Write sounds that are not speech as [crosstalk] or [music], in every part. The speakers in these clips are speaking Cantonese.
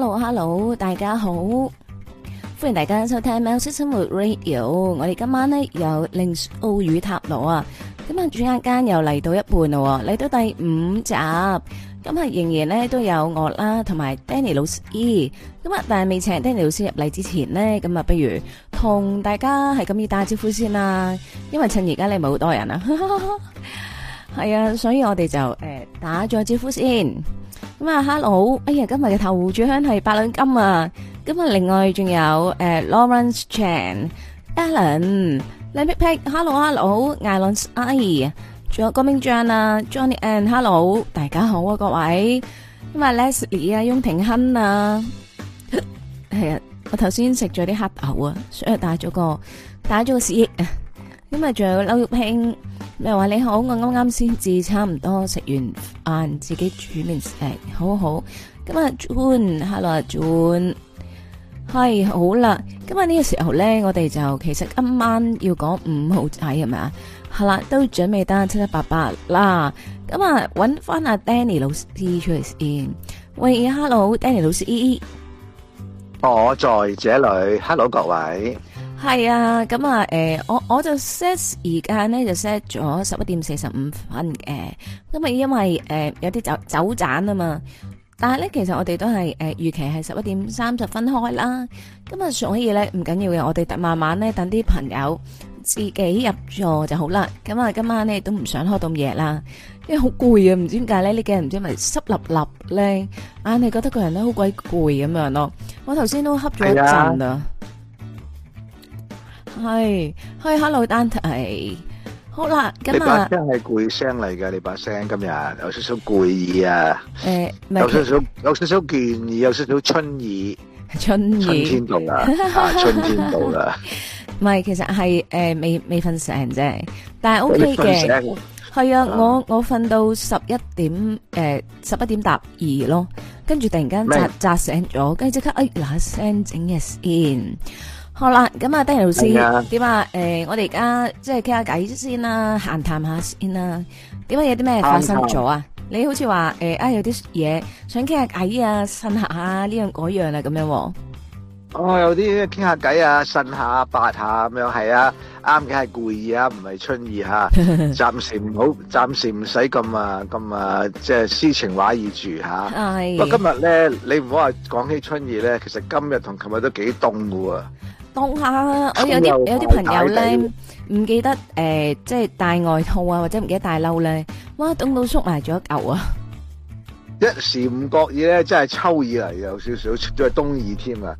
hello hello，大家好，歡迎大家、mm hmm. 收聽《喵式生活 Radio》。我哋今晚呢，有靈數與塔羅啊，咁啊轉眼間又嚟到一半咯，嚟到第五集，咁啊仍然呢，都有我啦，同埋 Danny 老師。咁啊，但係未請 Danny 老師入嚟之前呢，咁啊不如同大家係咁要打招呼先啦，因為趁而家你冇好多人啊，係 [laughs] 啊，所以我哋就誒、呃、打咗招呼先。咁啊，hello！哎呀，今日嘅頭炷香係八兩金啊！今日，另外仲有誒 Lawrence Chan、Alan、Let me pick，hello hello，Irons I，仲有郭明章啊，Johnny and hello，大家好啊各位，咁啊，Leslie 啊，翁廷亨啊，係啊，我頭先食咗啲黑牛啊，所以打咗個打咗個思噎啊，咁啊，仲有劉玉卿。你話你好？我啱啱先至差唔多食完飯，自己煮麵食，好好。咁啊，轉，hello，轉，係好啦。今日呢個時候咧，我哋就其實今晚要講五號仔係咪啊？係啦，都準備得七七八八啦。咁啊，搵翻阿 Danny 老師出嚟先。喂，hello，Danny 老師，咦，我在這裏。hello，各位。係啊，咁啊，誒，我我就 set 而家咧，就 set 咗十一點四十五分嘅，咁、嗯、啊因為誒、嗯、有啲走走盞啊嘛，但係咧其實我哋都係誒預期係十一點三十分開啦，咁啊所以咧唔緊要嘅，我哋等慢慢咧等啲朋友自己入座就好啦，咁、嗯、啊今晚咧都唔想開到咁夜啦，因為好攰，啊，唔知點解咧呢個人唔知咪濕立立咧，硬係覺得個人咧好鬼攰咁樣咯，我頭先都恰咗一陣啊、哎呀。係，係，Hello，Danny，係，好啦，咁啊，你把聲真係攰聲嚟噶，你把聲今日有少少攰意啊，誒，有少少有少少倦意，有少少春意，春，春天到啦，春天到啦，唔係，其實係誒未未瞓醒啫，但係 OK 嘅，係啊，我我瞓到十一點誒十一點踏二咯，跟住突然間扎扎醒咗，跟住即刻誒嗱聲整嘢先。好啦，咁啊，Danny 老師點啊？誒，我哋而家即係傾下偈先啦，閒談下先啦。點啊？有啲咩發生咗啊？你好似話誒，啊有啲嘢想傾下偈啊，呻下啊，呢樣嗰樣啦，咁樣。哦，有啲傾下偈啊，呻下、八下咁樣，係啊，啱嘅係故意啊，唔係春意吓，暫時唔好，暫時唔使咁啊，咁啊，即係詩情畫意住吓。係。不過今日咧，你唔好話講起春意咧，其實今日同琴日都幾凍噶。當下啊，我有啲有啲朋友咧唔記得誒，即係帶外套啊，或者唔記得帶褸咧，哇，凍到縮埋咗一嚿啊！一時唔覺意咧，真係秋意嚟，有少少都係冬意添啊！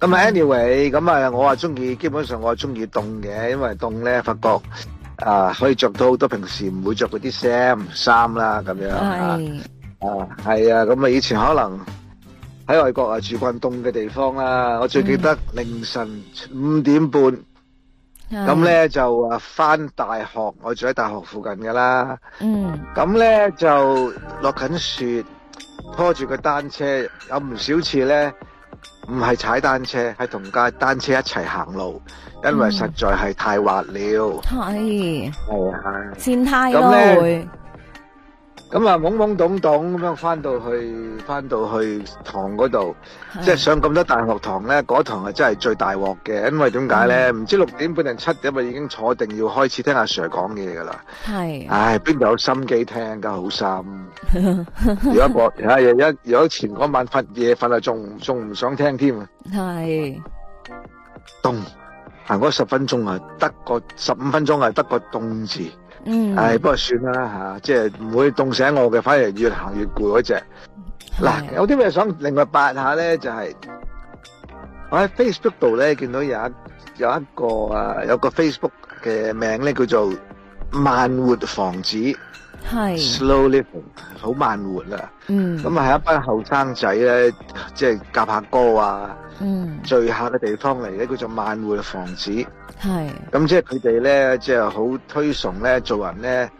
咁啊，anyway，咁啊，我啊中意，基本上我中意凍嘅，因為凍咧發覺啊，可以着到好多平時唔會着嗰啲衫衫啦，咁樣啊，係啊，係啊，咁啊，以前可能。喺外國啊，住慣凍嘅地方啦，我最記得凌晨五點半，咁咧、嗯、就啊返大學，我住喺大學附近噶啦，嗯，咁咧就落緊雪，拖住個單車，有唔少次呢唔係踩單車，係同架單車一齊行路，因為實在係太滑了，係系系，跣、哎哎、太耐。咁啊懵懵懂懂咁樣翻到去翻到去堂嗰度，即係上咁多大學堂咧，嗰堂係真係最大鑊嘅，因為點解咧？唔知六點半定七點啊，已經坐定要開始聽阿 Sir 講嘢噶啦。係。唉，邊度有心機聽，梗係好心。如果我啊，又一如果前嗰晚瞓夜瞓啊，仲仲唔想聽添啊。係。凍，行嗰十分鐘啊，得個十五分鐘係，得個凍字。嗯，唉，不過算啦吓、啊，即係唔會凍醒我嘅，反而越行越攰嗰隻。嗱的，有啲咩想另外八下咧？就係、是、我喺 Facebook 度咧見到有一有一個啊，有個 Facebook 嘅名咧叫做慢活房子，係是 Slow Living，好慢活啦、啊。嗯，咁啊係一班後生仔咧，即係夾下歌啊。嗯，最下嘅地方嚟咧，叫做萬匯嘅房子。係咁是，即係佢哋咧，即係好推崇咧，做人咧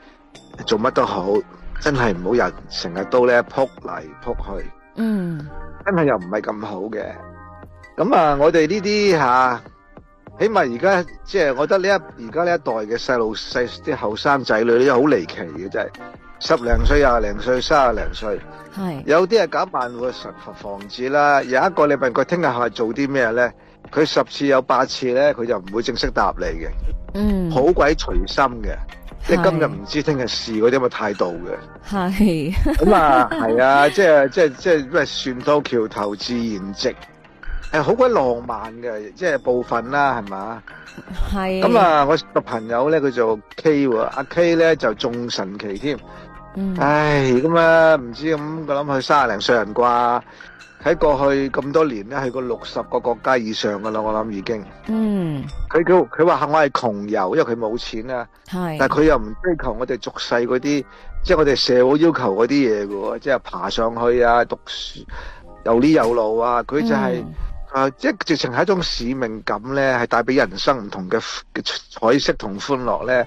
做乜都好，真係唔好日成日都咧撲嚟撲去。嗯，真係又唔係咁好嘅。咁啊，我哋呢啲吓，起碼而家即係，我覺得呢一而家呢一代嘅細路細啲後生仔女咧，好離奇嘅真係。十零歲、廿零歲、三十零歲，係是有啲係搞辦會十房子啦。有一個你問佢聽日係做啲咩咧，佢十次有八次咧，佢就唔會正式答你嘅。嗯，好鬼隨心嘅，即係是今日唔知聽日事嗰啲咁嘅態度嘅。係。咁啊，係、就、啊、是，即係即係即係咩？船、就是、到橋頭自然直，係好鬼浪漫嘅，即、就、係、是、部分啦，係是嘛？係。咁啊，我個朋友呢他叫 K,、啊、K 呢咧，佢做 K 喎，阿 K 咧就仲神奇添。嗯、唉，咁啊唔知咁，我諗佢卅零歲人啩，喺過去咁多年咧，去過六十個國家以上噶啦，我諗已經。嗯，佢叫佢話我係窮遊，因為佢冇錢啊。係，但係佢又唔追求我哋俗世嗰啲，即係我哋社會要求嗰啲嘢噶喎，即係爬上去啊，讀書有呢有路啊，佢就係啊，嗯呃，即係直情係一種使命感咧，係帶俾人生唔同嘅彩色同歡樂咧。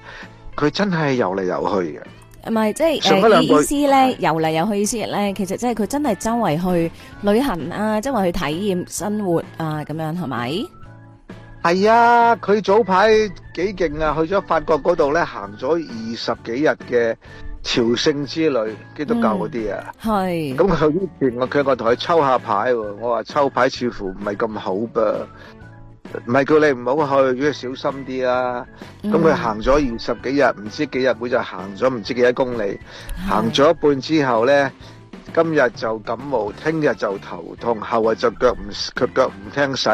佢真係遊嚟遊去嘅。唔係，即係意思咧，遊嚟遊去意思咧。其實即係佢真係周圍去旅行啊，周圍去體驗生活啊，咁樣係咪？係啊，佢早排幾勁啊，去咗法國嗰度咧，行咗二十幾日嘅朝聖之旅，基督教嗰啲啊。係。咁佢之前我叫我同佢抽下牌，我話抽牌似乎唔係咁好噃。唔係叫你唔好去，叫你小心啲啦。咁佢行咗二十幾日，唔知幾日每就行咗唔知幾多公里，行咗一半之後咧，今日就感冒，聽日就頭痛，後日就腳唔腳腳唔聽使，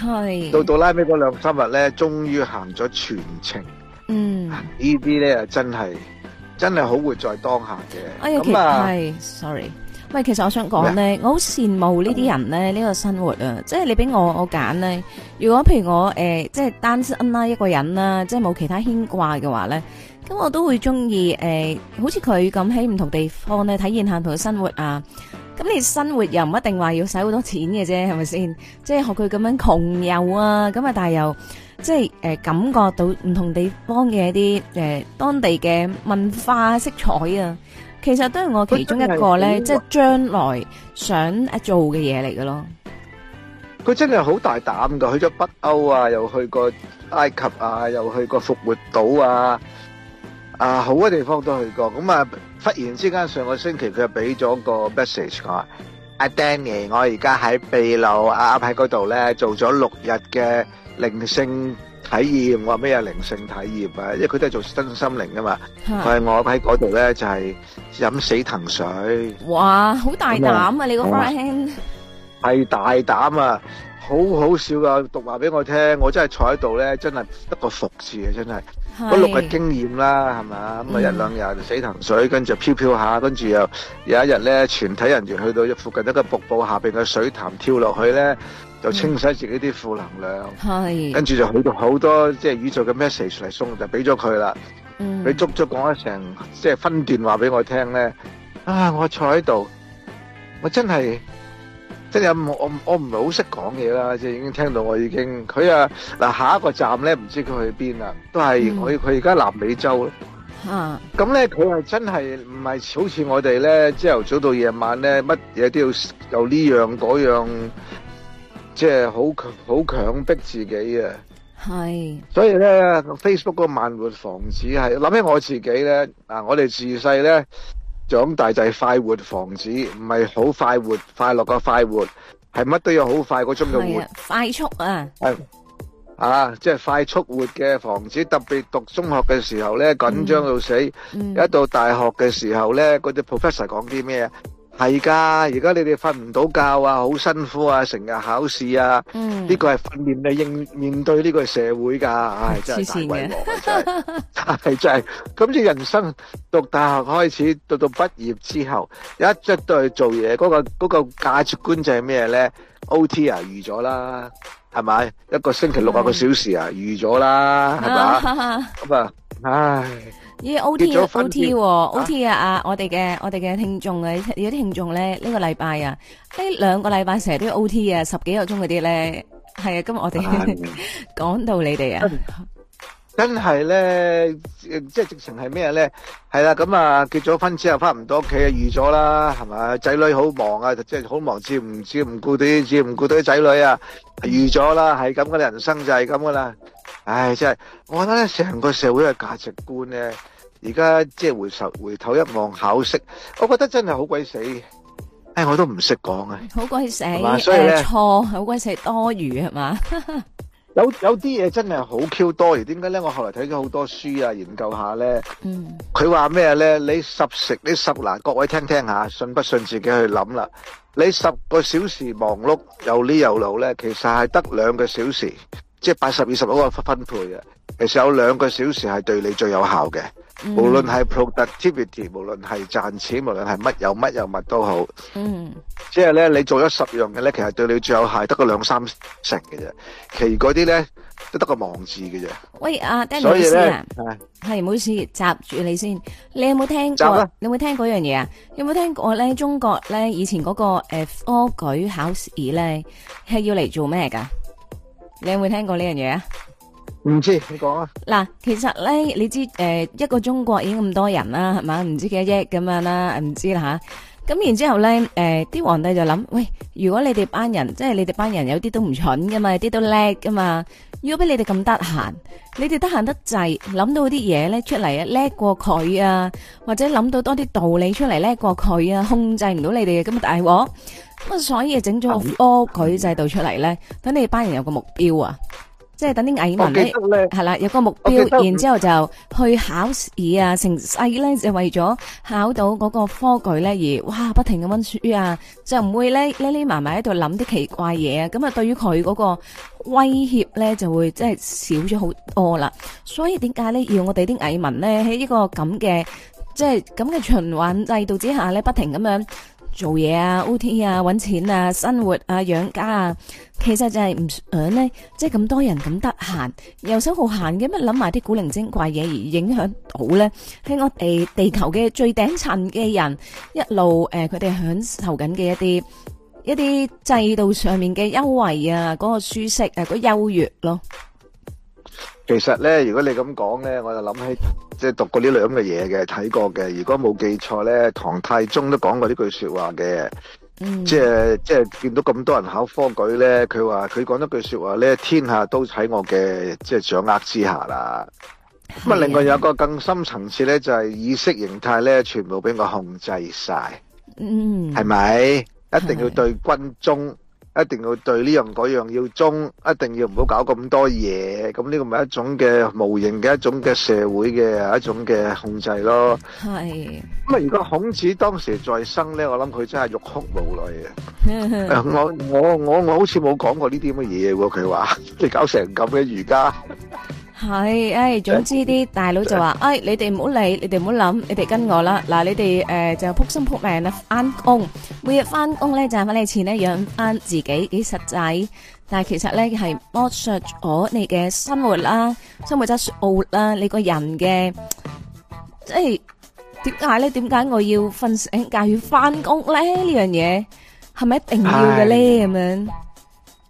係到到拉尾嗰兩三日咧，終於行咗全程。嗯，呢啲咧，啊真係真係好活在當下嘅。咁啊，sorry。喂，其實我想講咧，我好羨慕呢啲人咧，呢、呢個生活啊，即係你俾我我揀咧。如果譬如我、呃、即係單身啦、啊，一個人啦、啊，即係冇其他牽掛嘅話咧，咁我都會中意誒，好似佢咁喺唔同地方咧體驗下唔同嘅生活啊。咁你生活又唔一定話要使好多錢嘅、啊、啫，係咪先？即係學佢咁樣窮遊啊，咁啊，但係又即係、呃、感覺到唔同地方嘅一啲誒、呃、當地嘅文化色彩啊。其實都係我其中一個咧，即係將來想做嘅嘢嚟嘅咯。佢真係好大膽噶，去咗北歐啊，又去過埃及啊，又去過復活島啊，啊，好多地方都去過。咁啊，忽然之間上個星期佢就俾咗個 message 我，阿 Danny，我而家喺秘魯啊，喺嗰度咧做咗六日嘅靈性體驗，我話咩啊靈性體驗啊，因為佢都係做身心靈㗎嘛。佢係 [laughs] 我喺嗰度咧，就係、是、飲死藤水。哇，好大膽啊！麼你個 friend 係大膽啊，好好笑噶。讀話俾我聽，我真係坐喺度咧，真係得個服字啊。真係。嗰是六個經驗啦，係咪？咁啊、嗯，日兩日就死藤水，跟住就飄飄下，跟住又有一日咧，全體人員就去到一附近一個瀑布下邊嘅水潭跳落去咧。就清洗自己啲負能量，跟住就去到好多即係宇宙嘅 message 嚟送，就俾咗佢啦。嗯，你足足講咗成，即係分段話俾我聽咧。啊，我坐喺度，我真係真係我我我唔係好識講嘢啦，即係已經聽到我已經佢啊。嗱，下一個站咧唔知佢去邊啦，都係佢佢而家南美洲咯。嗯，咁咧佢係真係唔係好似我哋咧朝頭早到夜晚咧乜嘢都要有呢樣嗰樣。即係好強，好強逼自己啊！係是，所以咧，Facebook 嗰個慢活房子係諗起我自己咧，啊，我哋自細咧長大就係快活房子，唔係好快活，快樂個快活係乜都要好快個鐘嘅活，啊，快速啊！係啊，即係快速活嘅房子，特別讀中學嘅時候咧緊張到死，嗯嗯，一到大學嘅時候咧，嗰啲 professor 講啲咩？係噶，而家你哋瞓唔到覺啊，好辛苦啊，成日考試啊，呢、嗯、個係訓練你應面對呢個社會噶，唉、哎哎，真係太為難，真係，但係就係咁，即人生讀大學開始到到畢業之後，一直都係做嘢，嗰、那個嗰、那個價值觀就係咩咧？O T 啊，預咗啦，係咪？一個星期六百六十個小時啊，預咗的啦，係咪？咁、 [laughs] 嗯、啊，唉、哎。咦 O T O T O T 啊！阿我哋嘅我哋嘅聽眾啊，有啲聽眾咧，呢個禮拜啊，呢兩個禮拜成日都要 O T 啊，十幾個鐘嗰啲咧，係啊，今日我哋講到你哋啊，真係咧，即係直情係咩咧？係啦，咁啊結咗婚之後翻唔到屋企啊，預咗啦，係咪，仔女好忙啊，即係好忙，照唔照唔顧啲照唔顧到啲仔女啊，預咗啦，係咁嘅人生就係咁噶啦。唉，真係我覺得咧，成個社會嘅價值觀咧，而家即係回首回頭一望，考識，我覺得真係好鬼死，唉，我都唔識講啊，好鬼死所以錯，好鬼死、呃、多餘係嘛？有有啲嘢真係好 Q 多餘，點解咧？我後來睇咗好多書啊，研究下咧，嗯，佢話咩咧？你十食呢十難，各位聽聽下，信不信自己去諗啦？你十個小時忙碌又，又呢又勞咧，其實係得兩個小時。即係八十二十噉個分配嘅，其實有兩個小時係對你最有效嘅。無論係 productivity，無論係賺錢，無論係乜有乜有乜都好。嗯，即係咧，你做咗十樣嘢咧，其實對你最有效係得個兩三成嘅啫，其餘嗰啲咧都得個網字嘅啫。喂，阿 Danny 啊，係唔好意思，閘住你先。你有冇聽過？你有冇聽嗰樣嘢啊？有冇聽過咧？中國咧以前嗰個誒科舉考試咧係要嚟做咩噶？你有冇聽過呢樣嘢啊？唔知你講啊。嗱，其實咧，你知誒、呃，一個中國已經咁多人啦，係嘛？唔知幾多億咁樣啦，唔知啦吓。咁然之後呢誒，啲、呃、皇帝就諗，喂，如果你哋班人，即係你哋班人有啲都唔蠢噶嘛，有啲都叻噶嘛，如果俾你哋咁得閒，你哋得閒得滯，諗到啲嘢呢出嚟啊，叻過佢啊，或者諗到多啲道理出嚟叻過佢啊，控制唔到你哋咁啊大鑊，咁所以整咗個科舉制度出嚟呢，等你哋班人有個目標啊。即係等啲蟻民咧，係啦，有個目標，然之後就去考試啊，成世咧就為咗考到嗰個科舉咧而哇，不停咁溫書啊，就唔會咧匿匿埋埋喺度諗啲奇怪嘢啊。咁啊，對於佢嗰個威脅咧，就會即係少咗好多啦。所以點解咧要我哋啲蟻民咧喺呢個咁嘅即係咁嘅循環制度之下咧，不停咁樣，做嘢啊，OT 啊，搵錢啊，生活啊，養家啊，其實就係唔想咧，即係咁多人咁得閒，遊手好閒嘅，咪諗埋啲古靈精怪嘢而影響到咧，喺我哋地球嘅最頂層嘅人一路誒，佢哋享受緊嘅一啲一啲制度上面嘅優惠啊，嗰個舒適誒，嗰個優越咯。其實咧，如果你咁講咧，我就諗起即係讀過呢兩嘅嘢嘅，睇過嘅。如果冇記錯咧，唐太宗都講過呢句說話嘅，嗯，即係即係見到咁多人考科舉咧，佢話，佢講咗句說話咧，天下都喺我嘅即係掌握之下啦。咁啊的，另外有個更深層次咧，就係、是、意識形態咧，全部俾我控制晒，嗯，係咪一定要對軍中？一定要對呢樣嗰樣要忠，一定要唔好搞咁多嘢。咁呢個咪一種嘅無形嘅一種嘅社會嘅一種嘅控制咯。係咁啊！如果孔子當時在生咧，我諗佢真係欲哭無淚啊！ [laughs] 我我我我好似冇講過呢啲咁嘅嘢喎，佢話你搞成咁嘅儒家。 [laughs] 係，誒，總之啲大佬就話，誒，你哋唔好理，你哋唔好諗，你哋跟我啦。嗱，你哋誒就撲心撲命啊翻工，每日翻工咧賺翻你錢咧養翻自己，幾實際。但係其實咧係剝削咗你嘅生活啦，生活質素啦，你個人嘅，即係點解咧？點解我要瞓醒覺？點解要翻工咧？呢樣嘢係咪一定要嘅咧？咁樣？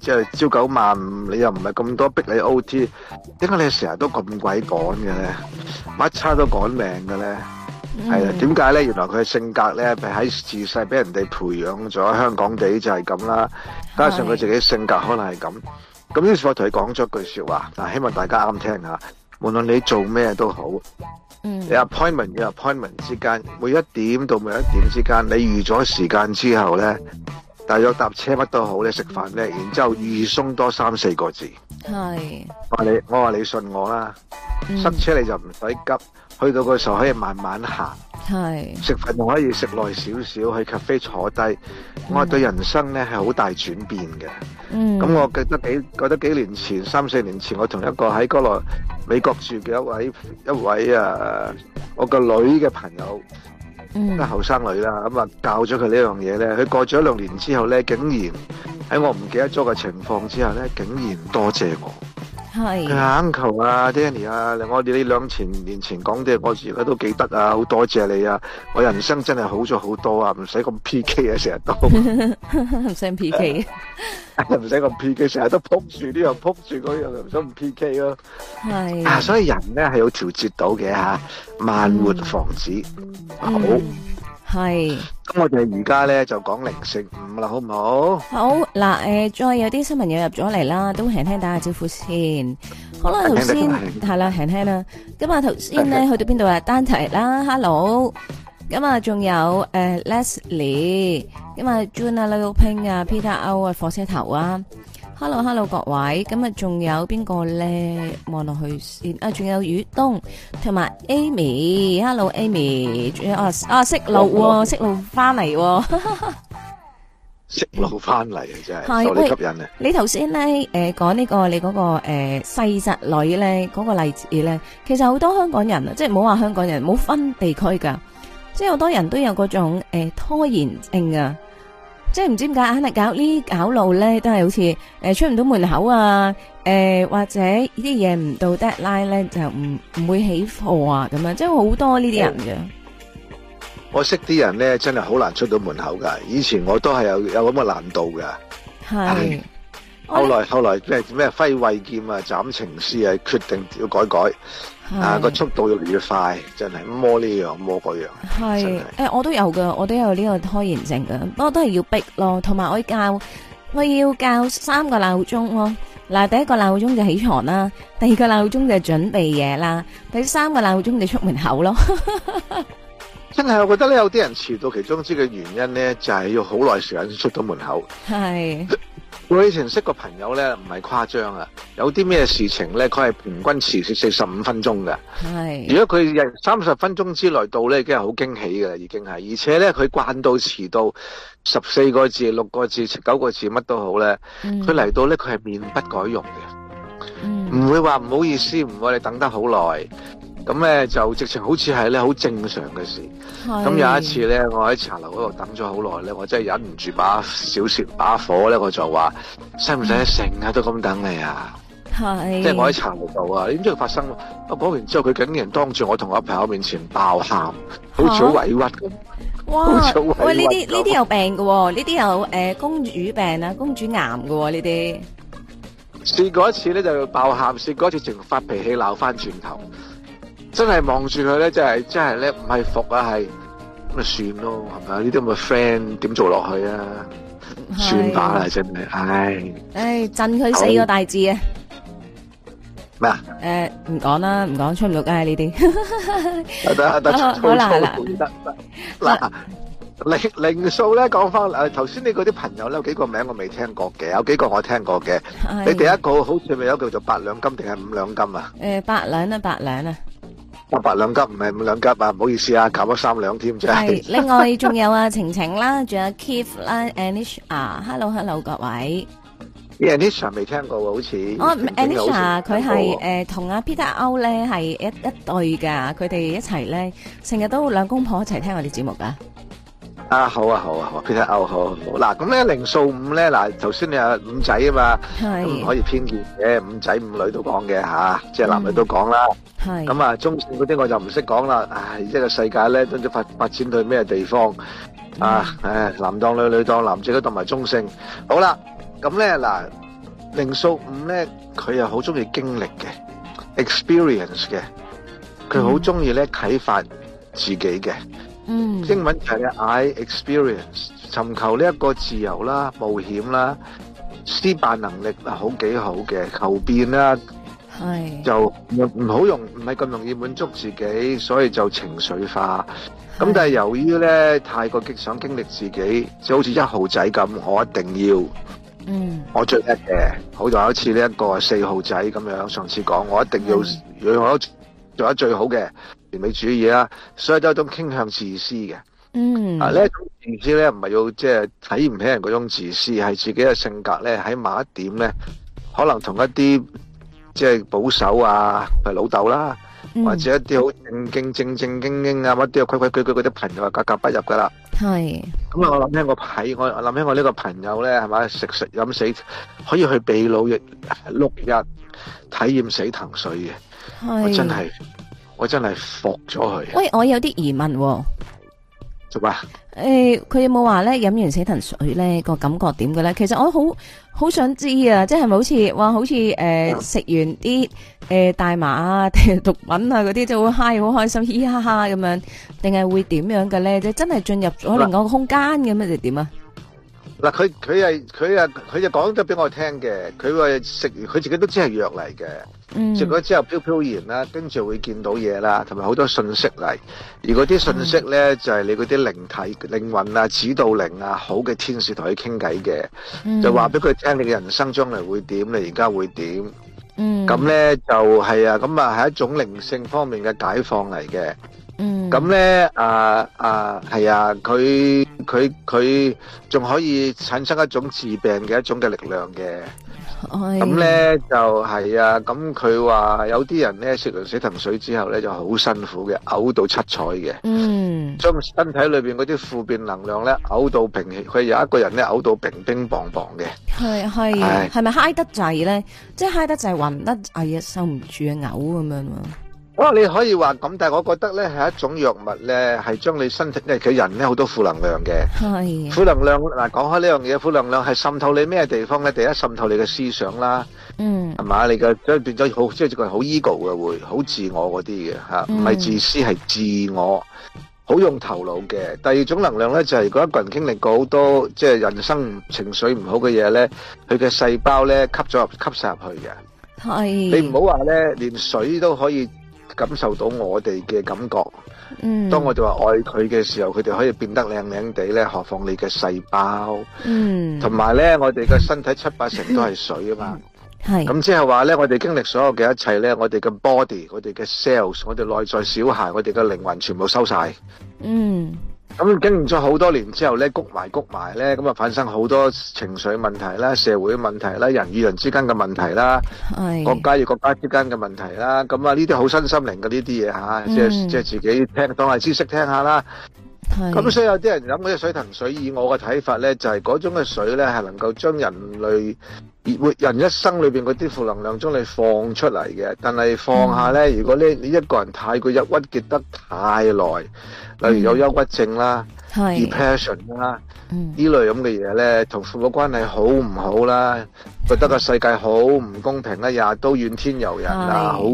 即係朝九晚五，你又唔係咁多逼你 OT，點解你成日都咁鬼趕嘅咧？乜叉都趕命嘅咧？係啊、mm，點解咧？原來佢嘅性格咧，係喺自細俾人哋培養咗，香港地就係咁啦。加上佢自己性格可能係咁。咁呢次我同佢講咗句說話，嗱、啊，希望大家啱聽一下。無論你做咩都好，mm hmm. 你 appointment 與 appointment 之間，每一點到每一點之間，你預咗時間之後咧。但係搭車乜都好咧，食飯咧，然之後預鬆多三四個字。是我話你，我話你信我啦。嗯、塞車你就唔使急，去到個時候可以慢慢行。食飯仲可以食耐少少，去咖啡坐低。嗯、我對人生咧係好大轉變嘅。嗯。咁我覺得幾覺得幾年前，三四年前，我同一個喺嗰度美國住嘅一位一位啊，我個女嘅朋友。啲後生女啦，咁啊教咗佢呢樣嘢呢，佢過咗一兩年之後呢，竟然喺我唔記得咗嘅情況之下呢，竟然多謝我。係，硬球啊 Danny 啊，令、啊啊、我哋呢兩千年前講啲，我而家都記得啊，好多謝你啊，我人生真係好咗好多啊，唔使咁 P K 啊，成日都唔使 P K，唔使咁 P K，成日 [laughs] 都撲住呢樣撲住嗰樣，唔使唔 P K 咯、啊。係是，啊，所以人咧係有調節到嘅、啊、慢活防止好。嗯係，咁是我哋而家咧就講靈數五啦，好唔好？好嗱，誒，再有啲新朋友入咗嚟啦，都輕輕打下招呼先。好啦，頭先係啦，輕輕啦。咁啊，頭先咧去到邊度啊？丹提啦，Hello。咁啊，仲有誒，Leslie。咁啊 Joanna Liu Ping 啊，Peter O 啊，火車頭啊。Hello，Hello，hello，各位，咁啊，仲有邊個咧？望落去先啊，仲有宇東同埋 Amy，Hello，Amy，仲有啊啊，識路、哦，好識路翻嚟、哦， [laughs] 識路翻嚟真係多啲吸引啊、呃這個！你頭先咧，誒、呃，講呢個你嗰個誒細侄女咧，嗰、那個例子咧，其實好多香港人啊，即係冇話香港人，冇分地區噶，即係好多人都有嗰種誒、呃、拖延症啊！即係唔知點解，肯定搞呢搞路咧，都係好似誒出唔到門口啊！誒或者呢啲嘢，唔到 deadline 咧，就唔唔會起貨啊！咁樣，即係好多呢啲人嘅。我識啲人咧，真係好難出到門口噶。以前我都係有有咁嘅難度噶。係後來後來咩咩揮慧劍啊，斬情絲啊，決定要改改。啊！個速度越嚟越快，真係摸呢樣摸嗰樣，係誒，我都有噶，我都有呢個拖延症噶，不過都係要逼咯。同埋我教，我要教三個鬧鐘喎。嗱，第一個鬧鐘就起床啦，第二個鬧鐘就準備嘢啦，第三個鬧鐘就出門口咯。真係，我覺得咧有啲人遲到其中之一嘅原因咧，就係要好耐時間先出到門口。係。我以前識個朋友呢，唔係誇張啊！有啲咩事情呢？佢係平均持續四十五分鐘嘅。係是，如果佢日三十分鐘之內到呢，已經係好驚喜嘅啦，已經係。而且呢，佢慣到遲到十四個字、六個字、九個字，乜都好呢。佢嚟、嗯、到呢，佢係面不改容嘅，唔、嗯、會話唔好意思，唔會你等得好耐。咁咧就直情好似係咧好正常嘅事。咁是有一次咧，我喺茶樓嗰度等咗好耐咧，我真係忍唔住把小雪把火咧，我就話：使唔使成日都咁等你啊？係是。即係我喺茶樓度啊，點知佢發生？我講完之後，佢竟然當住我同我朋友面前爆喊，好似好、啊、委屈。哇！喂， [laughs] 呢啲呢啲有病㗎喎、哦，呢啲有、呃、公主病啊，公主癌嘅喎、哦、呢啲。試過一次咧就爆喊，試過一次直情發脾氣鬧翻轉頭。真係望住佢咧，就係真係咧，唔係服啊，係咁咪算咯，係咪啊？呢啲咁嘅 friend 點做落去啊？算罷啦，真係，唉唉，震佢四個大字啊！咩啊？誒，唔講啦，唔講出唔到街呢啲。得得，粗粗管得得嗱。靈靈數咧，講返誒，頭先你嗰啲朋友咧，有幾個名我未聽過嘅，有幾個我聽過嘅。你第一個好似咪有叫做八兩金定係五兩金啊？誒，八兩啊，八兩啊。八八兩級唔係五兩級啊，唔好意思啊，搞咗三兩添啫。係另外仲有啊晴晴啦，仲 [laughs] 有 Keith 啦，Anisha 啊 Anisha,，Hello Hello 各位、yeah,，Anisha 未聽過喎，好似哦 Anisha 佢係誒同阿 Peter O 咧係一一對噶，佢哋一齊咧成日都兩公婆一齊聽我哋節目噶。啊好啊好啊，Peter O 好好嗱，咁咧靈數五咧嗱，頭先你話五仔啊嘛，咁唔可以偏見嘅五仔五女都講嘅吓嗱，即係男女都講啦。係。咁啊中性嗰啲我就唔識講啦，唉，一個世界咧都只發發展到去咩地方啊？唉，男當女女當男，即係都當埋中性。好啦，咁咧嗱靈數五咧，佢又好中意經歷嘅 experience 嘅，佢好中意咧啟發自己嘅。Mm. 英文係 I experience，尋求呢一個自由啦、冒險啦、思辨能力啊，好幾好嘅求變啦，mm. 就唔好容唔係咁容易滿足自己，所以就情緒化。咁但係由於咧、mm. 太過激想經歷自己，就好似一號仔咁，我一定要，mm. 我最叻嘅。好似好似呢一個四號仔咁樣，上次講我一定要我咗、mm. 做得最好嘅。美主義所以有一種傾向自私嘅。嗯，啊呢一種咧，唔係要即係睇唔起人嗰種自私，係自己嘅性格咧，喺某一點咧，可能同一啲即係保守啊，老豆啦，嗯、或者一啲好正經正正經經啊，一啲啊規規矩矩啲朋友，格格不入噶啦。係是。咁啊、嗯，我諗起我睇我，我諗起我呢個朋友咧，係咪？食食飲死，可以去秘魯六日碌日，體驗死藤水嘅。係是。我真係。我真係服咗佢。喂，我有啲疑問、哦，做咩嘛？誒、欸，佢有冇話咧？飲完死藤水咧，個感覺點嘅咧？其實我好好想知啊，即係咪好似話好似誒食完啲誒、呃、大麻啊、毒品啊嗰啲，就會好 high、好開心、嘻嘻哈哈咁樣，定係會點樣嘅咧？即真係進入咗另外個空間咁啊？就點啊？嗱，佢佢係佢啊，佢就講咗俾我聽嘅，佢話食完佢自己都知係藥嚟嘅，食咗之後飄飄然啦，跟住會見到嘢啦，同埋好多信息嚟。而嗰啲信息咧就係你嗰啲靈體、靈魂啊、指導靈啊、好嘅天使同佢傾偈嘅，就話俾佢聽你嘅人生將來會點，你而家會點。咁咧就係啊，咁啊係一種靈性方面嘅解放嚟嘅。咁咧、嗯，啊啊，係啊，佢佢佢仲可以產生一種治病嘅一種嘅力量嘅。咁咧、哎、就係啊，咁佢話有啲人咧食完死藤水之後咧就好辛苦嘅，嘔到七彩嘅。嗯，將身體裏面嗰啲負面能量咧嘔到平，佢有一個人咧嘔到平乒棒棒嘅。係係是，係咪嗨得滯咧？即係嗨得滯，暈得哎呀，受唔住嘔咁樣啊！哦，你可以話咁，但係我覺得咧係一種藥物咧，係將你身體咧佢人咧好多負能量嘅，係負能量嗱。講開呢樣嘢，負能量係滲透你咩地方咧？第一滲透你嘅思想啦，嗯，係嘛？你嘅將變咗好即係個好 ego 嘅會，好自我嗰啲嘅嚇，唔係自私係自我，好用頭腦嘅。第二種能量咧就係如果一個人經歷過好多即係人生情緒唔好嘅嘢咧，佢嘅細胞咧吸咗入吸曬入去嘅，係你唔好話咧，連水都可以。感受到我哋嘅感覺，嗯、當我哋話愛佢嘅時候，佢哋可以變得靚靚地咧。何況你嘅細胞，嗯，同埋咧，我哋嘅身體七八成都係水啊嘛，係。咁即係話咧，我哋經歷所有嘅一切咧，我哋嘅 body、我哋嘅 cells、我哋內在小孩、我哋嘅靈魂，全部收曬，嗯。咁經歷咗好多年之後呢，谷埋谷埋呢，咁啊發生好多情緒問題啦、社會問題啦、人與人之間嘅問題啦、國家與國家之間嘅問題啦，咁啊呢啲好身心靈嘅呢啲嘢嚇，即係即係自己聽當係知識聽下啦。咁所以有啲人飲嗰啲水騰水，以我嘅睇法呢就係嗰種嘅水呢係能夠將人類。人一生裏邊嗰啲負能量將你放出嚟嘅，但係放下呢。如果咧你一個人太過抑鬱，結得太耐，例如有憂鬱症啦、depression 啦，依類咁嘅嘢呢，同父母關係好唔好啦，覺得個世界好唔公平咧，也都怨天尤人啊，好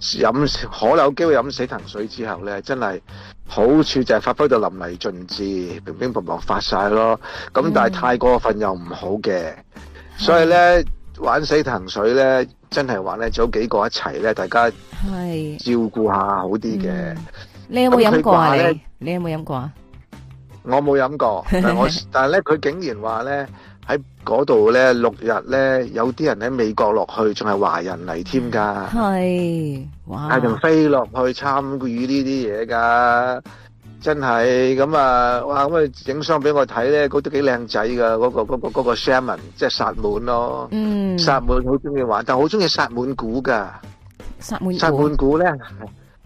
飲可有機會飲死藤水之後呢，真係好處就係發揮到淋漓盡致，乒乒乓乓發晒咯。咁但係太過分又唔好嘅。 [music] 所以咧玩死騰水咧，真係玩咧，早幾個一齊咧，大家照顧下好啲嘅、 [music] 嗯。你有冇飲那他 過啊？呢你，你有冇飲過啊？我冇飲過， [laughs] 但係咧，佢竟然話咧喺嗰度咧六日咧，有啲人喺美國落去，仲係華人嚟添噶。係哇！係 [noise] 仲樂飛落去參與呢啲嘢噶。真係咁啊！哇，咁啊影相俾我睇咧，嗰啲幾靚仔噶，嗰個嗰個嗰個 Shaman 即係薩滿咯，薩滿好中意玩，但係好中意薩滿鼓噶，薩滿薩滿鼓咧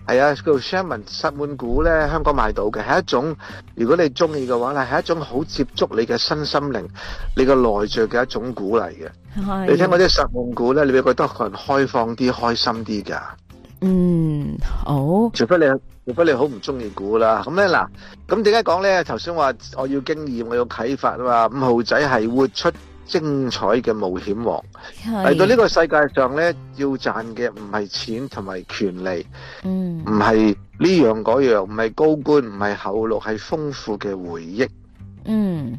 係啊，叫做 Shaman 薩滿鼓咧，香港買到嘅係一種，如果你中意嘅話，係一種好接觸你嘅身心靈、你個內在嘅一種鼓嚟嘅。你聽過啲薩滿鼓咧，你會覺得可能開放啲、開心啲噶。嗯，好。除非你。我俾你好唔中意估啦，咁咧嗱，咁點解講咧？頭先話我要經驗，我要啟發啊嘛。五號仔係活出精彩嘅冒險王，嚟是到呢個世界上咧，要賺嘅唔係錢同埋權利，唔係呢樣嗰樣，唔係高官，唔係厚祿，係豐富嘅回憶。嗯，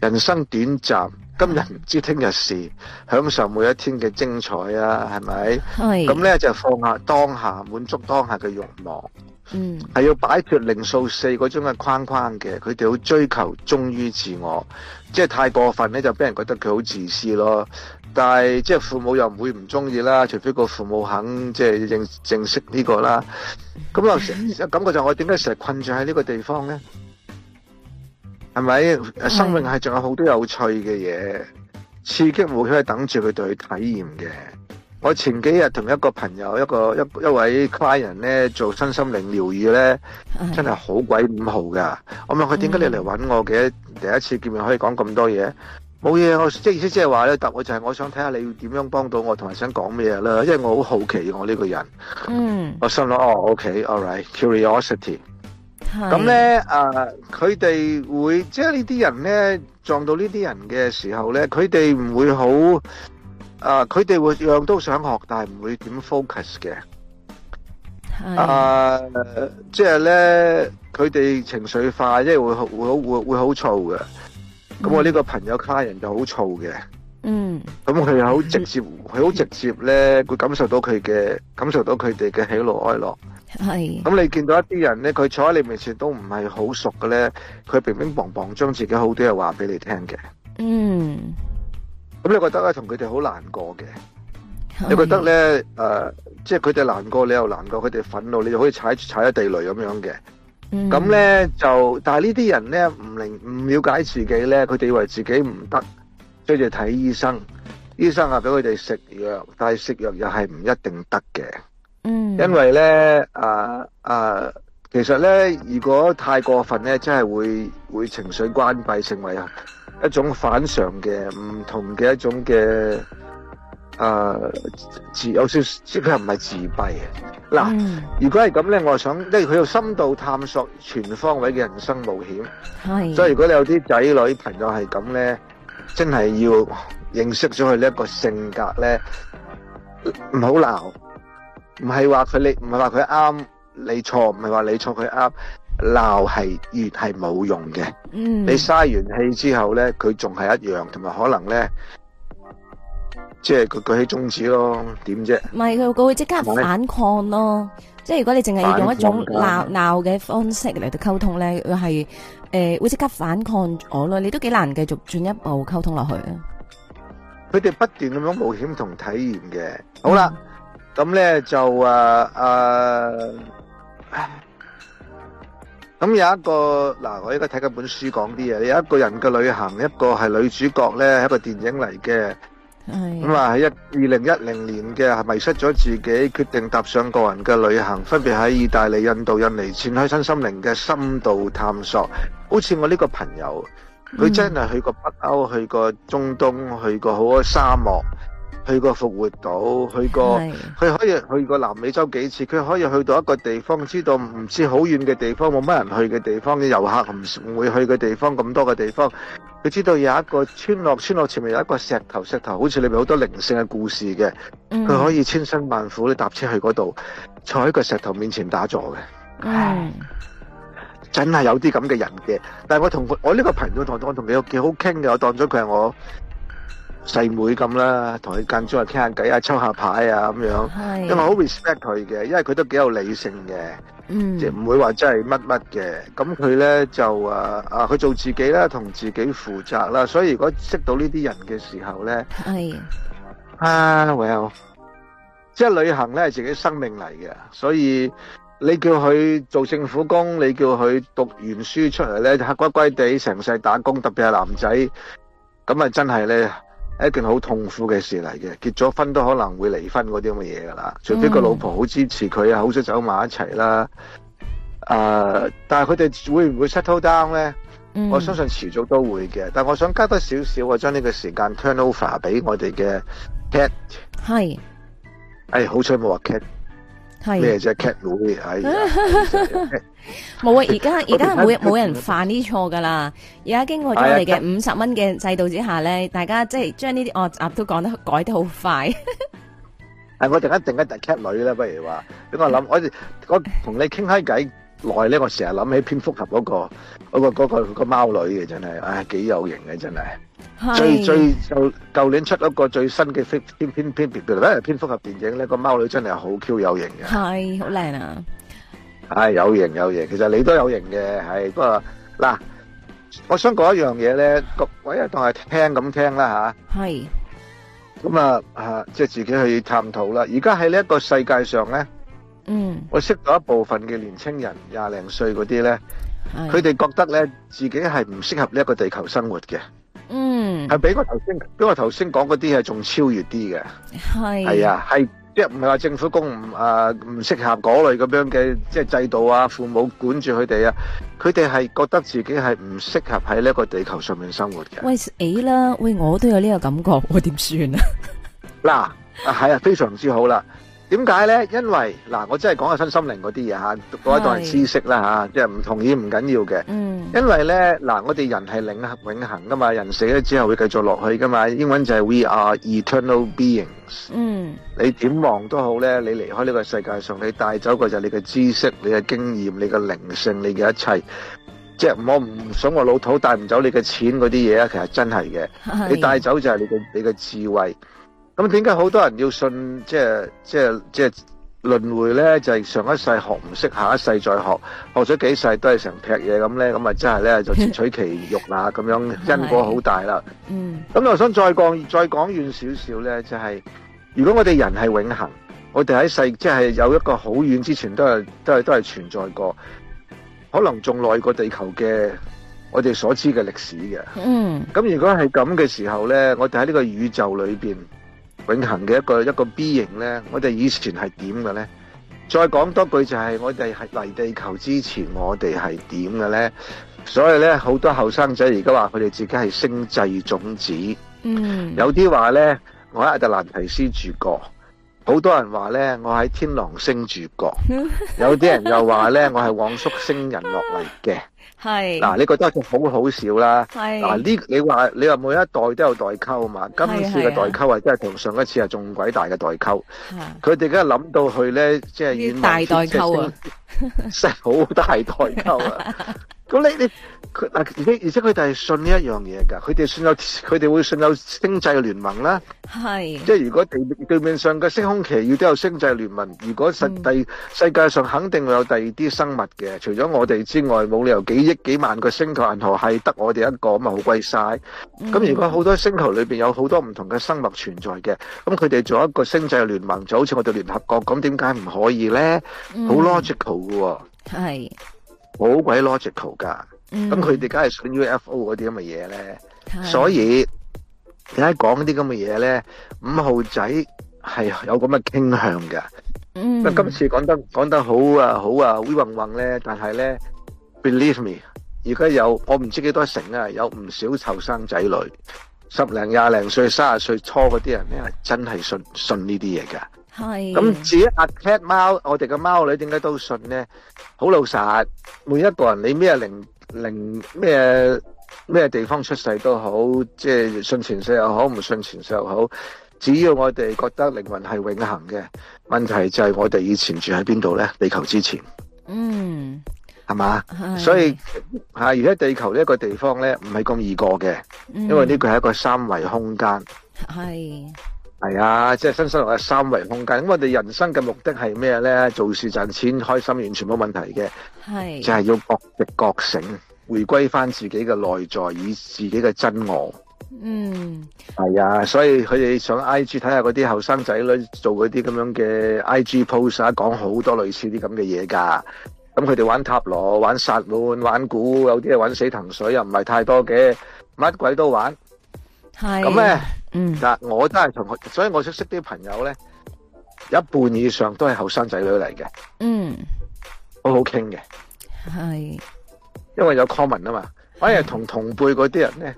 人生短暫。今日唔知聽日事，享受每一天嘅精彩啊，係咪？係。咁咧就放下當下，滿足當下嘅慾望。嗯。係要擺脱靈數四嗰種嘅框框嘅，佢哋好追求忠於自我。即係太過分咧，就俾人覺得佢好自私咯。但係即係父母又唔會唔中意啦，除非個父母肯即係認認識呢個啦。咁有時感覺就係我點解成日困住喺呢個地方咧？係咪？生命係仲有好多有趣嘅嘢，刺激冒險係等住佢哋去體驗嘅。我前幾日同一個朋友一個，一個一一位 client 咧做身心靈療癒咧，uh huh. 真係好鬼五豪噶。我問佢點解你嚟搵我嘅？Uh huh. 第一次見面可以講咁多嘢，冇嘢。我即係意思即係話咧，答我就係我想睇下你要點樣幫到我，同埋想講咩啦，因為我好好奇我呢個人。嗯、uh，huh. 我心諗哦，OK，All right，Curiosity。Oh, okay. All right. Curiosity. 咁咧，誒，佢 [noise] 哋樂、呃、會即係呢啲人咧撞到呢啲人嘅時候咧，佢哋唔會好，誒、呃，佢哋會樣都想學，但係唔會點 focus 嘅。係。誒、 [music] 呃，即係咧，佢哋情緒化，即係會好會好會會好燥嘅。咁我呢個朋友 client 就好燥嘅。嗯。咁佢又好直接，佢好直接咧，會感受到佢嘅感受到佢哋嘅喜怒哀樂。係，咁是、嗯、你見到一啲人咧，佢坐喺你面前都唔係好熟嘅咧，佢乒乒乓乓將自己好啲嘅話俾你聽嘅。嗯，咁你覺得咧，同佢哋好難過嘅，你覺得咧，誒是、呃，即係佢哋難過，你又難過，佢哋憤怒，你就可以踩踩一地雷咁樣嘅。咁咧、嗯、就，但係呢啲人咧唔明唔了解自己咧，佢哋以為自己唔得，跟住睇醫生，醫生啊俾佢哋食藥，但係食藥又係唔一定得嘅。嗯，因為咧，誒、呃、誒、呃，其實咧，如果太過分咧，真係會會情緒關閉，成為一種反常嘅唔同嘅一種嘅誒、呃、自，有少即佢唔係自閉。嗱，嗯、如果係咁咧，我想，即係佢要深度探索全方位嘅人生冒險。是所以如果你有啲仔女朋友係咁咧，真係要認識咗佢呢一個性格咧，唔好鬧。唔係話佢你，唔係話佢啱你錯，唔係話你錯佢啱，鬧係越係冇用嘅。嗯，你嘥完氣之後咧，佢仲係一樣，同埋可能咧，即係佢舉起中指咯，點啫？唔係佢，佢會即刻反抗咯。即係如果你淨係要用一種鬧鬧嘅方式嚟到溝通咧，佢係誒會即刻反抗我咯。你都幾難繼續進一步溝通落去啊。佢哋不斷咁樣冒險同體驗嘅。好啦。咁呢，就啊，誒、啊，咁有一個嗱，我應該睇緊本書講啲嘢。有一個人嘅旅行，一個係女主角呢係一個電影嚟嘅。係的。咁啊、嗯，喺一二零一零年嘅，係迷失咗自己，決定踏上個人嘅旅行，分別喺意大利、印度、印尼，展開新心靈嘅深度探索。好似我呢個朋友，佢真係去過北歐，嗯、去過中東，去過好多沙漠。去過復活島，去過，佢的可以去過南美洲幾次，佢可以去到一個地方，知道唔知好遠嘅地方，冇乜人去嘅地方，啲遊客唔唔會去嘅地方咁多嘅地方。佢知道有一個村落，村落前面有一個石頭，石頭好似裏面好多靈性嘅故事嘅。佢、嗯、可以千辛萬苦咧搭車去嗰度，坐喺個石頭面前打坐嘅。嗯、唉，真係有啲咁嘅人嘅。但係我同我呢個朋友，我同佢又幾好傾嘅，我當咗佢係我細妹咁啦，同佢間中啊傾下偈啊，抽下牌啊咁樣，的因為我，因為好 respect 佢嘅，因為佢都幾有理性嘅，即係唔會話真係乜乜嘅。咁佢咧就啊啊，佢做自己啦，同自己負責啦。所以如果識到呢啲人嘅時候咧，係的啊，well，即係旅行咧係自己生命嚟嘅，所以你叫佢做政府工，你叫佢讀完書出嚟咧就嚇乖乖地成世打工，特別係男仔咁啊，就真係咧～一件好痛苦嘅事嚟嘅，結咗婚都可能會離婚嗰啲咁嘅嘢噶啦。除非個老婆好支持佢啊，好、嗯、想走埋一齊啦。啊、呃，但係佢哋會唔會 settle down 咧？我相信遲早都會嘅。但係我想加多少少，啊，將呢個時間 turn over 俾我哋嘅 cat。係是。誒、哎，好彩冇話 cat。咩啫是？cat 女，哎，冇啊！ [laughs] 而家而家冇冇人犯呢錯噶啦！而家經過咗我哋嘅五十蚊嘅制度之下咧，哎、呀大家即係將呢啲惡習都講得改得好快。係、 [laughs] 哎、我突然間突然間突 cat 女咧，不如話，我諗我我同你傾開偈耐咧，我成日諗起蝙蝠俠嗰、那個嗰、那個嗰、那個、那個那個貓女嘅，真係唉幾有型嘅真係。最最就舊年出一個最新嘅《蝙蝙蝙蝙蝠》嗱，蝙蝠俠電影咧，個貓女真係好 Q 有型嘅，係好靚啊！係有型有型，其實你都有型嘅，係不過嗱，我想講一樣嘢咧，各位一當係聽咁聽啦嚇。係。咁啊嚇，即係自己去探討啦。而家喺呢一個世界上咧，嗯，我識咗一部分嘅年青人廿零歲嗰啲咧，佢哋覺得咧自己係唔適合呢一個地球生活嘅。嗯，係比我頭先比我頭先講嗰啲係仲超越啲嘅，係係是啊，係即係唔係話政府工唔啊唔適合嗰類咁樣嘅即係制度啊，父母管住佢哋啊，佢哋係覺得自己係唔適合喺呢個地球上面生活嘅。喂，誒啦，喂，我都有呢個感覺，我點算啊？嗱，啊，啊係啊，非常之好啦。點解咧？因為嗱，我真係講下新心靈嗰啲嘢吓，嗰一段係知識啦吓，即係唔同意唔緊要嘅。嗯。因為咧嗱，我哋人係永恒噶嘛，人死咗之後會繼續落去噶嘛。英文就係 We are eternal beings。嗯。你點望都好咧，你離開呢個世界上，你帶走嘅就係你嘅知識、你嘅經驗、你嘅靈性、你嘅一切。即係我唔想話老土，帶唔走你嘅錢嗰啲嘢啊，其實真係嘅是。你帶走就係你嘅你嘅智慧。咁點解好多人要信即係即係即係輪回咧？就係、是、上一世學唔識，下一世再學，學咗幾世都係成劈嘢咁咧，咁啊真係咧就自取其辱啦、啊！咁 [laughs] 樣因果好大啦。嗯。咁我想再講再講遠少少咧，就係、是、如果我哋人係永恒，我哋喺世即係、就是、有一個好遠之前都係都係都係存在過，可能仲耐過地球嘅我哋所知嘅歷史嘅。嗯。咁如果係咁嘅時候咧，我哋喺呢個宇宙裏邊。永恆嘅一個一個 B 型呢，我哋以前係點嘅呢？再講多句就係、是、我哋係嚟地球之前，我哋係點嘅呢？所以呢，好多後生仔而家話佢哋自己係星際種子，嗯，有啲話呢，我喺亞特蘭提斯住過，好多人話呢，我喺天狼星住過，有啲人又話呢， [laughs] 我係昴宿星人落嚟嘅。係，嗱是、啊，你覺得好好笑啦。係是，嗱、啊，呢你話你話每一代都有代溝啊嘛，今次嘅代溝啊，真係同上一次係仲鬼大嘅代溝。佢哋而家諗到去咧，即係遠大代溝啊，真係好大代溝啊。 [laughs] 咁你你佢嗱，而且而且佢哋係信呢一樣嘢噶，佢哋信有佢哋會信有星際聯盟啦。係，即係如果地面上嘅星空奇遇都有星際聯盟，如果實際世界上肯定會有第二啲生物嘅，除咗我哋之外，冇理由幾億幾萬個星球銀河係得我哋一個咁啊，好貴晒。咁如果好多星球裏邊有好多唔同嘅生物存在嘅，咁佢哋做一個星際聯盟就好似我哋聯合國咁，點解唔可以咧？好 logical 嘅。係。好鬼 logical 噶，咁佢哋梗係信 UFO 嗰啲咁嘅嘢咧，mm hmm. 所以你睇講啲咁嘅嘢咧，五號仔係有咁嘅傾向㗎？咁、mm hmm. 今次講得講得好啊，好啊，會混混咧，但係咧，believe me，而家有我唔知幾多成啊，有唔少後生仔女，十零廿零歲、卅歲初嗰啲人咧，真係信信呢啲嘢噶。係咁是至於阿 cat 貓，我哋嘅貓女點解都信呢？好老實，每一個人你咩靈靈咩咩地方出世都好，即係信前世又好，唔信前世又好，只要我哋覺得靈魂係永恆嘅，問題就係我哋以前住喺邊度呢？地球之前，嗯，係嘛吧？是所以吓而家地球呢一個地方呢，唔係咁易過嘅，嗯，因為呢個係一個三維空間，係。係啊，即係新生活嘅三維空間。咁我哋人生嘅目的係咩咧？做事賺錢開心，完全冇問題嘅。係是，就係要靈性覺醒，回歸翻自己嘅內在與自己嘅真我。嗯，係啊，所以佢哋上 I G 睇下嗰啲後生仔女，做嗰啲咁樣嘅 I G pose 啊，講好多類似啲咁嘅嘢噶。咁佢哋玩塔羅、玩薩滿、玩股，有啲係玩死藤水，又唔係太多嘅，乜鬼都玩。係是，咁咧。嗱，我真係同，所以我識識啲朋友咧，一半以上都係後生仔女嚟嘅。嗯，好好傾嘅。係，因為有 common 啊嘛，反而係同同輩嗰啲人咧，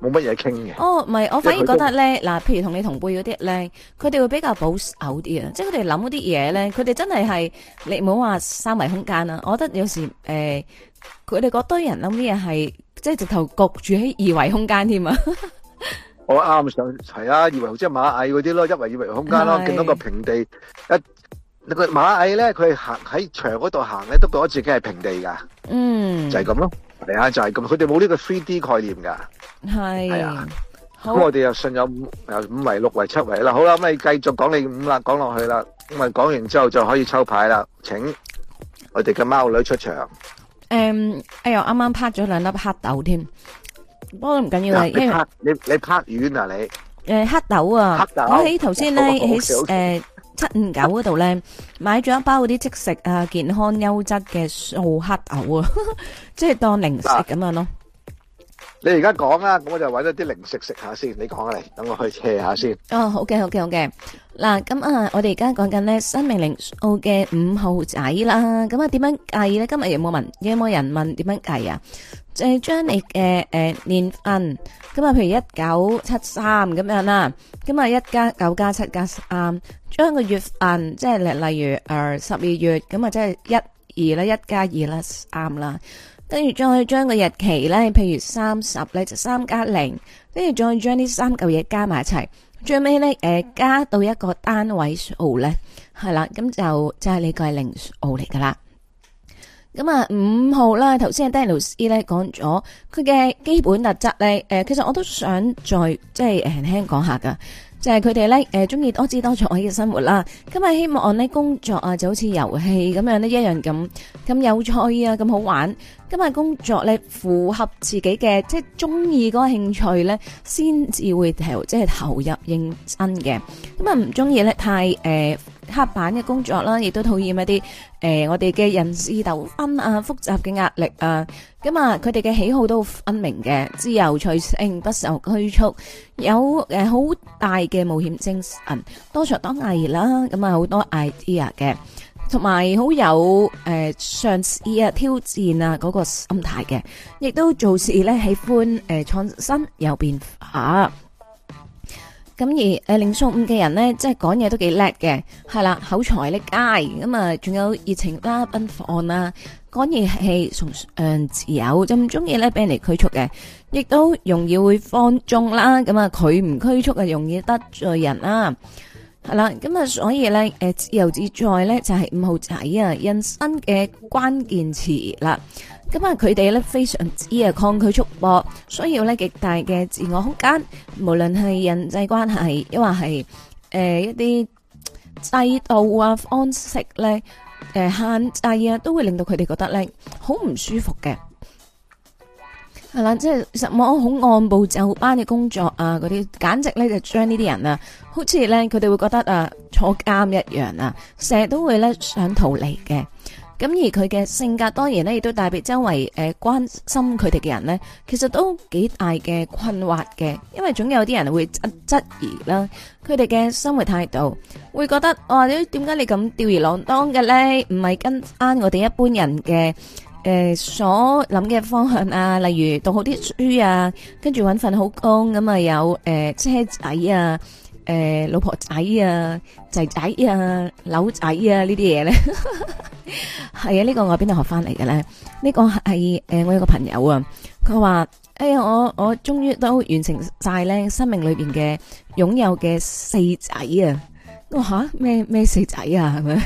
冇乜嘢傾嘅。哦，唔係，我反而覺得咧，嗱，譬如同你同輩嗰啲咧，佢哋會比較保守啲啊，即係佢哋諗嗰啲嘢咧，佢哋真係係，你唔好話三維空間啦，我覺得有時誒，佢哋嗰堆人諗啲嘢係，即係直頭焗住喺二維空間添啊。我啱上係啊，以為即係螞蟻嗰啲咯，一維二維空間咯，是見到個平地一，個螞蟻咧，佢行喺牆嗰度行咧，都覺得自己係平地噶，嗯，就係咁咯，嚟下、啊、就係、是、咁，佢哋冇呢個 three D 概念噶，係是，係啊，咁好我哋又信有五維六維七維啦，好啦、啊，咁你繼續講你五啦，講落去啦，咁啊講完之後就可以抽牌啦，請我哋嘅貓女出場，誒、嗯，哎喲，啱啱拍咗兩粒黑豆添。不過唔緊要啦，因為、啊、是你你黑丸啊你？誒、啊呃、黑豆啊，黑豆我喺頭先咧喺誒七五九嗰度咧買咗一包嗰啲即食啊健康優質嘅素黑豆啊， [laughs] 即係當零食咁樣咯。你而家講啦，咁我就揾咗啲零食食下先。你講嚟，等我去切下先。哦、oh, okay, okay, okay. 啊，好嘅，好嘅，好嘅。嗱，咁啊，我哋而家講緊咧生命靈數嘅五號仔啦。咁啊，點樣計咧？今日有冇問？有冇人問點樣計啊？就係、是、將你嘅誒、呃、年份，咁啊，譬如一九七三咁樣啦。咁啊，一加九加七加三，3，將個月份，即係例如十二月，咁啊，即係一二啦，一加二啦，啱啦。跟住再將個日期咧，譬如三十咧，就三加零，跟住再將呢三嚿嘢加埋一齊，最尾咧誒加到一個單位數咧，係啦，咁就就係、是、呢個係零號嚟噶啦。咁啊五號啦，頭先阿 Danny 老師咧講咗佢嘅基本特質咧，誒、呃、其實我都想再即係誒輕輕講下噶，就係佢哋咧誒中意多姿多彩嘅生活啦。咁啊，希望我咧工作啊就好似遊戲咁樣呢一樣咁咁有趣啊咁好玩。因為工作咧符合自己嘅即係中意嗰個興趣咧，先至會投即係投入認真嘅。咁啊唔中意咧太誒刻、呃、板嘅工作啦，亦都討厭一啲誒、呃、我哋嘅人事糾紛啊、複雜嘅壓力啊。咁、嗯、啊，佢哋嘅喜好都好分明嘅，自由隨性，不受拘束，有誒好、呃、大嘅冒險精神，多才多藝啦。咁、嗯、啊，好多 idea 嘅。同埋好有誒、呃、上市啊挑戰啊嗰、那個心態嘅，亦都做事咧喜歡誒、呃、創新有變化。咁、啊、而誒靈數五嘅人咧，即係講嘢都幾叻嘅，係啦，口才叻佳，咁啊仲有熱情啦、啊、奔放啦、啊，講嘢係從誒自由，就唔中意咧俾人哋拘束嘅，亦都容易會放縱啦。咁啊佢唔拘束啊，容易得罪人啦。係啦，咁啊、嗯，所以咧，誒，自由自在咧就係五號仔啊，人生嘅關鍵詞啦。咁、嗯、啊，佢哋咧非常之啊抗拒束縛，需要咧極大嘅自我空間。無論係人際關係，又或係誒、呃、一啲制度啊、方式咧、誒、呃、限制啊，都會令到佢哋覺得咧好唔舒服嘅。係啦，即係、嗯、實冇好按部就班嘅工作啊，嗰啲簡直咧就將呢啲人啊，好似咧佢哋會覺得啊坐監一樣啊，成日都會咧想逃離嘅。咁而佢嘅性格當然咧亦都帶俾周圍誒、呃、關心佢哋嘅人咧，其實都幾大嘅困惑嘅，因為總有啲人會質疑啦，佢哋嘅生活態度，會覺得哇，點解你咁吊兒郎當嘅咧？唔係跟翻我哋一般人嘅。誒、呃，所諗嘅方向啊，例如讀好啲書啊，跟住搵份好工咁啊，有誒、呃、車仔啊，誒、呃、老婆仔啊，仔仔啊，樓仔啊呢啲嘢咧，係啊，呢 [laughs] 啊、呢個我喺邊度學翻嚟嘅咧呢、呢個係誒、呃、我有一個朋友啊，佢話呀我我終於都完成晒咧生命裏邊嘅擁有嘅四仔啊，我吓，咩咩四仔啊係咪？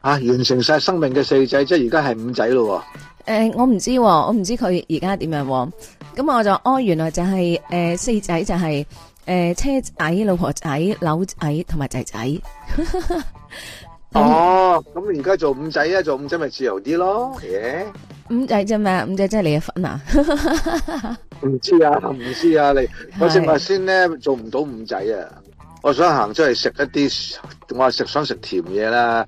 啊！完成晒生命嘅四仔，即係而家係五仔咯。誒、呃，我唔知道、啊，我唔知佢而家點樣、啊。咁我就哦，原來就係、是、誒、呃、四仔就係、是、誒、呃、車仔、老婆仔、樓仔同埋仔仔。子 [laughs] 嗯、哦，咁而家做五仔啊？做五仔咪自由啲咯。Yeah? 五仔啫咩？五仔即係你嘅份 [laughs] 啊？唔知啊，唔知啊，你 [laughs] 是我先話先咧，做唔到五仔啊！我想行出去食一啲，我食想食甜嘢啦。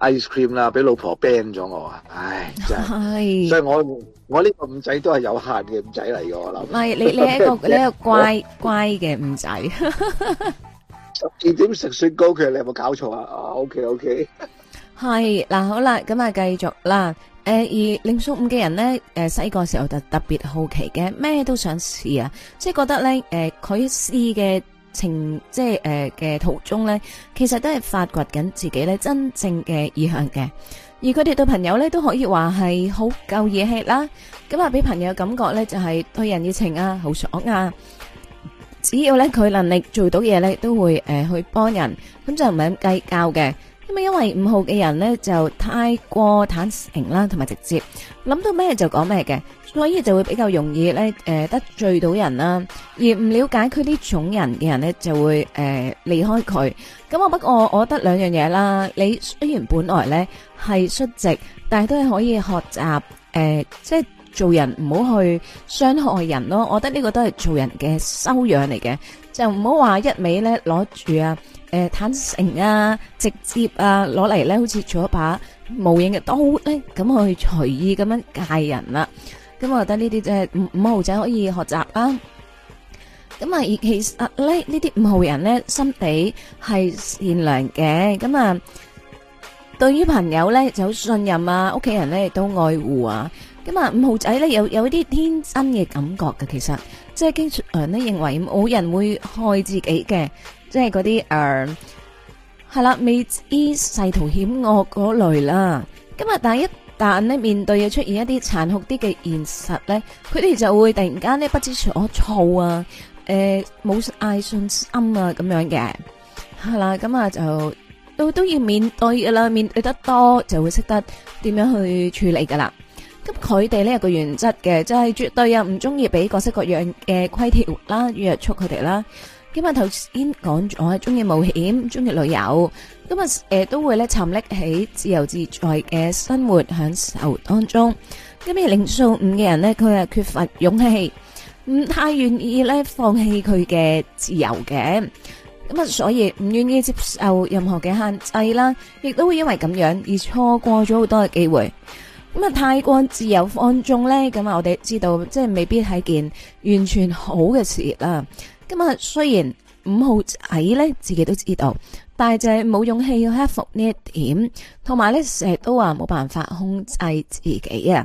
ice cream 啦，俾老婆 ban 咗我啊！唉，真係，所以我我呢個五仔都係有限嘅五仔嚟嘅，我諗。唔係，你你一個你一個乖乖嘅五仔。十二點食雪糕，其實你有冇搞錯啊？啊，OK OK。係嗱，好啦，咁啊，繼續啦。誒，而靈數五嘅人咧，誒，細個時候就特別好奇嘅，咩都想試啊，即係覺得咧，誒，佢試嘅。情即係誒嘅途中咧，其實都係發掘緊自己咧，真正嘅意向嘅。而佢哋對朋友咧，都可以話係好夠義氣啦。咁啊，俾朋友感覺咧，就係對人熱情啊，好爽啊。只要咧佢能力做到嘢咧，都會誒去幫人，咁就唔係咁計較嘅。因為五號嘅人呢，就太過坦誠啦，同埋直接，諗到咩就講咩嘅，所以就會比較容易呢誒、呃、得罪到人啦。而唔了解佢呢種人嘅人呢，就會誒、呃、離開佢。咁啊，不過我覺得兩樣嘢啦。你雖然本來呢係率直，但係都係可以學習誒、呃，即係。做人唔好去傷害人咯，我覺得呢個都係做人嘅修養嚟嘅，就唔好話一味咧攞住啊誒坦誠啊直接啊攞嚟咧，好似做一把無影嘅刀咧，咁去隨意咁樣介人啦。咁我覺得呢啲即係五五號仔可以學習啦。咁啊，而其實咧呢啲五號人咧心地係善良嘅，咁啊對於朋友咧就好信任啊，屋企人咧亦都愛護啊。咁啊，五號仔咧有有一啲天真嘅感覺嘅，其實即係經常咧認為冇人會害自己嘅，即係嗰啲誒係啦，未知世途險惡嗰類啦。咁啊但一旦咧面對啊出現一啲殘酷啲嘅現實咧，佢哋就會突然間咧不知所措啊，誒冇嗌信心啊，咁樣嘅係啦。咁啊，就都都要面對噶啦，面對得多就會識得點樣去處理噶啦。咁佢哋呢有一個原則嘅，就係絕對又唔中意俾各式各樣嘅規條啦，約束佢哋啦。咁啊頭先講咗中意冒險，中意旅遊，咁啊誒都會咧沉溺喺自由自在嘅生活享受當中。咁啊靈數五嘅人咧，佢係缺乏勇氣，唔太願意咧放棄佢嘅自由嘅。咁啊所以唔願意接受任何嘅限制啦，亦都會因為咁樣而錯過咗好多嘅機會。咁啊，太過自由放縱咧，咁啊，我哋知道即係未必係件完全好嘅事啦。今日雖然五號仔咧自己都知道，但係就係冇勇氣要克服呢一點，同埋咧成日都話冇辦法控制自己啊。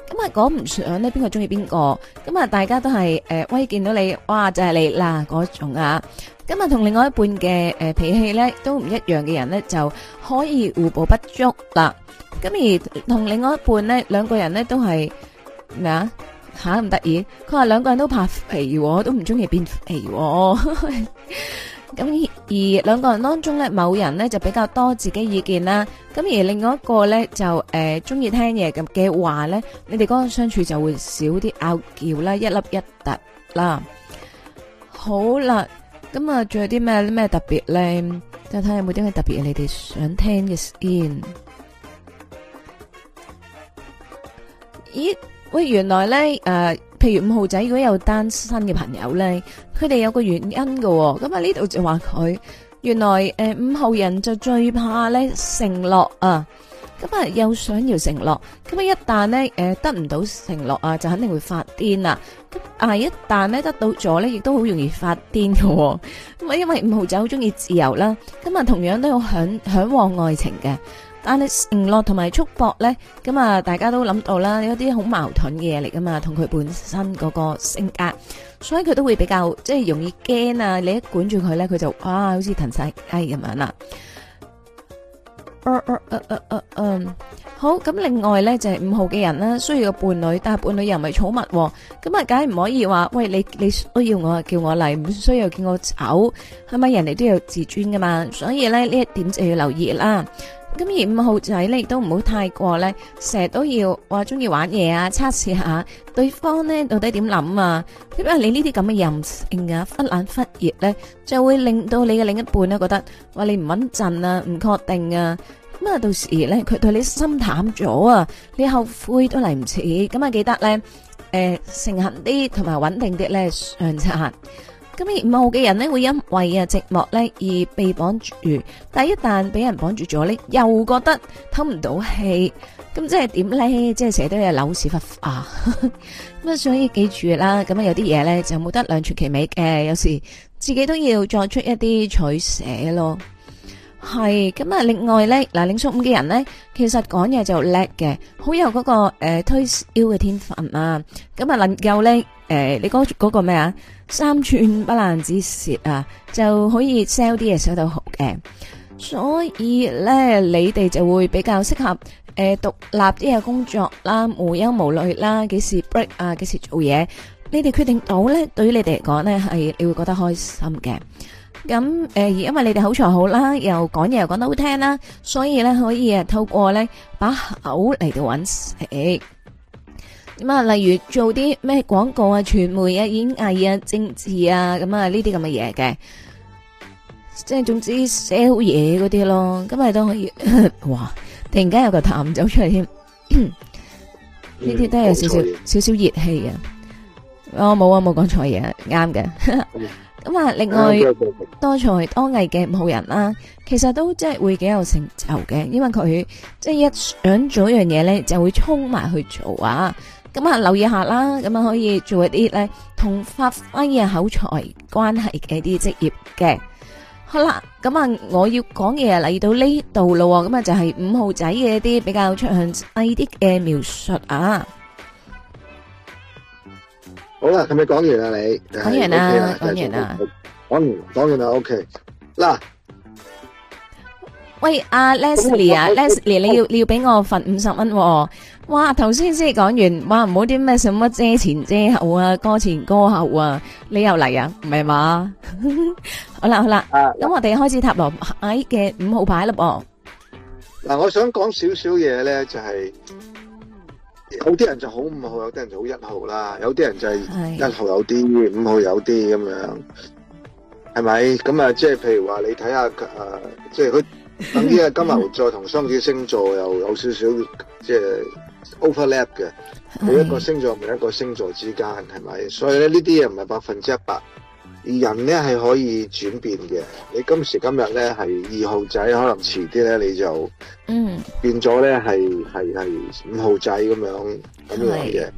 咁啊，講唔上咧，邊個中意邊個？咁啊，大家都係誒，威見到你，哇，就係你啦嗰種啊。咁啊，同另外一半嘅誒脾氣咧都唔一樣嘅人咧，就可以互補不足啦。咁而同另外一半咧，兩個人咧都係咩啊？吓咁得意？佢話兩個人都怕肥，都唔中意變肥。咁而而兩個人當中咧，某人咧就比較多自己意見啦。咁而另外一個咧就誒中意聽嘢咁嘅話咧，你哋嗰個相處就會少啲拗撬啦，一粒一突啦。好啦，咁啊仲有啲咩咩特別咧？就睇睇有冇啲咩特別你哋想聽嘅先。咦？喂，原來咧，誒、呃，譬如五號仔如果有單身嘅朋友咧，佢哋有個原因嘅、哦，咁啊呢度就話佢原來誒、呃、五號人就最怕咧承諾啊，咁、嗯、啊又想要承諾，咁、嗯、啊一旦咧誒、呃、得唔到承諾啊，就肯定會發癲啦、啊，咁、嗯、啊一旦咧得到咗咧，亦都好容易發癲嘅、哦，咁、嗯、啊因為五號仔好中意自由啦、啊，咁、嗯、啊、嗯、同樣都好享向往愛情嘅。但係承諾同埋束縛咧，咁啊，大家都諗到啦，有啲好矛盾嘅嘢，嚟㗎嘛，同佢本身嗰個性格，所以佢都會比較即係容易驚啊！你一管住佢咧，佢就哇啊，啊，啊，啊，啊，好似騰晒雞咁樣啦。嗯，好咁，另外咧就係五號嘅人啦，需要個伴侶，但係伴侶又唔係寵物，咁啊，梗係唔可以話喂，你你需要我叫我嚟，唔需要叫我走，係咪人哋都有自尊噶嘛？所以咧呢一點就要留意啦。咁而五號仔咧，亦都唔好太過咧，成日都要話中意玩嘢啊，測試下對方咧到底點諗啊？因為你呢啲咁嘅任性啊、忽冷忽熱咧，就會令到你嘅另一半咧覺得，哇，你唔穩陣啊，唔確定啊，咁啊到時咧佢對你心淡咗啊，你後悔都嚟唔切。咁啊記得咧，誒，誠懇啲同埋穩定啲咧，相親。咁五號嘅人咧會因為啊寂寞咧而被綁住，但係一旦俾人綁住咗咧，又覺得唞唔到氣，咁即係點咧？即係成日都有樓屎忽啊！咁啊，所以記住啦，咁啊有啲嘢咧就冇得兩全其美嘅，有時自己都要作出一啲取捨咯。係，咁啊另外咧嗱，靈數五嘅人咧，其實講嘢就叻嘅，好有嗰個誒推銷嘅天分啊，咁啊能夠咧。誒，你嗰嗰個咩啊？三寸不爛之舌啊，就可以 sell 啲嘢 sell 到好嘅。所以咧，你哋就會比較適合誒，獨立啲嘅工作啦，無憂無慮啦，幾時 break 啊，幾時做嘢，你哋決定到咧，對於你哋嚟講咧係你會覺得開心嘅。咁誒，因為你哋口才好啦，又講嘢又講得好聽啦，所以咧可以誒透過咧把口嚟到揾食。咁啊，例如做啲咩廣告啊、傳媒啊、演藝啊、政治啊，咁啊呢啲咁嘅嘢嘅，即係總之寫好嘢嗰啲咯。咁咪都可以，哇！突然間有個痰走出嚟添，呢啲都有少少、嗯、少少熱氣、哦、啊！我冇啊，冇講錯嘢，啱嘅、嗯。咁啊，另外、嗯嗯、多才多藝嘅5人啦、啊，其實都即係會幾有成就嘅，因為佢即係一想做一樣嘢咧，就會衝埋去做啊。咁啊，留意下啦，咁啊可以做一啲咧同發揮嘅口才關係嘅一啲職業嘅。好啦，咁啊，我要講嘢啊嚟到呢度咯，咁啊就係五號仔嘅一啲比較詳細啲嘅描述啊。好啦，係咪講完啦你？講完啦，講完啦，講完，講完啦，OK。嗱，喂，阿 Leslie 啊，Leslie，你要你要俾我份五十蚊喎。哇！頭先先講完，話唔好啲咩什麼遮前遮後啊，歌前歌後啊，你又嚟啊，唔係嘛？好啦好啦，咁我哋開始塔羅牌嘅五號牌啦噃。嗱，我想講少少嘢咧，就係，有啲人就好五號，有啲人就好一號啦，有啲人就係一號有啲，五號有啲咁樣，係咪？咁啊，即係譬如話你睇下，誒，即係佢等於啊金牛座同雙子星座又有少少，即係。overlap 嘅，每的一個星座同一個星座之間係咪？所以咧，呢啲嘢唔係百分之一百，而人咧係可以轉變嘅。你今時今日咧係二號仔，可能遲啲咧你就嗯變咗咧係係係五號仔咁樣咁的樣嘅。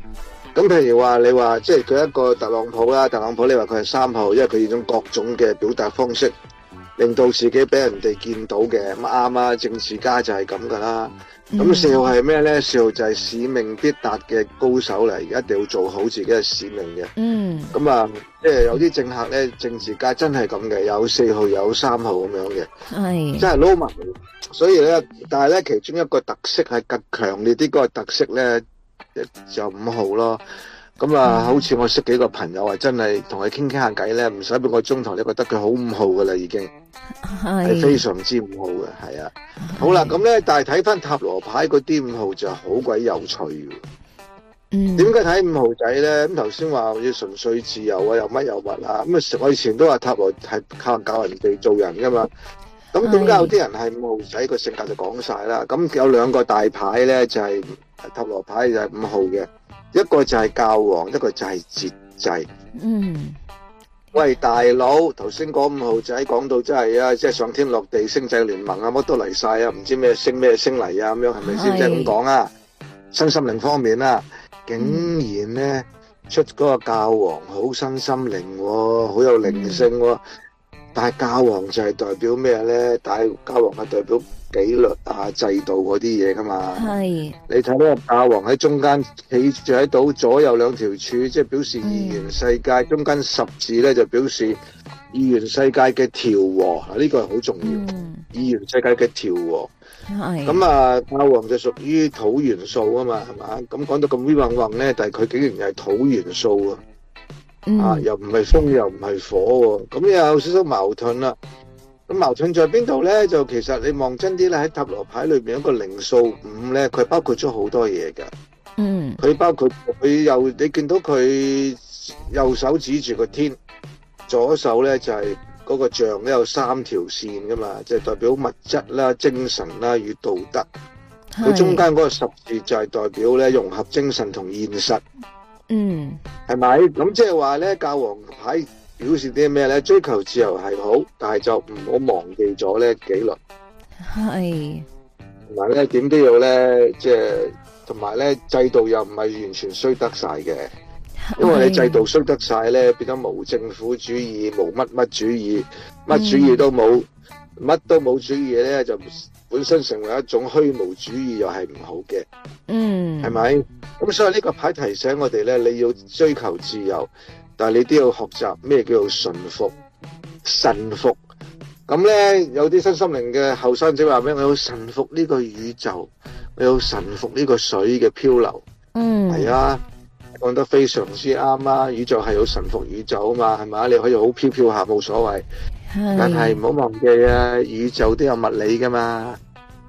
咁的譬如話你話即係佢一個特朗普啦，特朗普你話佢係三號，因為佢用種各種嘅表達方式、嗯、令到自己俾人哋見到嘅咁啱啦，政治家就係咁噶啦。嗯咁四號係咩咧？嗯、四號就係使命必達嘅高手嚟，而一定要做好自己嘅使命嘅。嗯。咁啊，即係有啲政客咧，政治界真係咁嘅，有四號，有三號咁樣嘅。係、嗯。真係撈埋。所以咧，但係咧，其中一個特色係極強烈啲，嗰個特色咧，就五號咯。咁啊，嗯、好似我識幾個朋友啊，真係同佢傾傾下偈咧，唔使半個鐘頭，你覺得佢好五號㗎啦，已經。係非常之唔好嘅，係啊，是的好啦，咁咧，但係睇翻塔羅牌啲五號就好鬼有趣嘅。嗯，點解睇五號仔咧？咁頭先話要純粹自由啊，又乜又乜啊？咁啊，我以前都話塔羅係靠教人哋做人噶嘛。咁點解有啲人係五號仔個的性格就講晒啦？咁有兩個大牌咧，就係、是、塔羅牌就係五號嘅，一個就係教皇，一個就係節制。嗯。喂，大佬，頭先講五號仔講到真係啊，即係上天落地星際聯盟啊，乜都嚟晒啊，唔知咩星咩星嚟啊，咁樣係咪先？即係咁講啊，身心靈方面啊，竟然咧出嗰個教皇，好身心靈喎，好有靈性喎，但係教皇就係代表咩咧？但係教皇係代表。紀律啊、制度嗰啲嘢噶嘛，是你睇呢個亞王喺中間企住喺度，左右兩條柱即係表示二元世界，嗯、中間十字咧就表示二元世界嘅調和，呢、啊呢個係好重要。嗯、二元世界嘅調和，咁是啊亞王就屬於土元素啊嘛，係嘛？咁、啊、講到咁混混咧，但係佢竟然係土元素啊，嗯、啊又唔係風，又唔係火、啊，咁又有少少矛盾啦。咁矛盾在邊度咧？就其實你望真啲咧，喺塔羅牌裏邊一個靈數五咧，佢包括咗好多嘢噶。嗯，佢包括佢右，你見到佢右手指住個天，左手咧就係嗰個像，咧有三條線噶嘛，即係代表物質啦、精神啦與道德。佢中間嗰個十字就係代表咧融合精神同現實。嗯，係咪？咁即係話咧教皇牌。表示啲咩咧？追求自由係好，但係就唔好忘記咗咧紀律。係，同埋咧點都要咧，即係同埋咧制度又唔係完全衰得晒嘅。因為你制度衰是得晒咧，變咗無政府主義、無乜乜主義、乜主義都冇、乜、嗯、都冇主義咧，就本身成為一種虛無主義又係唔好嘅。嗯，係咪？咁所以呢個牌提醒我哋咧，你要追求自由。你都要學習咩叫做臣服？臣服咁咧，有啲新心靈嘅後生仔話俾我好臣服呢個宇宙，我好臣服呢個水嘅漂流。嗯，係啊，講得非常之啱啊。宇宙係好臣服宇宙啊嘛，係咪？你可以好飄飄下冇所謂，是但係唔好忘記啊，宇宙都有物理噶嘛。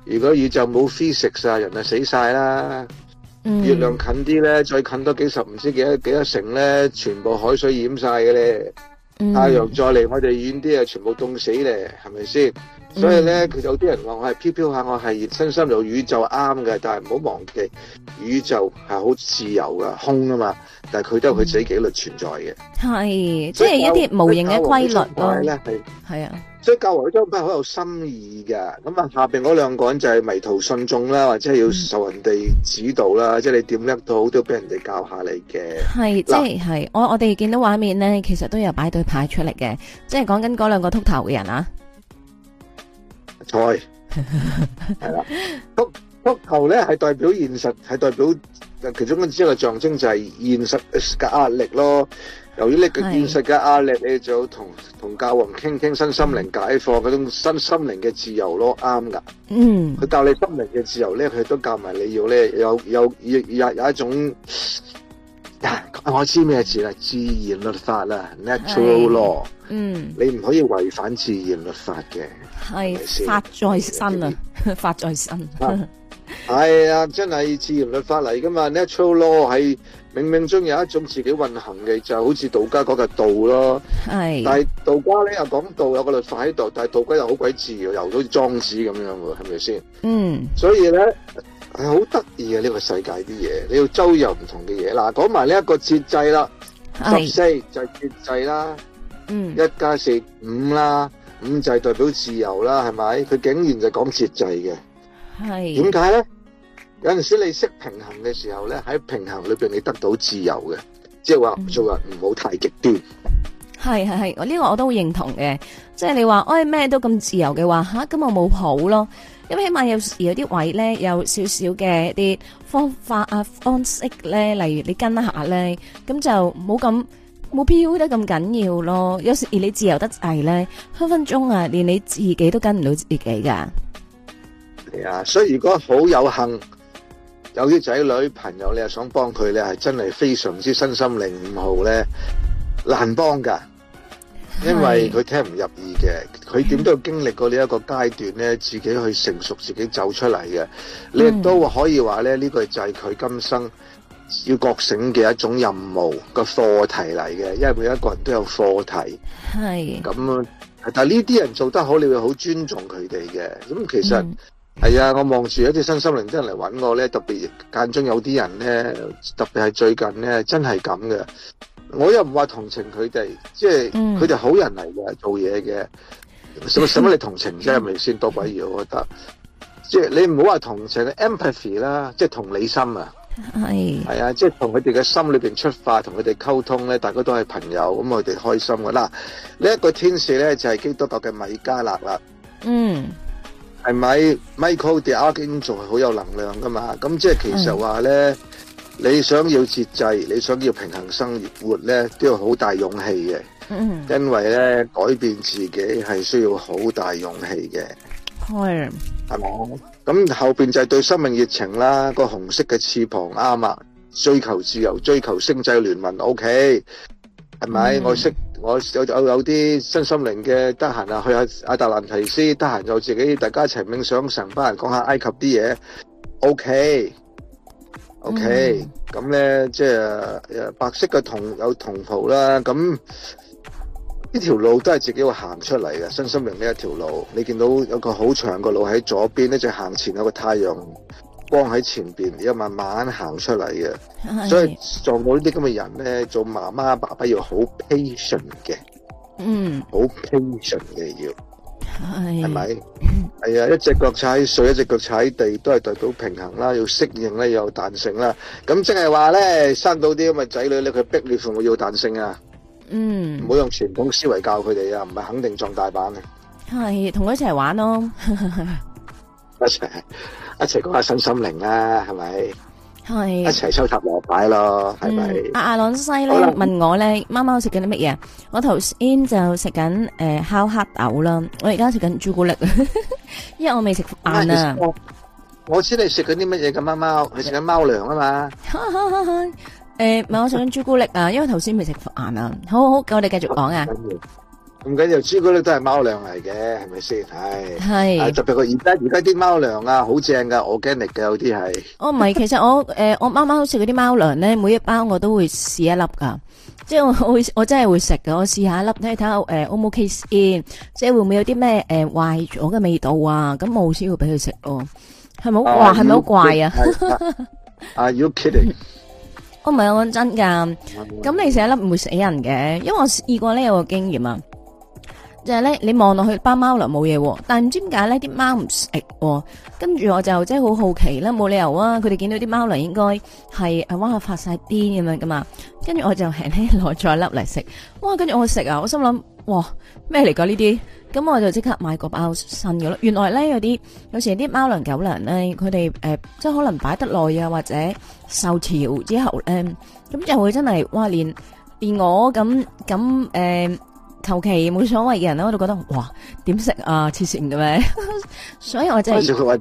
如果宇宙冇 physics 啊，人就死晒啦。嗯、月亮近啲咧，再近多幾十唔知幾多幾多成咧，全部海水淹晒嘅咧。嗯、太陽再離我哋遠啲啊，全部凍死咧，係咪先？嗯、所以咧，佢有啲人話我係飄飄下，我係熱身心入宇宙啱嘅，但係唔好忘記宇宙係好自由噶空啊嘛，但係佢都有佢自己紀律存在嘅。係是，即係一啲無形嘅規律咯。係啊。所以教皇佢張牌好有心意嘅，咁啊下邊嗰兩個人就係迷途信眾啦，或者係要受人哋指導啦，嗯、即係你點叻到都俾人哋教下你嘅。係、嗯、即係，我我哋見到畫面咧，其實都有擺對牌出嚟嘅，即係講緊嗰兩個禿頭嘅人啊！財係啦，禿禿 [laughs] 頭咧係代表現實，係代表其中之一個象徵就係現實嘅壓力咯。由於呢個現實嘅壓力，是你就有同同教皇傾傾新心靈解放嗰、嗯、種新心靈嘅自由咯、啊，啱噶。嗯，佢教你心靈嘅自由咧，佢都教埋你要咧有有有有，有一種，我知咩字啦？自然律法啦，natural law。嗯，你唔可以違反自然律法嘅。係法是在身啊！法在身。係 [laughs] 啊、哎，真係自然律法嚟噶嘛？natural law 係。冥冥中有一種自己運行嘅，就好似道家講嘅道咯。係，但係道家咧又講道有個律法喺度，但係道家又好鬼自由，又好似莊子咁樣喎，係咪先？嗯，所以咧係好得意嘅呢個世界啲嘢，你要周遊唔同嘅嘢啦。講埋呢一個節制啦，十四就係節制啦。嗯，一加四五啦，五就係代表自由啦，係咪？佢竟然就講節制嘅，係點解咧？有陣時你識平衡嘅時候咧，喺平衡裏邊你得到自由嘅，即係話做人唔好太極端。係係係，我呢個我都好認同嘅。即係你話，哎咩都咁自由嘅話，吓咁我冇符咯。因為起碼有有啲位咧，有少少嘅一啲方法啊方式咧，例如你跟一下咧，咁就冇咁冇必要得咁緊要咯。有時而你自由得滯咧，分分鐘啊，連你自己都跟唔到自己噶。係啊，所以如果好有幸。有啲仔女朋友，你又想幫佢咧，係真係非常之身心靈五號咧難幫噶，因為佢聽唔入耳嘅，佢點的都要經歷過呢一個階段咧，自己去成熟，自己走出嚟嘅，你亦都可以話咧，呢個就係佢今生要覺醒嘅一種任務個課題嚟嘅，因為每一個人都有課題，係咁的，但係呢啲人做得好，你會好尊重佢哋嘅，咁其實。係啊，我望住一啲身心靈啲人嚟搵我咧，特別間中有啲人咧，特別係最近咧，真係咁嘅。我又唔話同情佢哋，即係佢哋好人嚟嘅，做嘢嘅。使乜你同情真係未先多鬼嘢，我覺得。即係你唔好話同情、嗯、，empathy 啦，即係同理心啊。係係是啊，即係同佢哋嘅心裏邊出發，同佢哋溝通咧，大家都係朋友，咁佢哋開心嘅。啦呢一、這個天使咧就係、是、基督教嘅米加勒啦。嗯。係咪 Michael the Archangel 仲係好有能量噶嘛？咁即係其實話咧，是的你想要節制，你想要平衡生活咧，都要好大勇氣嘅。嗯，因為咧改變自己係需要好大勇氣嘅。係的，係咪？咁後邊就係對生命熱情啦，個紅色嘅翅膀啱啊！追求自由，追求星際聯盟，OK，係咪？是不是嗯、我識。我有我有有啲身心靈嘅，得閒啊去下亞特蘭提斯，得閒就自己大家一齊冥想，成班人講下埃及啲嘢。O K，O K，咁咧即係白色嘅同有同袍啦。咁呢條路都係自己會行出嚟嘅，身心靈呢一條路。你見到有個好長個路喺左邊咧，就行前有個太陽。光喺前邊，要慢慢行出嚟嘅，的所以撞到些呢啲咁嘅人咧，做媽媽爸爸要好 patient 嘅，嗯，好 patient 嘅要，係咪？係啊，一隻腳踩水，一隻腳踩地，都係代表平衡啦。要適應咧，要有彈性啦。咁即係話咧，生到啲咁嘅仔女咧，佢逼你父母要彈性啊。嗯，唔好用傳統思維教佢哋啊，唔係肯定撞大板嘅。係同佢一齊玩咯，一齊。一齊講下身心靈啦，係咪？係一齊收集塔羅牌咯，係咪？阿阿朗西咧問我咧，貓貓食緊啲乜嘢？我頭先就食緊誒烤黑豆啦，我而家食緊朱古力，因為我未食飯啊。我知你食緊啲乜嘢嘅，貓貓，你食緊貓糧啊嘛。誒，唔係我食緊朱古力啊，因為頭先未食飯啊。好好，咁我哋繼續講啊。唔緊要緊，朱古力都係貓糧嚟嘅，係咪先？係係是、啊，特別個而家而家啲貓糧啊，好正噶，organic 嘅有啲係。我唔係， [laughs] 其實我誒、呃，我貓貓食嗰啲貓糧咧，每一包我都會試一粒噶，即係我我我真係會食噶，我試下一粒咧睇下誒 O 唔 OK 先，看看我呃、我 case in，即係會唔會有啲咩誒壞咗嘅味道啊？咁冇先會俾佢食咯，係咪好哇，係咪好怪啊？Are you kidding？我唔係我講真噶，咁你食一粒唔會死人嘅，因為我試過咧有個經驗啊。就係咧，你望落去包貓糧冇嘢，但唔知點解咧，啲貓唔食。跟住我就即係好好奇啦，冇理由啊，佢哋見到啲貓糧應該係誒，哇發晒癲咁樣噶嘛。跟住我就輕輕攞咗一粒嚟食。哇！跟住我食啊，我心諗哇咩嚟噶呢啲？咁我就即刻買個包新噶啦。原來咧有啲有時啲貓糧狗糧咧，佢哋誒即係可能擺得耐啊，或者受潮之後誒，咁、呃、就會真係哇、呃，連連我咁咁誒。求其冇所謂嘅人咧，我都覺得哇，點食啊，黐線嘅咩？ [laughs] 所以我真係，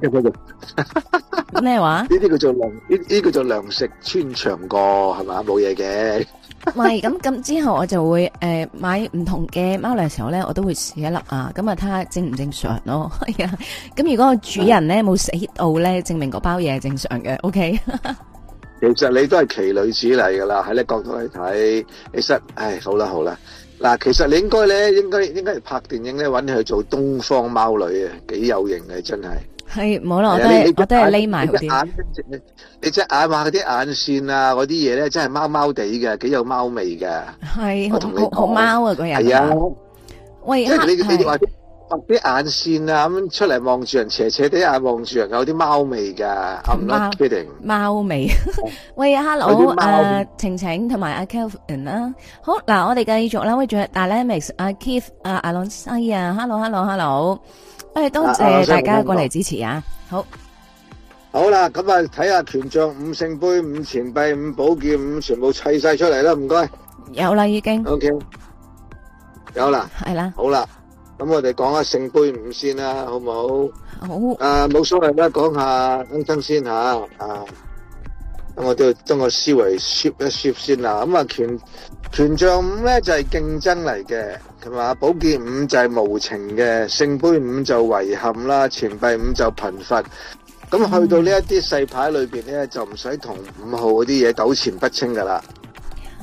咩話？呢啲叫做糧，呢啲叫做糧食穿牆過係咪？冇嘢嘅。唔係咁咁之後，我就會誒、呃、買唔同嘅貓糧嘅時候咧，我都會試一粒啊，咁啊睇下正唔正常咯。係啊，咁如果個主人咧冇死到咧，證明嗰包嘢係正常嘅。O、okay? K， [laughs] 其實你都係奇女子嚟噶啦，喺呢角度嚟睇，其實唉，好啦好啦。嗱，其實你應該咧，應該應該係拍電影咧，揾你去做東方貓女嘅，幾有型嘅，真係。係，冇咯，我都係，我都係匿埋嗰啲眼，你隻眼啊，嗰啲眼線啊，嗰啲嘢咧，真係貓貓地嘅，幾有貓味嘅。係，我同你學貓啊個人。係啊，喂，黑頭。啲眼線啊咁出嚟望住人斜斜啲啊望住人有啲貓味噶，I'm not kidding。貓味，喂，hello，阿晴晴同埋阿 Calvin 啦。好嗱，我哋繼續啦。喂仲阿 Alex、阿 Keith、阿阿朗西啊，hello，hello，hello。誒，多謝大家過嚟支持啊。好。好啦，咁啊，睇下權杖、五聖杯、五錢幣、五寶劍，五全部砌晒出嚟啦。唔該。有啦，已經。OK。有啦。係啦。好啦。咁我哋講下聖杯五先啦，好唔好？好。誒、啊，冇所謂啦，講下等等先吓、啊，啊。咁我都要將個思維 shift 一 shift 先啦。咁、嗯、啊，權權杖五咧，就係、是、競爭嚟嘅，同埋寶劍五就係無情嘅，聖杯五就遺憾啦，錢幣五就貧乏。咁去到細呢一啲細牌裏邊咧，就唔使同五號嗰啲嘢糾纏不清噶啦。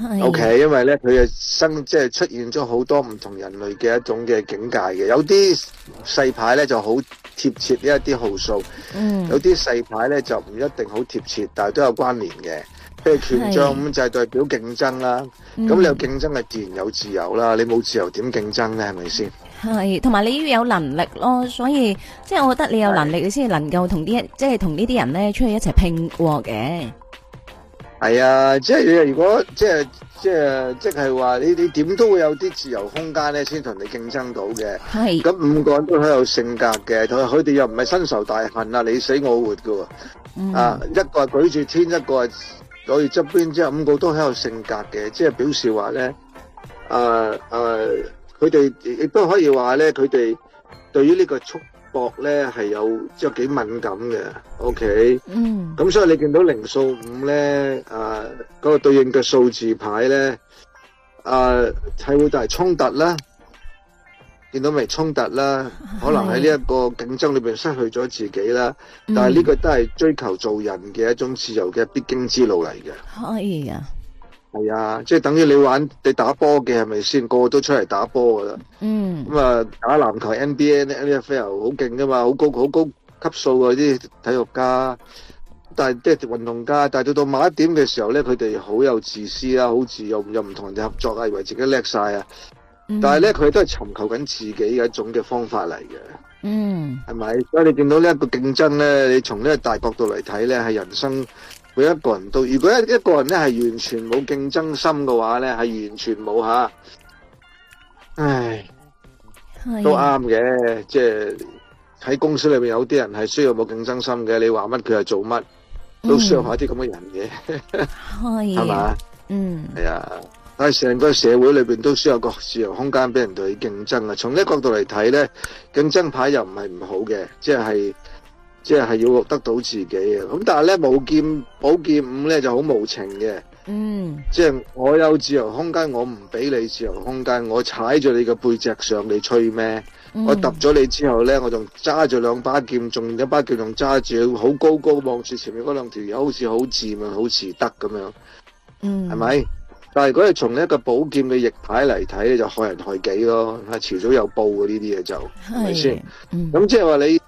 是 o、okay, K，因為咧佢嘅生即係出現咗好多唔同人類嘅一種嘅境界嘅，有啲細牌咧就好貼切這一啲號數，嗯、有啲細牌咧就唔一定好貼切，但係都有關聯嘅。譬如權杖咁是就係代表競爭啦，咁、嗯、你有競爭係自然有自由啦，你冇自由點競爭咧？係咪先？係，同埋你要有能力咯，所以即係我覺得你有能力才能，你先能夠同啲即係同呢啲人咧出去一齊拼過嘅。係啊，即係你如果即係即係即係話，你你點都會有啲自由空間咧，先同你競爭到嘅。係是，咁五個人都好有性格嘅，同佢哋又唔係深仇大恨啊，你死我活噶喎，啊。嗯、啊，一個係舉住天，一個係攞住側邊，即係五個都好有性格嘅，即係表示話咧，誒、呃、誒，佢哋亦都可以話咧，佢哋對於呢個觸博咧係有即係幾敏感嘅，OK，嗯，咁所以你見到靈數五咧，誒、呃、嗰、嗰個對應嘅數字牌咧，誒睇會大衝突啦，見到咪衝突啦，是可能喺呢一個競爭裏邊失去咗自己啦，嗯、但係呢個都係追求做人嘅一種自由嘅必經之路嚟嘅，可以啊。係啊，即係等於你玩你打波嘅，係咪先？個個都出嚟打波噶啦。嗯、mm.。咁啊，打籃球 NBA 呢？呢個非常好勁噶嘛，好高好高級數啊！啲體育家，但係即係運動家。但係到到某一點嘅時候咧，佢哋好有自私啊，好自由又又唔同人哋合作啊，以為自己叻晒啊。Mm. 但係咧，佢都係尋求緊自己嘅一種嘅方法嚟嘅。嗯。係咪？所以你見到呢一個競爭咧，你從呢個大角度嚟睇咧，係人生。每一個人都，如果一一個人咧係完全冇競爭心嘅話咧，係完全冇吓。唉，都啱嘅，即係喺公司裏邊有啲人係需要冇競爭心嘅。你話乜佢係做乜，都需要下啲咁嘅人嘅，係嘛？嗯，係啊。但係成個社會裏邊都需要個自由空間俾人哋去競爭啊。從呢個角度嚟睇咧，競爭牌又唔係唔好嘅，即係。即係要得到自己嘅，咁但係咧冇劍寶劍五咧就好無情嘅。嗯，即係我有自由空間，我唔俾你自由空間，我踩住你嘅背脊上你吹咩？嗯、我揼咗你之後咧，我仲揸住兩把劍，仲一把劍仲揸住好高高望住前面嗰兩條友，好似好自命好似得咁樣，嗯，係咪？但係如果係從呢一個寶劍嘅逆牌嚟睇，咧就害人害己咯，係遲早有報嘅呢啲嘢就，係咪先？咁吧、嗯、即係話你。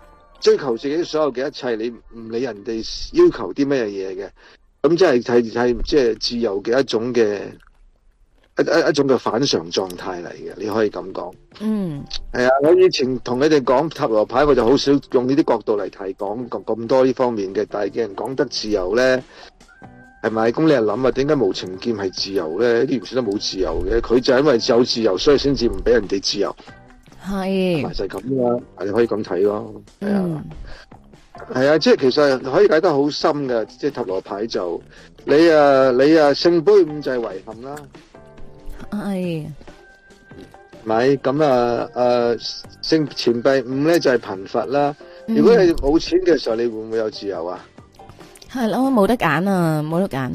追求自己所有嘅一切，你唔理人哋要求啲咩嘢嘅，咁即係係係即係自由嘅一種嘅一一一種嘅反常狀態嚟嘅，你可以咁講。嗯，係啊，我以前同你哋講塔羅牌，我就好少用呢啲角度嚟提講咁多呢方面嘅，但係嘅人講得自由呢，係咪？咁你又諗啊？點解無情劍係自由呢？啲元帥都冇自由嘅，佢就係因為有自由，所以先至唔俾人哋自由。係就係咁啦，你可以咁睇咯，係啊，係啊，即係其實可以解得好深嘅，即係塔羅牌就你啊，你啊聖杯五就係遺憾啦，係咪咁啊？誒，聖錢幣五咧就係貧乏啦。如果你冇錢嘅時候，你會唔會有自由啊？係咯，冇得揀啊，冇得揀。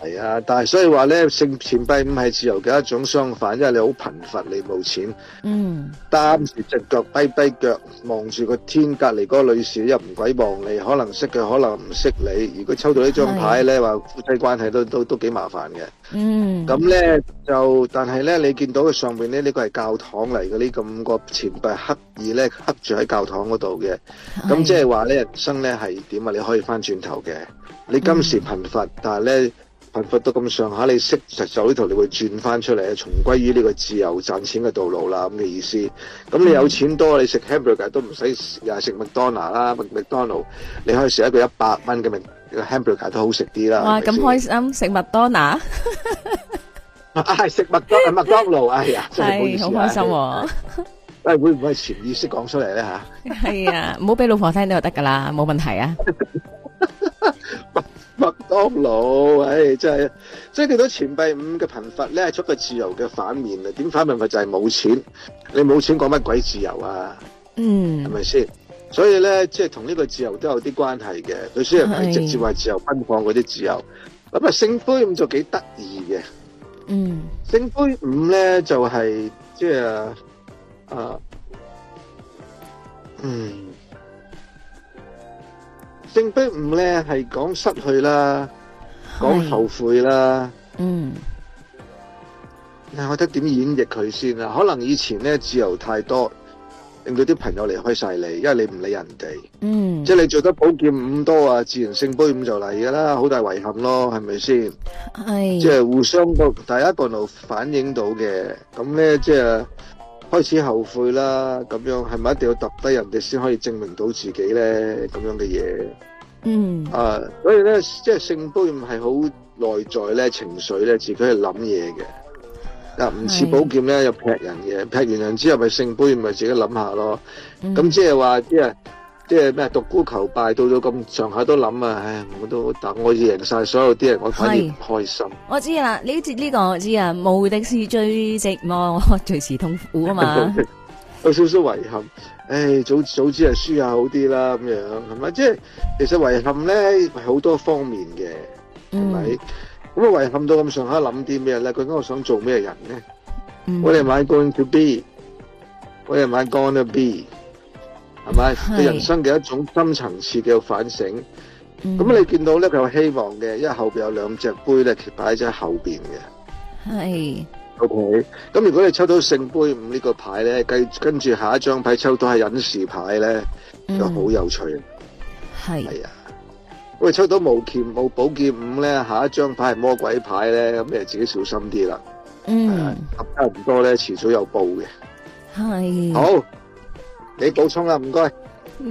係啊，但係所以話咧，剩錢幣唔係自由嘅一種，相反，因為你好貧乏，你冇錢，嗯，擔住隻腳跛跛腳，望住個天隔離嗰個女士又唔鬼望你，可能識佢，可能唔識你。如果抽到呢張牌咧，話的夫妻關係都都都幾麻煩嘅。嗯，咁咧就，但係咧你見到佢上面呢，呢、呢個係教堂嚟嘅呢，咁個錢幣刻意咧刻住喺教堂嗰度嘅。咁即係話咧，人生咧係點啊？你可以翻轉頭嘅。你今時貧乏，嗯、但係咧。闊得咁上下，你識就呢度，你會轉翻出嚟，重歸於呢個自由賺錢嘅道路啦，咁嘅意思。咁你有錢多，你食 hamburger 都唔使，又係食麥當勞啦，麥麥當勞，你可以食一個一百蚊嘅 hamburger 都好食啲啦。哇，咁開心食麥當勞，係食麥當麥當勞啊！係啊，好開心。但係會唔會潛意識講出嚟咧？嚇，係啊，唔好俾老婆聽都得㗎啦，冇問題啊。麥當勞，唉、哎，真係，即係見到錢幣五嘅貧乏咧，係出個自由嘅反面啦。點反問佢就係冇錢，你冇錢講乜鬼自由啊？嗯，係咪先？所以咧，即係同呢個自由都有啲關係嘅，佢雖然係直接話自由奔放嗰啲自由，咁啊聖杯五就幾得意嘅。嗯，聖杯五咧就係即係啊嗯。聖杯五咧係講失去啦，講後悔啦。嗯，但係我覺得點演繹佢先啊？可能以前咧自由太多，令到啲朋友離開晒你，因為你唔理人哋。嗯，即係你做得寶劍五多啊，自然聖杯五就嚟噶啦，好大遺憾咯，係咪先？係的，即係互相個大家角度反映到嘅。咁咧，即係。開始後悔啦，咁樣係咪一定要揼低人哋先可以證明到自己咧？咁樣嘅嘢，嗯啊，所以咧，即係聖杯唔係好內在咧，情緒咧，自己去諗嘢嘅，嗱，唔似寶劍咧，又劈人嘅，劈完人之後咪聖杯咪自己諗下咯，咁、嗯、即係話即係。即係咩獨孤求敗到咗咁上下都諗啊！唉，我都等我贏晒所有啲人，我反而唔開心。我知啦，呢、次、呢、個呢個我知啊，無敵是最寂寞，隨時痛苦啊嘛。有 [laughs] 少少遺憾，唉，早早知係輸下好啲啦，咁樣係咪？即係其實遺憾咧係好多方面嘅，係咪？咁啊遺憾到咁上下諗啲咩咧？究竟我想做咩人咧、嗯、What am I going to be? What am I gonna be? 係咪？佢人生嘅一種深層次嘅反省。咁、嗯、你見到咧，佢有希望嘅，因為後邊有兩隻杯咧，擺喺隻後邊嘅。係是。O K，咁如果你抽到聖杯五呢個牌咧，跟跟住下一張牌抽到係隱士牌咧，嗯，就好有趣。係是。係啊。喂，抽到無劍無寶劍五咧，下一張牌係魔鬼牌咧，咁你就自己小心啲啦。嗯。合得唔多咧，遲早有報嘅。係是。好。你補充啊唔該。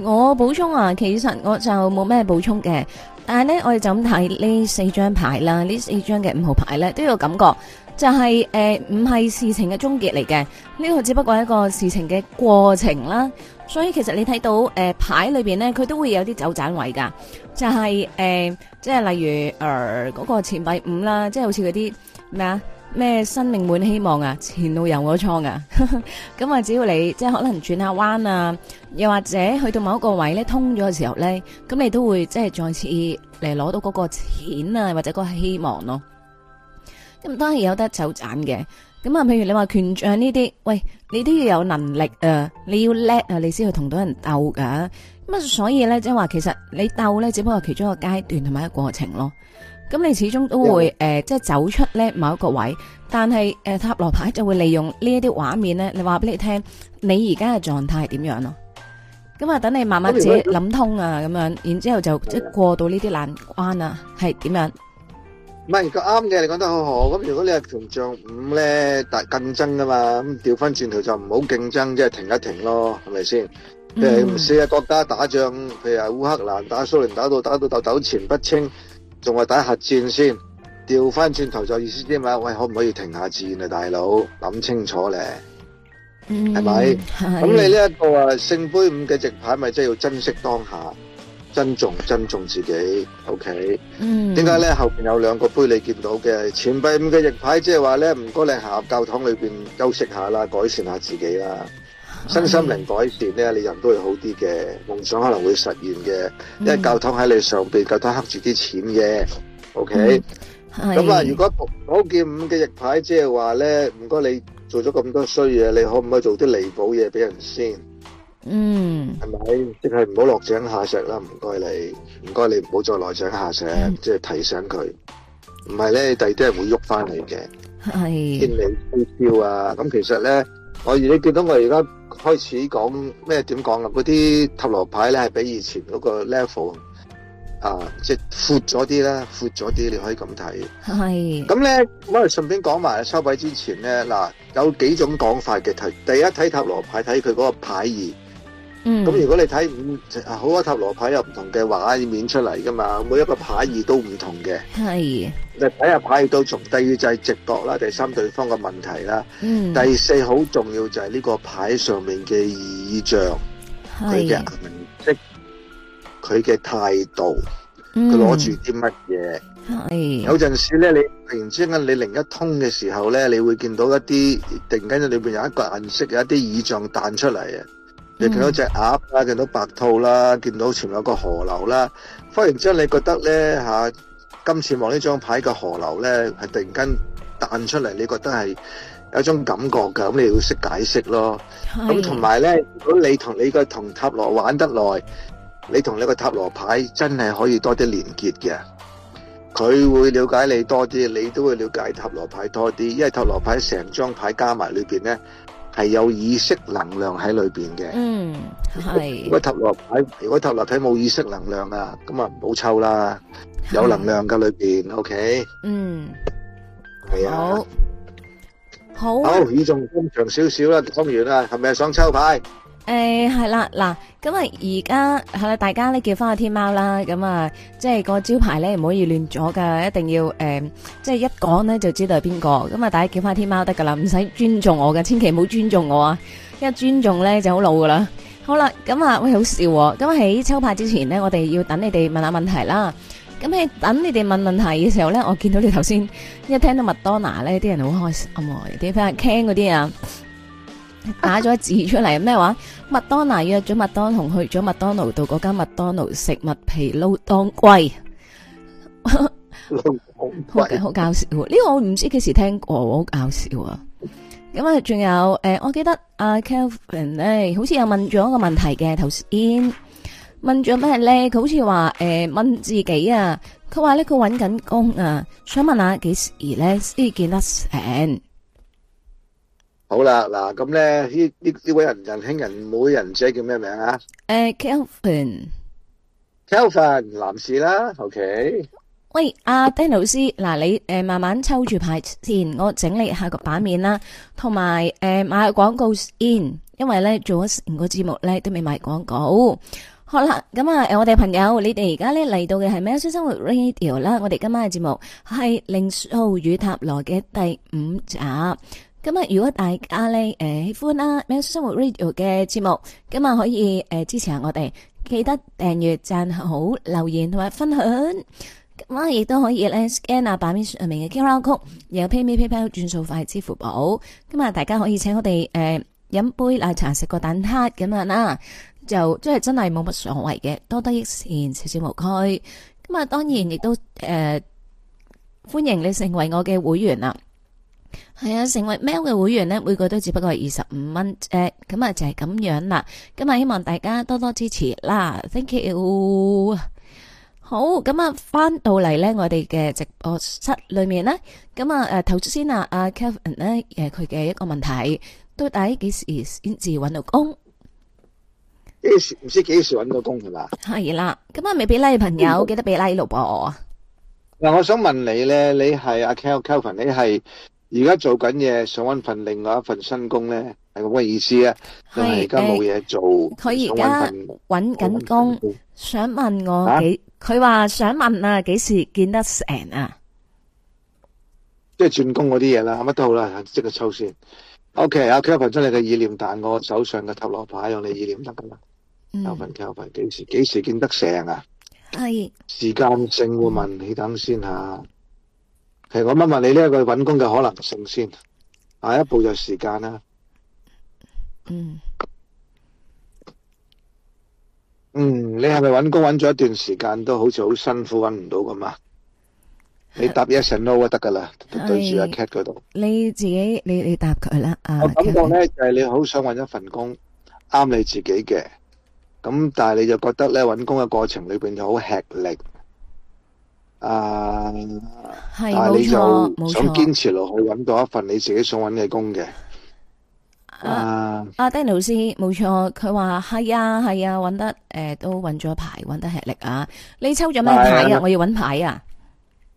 我補充啊，其實我就冇咩補充嘅，但係咧，我哋就咁睇呢四張牌啦，呢四張嘅五號牌咧，都有感覺就係、是、誒，唔、呃、係事情嘅終結嚟嘅，呢個只不過係一個事情嘅過程啦。所以其實你睇到誒、呃、牌裏邊咧，佢都會有啲走盞位噶，就係、是、誒、呃，即係例如誒嗰、呃那個錢幣五啦，即係好似嗰啲咩啊。咩生命滿希望啊！前路由我創啊！咁啊，只要你即係可能轉下彎啊，又或者去到某一個位咧，通咗嘅時候咧，咁你都會即係再次嚟攞到嗰個錢啊，或者嗰個希望咯。咁當然有得走賺嘅。咁啊，譬如你話權杖呢啲，喂，你都要有能力啊、呃，你要叻啊，你先去同到人鬥噶。咁啊，所以咧，即係話其實你鬥咧，只不過其中一個階段同埋一個過程咯。咁你始終都會誒，即係走出咧某一個位，但係誒塔羅牌就會利用呢一啲畫面咧，你話俾你聽，你而家嘅狀態係點樣咯？咁啊，等你慢慢自己諗通啊，咁樣，然之後就即係過到呢啲難關啊，係點樣？唔係，個啱嘅，你講得好好，咁如果你係權杖五咧，大競爭噶嘛，咁調翻轉頭就唔好競爭，即係停一停咯，係咪先？譬如四個國家打仗，譬如係烏克蘭打蘇聯，打到打到豆豆糾纏不清。仲話打核戰先，調翻轉頭就意思啲嘛？喂，可唔可以停下戰啊，大佬？諗清楚咧，係咪？咁你呢一個啊聖杯五嘅直牌，咪即係要珍惜當下，珍重珍重自己。O K，點解咧？後邊有兩個杯你見到嘅錢幣五嘅逆牌，即係話咧，唔該你行入教堂裏邊休息下啦，改善下自己啦。身心靈改善咧，你人都會好啲嘅，夢想可能會實現嘅。因為教堂喺你上邊，教堂慳住啲錢嘅。OK，咁啊，如果寶劍五嘅逆牌，即係話咧，唔該你做咗咁多衰嘢，你可唔可以做啲彌補嘢俾人先？嗯，係咪？即係唔好落井下石啦，唔該你，唔該你唔好再落井下石，即係提醒佢。唔係咧，第二啲係會喐翻嚟嘅，天理挑挑啊！咁其實咧。我而你見到我而家開始講咩點講啦？嗰啲塔羅牌咧係比以前嗰個 level 啊，即係闊咗啲啦，闊咗啲，你可以咁睇。係是。咁咧，我哋順便講埋收鬼之前咧，嗱，有幾種講法嘅睇。第一，睇塔羅牌，睇佢嗰個牌義。嗯，咁如果你睇吓好多塔羅牌有唔同嘅畫面出嚟噶嘛，每一個牌意都唔同嘅。係是，你睇下牌意都重。第二就係直覺啦，第三對方嘅問題啦，嗯，第四好重要就係呢個牌上面嘅意象，佢嘅顏色，佢嘅態度，佢攞住啲乜嘢。是有陣時咧，你突然之間你靈一通嘅時候咧，你會見到一啲，突然間裏邊有一個顏色有一啲意象彈出嚟啊！你見到隻鴨啦，見到白兔啦，見到前面有個河流啦。忽然之間，你覺得咧嚇、啊，今次望呢張牌嘅河流咧，係突然間彈出嚟，你覺得係有一種感覺嘅，咁你要識解釋咯。咁同埋咧，如果你同你個同塔羅玩得耐，你同你個塔羅牌真係可以多啲連結嘅，佢會了解你多啲，你都會了解塔羅牌多啲，因為塔羅牌成張牌加埋裏邊咧。係有意識能量喺裏邊嘅，嗯，係。如果塔羅牌，如果塔羅牌冇意識能量啊，咁啊唔好抽啦。有能量嘅裏邊，OK。嗯，係啊。好，好。好，與眾爭長少少啦，講完啦，係咪想抽牌？誒，係啦、哎，嗱，咁啊，而家係啦，大家咧叫翻個天貓啦，咁啊，即係個招牌咧唔可以亂咗噶，一定要誒、呃，即係一講咧就知道係邊個，咁啊，大家叫翻天貓得噶啦，唔使尊重我噶，千祈唔好尊重我啊，一尊重咧就好老噶啦。好啦，咁啊，喂，好笑、喔，咁喺抽牌之前呢，我哋要等你哋問下問問題啦。咁喺等你哋問問題嘅時候咧，我見到你頭先一聽到麥當娜咧，啲人好開心，啲比下聽嗰啲啊。 [laughs] 打咗字出嚟咩話？麥當娜約咗麥當雄去咗麥當勞度嗰間麥當勞食麥皮撈當歸，好 [laughs] [laughs] 搞笑呢，呢個我唔知幾時聽過，好搞笑啊！咁啊，仲有誒，我記得阿 Kelvin 誒、欸，好似又問咗一個問題嘅頭先，問咗咩咧？佢好似話誒問自己啊，佢話咧佢搵緊工啊，想問下幾時咧先見得成？好啦，嗱咁咧，呢呢呢位人年輕人每人者叫咩名啊？誒，Calvin，Calvin 男士啦，OK。喂，Danny 老師，嗱你誒慢慢抽住牌先，我整理下個版面啦，同埋誒買下廣告先，因為咧做咗成個節目咧都未買廣告。好啦，咁啊，誒我哋朋友，你哋而家咧嚟到嘅係咩？喵式生活 Radio 啦，我哋今晚嘅節目係《靈數與塔羅》嘅第五集。咁啊，如果大家咧誒、呃、喜歡啦，啊《m a 喵式生活 Radio》嘅節目，咁啊可以誒、呃、支持下我哋，記得訂閱、讚好、留言同埋分享。咁啊，亦都可以咧 scan 啊版面上面嘅 QR Code，然後 PayMe PayPal 轉數快支付寶。咁啊，大家可以請我哋誒飲杯奶茶、食個蛋撻咁樣啦，就即係真係冇乜所謂嘅，多多益善，少少無拘。咁啊，當然亦都誒、呃、歡迎你成為我嘅會員啦。係啊，成為喵嘅會員咧，每個都只不過係二十五蚊，誒，咁啊就係咁樣啦。咁啊希望大家多多支持啦，Thank you。好，咁啊翻到嚟咧，我哋嘅直播室裏面咧，咁啊誒頭先啊阿 Kevin 咧係佢嘅一個問題，到底幾時先至揾到工？幾時唔知幾時揾到工係嘛？係啦，咁啊未俾禮嘅朋友記得俾禮咯噃。嗱，我想問你咧，你係阿 Kevin，你係？而家做緊嘢，想搵份另外一份新工咧，係咁嘅意思啊！係而家冇嘢做，佢而家搵緊工，工想問我幾？佢話、啊、想問啊，幾時見得成啊？即係轉工嗰啲嘢啦，乜都好啦，即刻抽先。OK，阿、啊、Kevin 將你嘅意念彈我手上嘅塔羅牌，用你意念得噶嘛？有份 Kevin，幾時幾時見得成啊？係是時間性會問你等先吓、啊。其實我問問你呢一個搵工嘅可能性先，下一步就時間啦。嗯，嗯，你係咪搵工搵咗一段時間都好似好辛苦搵唔到噶嘛？你答一聲 yes or no 都得噶啦，是對住阿 cat 嗰度。你自己，你你答佢啦啊。我感覺咧是就係你好想搵一份工啱你自己嘅，咁但係你就覺得咧搵工嘅過程裏邊就好吃力。啊！但係你就想堅持落去揾錯到一份你自己想揾嘅工嘅。啊！Danny 老師，冇錯，佢話係啊係啊，揾、啊、得誒、欸、都揾咗牌，揾得吃力啊！你抽咗咩牌，uh, 牌啊？我要揾牌啊！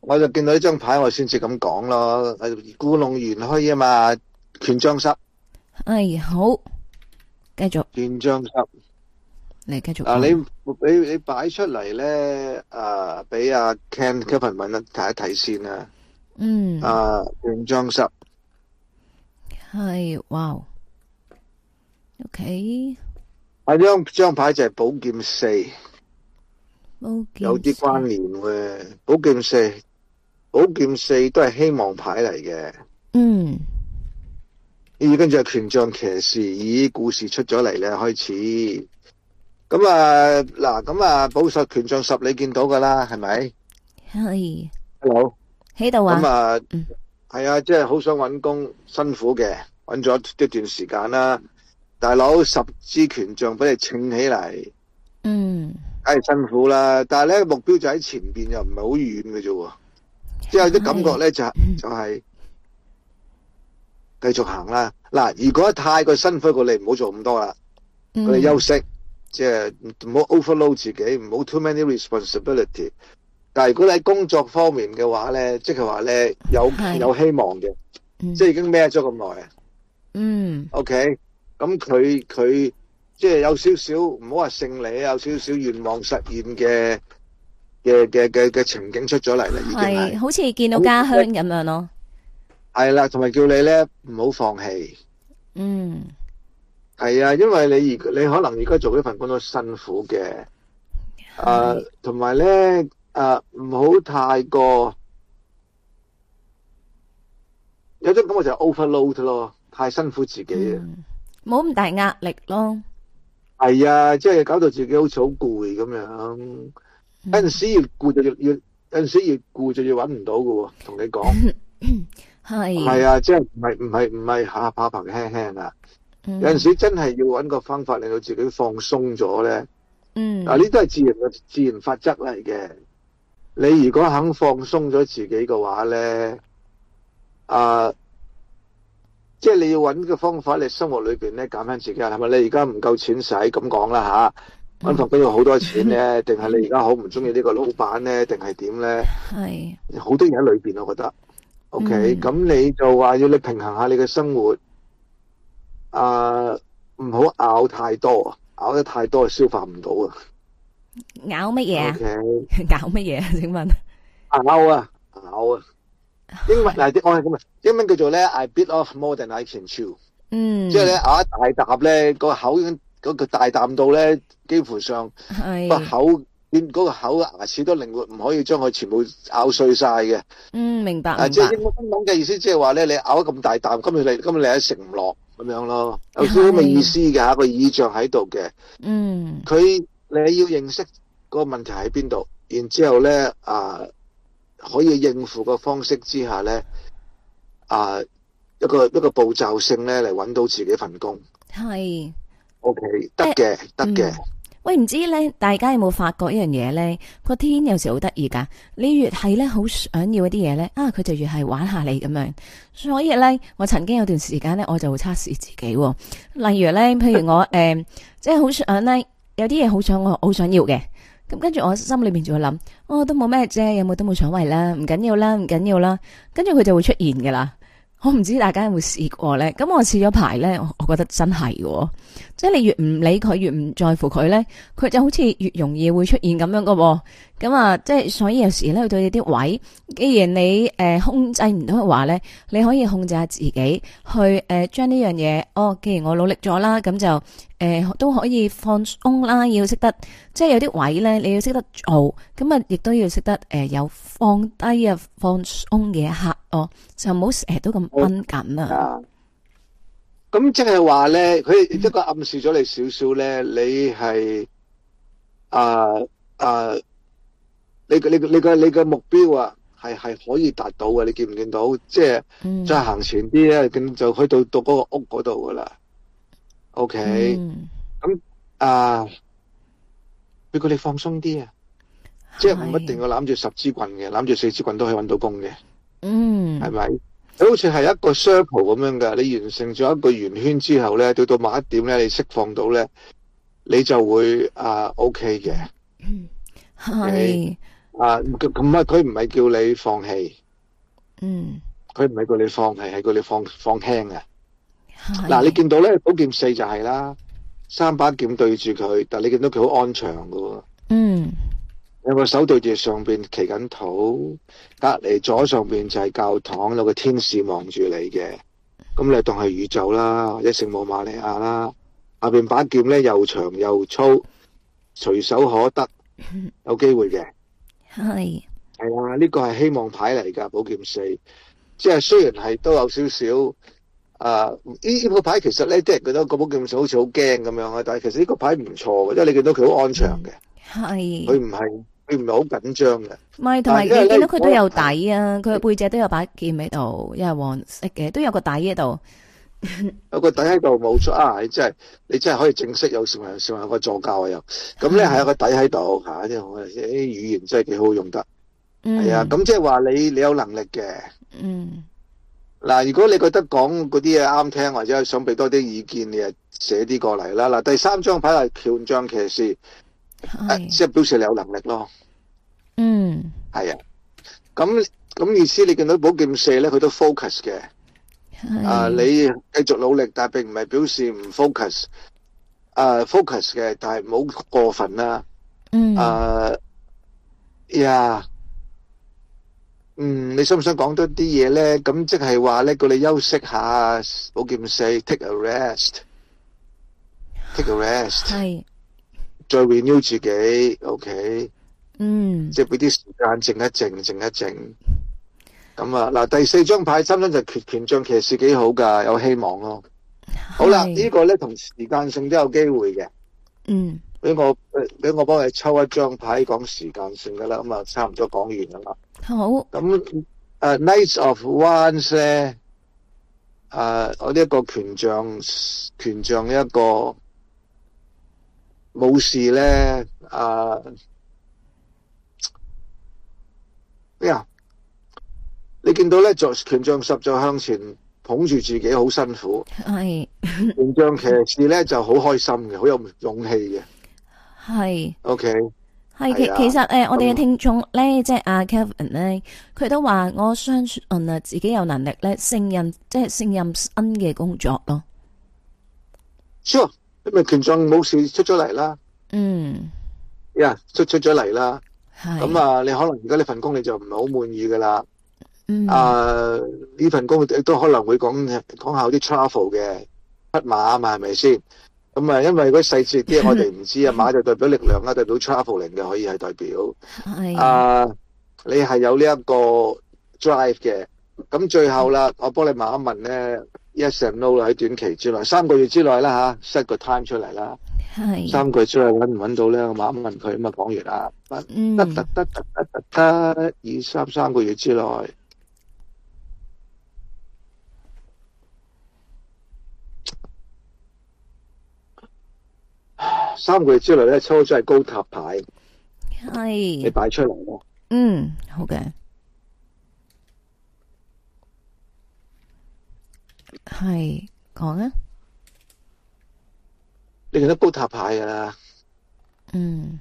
我就見到呢張牌，我先至咁講咯。誒，故弄玄虛啊嘛，斷章室。哎，好，繼續。斷章失。嚟繼續啊！你你你擺出嚟咧，啊，俾阿 Ken Kevin 揾一睇一睇先啦、啊。嗯。啊，權杖十，係，哇！O K。Okay，啊，張張牌就係寶劍四，有啲關聯喎。寶劍四，寶劍四都係希望牌嚟嘅。嗯。咦，跟住係權杖騎士，以故事出咗嚟咧，開始。咁啊，嗱，咁啊，保實權杖十你見到噶啦，係咪？可以，Hello，喺度啊。咁啊、嗯，係啊，即係好想搵工，辛苦嘅，搵咗一段時間啦。大佬，十支權杖俾你稱起嚟，嗯，梗係辛苦啦。但係咧，目標就喺前邊，又唔係好遠嘅啫。是即係有啲感覺咧，就是嗯、就係繼續行啦。嗱、啊，如果太過辛苦過你，唔好做咁多啦，佢哋、嗯、休息。即係唔好 overload 自己，唔好 too many responsibility。但係如果你喺工作方面嘅話咧，即係話咧有有希望嘅，即係已經孭咗咁耐啊。嗯。OK，咁佢佢即係有少少唔好話勝利啊，有少少願望實現嘅嘅嘅嘅嘅情景出咗嚟啦，已經係好似見到家鄉咁樣咯。係啦，同埋叫你咧唔好放棄。嗯。係啊，因為你而你可能而家做呢份工都辛苦嘅，誒，同埋咧，誒，唔好太過有種感覺就係 overload 咯，太辛苦自己啊，冇咁大壓力咯。係啊，即係搞到自己好似好攰咁樣，有陣時越攰就越，有陣時越攰就越揾唔到噶喎。同你講，係，係啊，即係唔係唔係唔係下下啪啪輕輕啊。 [noise] 有陣時真係要揾個方法令到自己放鬆咗咧，嗱呢都係自然嘅自然法則嚟嘅。你如果肯放鬆咗自己嘅話咧，啊，即係你要揾個方法，你生活裏邊咧減翻自己。係咪你而家唔夠錢使咁講啦吓？揾份工作好多錢咧，定係你而家好唔中意呢個老闆咧，定係點咧？係，好 [noise] 多嘢喺裏邊，我覺得。OK，咁你就話要你平衡下你嘅生活。啊，唔好咬太多啊！咬得太多，消化唔到啊！咬乜嘢啊？搞乜嘢啊？請問？咬啊，咬啊！英文係啲我係咁啊，英文叫做咧，I bit off more than I can chew。嗯，即係咧咬一大啖咧，個口已經嗰個大啖到咧，幾乎上個口變嗰個口牙齒都靈活，唔可以將佢全部咬碎晒嘅。嗯，明白明白。即係英文講嘅意思，即係話咧，你咬咗咁大啖，今日你今日你食唔落。咁樣咯，有少少嘅意思㗎，的個意象喺度嘅。嗯，佢你要認識個問題喺邊度，然之後咧啊，可以應付個方式之下咧啊，一個一個步驟性咧嚟搵到自己份工。係的。O、okay, K，、欸、得嘅的，得嘅、嗯。喂，唔知咧，大家有冇發覺一樣嘢咧？個天有時好得意噶，你越係咧好想要一啲嘢咧，啊，佢就越係玩下你咁樣。所以咧，我曾經有段時間咧，我就會測試自己，例如咧，譬如我誒、呃，即係好想咧，有啲嘢好想我好想要嘅，咁跟住我心裏面就會諗，哦，都冇咩啫，有冇都冇所謂啦，唔緊要啦，唔緊要啦，跟住佢就會出現噶啦。我唔知大家有冇試過呢？咁我試咗排呢，我覺得真係喎。即係你越唔理佢，越唔在乎佢呢，佢就好似越容易會出現咁樣嘅。咁啊，即係所以有時咧，對你啲位，既然你誒、呃、控制唔到嘅話咧，你可以控制下自己去誒，將呢樣嘢哦。既然我努力咗啦，咁就誒、呃、都可以放鬆啦。要識得即係有啲位咧，你要識得做咁啊，亦都要識得誒，有放低啊，放鬆嘅一刻哦，就唔好成日都咁繃緊啊。咁即係話咧，佢一個暗示咗你少少咧，你係啊啊。呃呃你個你個你個你個目標啊，係係可以達到嘅。你見唔見到？即係再行前啲咧，咁、嗯、就去到到嗰個屋嗰度噶啦。OK，咁、嗯、啊，俾佢哋放鬆啲啊，是即係唔一定要攬住十支棍嘅，攬住四支棍都可以揾到工嘅。嗯，係咪？你好似係一個 circle 咁樣嘅，你完成咗一個圓圈之後咧，到到某一點咧，你釋放到咧，你就會啊 OK 嘅。係、嗯。Okay, 啊，咁啊佢唔係叫你放棄，嗯，佢唔係叫你放棄，係叫你放放輕棄啊。嗱，你見到咧寶劍四就係啦，三把劍對住佢，但係你見到佢好安詳噶。嗯，有個手對住上邊騎緊土隔籬，左上邊就係教堂，有個天使望住你嘅。咁你當係宇宙啦，或者聖母瑪利亞啦，下邊把劍咧又長又粗，隨手可得，有機會嘅。嗯係，係啊！呢、這個係希望牌嚟噶，寶劍四，即係雖然係都有少少，啊、呃！呢、這、呢個牌其實咧，啲人覺得個寶劍四好似好驚咁樣啊，但係其實呢個牌唔錯嘅，因為你見到佢好安詳嘅，係，佢唔係佢唔係好緊張嘅，但係你見到佢都有底啊，佢背脊都有把劍喺度，因為黃色嘅，都有個底喺度。 [laughs] 有個底喺度冇出啊！你真係你真係可以正式有上萬成個助教啊！又咁咧係有個底喺度吓，啲好啲語言真係幾好用得係、mm. 啊！咁即係話你你有能力嘅嗯嗱，如果你覺得講嗰啲嘢啱聽或者想俾多啲意見，你啊寫啲過嚟啦嗱。第三張牌係權杖騎士，即係、mm. 啊就是、表示你有能力咯。嗯係、mm. 啊，咁咁意思你見到寶劍射咧，佢都 focus 嘅。啊！Uh, 是你繼續努力，但並唔係表示唔、uh, focus，啊 focus 嘅，但係唔好過分啦。Uh, 嗯。啊呀，嗯，你想唔想講多啲嘢咧？咁即係話咧，叫你休息下，保健四 take a rest，take a rest, take a rest 是。係。再 renew 自己，OK。嗯。即係俾啲時間靜一靜，靜一靜。咁啊，嗱，第四張牌，真真就是權權杖騎士幾好噶，有希望咯。好啦，呢是個咧同時間性都有機會嘅。嗯，俾我俾我幫你抽一張牌講時間性噶啦，咁啊，差唔多講完啦。好。咁誒、uh, Knights of Wands 咧，誒，我呢一個權杖，權杖一個冇事咧，啊，哎呀。你見到咧，就權杖十在向前捧住自己，好辛苦。係是。 [laughs] 權杖騎士咧就好開心嘅，好有勇氣嘅。係是。OK。係其其實誒，哎呀，其實我哋嘅聽眾咧，嗯、即係、啊、阿 Kevin 咧，佢都話我相信啊，自己有能力咧，勝任即係勝任新嘅工作咯。sure，因為權杖冇事出咗嚟啦。嗯。呀，yeah, 出出咗嚟啦。係是。咁啊，你可能而家呢份工你就唔係好滿意噶啦。啊！呢、uh, mm hmm. 份工亦都可能會講講，講下啲 travel 嘅匹馬啊，嘛係咪先？咁啊，因為嗰啲細節啲我哋唔知啊。Mm hmm. 馬就代表力量啦，代表 traveling 嘅可以係代表。係啊、mm，hmm. uh, 你係有呢一個 drive 嘅。咁最後啦，mm hmm. 我幫你馬問一問咧，yes and no 啦，喺短期之內，三個月之內啦吓 set 個 time 出嚟啦。係、mm hmm. 三個月之內揾唔揾到咧？我馬問一問佢咁啊，講完啦得得得得得得得，二三三個月之內。三個月之內咧，抽出係高塔牌，係你擺出嚟喎。嗯，好嘅，係講啊，你係得高塔牌噶啦。嗯。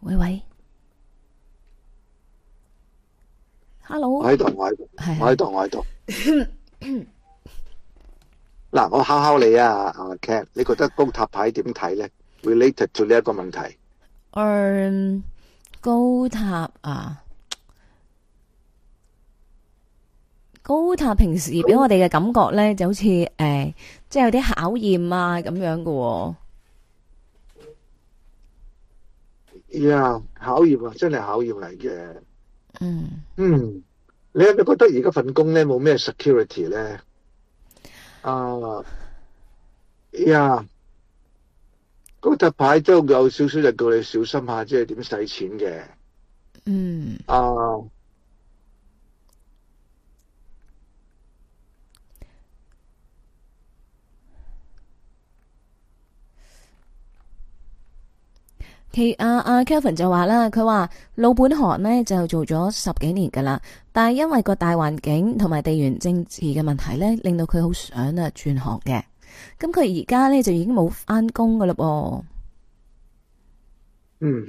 喂喂，Hello，我喺度，我喺度是，我喺度，我喺度。嗱， [coughs] 我考考你啊，阿、okay. Ken，你覺得高塔牌點睇呢？Related to 呢一個問題。嗯，高塔啊，高塔平時俾我哋嘅感覺呢，就好似誒高、哎，即係有啲考驗啊咁樣嘅、哦。呀，yeah, 考驗啊，真係考驗嚟嘅。嗯。嗯。你有冇覺得而家份工咧冇咩 security 呢？啊呀，嗰沓牌有少少就叫你小心下，即係點使錢嘅。嗯。啊。其阿、啊啊、Kevin 就話啦，佢話老本行呢就做咗十幾年噶啦，但係因為個大環境同埋地緣政治嘅問題呢，令到佢好想啊轉行嘅。咁佢而家呢，就已經冇返工噶啦噃。嗯，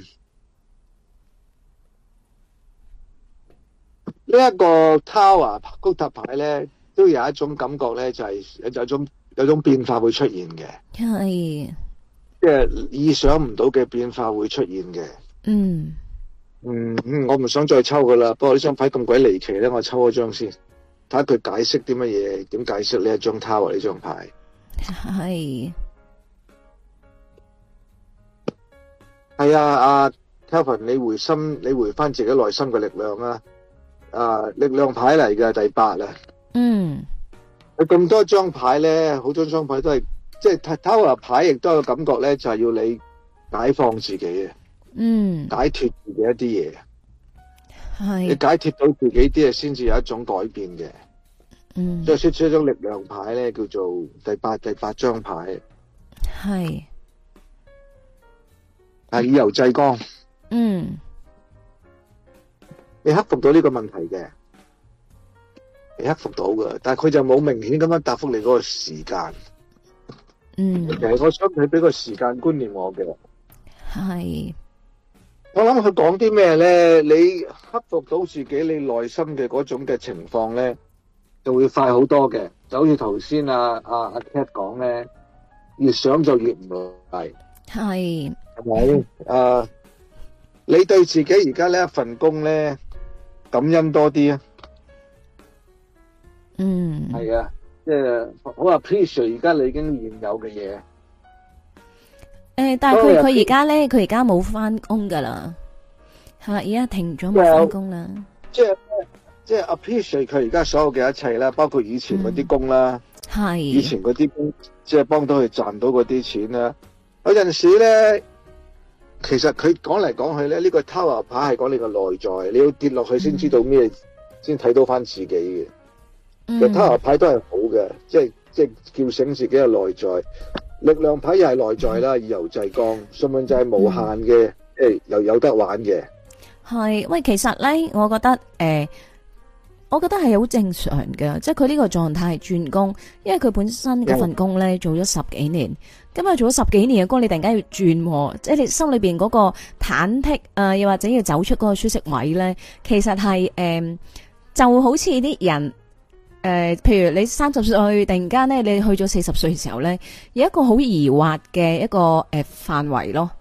呢、這、一個 Tower 高塔牌呢，都有一種感覺呢，就係、是、有一種有種有種變化會出現嘅。因、yeah. 即係意想唔到嘅變化會出現嘅。嗯，嗯，我唔想再抽噶啦。不過呢張牌咁鬼離奇咧，我抽一張先，睇下佢解釋啲乜嘢，點解釋呢一張塔呢張牌。係是，係啊，阿、啊、Kevin，你回心，你回翻自己內心嘅力量啊！啊，力量牌嚟噶，第八啊。嗯。你咁多張牌咧，好多張牌都係。即係睇睇我牌，亦都有個感覺咧，就係、是、要你解放自己嘅，嗯，解脫自己一啲嘢，係是你解脫到自己啲嘢，先至有一種改變嘅，嗯，再出出一種力量牌咧，叫做第八第八張牌，係係是以柔制剛，嗯你，你克服到呢個問題嘅，你克服到噶，但係佢就冇明顯咁樣答覆你嗰個時間。嗯，其實我想佢俾個時間觀念我嘅，係，我諗佢講啲咩咧？你克服到自己你內心嘅嗰種嘅情況咧，就會快好多嘅。就好似頭先啊啊啊 cat 講咧，越想就越唔會，係，係，係，咪，你對自己而家呢一份工咧，感恩多啲啊，嗯，係啊。即係我話 appreciate 而家你已經現有嘅嘢。誒、呃，但係佢佢而家咧，佢而家冇翻工噶啦，係啦，而家停咗冇翻工啦。即係即係，嗯，就是就是，appreciate 佢而家所有嘅一切啦，包括以前嗰啲工啦，係、嗯、以前嗰啲工即係幫到佢賺到嗰啲錢啦。有陣時咧，其實佢講嚟講去咧，呢、這個 tower 牌係講你個內在，你要跌落去先知道咩，先睇、嗯、到翻自己嘅。其實塔羅牌都係好嘅，即係即係叫醒自己嘅內在力量。牌又係內在啦，以柔制剛，信唔信就係無限嘅，誒又有得玩嘅係。喂，其實咧，我覺得誒，我覺得係好正常嘅，即係佢呢個狀態係轉工，因為佢本身嗰份工咧做咗十幾年，咁啊做咗十幾年嘅工，你突然間要轉，即係你心裏邊嗰個忐忑啊，又或者要走出嗰個舒適位咧，其實係誒就好似啲人。誒、呃，譬如你三十歲突然間咧，你去咗四十歲嘅時候呢，有一個好疑惑嘅一個誒範圍咯，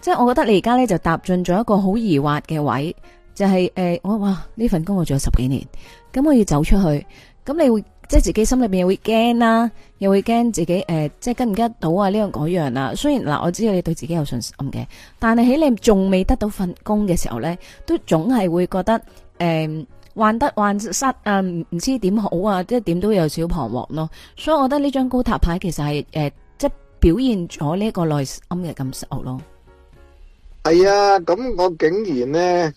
即係我覺得你而家呢，就踏進咗一個好疑惑嘅位，就係、是、誒、呃、我哇呢份工我做咗十幾年，咁我要走出去，咁你會即係自己心裏邊又會驚啦、啊，又會驚自己誒、呃、即係跟唔跟到啊呢樣嗰樣啦。雖然嗱、呃、我知道你對自己有信心嘅，但係喺你仲未得到份工嘅時候呢，都總係會覺得誒。呃患得患失啊，唔唔知點好啊，即係點都有少彷徨咯。所以我覺得呢張高塔牌其實係誒，即係表現咗呢一個內心嘅感受咯。係啊，咁我竟然咧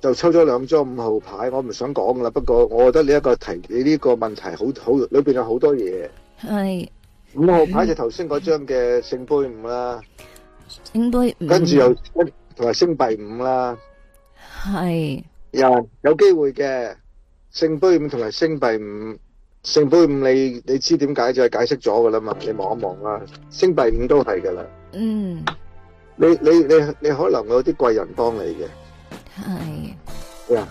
就抽咗兩張五號牌，我唔想講啦。不過我覺得呢一個題，你呢個問題好好裏邊有好多嘢。係。五號牌就頭先嗰張嘅聖杯五啦，聖杯五，跟住又同埋星幣五啦。係。Yeah，有有機會嘅，聖杯五同埋星幣五，聖杯五你你知點解就係解釋咗噶啦嘛，你望一望啦，星幣五都係噶啦。嗯、mm.，你你你你可能有啲貴人幫你嘅。係。呀，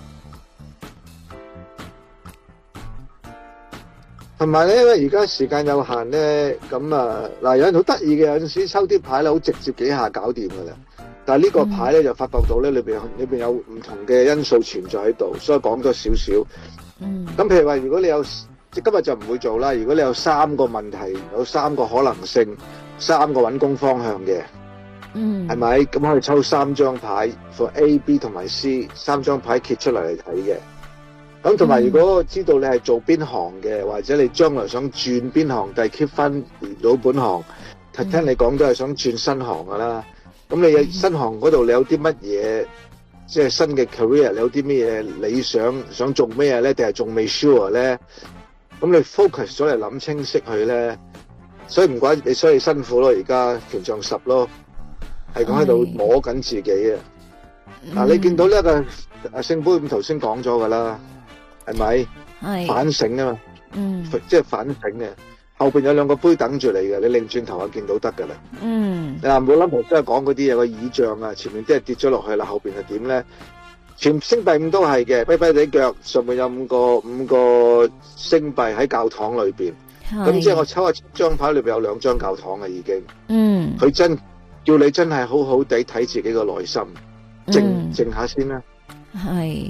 同埋咧，因為而家時間有限咧，咁啊嗱，有陣好得意嘅，有陣時候抽啲牌咧，好直接幾下搞掂噶啦。但係呢個牌咧就發覺到咧，裏邊裏邊有唔同嘅因素存在喺度，所以講咗少少。嗯。咁譬如話，如果你有即係今日就唔會做啦。如果你有三個問題，有三個可能性，三個揾工方向嘅，嗯，係咪？咁可以抽三張牌，for A、B 同埋 C 三張牌揭出嚟嚟睇嘅。咁同埋，如果知道你係做邊行嘅，或者你將來想轉邊行，但係 keep 翻老本行，聽你講都係想轉新行㗎啦。咁你喺新行嗰度，你有啲乜嘢，即係新嘅 career，你有啲乜嘢你想，想做咩咧？定係仲未 sure 咧？咁你 focus 咗嚟諗清晰佢咧，所以唔怪你，所以辛苦咯。而家權杖十咯，係佢喺度摸緊自己啊！嗱，你見到呢一個阿聖杯五頭先講咗㗎啦，係咪？反省啊嘛，嗯，即係反省嘅。後邊有兩個杯等住你嘅，你擰轉頭啊，見到得噶啦。嗯，你話冇諗真係講嗰啲嘢，個意象啊，前面啲係跌咗落去啦，後邊係點咧？全星幣五都係嘅，跛跛地腳，上面有五個五個星幣喺教堂裏邊。咁是即係我抽一張牌裏邊有兩張教堂啊，已經。嗯，佢真叫你真係好好地睇自己個內心，靜、嗯、靜下先啦。係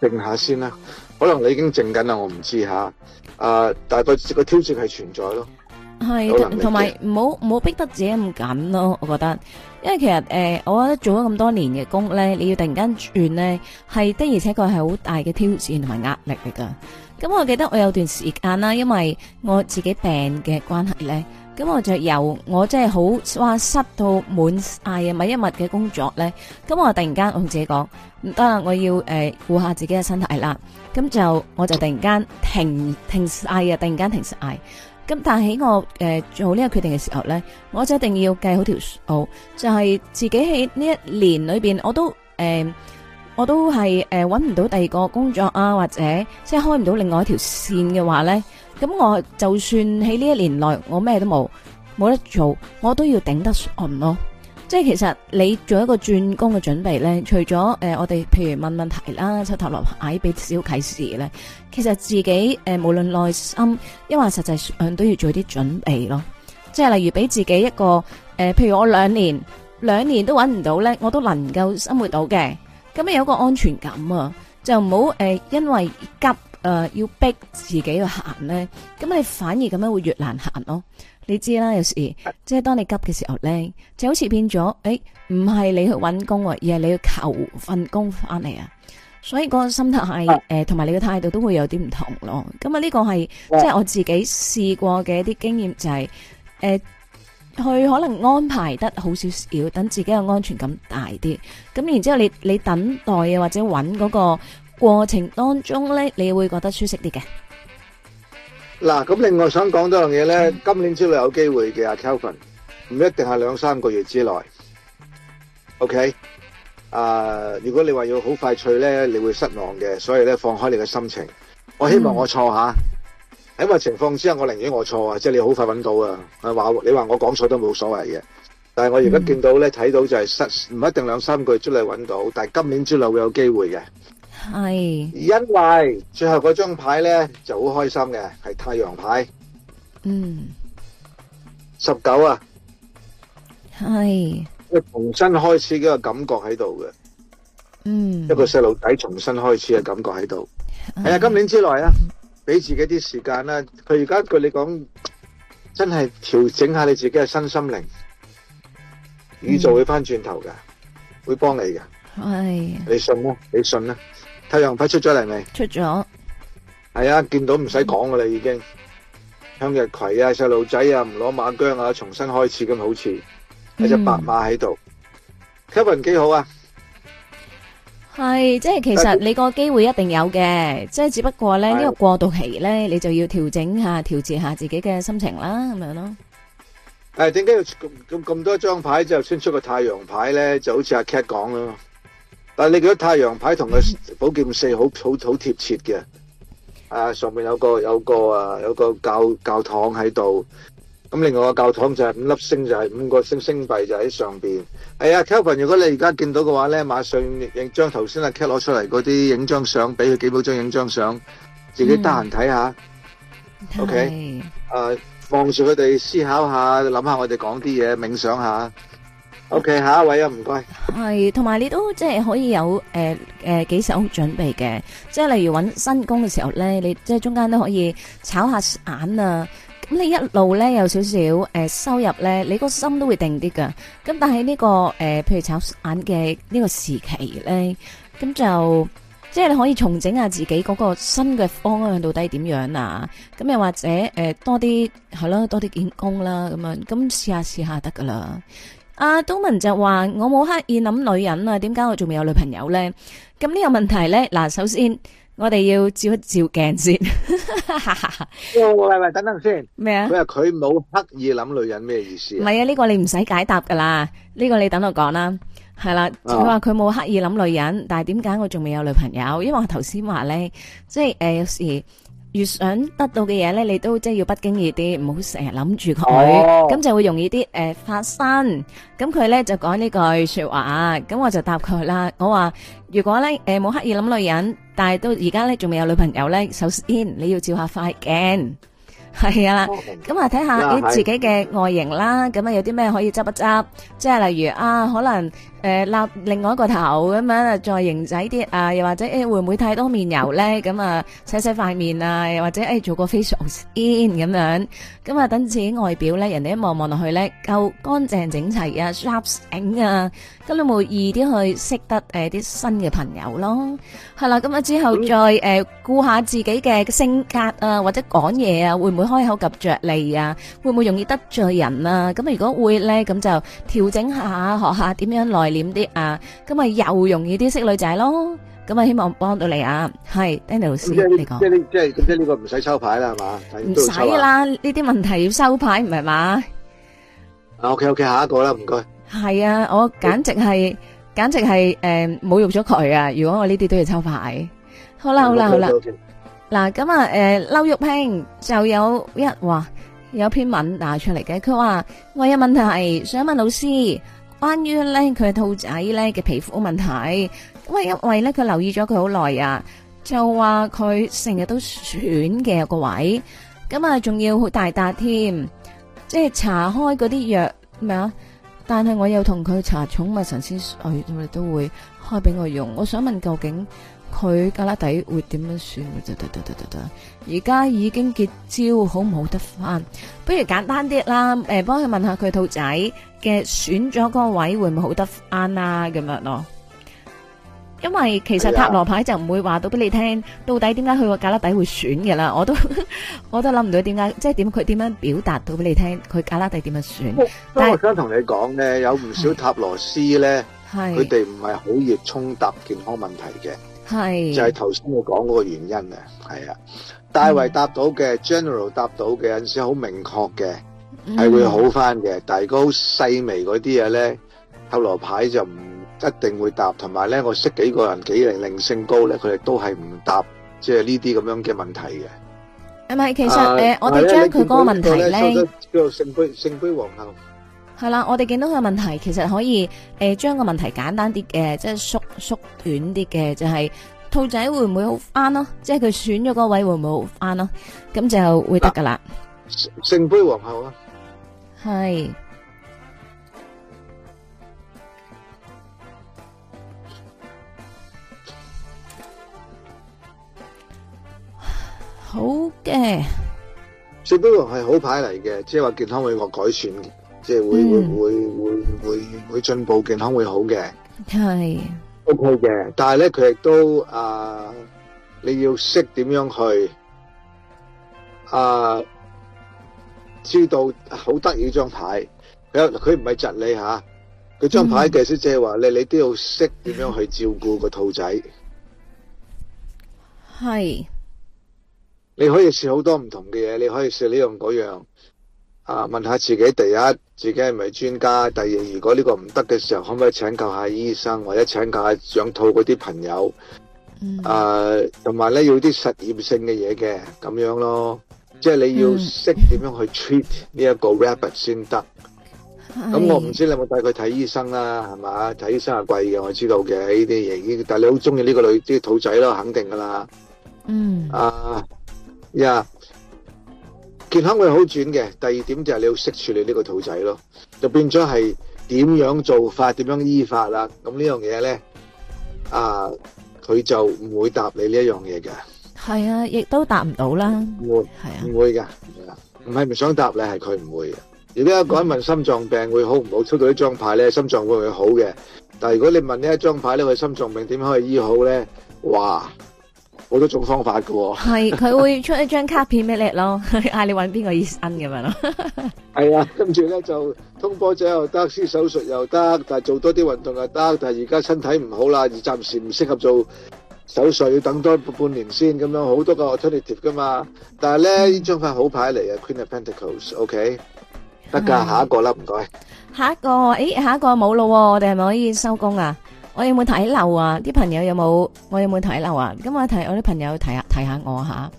是，靜下先啦。可能你已經靜緊啦，我唔知下啊，但係嗰個挑戰係存在咯，係同埋唔好唔好逼得自己咁緊咯。我覺得，因為其實誒、呃，我覺得做咗咁多年嘅工咧，你要突然間轉咧，係的而且確係好大嘅挑戰同埋壓力嚟噶。咁、嗯、我記得我有段時間啦，因為我自己病嘅關係咧。咁我就由我即係好哇，塞到滿晒啊，物一物嘅工作咧。咁我突然間我同自己講，唔得啦，我要誒顧下自己嘅身體啦。咁就我就突然間停停晒啊，突然間停晒。咁但係喺我誒做呢個決定嘅時候咧，我就一定要計好條數，就係自己喺呢一年裏邊，我都誒，我都係誒搵唔到第二個工作啊，或者即係開唔到另外一條線嘅話咧，咁我就算喺呢一年內我咩都冇冇得做，我都要頂得順咯。即係其實你做一個轉工嘅準備咧，除咗誒、呃、我哋譬如問問題啦、抽塔羅牌俾小啟示咧，其實自己誒、呃、無論內心因為實際上都要做啲準備咯。即係例如俾自己一個誒、呃，譬如我兩年兩年都搵唔到咧，我都能夠生活到嘅。咁你有個安全感啊，就唔好誒因為急。誒、呃，要逼自己去行呢，咁你反而咁樣會越難行咯。你知啦，有時即係當你急嘅時候呢，就好似變咗，誒、欸，唔係你去搵工，而係你去求份工翻嚟啊。所以個心態係誒，同埋、啊呃、你嘅態度都會有啲唔同咯。咁啊，呢個係即係我自己試過嘅一啲經驗就係、是，誒、呃，去可能安排得好少少，等自己嘅安全感大啲。咁然之後你，你你等待啊，或者搵嗰、那個。過程當中咧，你會覺得舒適啲嘅。嗱，咁另外想講多樣嘢咧，mm. 今年之內有機會嘅阿 Kelvin，唔一定係兩三個月之內。OK，啊、uh，如果你話要好快脆咧，你會失望嘅。所以咧，放開你嘅心情。我希望我錯下，喺個、mm. 情況之下，我寧願我錯啊，即、就、係、是、你好快揾到啊。係話你話我講錯都冇所謂嘅，但係我而家見到咧睇、mm. 到就係失，唔一定兩三個月之內揾到，但係今年之內會有機會嘅。係，因為最後嗰張牌咧，就好開心嘅，係太陽牌。嗯，十九啊，係，即係重新開始嗰個感覺喺度嘅。嗯，一個細路仔重新開始嘅感覺喺度。係啊，今年之內啊，俾自己啲時間啦。佢而家據你講，真係調整下你自己嘅身心靈，宇宙會翻轉頭嘅，會幫你嘅。係，你信囉，你信啦。太陽牌出咗嚟未？出咗了，係啊，見到唔使講噶啦，已經向日葵啊，細路仔啊，唔攞馬姜啊，重新開始咁好似，有隻、嗯、白馬喺度。Kevin 幾好啊？係，即係其實你個機會一定有嘅，即係但只不過咧呢、這個過渡期咧，的你就要調整下、調節下自己嘅心情啦，咁樣咯。誒、哎，點解要咁咁咁多張牌之後先出個太陽牌咧？就好似阿 Cat 講咯。但係你嗰太陽牌同佢寶劍四好好好貼切嘅，誒，上面有個有個啊有個教教堂喺度，咁另外個教堂就係五粒星就係五個星星幣就喺上邊。係啊，Kevin，如果你而家見到嘅話咧，馬上影張頭先啊，Kevin 攞出嚟嗰啲影張相，俾佢幾部張影張相，自己得閒睇下。O K，誒，望住佢哋思考下，諗下我哋講啲嘢，冥想下。O.K. 下一位啊，唔該。係，同埋你都即係可以有誒誒、呃呃、幾手準備嘅，即係例如搵新工嘅時候咧，你即係中間都可以炒下眼啊。咁你一路咧有少少誒收入咧，你個心都會定啲噶。咁但係呢、這個誒、呃，譬如炒眼嘅呢個時期咧，咁就即係你可以重整下自己嗰個新嘅方向到底點樣啊。咁又或者誒、呃、多啲係啦多啲見工啦，咁樣，咁試下試下得噶啦。阿、啊、東文就話：我冇刻意諗女人啊，點解我仲未有女朋友咧？咁呢個問題咧，嗱，首先我哋要照一照鏡先 [laughs] 喂。喂喂，等等先。咩啊麼？佢話佢冇刻意諗女人咩意思？唔係啊，呢、這個你唔使解答噶啦，呢、這個你等我講啦。係啦、啊，佢話佢冇刻意諗女人，但係點解我仲未有女朋友？因為我頭先話咧，即係誒、呃、有時。越想得到嘅嘢咧，你都即係要不經意啲，唔好成日諗住佢，咁、oh. 就會容易啲誒發生。咁佢咧就講呢句說話啊，咁我就答佢啦。我話如果咧誒冇刻意諗女人，但係都而家咧仲未有女朋友咧，首先你要照下快鏡，係啊，咁啊睇下你自己嘅外形啦，咁啊有啲咩可以執一執，即係例如啊可能。誒立另外一個頭咁樣啊，再型仔啲啊，又或者誒會唔會太多面油咧？咁啊，洗洗塊面啊，又或者誒做個 facial 咁樣，咁啊等自己外表咧，人哋一望望落去咧，夠乾淨整齊啊，sharp 醒啊，咁你會易啲去識得誒啲新嘅朋友咯。係啦，咁啊之後再誒顧下自己嘅性格啊，或者講嘢啊，會唔會開口及著脷啊？會唔會容易得罪人啊？咁啊，如果會咧，咁就調整下學下點樣內。練啲啊，咁咪又容易啲識女仔咯，咁咪希望幫到你啊。係，Danny 老師，你講。即係即係即係，即係呢個唔使抽牌啦，係嘛？唔使啦，呢啲問題要收牌唔係嘛？啊，OK OK，下一個啦，唔該。係啊，我簡直係簡直係誒，侮辱咗佢啊！如果我呢啲都要抽牌，好啦好啦好啦。嗱咁啊，誒，劉玉卿就有一話有篇文打出嚟嘅，佢話我有問題想問老師。關於咧佢兔仔咧嘅皮膚問題，因為呢佢留意咗佢好耐啊，就話佢成日都損嘅有個位，咁啊仲要好大笪添，即係搽開嗰啲藥咩啊？但係我又同佢搽寵物神仙水，佢哋都會開俾我用。我想問究竟佢加拉底會點樣損？而家已經結招，好唔好得翻？不如簡單啲啦，誒幫佢問下佢兔仔嘅選咗個位會唔會好得翻啦、啊？咁樣咯，因為其實塔羅牌就唔會話到俾你聽，到底點解佢個架拉底會選嘅啦？我都我都諗唔到點解，即係點佢點樣表達到俾你聽，佢架拉底點樣選但？但我想同你講但呢，有唔少塔羅師咧，佢哋唔係好易衝突健康問題嘅，係是就係頭先我講嗰個原因啊，係啊。大圍答到嘅，General 答到嘅，有陣時好明確嘅，係會好翻嘅。但係個好細微嗰啲嘢咧，塔羅牌就唔一定會答。同埋咧，我識幾個人幾零靈性高咧，佢哋都係唔答，即係呢啲咁樣嘅問題嘅。係咪其實誒？我哋將佢嗰個問題咧，叫做聖杯聖杯皇后。係啦，我哋見到佢個問題，其實可以誒將個問題簡單啲嘅，即係縮縮短啲嘅，就係。兔仔會唔會好翻咯？即係佢選咗嗰位會唔會好翻咯？咁就會得噶啦。聖杯皇后啊，係好嘅。聖杯王係好牌嚟嘅，即係話健康會我改善，即係會會會會會進步，健康會好嘅。係。O K 嘅，但係咧，佢亦都啊、呃，你要識點樣去啊、呃，知道好得意張牌，佢佢唔係窒你吓，佢、啊、張牌嘅意思即係話你，你都要識點樣去照顧個兔仔。係是，你可以試好多唔同嘅嘢，你可以試呢樣嗰樣。啊！問下自己，第一自己係咪專家？第二，如果呢個唔得嘅時候，可唔可以請教下醫生，或者請教下養兔嗰啲朋友？嗯、啊，同埋咧，要啲實驗性嘅嘢嘅咁樣咯，即係你要識點樣去 treat 呢一個 rabbit 先得。咁、嗯、我唔知你有冇帶佢睇醫生啦，係咪？睇的醫生係貴嘅，我知道嘅呢啲嘢。已經但係你好中意呢個女啲兔仔咯，肯定噶啦。嗯。啊，呀、yeah。健康會好轉嘅，第二點就係你要識處理呢個肚仔咯，就變咗係點樣做法，點樣醫法啦。咁呢樣嘢咧，啊，佢就唔會答你呢一樣嘢嘅。係啊，亦都答唔到啦。唔會係啊，唔會噶，唔係唔想答你，係佢唔會嘅。如果我敢問心臟病會好唔好，出到呢張牌咧，心臟會唔會好嘅？但係如果你問呢一張牌咧，佢心臟病點樣可以醫好咧？哇。好多種方法噶喎、哦，係佢會出一張卡片俾你咯，嗌 [laughs] 你揾邊個醫生咁樣咯。係 [laughs] 啊，跟住咧就通波仔又得，先手術又得，但係做多啲運動又得。但係而家身體唔好啦，而暫時唔適合做手術，要等多半年先咁樣，好多個 alternative 噶嘛。但係咧呢張牌、嗯、好牌嚟啊，Queen of Pentacles，OK，okay? 得噶，下一個啦，唔該、欸。下一個，誒，下一個冇咯，我哋係咪可以收工啊？我有冇睇漏啊？啲朋友有冇？我有冇睇漏啊？咁我睇，我啲朋友睇下睇下我吓，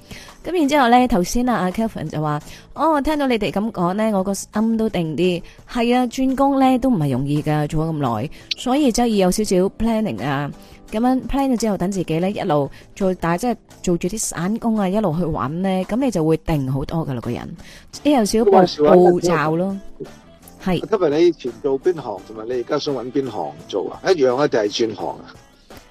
咁然之後咧，頭先啊，阿 Kelvin 就話，哦，聽到你哋咁講咧，我個心都定啲。係啊，轉工咧都唔係容易噶，做咗咁耐，所以就係要有少少 planning 啊，咁樣 plan 咗之後等自己咧一路做，但係即係做住啲散工啊，一路去揾咧，咁你就會定好多噶啦，個人，有少少步驟咯。係，今日你以前做邊行，同埋你而家想揾邊行做啊？一樣啊，定係轉行啊？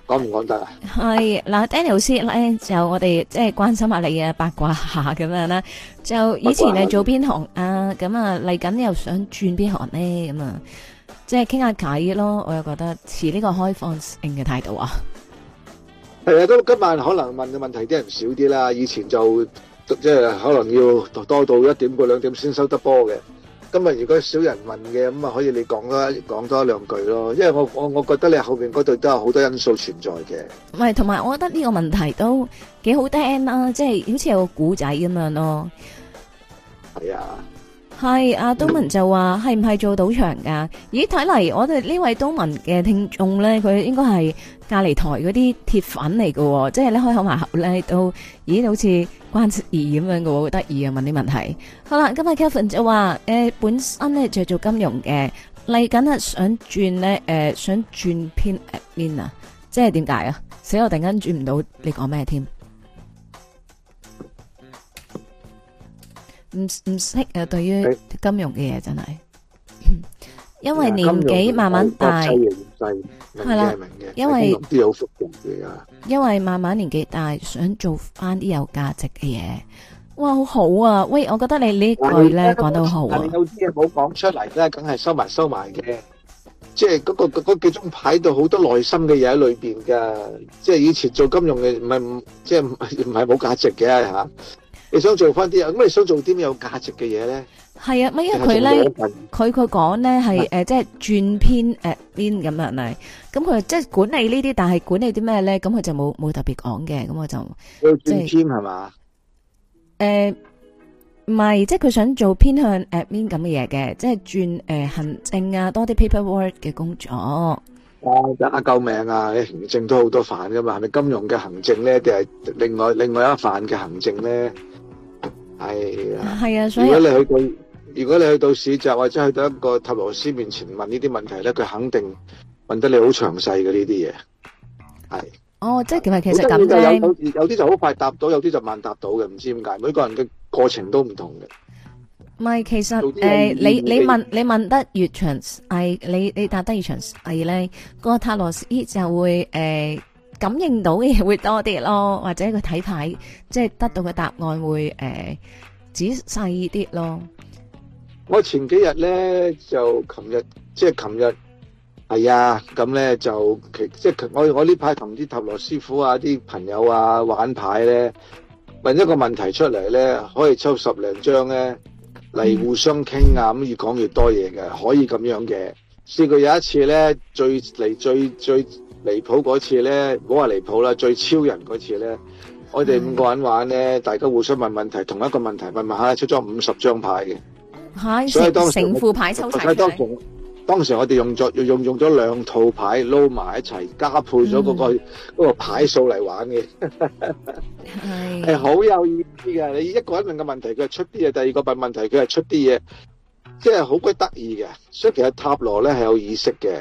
講唔講得啊？係嗱，Danny 老師咧，就我哋即係關心下你啊，八卦下咁樣啦。就以前係做邊行啊？咁啊，嚟緊你又想轉邊行咧？咁啊，即係傾下偈咯。我又覺得持呢個開放性嘅態度啊。係啊，都今晚可能問嘅問題啲人少啲啦。以前就即係可能要多到一點過兩點先收得波嘅。今日如果少人問嘅咁啊，可以你講多講多一兩句咯，因為我我我覺得你後邊度都有好多因素存在嘅。唔係，同埋我覺得呢個問題都幾好聽啊，即係好似有個古仔咁樣咯。係啊，係阿東文就話係唔係做賭場噶？咦，睇嚟我哋呢位東文嘅聽眾咧，佢應該係。隔籬台嗰啲鐵粉嚟喎，即係咧開口埋口咧都，咦都好似關切咁樣噶，好得意啊問啲問題。好啦，今日 Kevin 就話誒、呃，本身咧就做金融嘅，嚟緊啊想轉咧誒想轉偏 admin 啊，即係點解啊？死我突然間轉唔到，你講咩添？唔唔識誒，對於金融嘅嘢真係。因為年紀慢慢大，係啦，因為啲有復讀嘅啊。因為慢慢年紀大，想做翻啲有價值嘅嘢。哇，好好啊！喂，我覺得你呢句咧講得好。有啲嘢冇講出嚟咧，梗係收埋收埋嘅。即係嗰個嗰幾種牌度好多內心嘅嘢喺裏邊噶。即係以前做金融嘅唔係唔即係唔係冇價值嘅吓。你想做翻啲啊？咁你想做啲咩有價值嘅嘢咧？係啊，因為佢咧？佢佢講咧，係誒，即係轉偏誒 admin 咁啊？係，咁佢即係管理呢啲，但係管理啲咩咧？咁佢就冇冇特別講嘅。咁我就即係轉偏係嘛？誒，唔係，即係佢想做偏向 admin 咁嘅嘢嘅，即係轉誒行政啊，多啲 paperwork 嘅工作。啊，就阿救命啊！行政都好多範噶嘛，係咪？金融嘅行政咧，定係另外另外一範嘅行政咧？係、哎、啊，所以如果你去到如果你去到市集或者去到一個塔羅師面前問呢啲問題咧，佢肯定問得你好詳細嘅呢啲嘢，係哦，即係其實樣，有有啲就好快答到，有啲就慢答到嘅，唔知點解，每個人嘅過程都唔同嘅。唔係，其實誒、呃，你你問你問得越長，係你你答得越長，係、那、咧個塔羅師就會誒。呃感應到嘅嘢會多啲咯，或者佢睇牌，即係、就是、得到嘅答案會誒、呃、仔細啲咯。我前幾日咧就琴日即係琴日係啊，咁、哎、咧就其即係我我呢排同啲塔羅師傅啊啲朋友啊玩牌咧，問一個問題出嚟，咧可以抽十零張咧嚟互相傾啊，咁越講越多嘢嘅，可以咁樣嘅。試過有一次咧，最嚟最最。最離譜嗰次咧，唔好話離譜啦，最超人嗰次咧，我哋五個人玩咧，嗯、大家互相問問題，同一個問題問問一下，出咗五十張牌嘅，啊、所以當成副牌抽當時我哋用咗用用咗兩套牌撈埋一齊，加配咗嗰、嗰個嗰、嗯、個牌數嚟玩嘅，係，好是有意思嘅，你一個人問個問題，佢係出啲嘢，第二個問問題，佢係出啲嘢，即係好鬼得意嘅，所以其實塔羅咧係有意識嘅。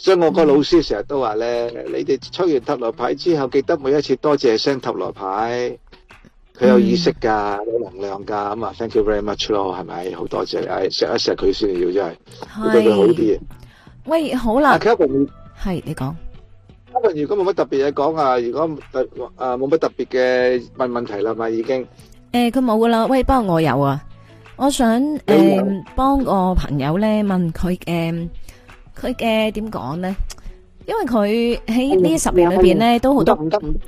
所以我個老師成日都話咧，你哋出完塔羅牌之後，記得每一次多謝聲塔羅牌，佢有意識噶，有能量噶，咁啊，thank you very much 咯，係咪？好多謝你，哎，錫一錫佢先要，真係，對佢好啲。喂，好啦，阿嘉文，係你講。阿文，如果冇乜特別嘢講啊，如果誒冇乜特別嘅問問題啦，咪已經。誒，佢冇噶啦。喂，不過我有啊，我想誒幫個朋友咧問佢嘅。佢嘅點講咧？因為佢喺呢十年裏邊咧，都好多唔得唔得。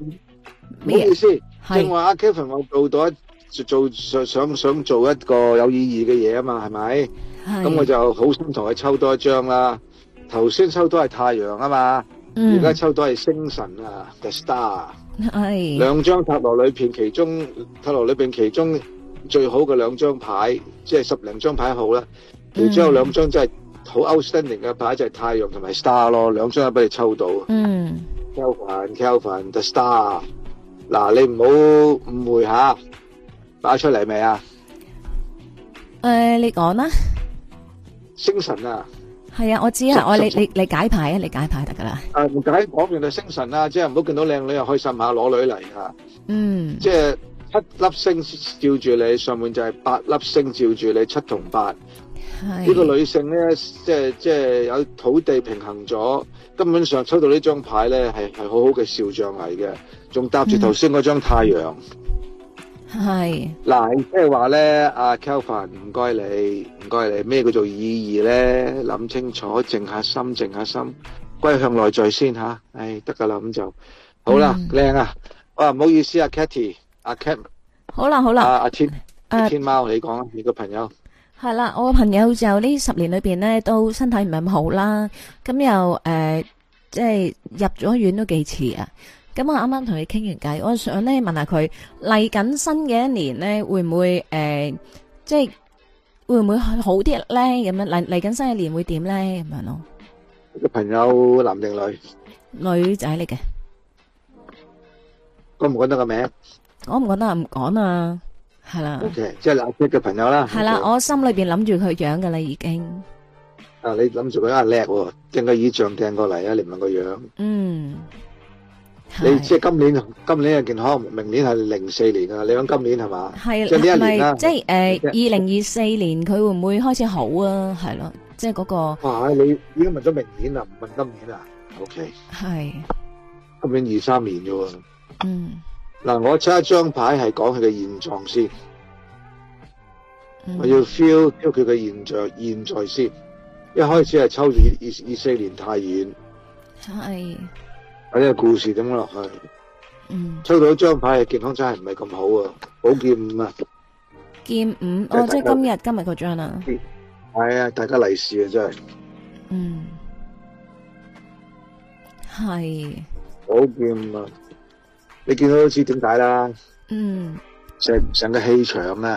咩意思？係正話阿 Kevin 我做到，做想想想做一個有意義嘅嘢啊嘛，係咪？咁我就好心同佢抽多一張啦。頭先抽到係太陽啊嘛，而家抽到係星辰啊，The Star。係。兩張塔羅裏邊，其中塔羅裏邊其中最好嘅兩張牌，即係十零張牌好啦。其中有兩張真係。好 outstanding 嘅牌就係太陽同埋 star 咯，兩張都俾你抽到。嗯、mm. Kelvin, Kelvin, the star。嗱，你唔好誤會吓，擺出嚟未、uh, 啊？誒，你講啦。星辰啊。係啊，我知啊，我你你你解牌啊，你解牌得噶啦。誒、嗯，解講完就星辰啊，即係唔好見到靚女又開心下攞女嚟吓。嗯。Mm. 即係七粒星照住你上面就係八粒星照住你七同八。呢是個女性咧，即係即係有土地平衡咗，根本上抽到呢張牌咧，係係好好嘅兆象嚟嘅，仲搭住頭先嗰張太陽。係嗱、嗯，即係話咧，阿 Kelvin 唔該你，唔該你，咩叫做意義咧？諗清楚，靜下心，靜下心，歸向內在先吓。唉、啊，得噶啦，咁就好啦，靚、嗯、啊，哇，唔好意思啊，Katy，阿 Ken，好啦好啦，阿阿、啊、天，阿天貓，uh, 你講啊，你個朋友。係啦，我個朋友就呢十年裏邊咧，都身體唔係咁好啦。咁又誒、呃，即係入咗院都幾次啊。咁我啱啱同你傾完偈，我想咧問下佢嚟緊新嘅一年咧，會唔會誒，即係會唔會好啲咧？咁樣嚟嚟緊新嘅年會點咧？咁樣咯。個朋友男定女？女仔嚟嘅。可可我唔覺得個名？我唔覺得，唔講啊。係啦，即係老色嘅朋友啦。係啦，我心裏邊諗住佢樣噶啦，已經。啊，你諗住佢阿叻喎，訂個影像掟過嚟啊，你問個樣。嗯。你即係今年，今年係健康，明年係零四年啊！你講今年係嘛？係。即係呢一年啦。即係誒，二零二四年佢會唔會開始好啊？係咯，即係嗰個。啊，你已經問咗明年啦，唔問今年啦。O K。係。今年二三年啫喎。嗯。嗱，我抽一張牌係講佢嘅現狀先，嗯、我要 feel 捉佢嘅現象。現在先。一開始係抽二二四年太遠，係睇下故事點落去。嗯，抽到一張牌嘅健康真係唔係咁好啊，寶劍五啊，劍五哦,家哦，即係今日今日嗰張啊，係啊，大家利是啊，真係，嗯，係寶劍啊。你見到好似點解啦？嗯，成成個氣場咩？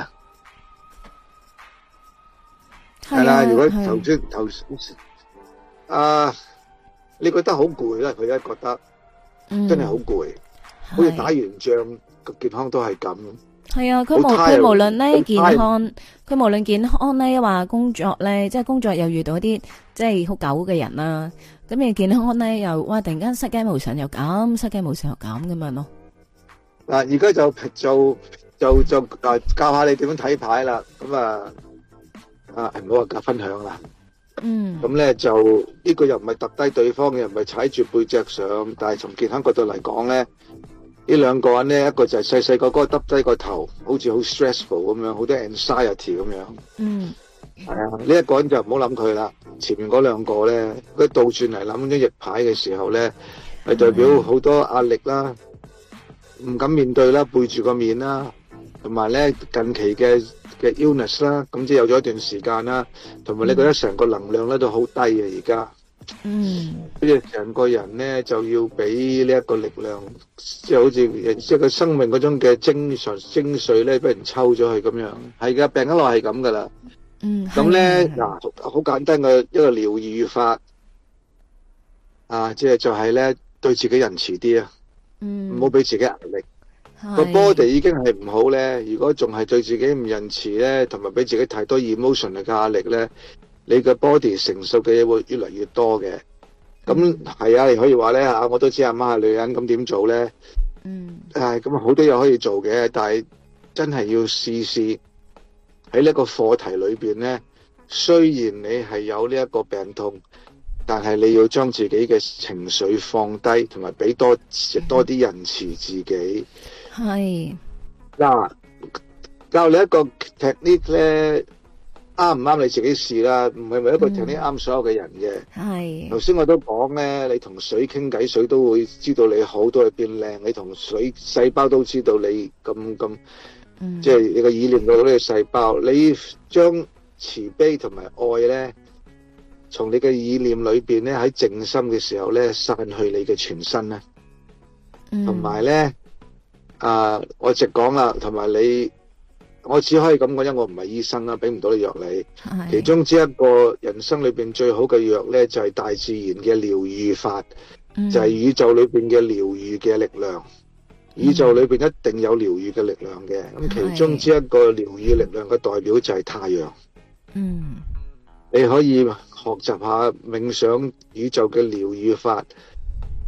係啦，如果頭先頭啊，你覺得好攰啦，佢而家覺得真係好攰，好似打完仗，個健康都係咁。係啊，佢無佢無論咧健康，佢無論健康咧話工作咧，即係工作又遇到啲即係好狗嘅人啦，咁你健康咧又哇，突然間失驚無神又咁，失驚無神又咁咁樣咯。嗱，而家就就就就啊，教下你點樣睇牌啦。咁啊啊，唔好話教，分享啦。嗯。咁咧就呢個又唔係揼低對方，又唔係踩住背脊上，但係從健康角度嚟講咧，呢兩個人咧，一個就係細細個個耷低個頭，好似好 stressful 咁樣，好多 anxiety 咁樣。嗯。係啊，呢一個人就唔好諗佢啦。前面嗰兩個咧，佢倒轉嚟諗咗逆牌嘅時候咧，係代表好多壓力啦。唔敢面對啦，背住個面啦，同埋咧近期嘅嘅 illness 啦，咁即係有咗一段時間啦，同埋你覺得成個能量咧都好低啊，而家嗯，跟住成個人咧就要俾呢一個力量，即係好似即係個生命嗰種嘅精神精髓咧，俾人抽咗去咁樣。係噶、嗯，病一耐係咁噶啦。嗯，咁咧嗱，好的、啊、簡單嘅一個療愈法啊，即係就係、是、咧對自己仁慈啲啊。唔好俾自己壓力，個 body 的已經係唔好咧。如果仲係對自己唔仁慈咧，同埋俾自己太多 emotion 嘅壓力咧，你個 body 承受嘅嘢會越嚟越多嘅。咁係啊，你、嗯、可以話咧嚇，我都知阿媽係女人，咁點做咧？嗯，唉，咁好多嘢可以做嘅，但係真係要試試喺呢個課題裏邊咧。雖然你係有呢一個病痛。但係你要將自己嘅情緒放低，同埋俾多、嗯、多啲仁慈自己。係是。嗱、啊，教你一個 technique 咧，啱唔啱你自己試啦，啊？唔係咪一個 technique 啱，嗯、所有嘅人嘅？係是。頭先我都講咧，你同水傾偈，水都會知道你好，多會變靚；你同水細胞都知道你咁咁，即係、嗯、你個意念到啲細胞。嗯、你將慈悲同埋愛咧。從你嘅意念裏邊咧，喺靜心嘅時候咧，散去你嘅全身啦，同埋咧，啊、呃，我直講啦，同埋你，我只可以咁講，因為我唔係醫生啦，俾唔到你藥。你是其中之一個人生裏邊最好嘅藥咧，就係、是、大自然嘅療癒法，嗯、就係宇宙裏邊嘅療癒嘅力量。嗯、宇宙裏邊一定有療癒嘅力量嘅。咁其中之一個療癒力量嘅代表就係太陽。嗯，你可以，學習下冥想宇宙嘅療癒法，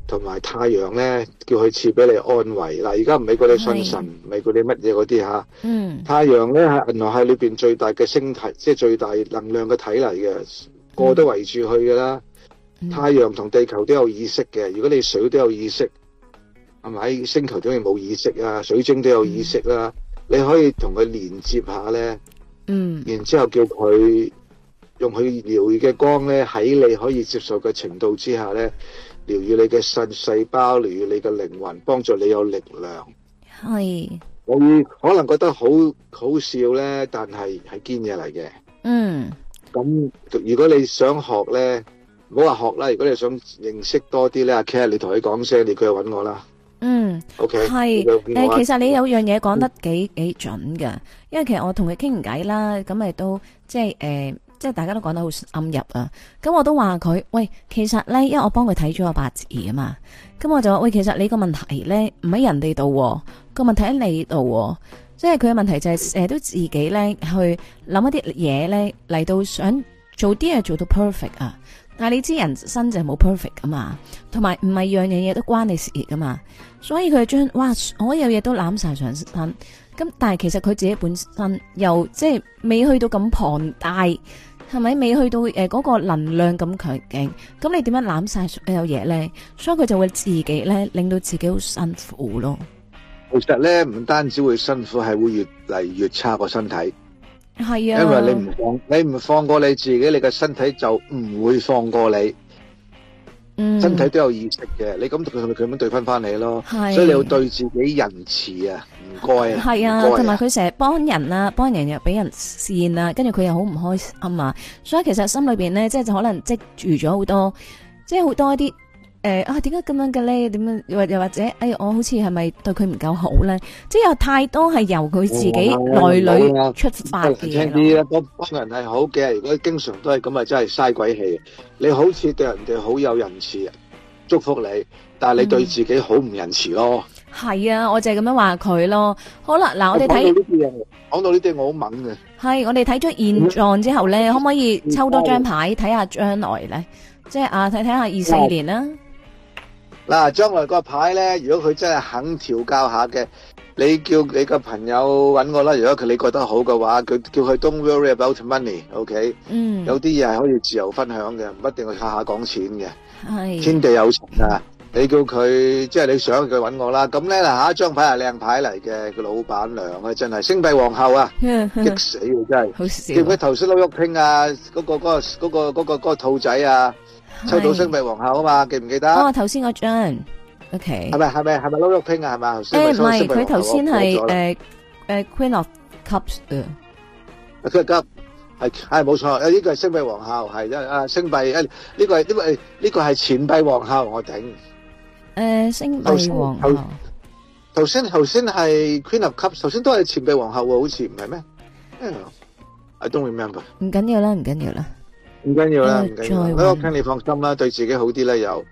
同埋太陽呢，叫佢賜俾你安慰。嗱，而家唔係叫你信神，唔係叫你乜嘢嗰啲吓。太陽呢係銀河系裏邊最大嘅星體，即係最大能量嘅體嚟嘅，個個都圍住佢噶啦。嗯、太陽同地球都有意識嘅，如果你水都有意識，係咪？星球當然冇意識啊，水晶都有意識啦。嗯、你可以同佢連接下呢，嗯、然之後叫佢。用佢療愈嘅光咧，喺你可以接受嘅程度之下咧，療愈你嘅腎細胞，療愈你嘅靈魂，幫助你有力量。係是，我可能覺得好好笑咧，但係係堅嘢嚟嘅。的的嗯，咁如果你想學咧，唔好話學啦。如果你想認識多啲咧，阿 Cat，、啊、你同佢講聲，你佢就揾我啦。嗯，OK，係誒是，其實你有一樣嘢講得幾幾、嗯、準嘅，因為其實我同佢傾唔偈啦，咁咪都即係誒。呃即係大家都講得好深入啊，咁我都話佢，喂，其實呢，因為我幫佢睇咗個八字啊嘛，咁我就話，喂，其實你個問題呢，唔喺人哋度、啊，個問題喺你度、啊，即係佢嘅問題就係成日都自己呢，去諗一啲嘢呢，嚟到想做啲嘢做到 perfect 啊，但係你知人生就係冇 perfect 噶嘛，同埋唔係樣樣嘢都關你事業噶嘛，所以佢將哇，所有嘢都攬晒上身，咁但係其實佢自己本身又即係未去到咁龐大。係咪未去到誒、呃那個能量咁強勁？咁你點樣攬晒所有嘢咧？所以佢就會自己咧，令到自己好辛苦咯。其實咧，唔單止會辛苦，係會越嚟越差個身體。係啊，因為你唔放，你唔放過你自己，你個身體就唔會放過你。身體都有意識嘅，你咁佢咪佢咁對翻翻你咯，啊、所以你要對自己仁慈啊，唔該啊，係啊，同埋佢成日幫人啊，幫人又俾人扇啊，跟住佢又好唔開心啊，所以其實心裏邊咧，即係就可能積住咗好多，即係好多一啲。誒、哎、啊，點解咁樣嘅咧？點樣或又或者，哎，我好似係咪對佢唔夠好咧？即係有太多係由佢自己內裏出發嘅。聽啲啦，人係好嘅。如果經常都係咁啊，真係嘥鬼氣。你好似對人哋好有仁慈啊，祝福你。但係你對自己好唔仁慈咯。係啊，我就係咁樣話佢咯。好啦，嗱，我哋睇講到呢啲，講到呢啲，我好猛嘅。係、嗯、我哋睇咗現狀之後咧，可唔可以抽多張牌睇下將來咧？即係啊，睇睇下二四年啦。嗱，將來個牌咧，如果佢真係肯調教下嘅，你叫你個朋友揾我啦。如果佢你覺得好嘅話，佢叫佢 Don't worry about money，OK？嗯，有啲嘢係可以自由分享嘅，唔一定去下下講錢嘅。係，天地有情啊！你叫佢即係你想，佢揾我啦。咁咧，下一張牌係靚牌嚟嘅，個老闆娘啊，真係星幣皇后啊，激死我真係！叫佢頭先攞鬱青啊，嗰個嗰個嗰個嗰個嗰個兔仔啊！抽到星幣皇后啊嘛，記唔記得？我頭先嗰張，OK，係咪？係咪？係咪撈肉拼啊？係咪？誒，唔係，佢頭先係誒誒 Queen of Cups 嘅，Queen of Cups 係係冇錯，呢個係星幣皇后，係啊啊星幣誒呢個係因為呢個係錢幣皇后，我頂。誒，星幣皇后，頭先頭先係 Queen of Cups，頭先都係錢幣皇后喎，好似唔係咩？I don't remember。唔緊要啦，唔緊要啦。唔緊要啦，唔緊要，喺屋企你放心啦，對自己好啲咧又，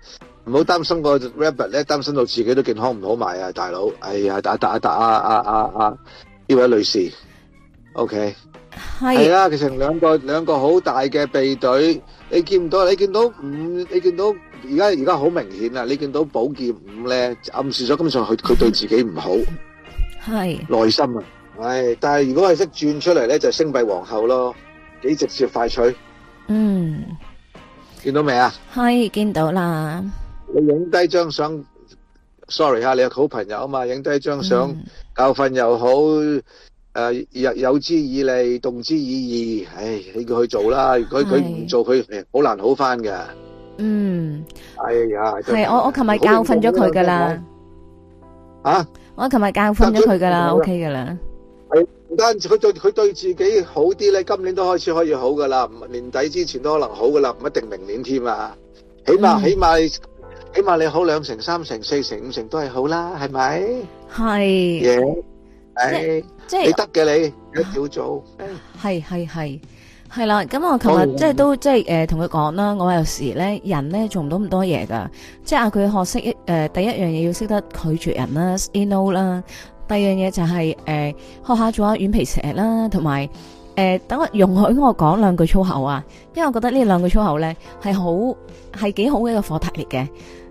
唔好擔心個 rabbit 咧，擔心到自己都健康唔好埋啊，大佬。哎呀，阿達阿達阿阿阿阿，呢位女士，OK，係，係啊，其實兩個兩個好大嘅備隊，你見唔到你見到五，你見到而家而家好明顯啦，你見到寶劍五咧，暗示咗根本上佢佢對自己唔好，係，內心啊，係，但係如果係識轉出嚟咧，就星幣皇后咯，幾直接快脆。嗯，見到未啊？可以見到啦。你影低張相，sorry 啊，你有個好朋友啊嘛，影低張相，教訓又好，誒，有有之以利，動之以義，唉，你叫佢做啦，佢佢唔做，佢好難好翻噶。嗯。哎呀。係我我琴日教訓咗佢噶啦。啊？我琴日教訓咗佢噶啦，OK 噶啦。佢對佢對自己好啲咧，今年都開始可以好噶啦，年底之前都可能好噶啦，唔一定明年添啊！起碼起碼起碼你好兩成、三成、四成、五成都係好啦，係咪？係嘢，係即係你得嘅你，要做係係係係啦。咁我琴日即係都即係誒同佢講啦。我有時咧人咧做唔到咁多嘢噶，即係啊佢學識一誒第一樣嘢要識得拒絕人啦，say no 啦。第二樣嘢就係、是、誒、呃，學下做下軟皮蛇啦，同埋誒、等、呃、我容許我講兩句粗口啊，因為我覺得呢兩句粗口咧係好係幾好嘅一個課題嚟嘅，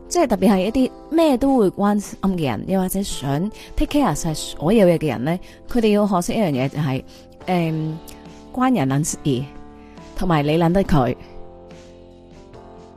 即係特別係一啲咩都會關心嘅人，又或者想 take care 晒所有嘢嘅人咧，佢哋要學識一樣嘢就係、是、誒、呃，關人撚事，同埋你撚得佢。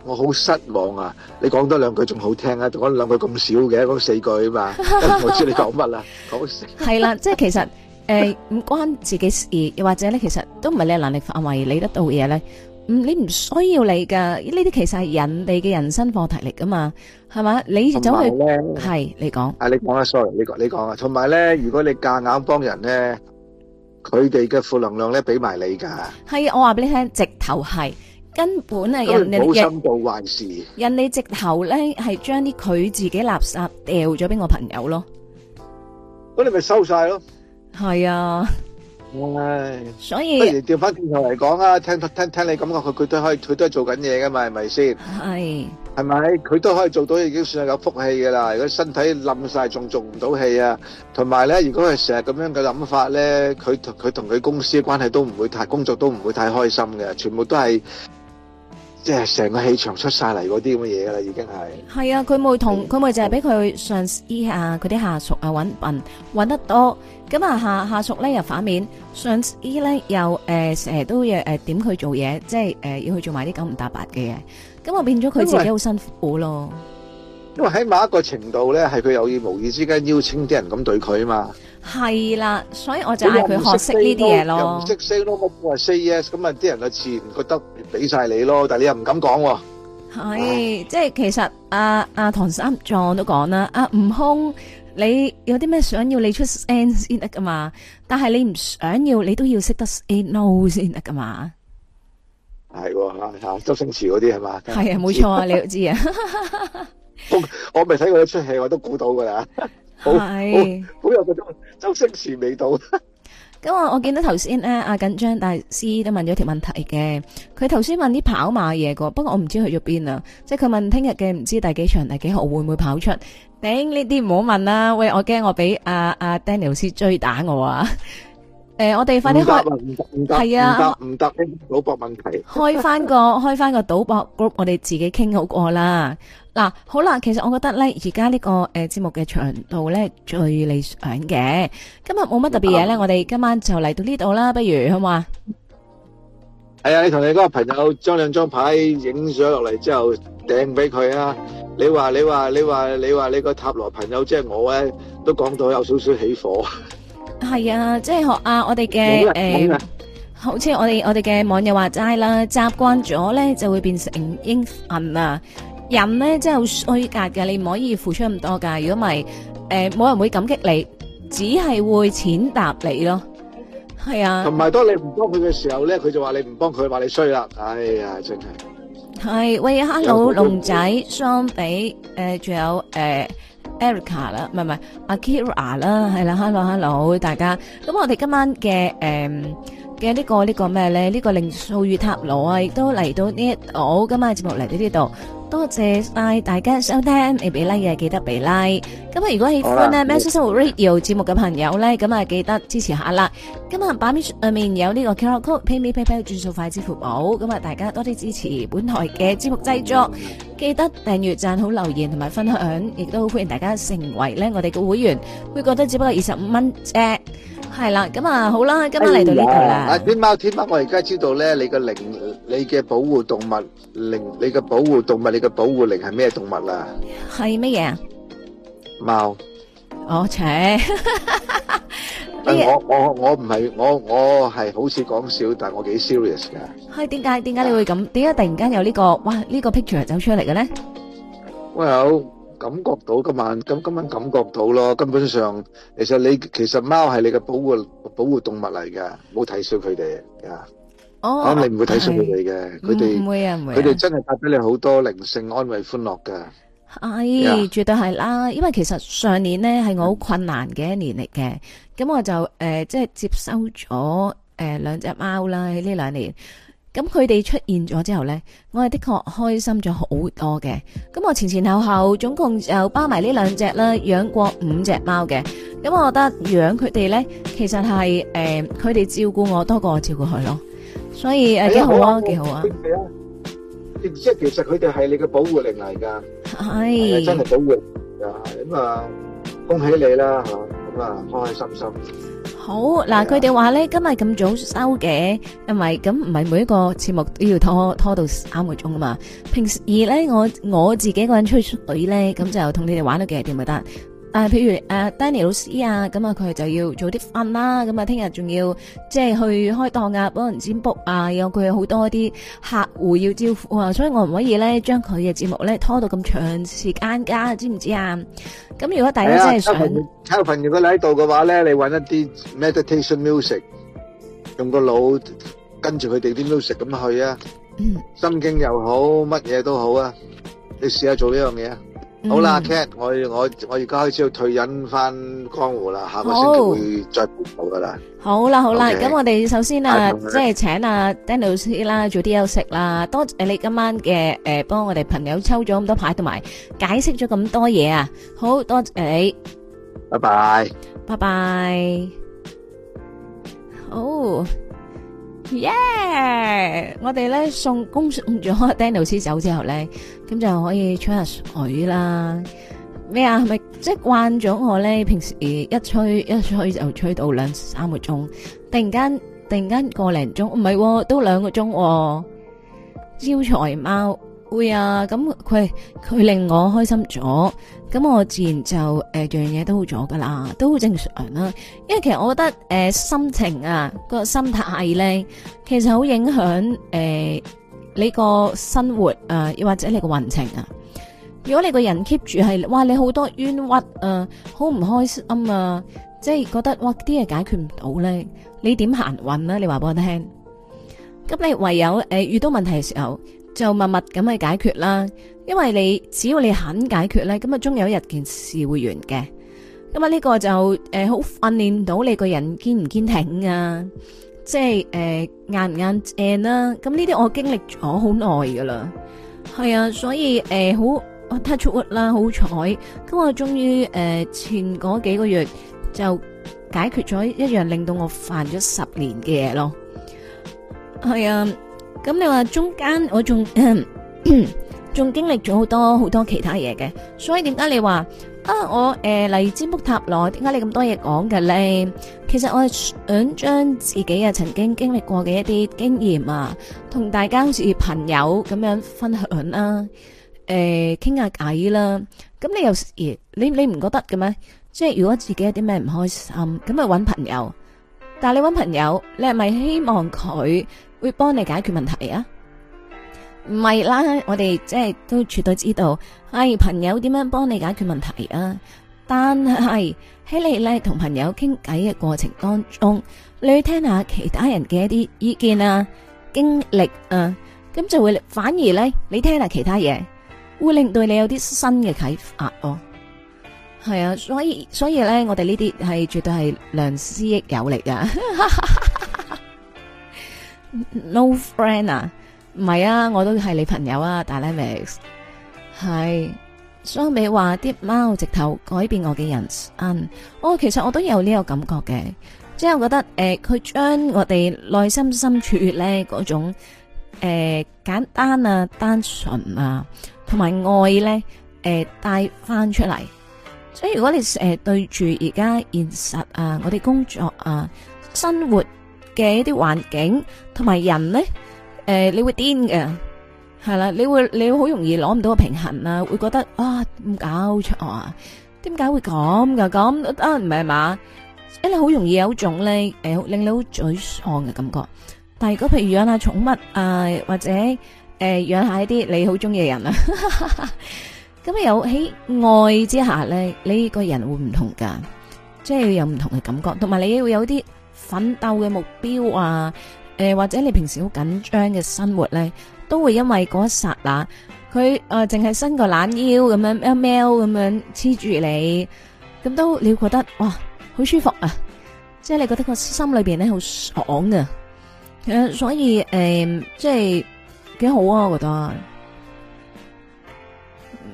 我好失望啊！你講多兩句仲好聽啊！講兩句咁少嘅，講四句啊嘛，我 [laughs] 唔知你講乜啦，講係啦，即係其實誒，唔、呃、關自己事，又或者咧，其實都唔係你嘅能力範圍理得到嘢咧。唔，你唔需要你噶呢啲，其實係人哋嘅人生課題嚟噶嘛，係嘛？你走去係，你講啊，你講啊，sorry，你講，你講啊。同埋咧，如果你夾硬幫人咧，佢哋嘅負能量咧，俾埋你噶。係，我話俾你聽，直頭係。根本係人哋冇心做壞事，人哋直頭咧係將啲佢自己垃圾掉咗俾我朋友咯，咁你咪收晒咯。係啊，唉，所以不如調翻轉頭嚟講啊，聽聽聽你感覺佢佢都可以，佢都係做緊嘢噶嘛，係咪先？係係咪？佢都可以做到，已經算係有福氣噶啦。如果身體冧晒，仲做唔到氣啊？同埋咧，如果係成日咁樣嘅諗法咧，佢佢同佢公司嘅關係都唔會太工作都唔會太開心嘅，全部都係。即係成個氣場出晒嚟嗰啲咁嘅嘢啦，已經係係啊！佢冇同佢咪就係俾佢上司啊、佢啲下屬啊揾笨揾得多。咁啊下下屬咧又反面，上司咧又誒成日都要誒點佢做嘢，即係誒要去做埋啲九唔搭八嘅嘢。咁啊變咗佢自己好辛苦咯。因為喺某一個程度咧，係佢有意無意之間邀請啲人咁對佢啊嘛。係啦，所以我就嗌佢學識呢啲嘢咯。又唔識 say 咯，咁話 say yes，咁啊啲人啊自然覺得。俾晒你咯，但係你又唔敢講、啊。係是，唉即係其實阿阿、啊啊、唐三藏都講啦，阿、啊、悟空，你有啲咩想，想要，你出 N 先得噶嘛？但係你唔想要，你都要識得 A No 先得噶嘛？係，喎，周星馳嗰啲係嘛？係啊，冇錯啊，你都知啊 [laughs] 。我我未睇過一出戲，我都估到噶啦。係的，好有嗰種周星馳味道。因為我見到頭先咧，阿緊張大師都問咗條問題嘅。佢頭先問啲跑馬嘢個，不過我唔知去咗邊啦。即係佢問聽日嘅唔知第幾場第幾號會唔會跑出？頂，呢啲唔好問啦。喂，我驚我俾阿、啊、阿、啊、Danny 老師追打我啊！誒、呃，我哋快啲開，係啊，唔得唔得賭博問題。 [laughs] 開翻個開翻個賭博 group，我哋自己傾好過啦。嗱、啊，好啦，其實我覺得咧，而家呢個誒、節、呃、目嘅長度咧最理想嘅。今日冇乜特別嘢咧，行我哋今晚就嚟到呢度啦。不如好嘛？係啊，你同你嗰個朋友將兩張牌影相落嚟之後，掟俾佢啊！你話你話你話你話你個塔羅朋友即係、就是、我咧，都講到有少少起火。係啊，即係學啊，我哋嘅誒，好似我哋我哋嘅網友話齋啦，習慣咗咧就會變成應份啊。人咧真係好衰格㗎。你唔可以付出咁多噶，如果唔係，誒、呃、冇人會感激你，只係會踐踏你咯。係啊。同埋當你唔幫佢嘅時候咧，佢就話你唔幫佢，話你衰啦。哎呀，真係。係喂，Hello，龍仔，雙比，誒、呃，仲有誒。呃 Erica 啦，唔係唔係，Akira 啦，係啦，Hello Hello，大家，咁我哋今晚嘅誒嘅呢個呢個咩咧？呢個靈數與塔羅啊，亦都嚟到呢一度今晚嘅節目嚟到呢度。多謝晒大家收聽，未俾拉嘅記得俾拉。咁啊，如果喜歡咧《喵式生活 Radio》節目嘅朋友咧，咁啊記得支持下啦。今日版面上面有呢個 QR Code，PayMe PayPal 轉數快支付寶。咁啊，大家多啲支持本台嘅節目製作，記得訂閱、贊好、留言同埋分享，亦都歡迎大家成為咧我哋嘅會員，會覺得只不過二十五蚊啫。係啦，咁啊好啦，今晚嚟到呢度啦。啊，天喵天喵，我而家知道咧，你個靈，你嘅保護動物靈，你嘅保護動物你。嘅保護靈係咩動物啊？係乜嘢啊？貓。哦，請。誒，我我我唔係我我係好似講笑，但我幾 serious 噶。係點解？點解你會咁？點解突然間有呢個？哇！呢個 picture 係走出嚟嘅咧。我有感覺到㗎嘛，咁今晚感覺到咯，根本上其實你其實貓係你嘅保護保護動物嚟嘅，冇睇少佢哋啊。哦、你唔會睇信佢哋嘅，佢哋唔會呀，唔會，佢哋真係帶俾你好多靈性安慰歡樂噶，係絕對係啦。因為其實上年呢係我好困難嘅一年嚟嘅，咁我就誒、呃、即係接收咗誒兩隻貓啦。喺呢兩年咁佢哋出現咗之後呢，我係的確開心咗好多嘅。咁我前前後後總共就包埋呢兩隻啦，養過五隻貓嘅。咁我覺得養佢哋呢，其實係誒佢哋照顧我多過我照顧佢咯。所以誒，幾好啊，幾好啊！即係其實佢哋係你嘅保護令嚟噶，係真係保護，又係咁啊！恭喜你啦，吓咁啊，開開心心。好嗱，佢哋話咧今日咁早收嘅，因為咁唔係每一個節目都要拖拖到三個鐘啊嘛。平時而咧我我自己個人出去咧，咁就同你哋玩到幾日點咪得？啊，譬如誒、啊、Danny 老師啊，咁啊佢就要早啲瞓啦，咁啊聽日仲要即係去開檔啊，幫人簽 b 啊，有佢好多啲客戶要招呼啊，所以我唔可以咧將佢嘅節目咧拖到咁長時間噶、啊，知唔知啊？咁如果大家真係想 k e、啊、如果你喺度嘅話咧，你搵一啲 meditation music，用個腦跟住佢哋啲 music 咁去啊，心經又好，乜嘢都好啊，你試下做呢樣嘢啊！好啦，Cat，我我我而家開始要退隱翻江湖啦，下個星期會再報道噶啦。好啦好啦，咁我哋首先啊，即係請阿 Danny 老師啦做啲休息啦，多謝你今晚嘅誒幫我哋朋友抽咗咁多牌，同埋解釋咗咁多嘢啊，好多謝你。拜拜，拜拜，好。耶！我哋咧送恭送咗 Danny 老師走之後咧，咁就可以吹下水啦。咩啊？係咪？即係慣咗我咧，平時一吹一吹就吹到兩三個鐘，突然間突然間個零鐘唔係喎，都兩個鐘喎！招財貓。會啊，咁佢佢令我開心咗，咁我自然就誒、呃、樣嘢都好咗噶啦，都好正常啦、啊。因為其實我覺得誒、呃、心情啊，個心態咧，其實好影響誒、呃、你個生活啊，又或者你個運程啊。如果你個人 keep 住係，哇你好多冤屈啊，好唔開心啊，即係覺得哇啲嘢解決唔到咧，你點行運啊？你話俾我聽。咁你唯有誒、呃、遇到問題嘅時候。就默默咁去解決啦，因為你只要你肯解決咧，咁啊終有一日件事會完嘅。咁啊呢個就誒好訓練到你個人堅唔堅挺啊，即係誒、呃、硬唔硬正、啊、啦。咁呢啲我經歷咗好耐噶啦，係啊，所以誒好我 touch wood 啦，好、呃、彩，咁我終於誒、呃、前嗰幾個月就解決咗一樣令到我煩咗十年嘅嘢咯，係啊。咁你話中間我仲仲經歷咗好多好多其他嘢嘅，所以點解你話啊我誒嚟占卜塔羅，點解你咁多嘢講嘅咧？其實我係想將自己啊曾經經歷過嘅一啲經驗啊，同大家好似朋友咁樣分享、啊呃、啦，誒傾下偈啦。咁你又你你唔覺得嘅咩？即係如果自己有啲咩唔開心，咁咪搵朋友。但係你搵朋友，你係咪希望佢？會幫你解決問題啊？唔係啦，我哋即係都絕對知道，係、哎、朋友點樣幫你解決問題啊？但係喺你咧同朋友傾偈嘅過程當中，你去聽下其他人嘅一啲意見啊、經歷啊，咁就會反而咧，你聽下其他嘢，會令對你有啲新嘅啟發哦、啊。係啊，所以所以咧，我哋呢啲係絕對係良師益友嚟噶 [laughs] no friend 啊？唔係啊，我都係你朋友啊，大 lemix 係。相比話啲貓直頭改變我嘅人生，哦，我其實我都有呢個感覺嘅，即係我覺得誒，佢將我哋內心深處咧嗰種誒簡單啊、單純啊，同埋愛咧誒帶翻出嚟。所以如果你誒對住而家現實啊，我哋工作啊，生活。嘅一啲環境同埋人咧，誒，你會癲嘅，係啦，你會你會好容易攞唔到個平衡啊，會覺得啊，唔搞錯啊，點解會咁噶？咁啊唔係嘛？誒，你好容易有一種咧，誒，令你好沮喪嘅感覺。但係如果譬如養下寵物啊，或者誒養下一啲你好中意嘅人啊，咁有喺愛之下咧，你個人會唔同噶，即係有唔同嘅感覺，同埋你會有啲。奮鬥嘅目標啊，誒、呃、或者你平時好緊張嘅生活咧，都會因為嗰一剎那，佢誒淨係伸個懶腰咁樣，喵喵咁樣黐住你，咁都你會覺得哇好舒服啊！即係你覺得個心裏邊咧好爽嘅，誒、呃、所以誒、呃、即係幾好啊，我覺得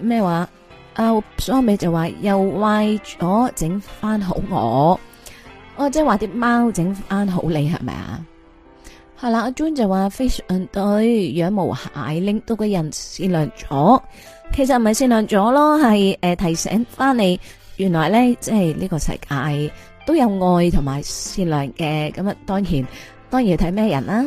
咩話啊？話呃、蘇阿美就話又壞咗，整翻好我。哦、即係話啲貓整翻好你係咪啊？係啦，阿 Joan 就話非常對養無害，令到個人善良咗。其實唔係善良咗咯，係誒、呃、提醒翻你，原來咧即係呢個世界都有愛同埋善良嘅。咁啊，當然當然係睇咩人啦、啊。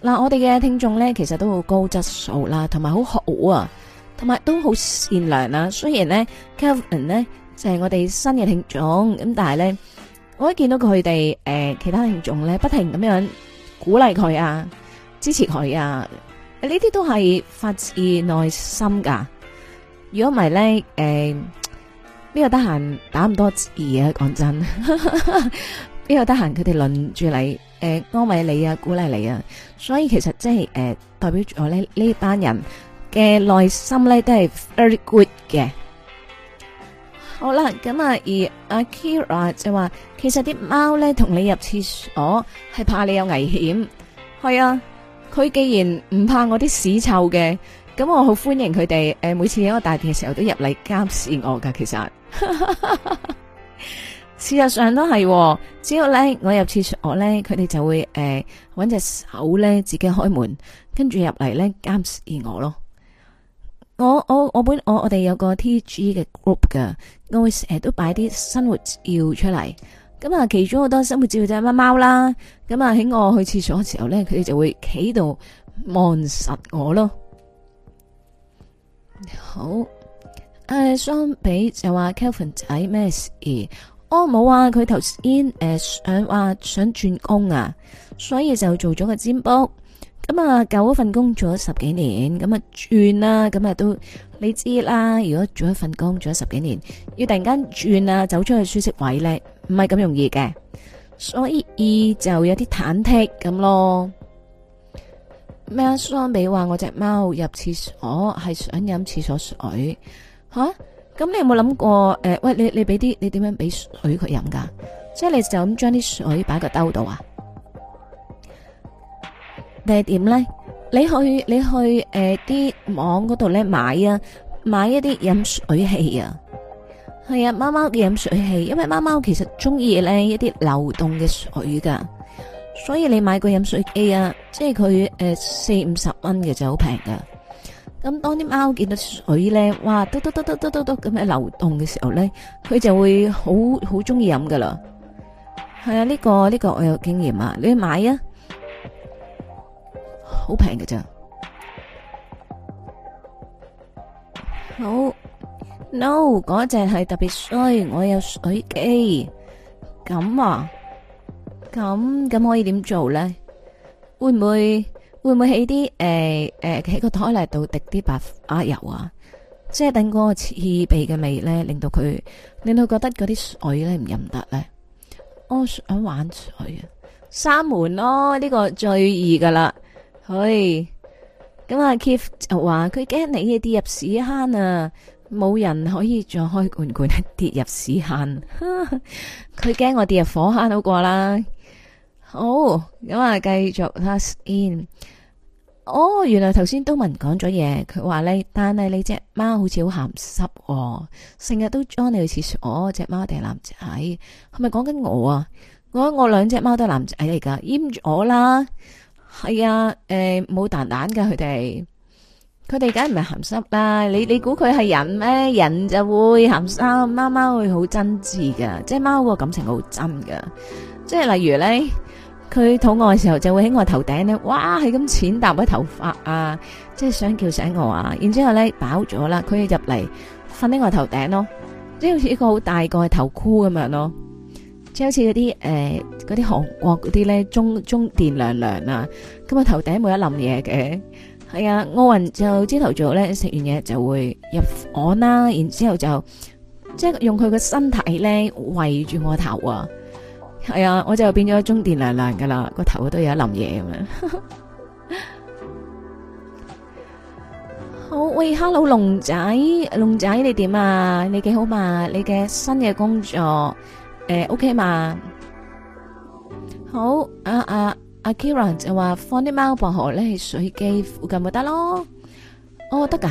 嗱、呃，我哋嘅聽眾咧，其實都好高質素啦，同埋好好啊，同埋都好善良啦、啊。雖然咧，Kevin 咧就係、是、我哋新嘅聽眾，咁但係咧。我一見到佢哋，誒、呃，其他聽眾咧，不停咁樣鼓勵佢啊，支持佢、呃、啊，呢啲都係發自內心噶。如果唔係咧，誒，邊個得閒打咁多字啊？講真，邊個得閒，佢哋輪住你，誒、呃，安慰你啊，鼓勵你啊。所以其實即、就、係、是，誒、呃，代表住我呢這些的呢班人嘅內心咧，都係 very good 嘅。好啦，咁啊，而阿 Kira 就話，其實啲貓咧同你入廁所係怕你有危險，係啊，佢既然唔怕我啲屎臭嘅，咁我好歡迎佢哋，誒，每次喺我大便嘅時候都入嚟監視我噶，其實 [laughs] 事實上都係，只要咧我入廁所咧，佢哋就會誒搵隻手咧自己開門，跟住入嚟咧監視我咯。我我我本我我哋有個 TG 嘅 group 噶，我會成日都擺啲生活照出嚟。咁啊，其中好多生活照就係乜貓，貓啦。咁啊，喺我去廁所嘅時候咧，佢哋就會企度望實我咯。好，阿雙比就話 Kelvin 仔咩事？我、哦、冇啊，佢頭先誒想話、啊、想轉工啊，所以就做咗個占卜。咁啊，舊嗰、嗯、份工做咗十幾年，咁啊轉啦，咁啊、嗯、都你知啦。如果做一份工做咗十幾年，要突然間轉啦，走出去舒適位咧，唔係咁容易嘅，所以二就有啲忐忑咁咯。咩啊？相比話我隻貓入廁所係想飲廁所水吓，咁、啊、你有冇諗過誒、呃？喂，你你俾啲你點樣俾水佢飲噶？即係你就咁將啲水擺個兜度啊？但係點咧？你去你去誒啲、呃、網嗰度咧買啊，買一啲飲水器啊。係啊，貓貓嘅飲水器，因為貓貓其實中意咧一啲流動嘅水噶，所以你買個飲水機啊，即係佢誒四五十蚊嘅就好平噶。咁當啲貓見到水咧，哇，嘟嘟嘟嘟嘟嘟嘟咁樣流動嘅時候咧，佢就會好好中意飲噶啦。係啊，呢個呢個我有經驗啊，你去買啊。便宜好平嘅咋？好，No，嗰隻係特別衰。我有水機咁啊，咁咁可以點做呢？會唔會會唔會喺啲誒誒喺個台嚟度滴啲白油啊？即係等個刺鼻嘅味呢，令到佢令到覺得嗰啲水呢唔飲得呢？我想玩水啊，閂門咯，呢、這個最易噶啦。佢咁啊，Keith 就話佢驚你跌入屎坑啊，冇人可以再開罐罐跌入屎坑。佢驚我跌入火坑好過啦。好咁啊，繼續 ask in。哦，原來頭先、哦、都文講咗嘢，佢話你但係你隻貓好似好咸濕，成日都裝你去廁所。隻貓定係男仔？係咪講緊我啊？我我兩隻貓都係男仔嚟噶，閹咗啦。係啊，誒、欸、冇蛋蛋嘅佢哋，佢哋梗係唔係鹹濕啦。你你估佢係人咩？人就會鹹濕，貓貓會好真摯噶，即係貓個感情好真噶。即係例如咧，佢肚餓嘅時候就會喺我頭頂咧，哇係咁淺搭個頭髮啊，即係想叫醒我啊。然之後咧飽咗啦，佢又入嚟瞓喺我頭頂咯，即係好似一個好大個嘅頭箍咁樣咯。即係好似嗰啲，誒，嗰啲韓國嗰啲咧，中中電娘娘啦，咁啊，頭頂冇一冧嘢嘅，係啊。奧運就朝頭早咧，食完嘢就會入房啦，然之後就即係用佢嘅身體咧圍住我個頭啊。係啊，我就變咗中電娘娘噶啦，個頭都有一冧嘢咁樣。好喂，Hello 龍仔，龍仔你點啊？你幾好嘛？你嘅新嘅工作。誒，OK 嘛？好，阿、啊、阿阿、啊啊、Kira 就話放啲貓薄荷咧喺水機附近咪得咯，哦，得㗎，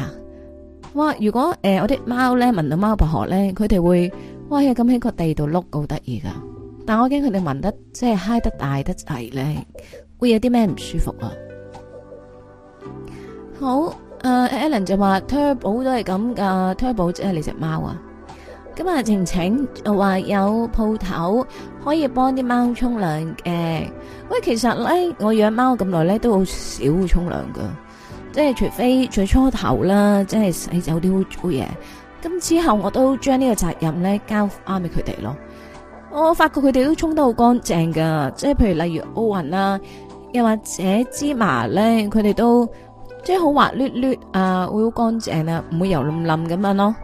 哇！如果誒、呃、我啲貓咧聞到貓薄荷咧，佢哋會哇喺咁喺個地度碌好得意噶，但我驚佢哋聞得即係嗨得大得滯咧，會有啲咩唔舒服啊？好，誒、呃、Allen 就話 Turbo 都係咁噶，Turbo 即係你隻貓啊？咁啊，晴晴又話有鋪頭可以幫啲貓沖涼嘅。喂，其實咧，我養貓咁耐咧，都好少會沖涼噶，即係除非最初頭啦，即係洗走啲污糟嘢。咁之後我都將呢個責任咧交啱俾佢哋咯。我發覺佢哋都沖得好乾淨噶，即係譬如例如奧運啦，又或者芝麻咧，佢哋都即係好滑捋捋啊，會好乾淨啊，唔會油淋淋咁樣咯。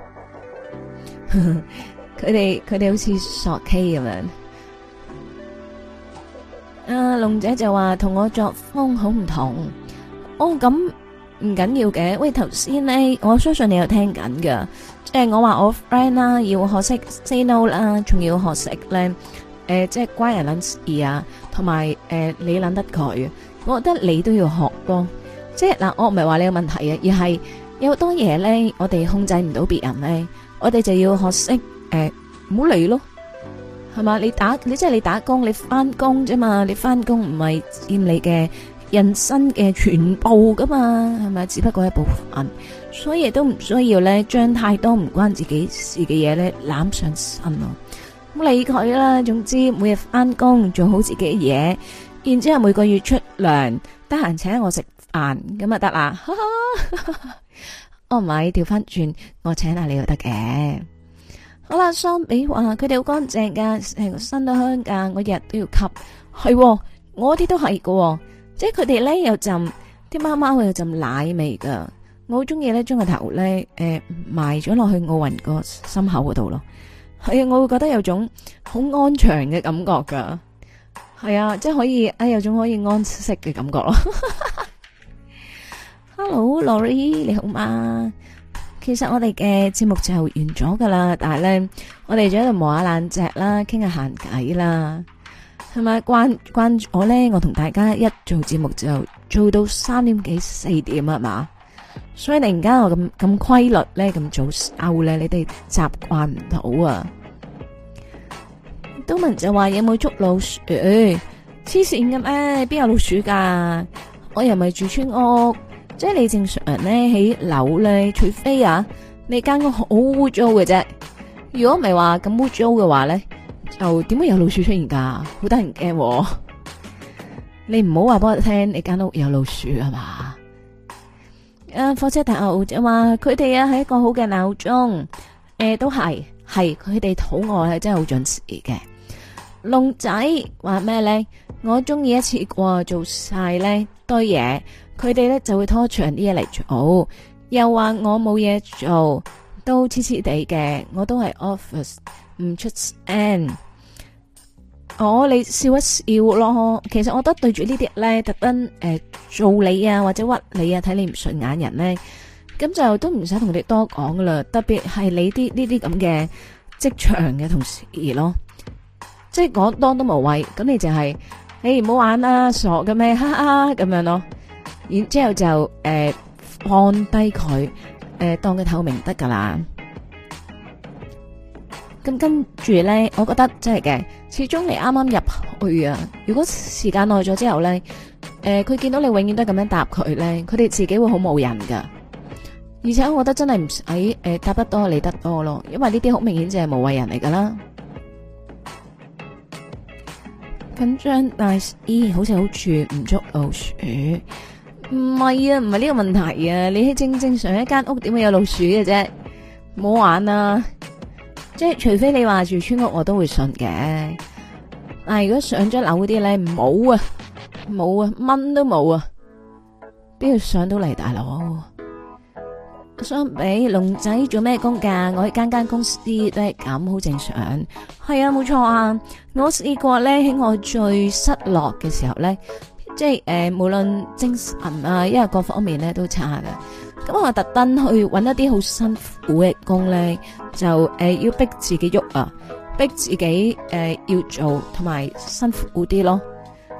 佢哋佢哋好似索 K 咁樣，啊龍姐就話同我作風好唔同，哦咁唔緊要嘅，喂頭先咧我相信你有聽緊噶，即係我話我個 friend 啦要學識 say no 啦，仲要學識咧，誒即係乖人諗事啊，同埋誒你諗得佢，我覺得你都要學咯，即係嗱我唔係話你個問題啊，而係有好多嘢咧我哋控制唔到別人咧。我哋就要學識誒，唔好理咯，係嘛？你打你即係你打工，你翻工啫嘛？你翻工唔係佔你嘅人生嘅全部噶嘛？係咪？只不過一部分，所以都唔需要咧，將太多唔關自己事嘅嘢咧攬上身咯。咁理佢啦，總之每日翻工，做好自己嘅嘢，然之後每個月出糧，得閒請我食飯咁啊得啦。我唔係調翻轉，我請下你都得嘅。好啦，雙尾話佢哋好乾淨噶，係新到香噶，我日日都要吸。係，我啲都係喎。即係佢哋咧有陣，啲貓貓會有陣奶味噶。我好中意咧，將個頭咧誒埋咗落去奧運個心口嗰度咯。係啊，我會覺得有種好安詳嘅感覺噶。係啊，即係可以，哎、有呀，種可以安息嘅感覺咯。 [laughs] Hello，Lori，你好嘛？其實我哋嘅節目就完咗噶啦，但係咧，我哋就喺度磨下爛 jac 啦，傾下閒偈啦，係咪？關關我咧，我同大家一做節目就做到三點幾四點啊嘛，所以突然間我咁咁規律咧，咁早 out 咧，你哋習慣唔到啊？東文就話有冇捉老鼠？黐綫嘅咩？邊有老鼠噶？我又唔係住村屋。即係你正常人咧，喺樓咧，除非啊，你間屋好污糟嘅啫。如果唔係話咁污糟嘅話咧，就點會有老鼠出現噶？好得人驚。你唔好話幫我聽你間屋有老鼠係嘛？啊，火車頭就話，佢哋啊係一個好嘅鬧鐘。誒、啊，都係，係佢哋肚餓係真係好準時嘅。龍仔話咩咧？我中意一次過做晒咧堆嘢。佢哋咧就會拖長啲嘢嚟做，又話我冇嘢做，都黐黐地嘅，我都係 office 唔出 n，我、oh，你笑一笑咯。其實我覺得對住呢啲咧，特登誒、呃、做你啊或者屈你啊，睇你唔順眼人咧，咁就都唔使同你多講噶啦。特別係你啲呢啲咁嘅職場嘅同事咯，即係講多都無謂。咁你就係誒唔好玩啦，傻嘅咩，哈哈咁樣咯。然之後就誒、呃、放低佢誒、呃、當佢透明得噶啦。咁跟住呢，我覺得真係嘅，始終你啱啱入去啊。如果時間耐咗之後呢，誒、呃、佢見到你永遠都係咁樣答佢呢，佢哋自己會好冇人噶。而且我覺得真係唔使誒答得多理得多咯，因為呢啲好明顯就係無謂人嚟噶啦。緊張但係、哎、好似好處唔捉老鼠。唔係啊，唔係呢個問題啊，你喺正正常一間屋點會有老鼠嘅啫，唔好玩啊！即係除非你話住村屋，我都會信嘅。但、啊、係如果上咗樓嗰啲咧，冇啊，冇啊，蚊都冇啊，邊度上到嚟大佬？相比龍仔做咩工㗎？我喺間間公司都係咁，好正常。係啊，冇錯啊，我試過咧喺我最失落嘅時候咧。即係誒、呃，無論精神啊，因為各方面咧都差嘅。咁我特登去揾一啲好辛苦嘅工咧，就誒、呃、要逼自己喐啊，逼自己誒、呃、要做，同埋辛苦啲咯。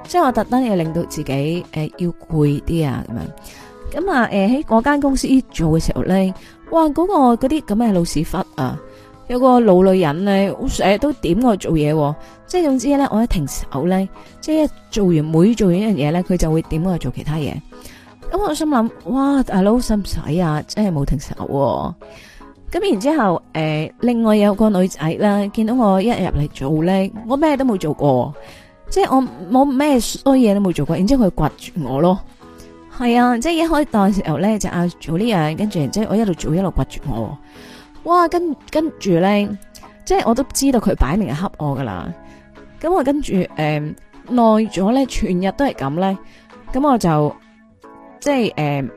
即係我特登要令到自己誒、呃、要攰啲啊咁樣。咁啊誒喺嗰間公司做嘅時候咧，哇嗰、嗰個嗰啲咁嘅老屎忽啊！有個老女人咧，成日都點我做嘢，哦，即係總之咧，我一停手咧，即係一做完每做完一樣嘢咧，佢就會點我做其他嘢。咁我心諗，哇，大佬心使啊，真係冇停手，哦。咁然之後，誒、呃，另外有個女仔啦，見到我一入嚟做咧，我咩都冇做過，即係我冇咩衰嘢都冇做過，然之後佢刮住我咯，係啊，即係一開檔時候咧就嗌我做呢樣，跟住即係我一路做一路刮住我。哇，跟跟住咧，即係我都知道佢擺明係恰我噶啦。咁、嗯、我跟住誒、呃、耐咗咧，全日都係咁咧。咁我就即係誒，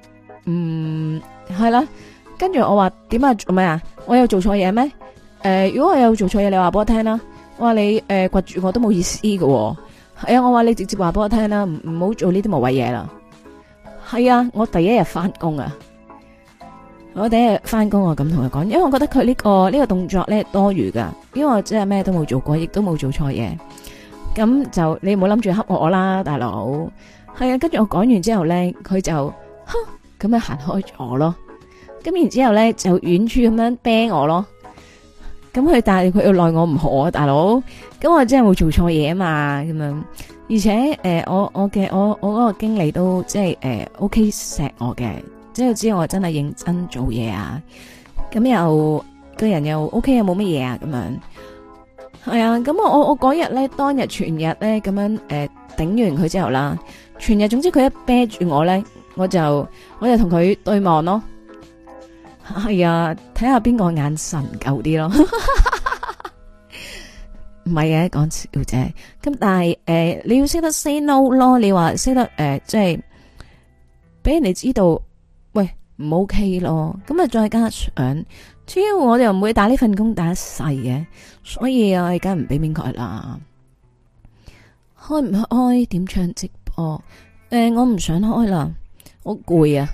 嗯，係、呃嗯、啦。跟住我話點啊，做咩啊？我有做錯嘢咩？誒、呃，如果我有做錯嘢，你話俾我聽啦。我話你誒，掘、呃、住我都冇意思噶、哦。係啊，我話你直接話俾我聽啦，唔唔好做呢啲無謂嘢啦。係啊，我第一日翻工啊。我第一日翻工我咁同佢講，因為我覺得佢呢、這個呢、這個動作咧多餘噶，因為我真係咩都冇做過，亦都冇做錯嘢。咁就你唔好諗住恰我啦，大佬。係啊，跟住我講完之後咧，佢就哼咁樣行開咗我咯。咁然之後咧就遠處咁樣啤我咯。咁佢但係佢奈我唔何啊，大佬。咁我真係冇做錯嘢啊嘛，咁樣。而且誒、呃，我我嘅，我我嗰個經理都即係誒 O K 錫我嘅。即係知道我真係認真做嘢啊！咁又個人又 O、OK, K 又冇乜嘢啊！咁樣係啊！咁、哎、我我我嗰日咧當日全日咧咁樣誒頂、呃、完佢之後啦，全日總之佢一啤住我咧，我就我就同佢對望咯。係、哎、啊，睇下邊個眼神夠啲咯。唔係嘅，講笑啫。咁但係誒、呃，你要識得 say no 咯。你話識得誒，即係俾人哋知道。唔 OK 咯，咁啊再加上，主要我哋又唔會打呢份工打一世嘅，所以啊我而家唔俾面佢啦。開唔開，開？點唱直播？誒、呃，我唔想開啦，我攰啊。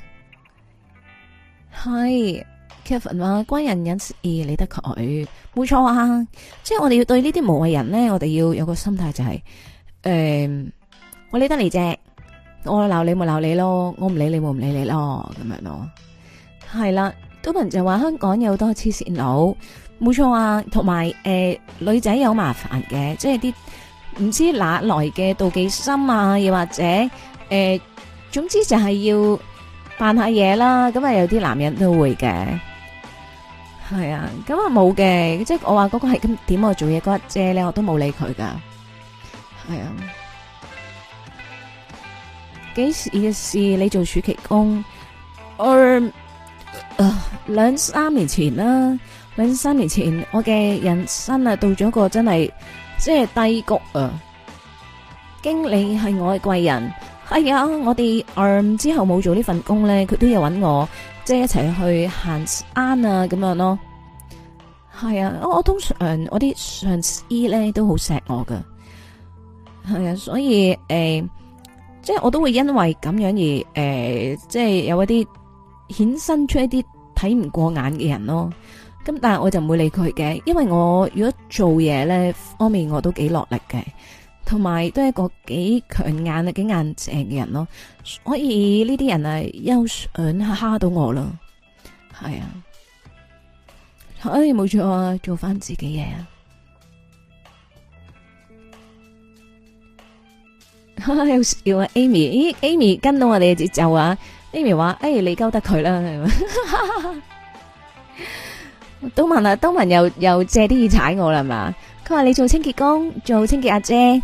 Hi, Kevin 啊，關人隱事理得佢，冇錯啊。即係我哋要對呢啲無謂人呢，我哋要有個心態就係、是，誒、呃，我理得你啫。我鬧你咪鬧你咯，我唔理你咪唔理你咯，咁樣咯，係啦。都人就話香港有多黐線佬，冇錯啊。同埋誒，女仔有麻煩嘅，即係啲唔知哪來嘅妒忌心啊，又或者誒、呃，總之就係要扮下嘢啦。咁啊，有啲男人都會嘅，係啊。咁啊冇嘅，即係我話嗰個係咁點我做嘢嗰個姐咧，我都冇理佢㗎，係啊。幾時嘅事？你做暑期工，二啊兩三年前啦，兩三年前我嘅人生啊到咗一個真係即係低谷啊！經理係我嘅貴人，係、um, 就是、啊！我哋二之後冇做呢份工咧，佢都要揾我，即係一齊去行山啊咁樣咯。係啊，我我通常我啲上司咧都好錫我噶，係啊，所以誒。Uh, 即係我都會因為咁樣而誒、呃，即係有一啲衍生出一啲睇唔過眼嘅人咯。咁但係我就唔會理佢嘅，因為我如果做嘢咧方面我都幾落力嘅，同埋都係一個幾強眼啊、幾硬正嘅人咯。所以呢啲人係休想蝦到我咯，係啊，誒、哎、冇錯，做翻自己嘢。啊。要阿、 [laughs] 啊、Amy，咦，Amy 跟到我哋嘅節奏啊！Amy 話：，誒、哎，你溝得佢啦。東文啊，東文又又借啲意踩我啦，係嘛？佢話你做清潔工，做清潔阿姐。誒、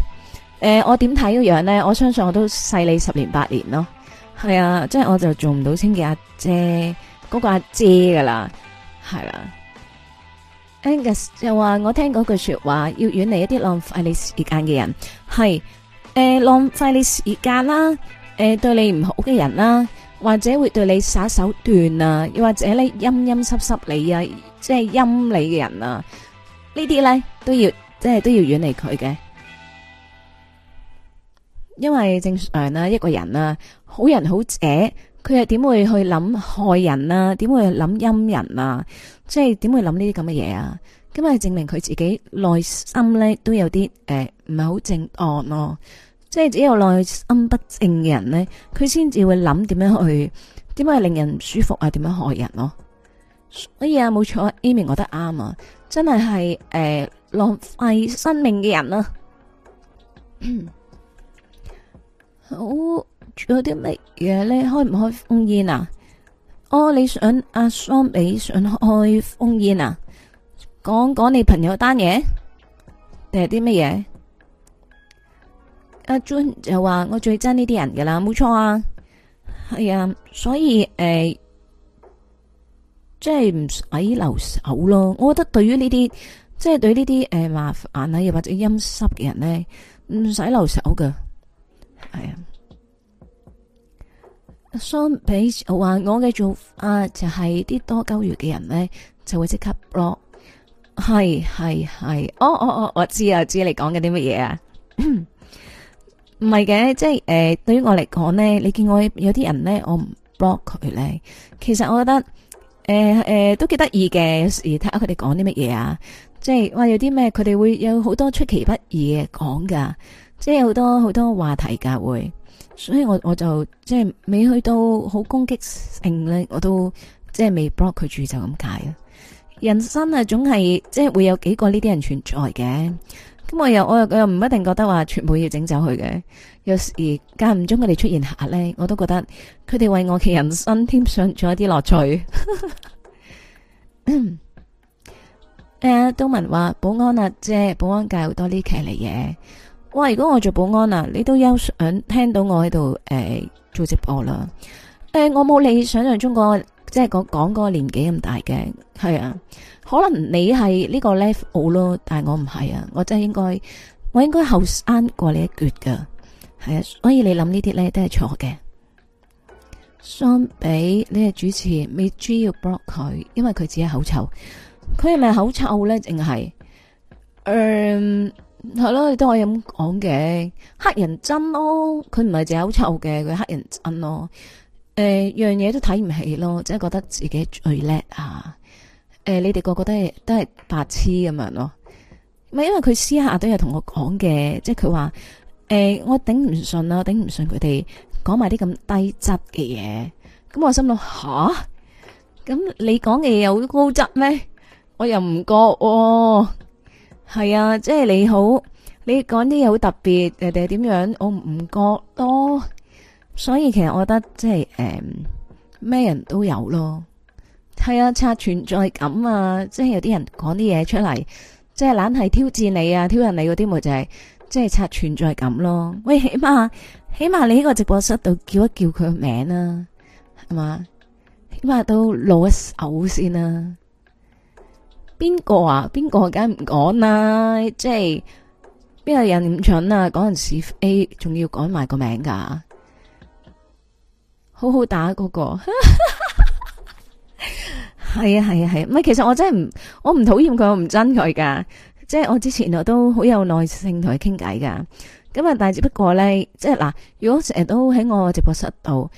呃，我點睇個樣咧？我相信我都細你十年八年咯。係啊， [laughs] 即係我就做唔到清潔阿姐，嗰、那個阿姐噶啦，係啦、啊。Angus 又話：我聽嗰句說話，要遠離一啲浪費你時間嘅人，係。誒，浪費你時間啦，誒，對你唔好嘅人啦，或者會對你耍手段啊，又或者咧，陰陰濕濕你啊，即係陰你嘅人啊，呢啲咧都要即係都要遠離佢嘅，因為正常啦，一個人啊，好人好姐，佢係點會去諗害人啊，點會諗陰人啊，即係點會諗呢啲咁嘅嘢啊？咁咪證明佢自己內心咧都有啲誒唔係好正當咯、啊，即係只有內心不正嘅人咧，佢先至會諗點樣去點解令人唔舒服啊，點樣害人咯、啊。所以啊，冇錯，Amy 覺得啱啊，真係係誒浪費生命嘅人啊。 [coughs] 好，仲有啲乜嘢咧？開唔開封煙啊？哦，你想阿 Sam 你想開封煙啊？講講你朋友單嘢，定係啲乜嘢？阿尊就話我最憎呢啲人噶啦，冇錯啊，係啊，所以誒，即係唔使留守咯。我覺得對於呢啲即係對呢啲誒，麻煩啊又或者陰濕嘅人咧，唔使留守噶，係啊。阿桑俾話我嘅做法就係啲多鳩餘嘅人咧，就會即刻 b 係係係，哦哦哦，我知啊，知你講緊啲乜嘢啊？唔係嘅，即係誒、呃，對於我嚟講呢，你見我有啲人呢，我唔 block 佢咧。其實我覺得誒誒、呃呃、都幾得意嘅，有時睇下佢哋講啲乜嘢啊。即係話有啲咩，佢哋會有好多出其不意嘅講噶，即係好多好多話題噶會。所以我我就即係未去到好攻擊性咧，我都即係未 block 佢住就咁解啦。人生啊，總係即係會有幾個呢啲人存在嘅，咁我又我又我又唔一定覺得話全部要整走佢嘅，有時間唔中佢哋出現下呢，我都覺得佢哋為我嘅人生添上咗一啲樂趣。誒， [laughs] 東、 [coughs] 啊、文話保安啊，即係，保安界好多呢啲奇離嘢。哇！如果我做保安啊，你都休想聽到我喺度誒做直播啦。誒、呃，我冇你想象中個。即係講講嗰個年紀咁大嘅，係啊，可能你係呢個 level 咯，但係我唔係啊，我真係應該我應該後生過你一橛噶，係啊，所以你諗呢啲咧都係錯嘅。相比你個主持，咪主要 block 佢，因為佢只係口臭，佢係咪口臭咧？定係，嗯，係咯，啊，你都可以咁講嘅，黑人憎咯，佢唔係淨係口臭嘅，佢黑人憎咯。誒、呃，樣嘢都睇唔起咯，即係覺得自己最叻啊。誒、呃，你哋個個都係都係白痴咁樣咯。咪因為佢私下都有同我講嘅，即係佢話誒，我頂唔順啊，頂唔順佢哋講埋啲咁低質嘅嘢。咁我心諗吓，咁你講嘢有好高質咩？我又唔覺。係啊，即係你好，你講啲嘢好特別，定係點樣？我唔覺囉。所以其實我覺得即係誒咩人都有咯，係啊，刷存在感啊，即係有啲人講啲嘢出嚟，即係懶係挑戰你啊，挑釁你嗰啲咪就係、是、即係刷存在感咯。喂，起碼起碼你喺個直播室度叫一叫佢個名啦，啊，係嘛？起碼都露一手先啦。邊個啊？邊個梗係唔講啦？即係邊個人唔蠢啊？嗰陣時 A 仲，欸，要改埋個名噶，啊？好好打嗰個、 [laughs] [laughs] 啊，係啊係啊係，唔係其實我真係唔，我唔討厭佢，我唔憎佢噶，即係我之前我都好有耐性同佢傾偈噶，咁啊但係只不過呢，即係嗱，如果成日都喺我直播室度，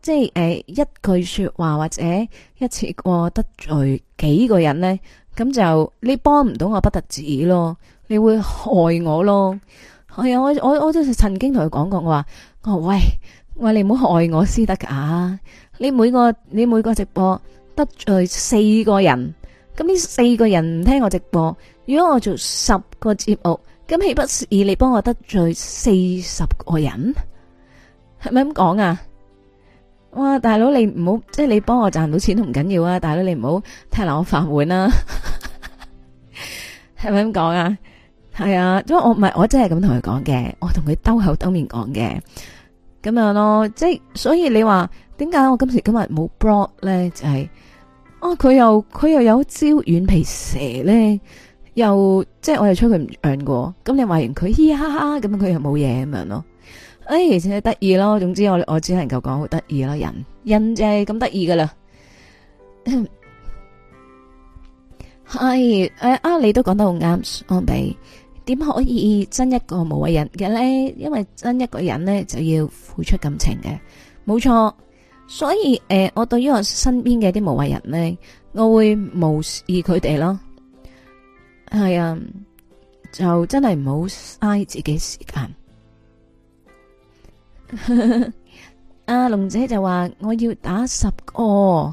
即係誒、呃、一句說話或者一次過得罪幾個人呢，咁就你幫唔到我不特止咯，你會害我咯，係啊我我我都曾經同佢講過話，我話我話喂。喂你唔好害我先得㗎。你每個你每個直播得罪四個人，咁呢四個人唔聽我直播，如果我做十個節目，咁豈不是你幫我得罪四十個人？係咪咁講啊？哇！大佬你唔好，即係你幫我賺到錢都唔緊要啊！大佬你唔好踢爛我飯碗啦，係咪咁講啊？係 [laughs] 啊，因為、啊、我唔係我真係咁同佢講嘅，我同佢兜口兜面講嘅。咁樣咯，即係所以你話點解我今時今日冇 brought 咧，就係哦佢又佢又有招軟皮蛇咧，又即係我又吹佢唔養過，咁、嗯、你話完佢嘻哈嘻哈咁佢又冇嘢咁樣咯，誒而且得意咯，總之我我只能夠講好得意咯，人人就係咁、 [laughs] 啊、得意噶啦，係誒啊你都講得好啱，安比。點可以憎一個無謂人嘅呢？因為憎一個人呢，就要付出感情嘅，冇錯。所以誒、呃，我對於我身邊嘅啲無謂人呢，我會無視佢哋咯。係啊，就真係唔好嘥自己時間。阿 [laughs] 龍姐就話：我要打十個，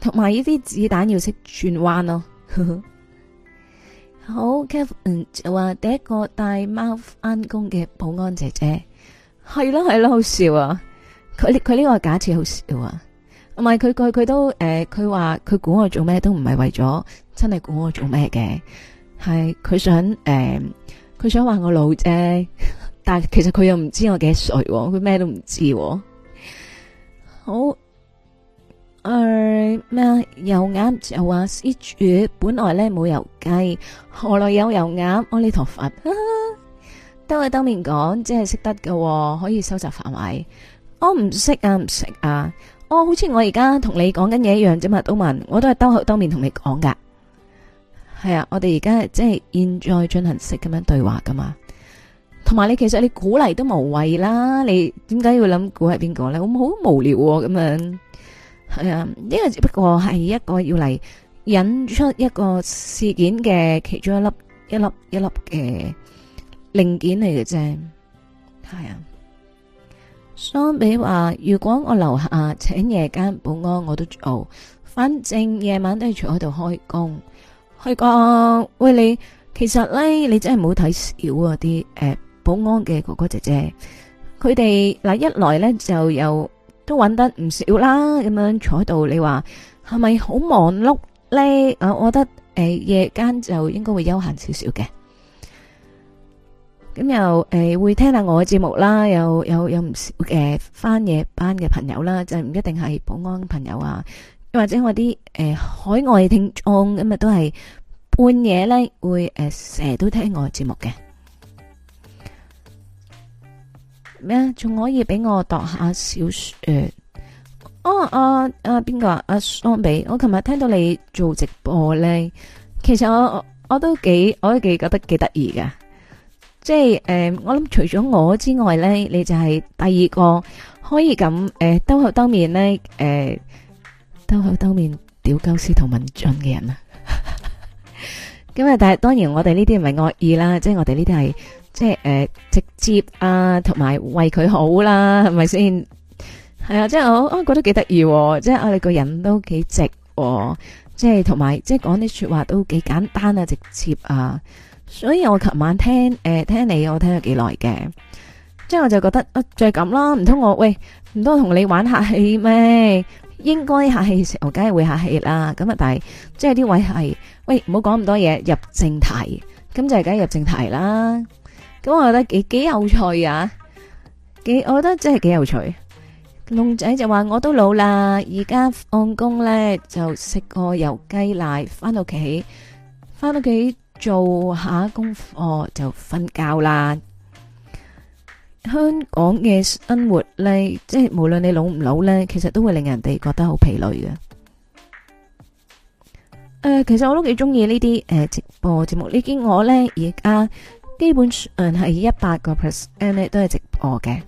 同埋呢啲子彈要識轉彎咯。 [laughs] 好，Kevin 就話第一個帶貓翻工嘅保安姐姐係咯係咯，好笑啊！佢呢佢呢個假設，好笑啊！唔係佢佢佢都誒，佢話佢估我做咩都唔係為咗真係估我做咩嘅，係佢想誒，佢、呃、想話我老啫。但係其實佢又唔知我幾歲、啊，佢咩都唔知、啊。好。誒咩？油鴨、呃、又話施主本來咧冇油雞，何來有油鴨？阿彌陀佛，都係當面講，即係識得嘅，可以收集範圍。我唔識啊，唔識啊，哦、好，我好似我而家同你講緊嘢一樣，啫嘛都問，我都係兜口當面同你講噶。係啊，我哋而家即係現在進行式咁樣對話噶嘛。同埋你，其實你鼓勵都無謂啦。你點解要諗鼓勵邊個咧？我好無聊咁、啊、樣。係啊，呢、這個只不過係一個要嚟，引出一個事件嘅其中一粒一粒一粒嘅零件嚟嘅啫，係啊。相比話：如果我樓下請夜間保安，我都做，反正夜晚都係坐喺度開工。去講、啊，喂你，其實咧，你真係唔好睇小嗰啲誒保安嘅哥哥姐姐，佢哋嗱一來咧就有。都揾得唔少啦，咁樣坐喺度，你話係咪好忙碌呢？啊，我覺得誒，夜間就應該會悠閒少少嘅。咁又誒，會聽下我嘅節目啦，有有有唔少誒，返夜班嘅朋友啦，就係唔一定係保安朋友啊，或者我啲誒海外聽眾咁啊，都係半夜呢會誒，成日都聽我嘅節目嘅。咩？仲可以俾我讀下小說？哦，阿阿邊個？阿、啊、桑比。我琴日聽到你做直播咧，其實我我，我都幾我都幾覺得幾得意㗎。即係誒、呃，我諗除咗我之外咧，你就係第二個可以咁誒、呃、兜口兜面咧誒、呃、兜口兜面屌鳩屍同文俊嘅人啊！咁啊，但係當然我哋呢啲唔係惡意啦，即係我哋呢啲係。即係誒、呃，直接啊，同埋為佢好啦，係咪先？係啊，即係我我覺得幾得意，即係我哋個人都幾直、啊，即係同埋即係講啲說話都幾簡單啊，直接啊。所以我琴晚聽誒、呃、聽你，我聽咗幾耐嘅，即係我就覺得啊，再、呃、咁、就係、啦，唔通我喂唔通同你玩客氣咩？應該客氣嘅時候梗係會客氣啦。咁啊，但係即係啲位係喂唔好講咁多嘢，入正題。咁就係梗係入正題啦。咁我覺得幾幾有趣啊！幾我覺得真係幾有趣。龍仔就話我都老啦，而家放工呢就食個油雞瀨，翻到屋企，翻到屋企做下功課就瞓覺啦。香港嘅生活呢，即係無論你老唔老呢，其實都會令人哋覺得好疲累嘅。誒，其實我都幾中意呢啲誒直播節目，呢啲我呢而家。基本上係一百個 percent，都係直播嘅，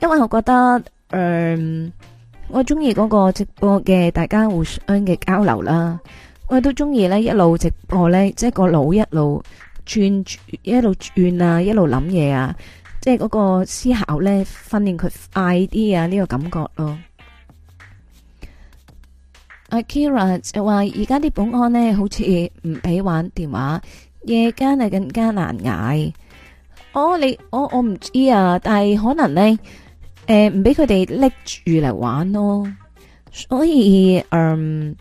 因為我覺得嗯、呃、我中意嗰個直播嘅大家互相嘅交流啦，我亦都中意咧一路直播咧，即係個腦一路轉，一路轉啊，一路諗嘢啊，即係嗰個思考咧訓練佢快啲啊呢、呢個感覺咯。阿 Kira 就話而家啲保安咧好似唔俾玩電話。夜間啊，更加難挨、哦。我你我我唔知啊，但係可能咧，誒唔俾佢哋拎住嚟玩咯。所以嗱，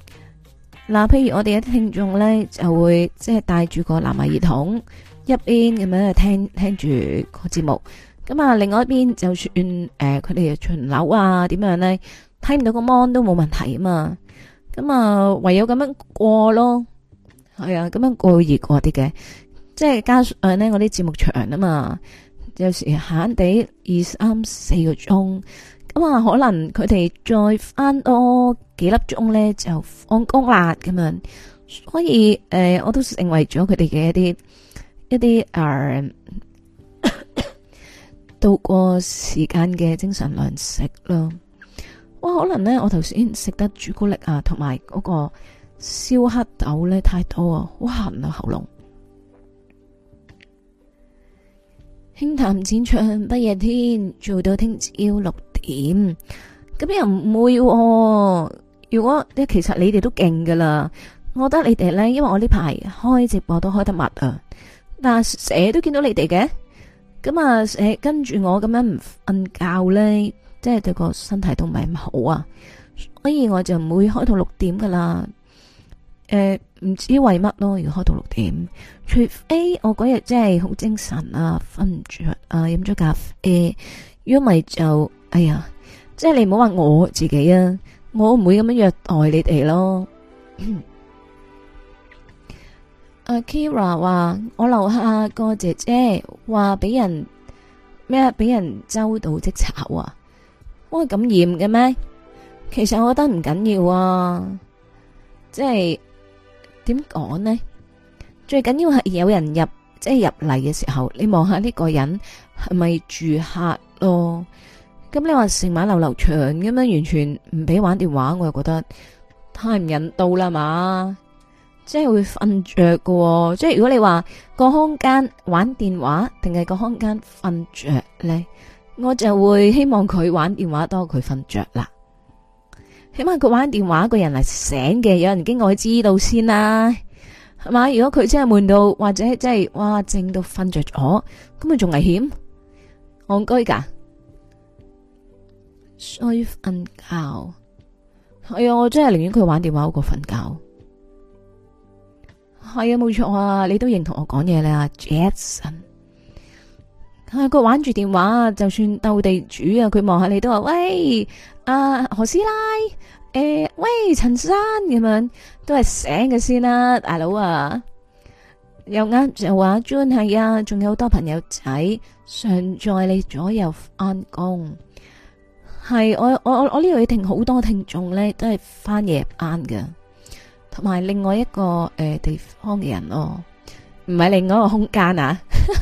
呃、譬如我哋嘅聽眾咧，就會即係帶住個藍牙耳筒一邊咁樣聽聽住個節目，咁、嗯、啊，另外一邊就算誒佢哋巡樓啊，點樣咧睇唔到個 mon 都冇問題啊嘛。咁、嗯、啊，唯有咁樣過咯。係啊，咁、嗯、樣過熱過啲嘅，即係加上咧，我啲節目長啊嘛，有時閒啲二三四個鐘，咁、嗯、啊可能佢哋再返多幾粒鐘咧就放工啦咁樣、嗯，所以誒、呃、我都成為咗佢哋嘅一啲一啲誒、uh, [coughs] 度過時間嘅精神糧食咯。哇，可能咧我頭先食得朱古力啊，同埋嗰個。燒黑豆咧太多啊，好痕啊喉嚨。輕談淺唱不夜天，做到聽朝六點，咁又唔會喎。如果你其實你哋都勁噶啦，我覺得你哋咧，因為我呢排開直播都開得密啊，但係成日都見到你哋嘅，咁啊誒跟住我咁樣唔瞓覺咧，即係對個身體都唔係咁好啊，所以我就唔會開到六點噶啦。誒，唔知為乜咯，要開到六點，除非我嗰日真係好精神啊，瞓唔着啊，飲咗咖啡。如果咪就，哎呀，即係你唔好話我自己啊，我唔會咁樣虐待你哋咯。阿 [coughs] Kira 話我樓下個姐姐話俾人咩，俾人周到即炒啊，乜咁嚴嘅咩？其實我覺得唔緊要啊，即係。點講呢？最緊要係有人入，即係入嚟嘅時候，你望下呢個人係咪住客咯？咁你話成晚流流長咁樣，完全唔俾玩電話，我又覺得太唔人道啦嘛！即係會瞓着噶，哦，即係如果你話個空間玩電話定係個空間瞓着呢？我就會希望佢玩電話多，佢瞓着啦。起碼佢玩電話，個人係醒嘅，有人經過佢知道先啦，係嘛？如果佢真係悶到，或者真係哇，正到瞓着咗，咁咪仲危險，戇居噶，想瞓覺，哎呀，我真係寧願佢玩電話好過瞓覺，係啊，冇錯啊，你都認同我講嘢啦，Jackson 佢玩住電話，就算鬥地主他啊，佢望下你都話，喂，阿何師奶，誒喂陳生咁樣，都係醒嘅先啦，啊，大佬啊，又啱又話 Jun 係啊，仲有好多朋友仔上在你左右翻工，係我我我呢度聽好多聽眾咧，都係翻夜班嘅，同埋另外一個誒、呃、地方嘅人咯，唔、哦、係另外一個空間啊。 [laughs]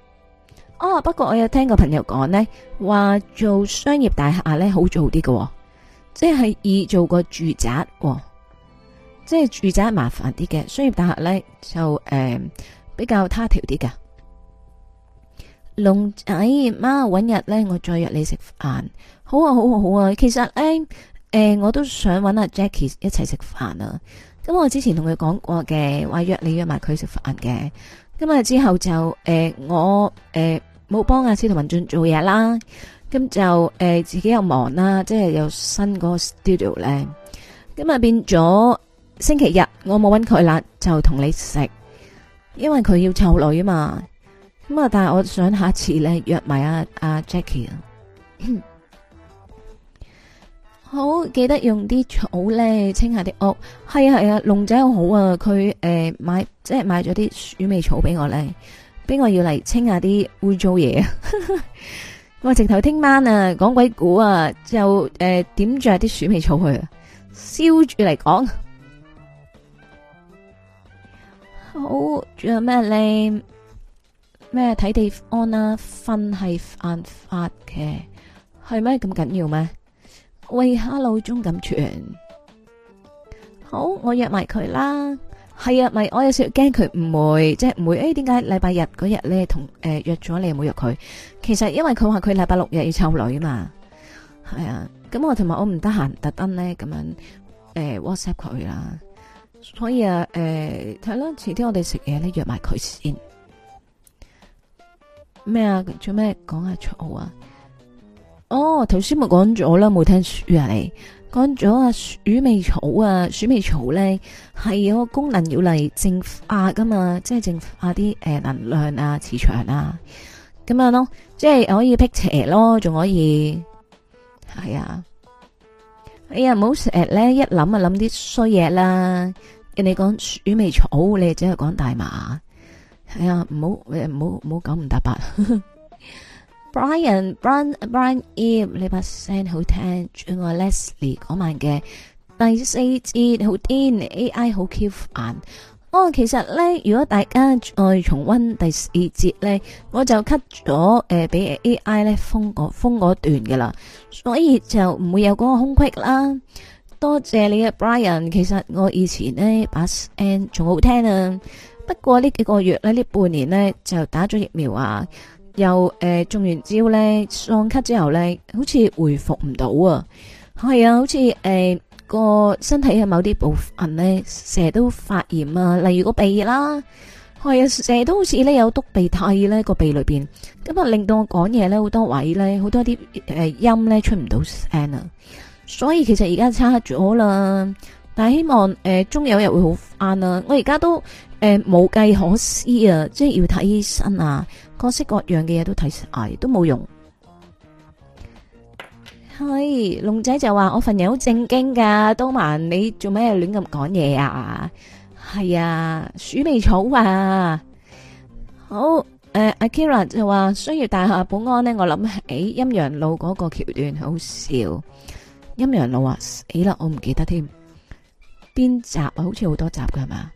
哦、啊，不過我有聽個朋友講呢，話做商業大廈呢好做啲嘅、哦，即係以做個住宅、哦，即係住宅麻煩啲嘅。商業大廈呢，就誒、呃、比較他條啲㗎。龍仔媽，搵日呢我再約你食飯，好啊，好啊，好啊。其實呢誒、呃、我都想搵阿 Jackie 一齊食飯啊。咁、嗯、我之前同佢講過嘅，話約你約埋佢食飯嘅。今、嗯、日之後就誒、呃、我誒。呃冇幫阿詩同文俊做嘢啦，咁就誒、呃、自己又忙啦，即係又新嗰個 studio 咧，咁啊變咗星期日我冇搵佢啦，就同你食，因為佢要湊女啊嘛，咁啊但係我想下次咧約埋阿阿 Jackie 啊，啊 Jack [coughs] 好記得用啲草咧清下啲屋，係啊係啊，龍仔好啊，佢誒、呃、買即係買咗啲鼠尾草俾我咧。邊個要嚟清一下啲污糟嘢啊！ [laughs] 我直頭聽晚啊，講鬼故啊，就誒、呃、點著啲鼠尾草去，啊，燒住嚟講。好，仲有咩咧？咩睇地安啊？瞓係犯法嘅，係咩咁緊要咩？喂，hello 鍾錦全，好，我約埋佢啦。係啊，咪我有少少驚佢唔會，即係唔會。誒、哎，點解禮拜日嗰日咧同誒約咗你又冇約佢？其實因為佢話佢禮拜六日要湊女嘛，係啊。咁我同埋我唔得閒，特登咧咁樣誒、呃、WhatsApp 佢啦。所以啊，誒、呃，睇啦，遲啲我哋食嘢咧約埋佢先。咩啊？做咩講下錯啊？哦，頭先咪講住我啦，冇聽住係、啊、你。講咗啊鼠尾草啊，鼠尾草咧係有個功能要嚟淨化噶嘛，即係淨化啲誒、呃、能量啊、磁場啊，咁樣咯，即係可以辟邪咯，仲可以係啊，哎呀唔好成日咧，一諗啊諗啲衰嘢啦，人哋講鼠尾草，你淨係講大麻，係啊，唔好唔好唔好九唔搭八。 [laughs] Brian，Brian，Brian，E，你把聲好聽，最愛 Leslie 講慢嘅第四節好癲，AI 好 Q 煩。哦，其實咧，如果大家再重溫第四節咧，我就 cut 咗誒，俾、呃、AI 咧封個封嗰段噶啦，所以就唔會有嗰個空隙啦。多謝你啊，Brian。其實我以前呢，把聲仲好聽啊，不過呢幾個月咧，呢半年咧就打咗疫苗啊。又誒、呃、中完招咧，喪咳之後咧，好似回復唔到啊！係啊，好似誒、呃、個身體嘅某啲部分咧，成日都發炎啊，例如個鼻啦，係啊，成日都好似咧有篤鼻涕咧個鼻裏面。咁、嗯、啊令到我講嘢咧好多位咧，好多啲、呃、音咧出唔到聲啊！所以其實而家差咗啦，但係希望誒、呃、中有一日會好啱啦、啊。我而家都。誒，冇計可施啊！即係要睇醫生啊，各式各樣嘅嘢都睇晒，都冇用。係龍仔就話：我份人好正經噶，當晚你做咩亂咁講嘢啊？係啊，鼠尾草啊。好誒，阿 Kira 就話：商業大廈保安呢，我諗起陰陽路嗰個橋段好笑。陰陽路啊，死啦，我唔記得添，邊集啊？好似好多集噶，係嘛？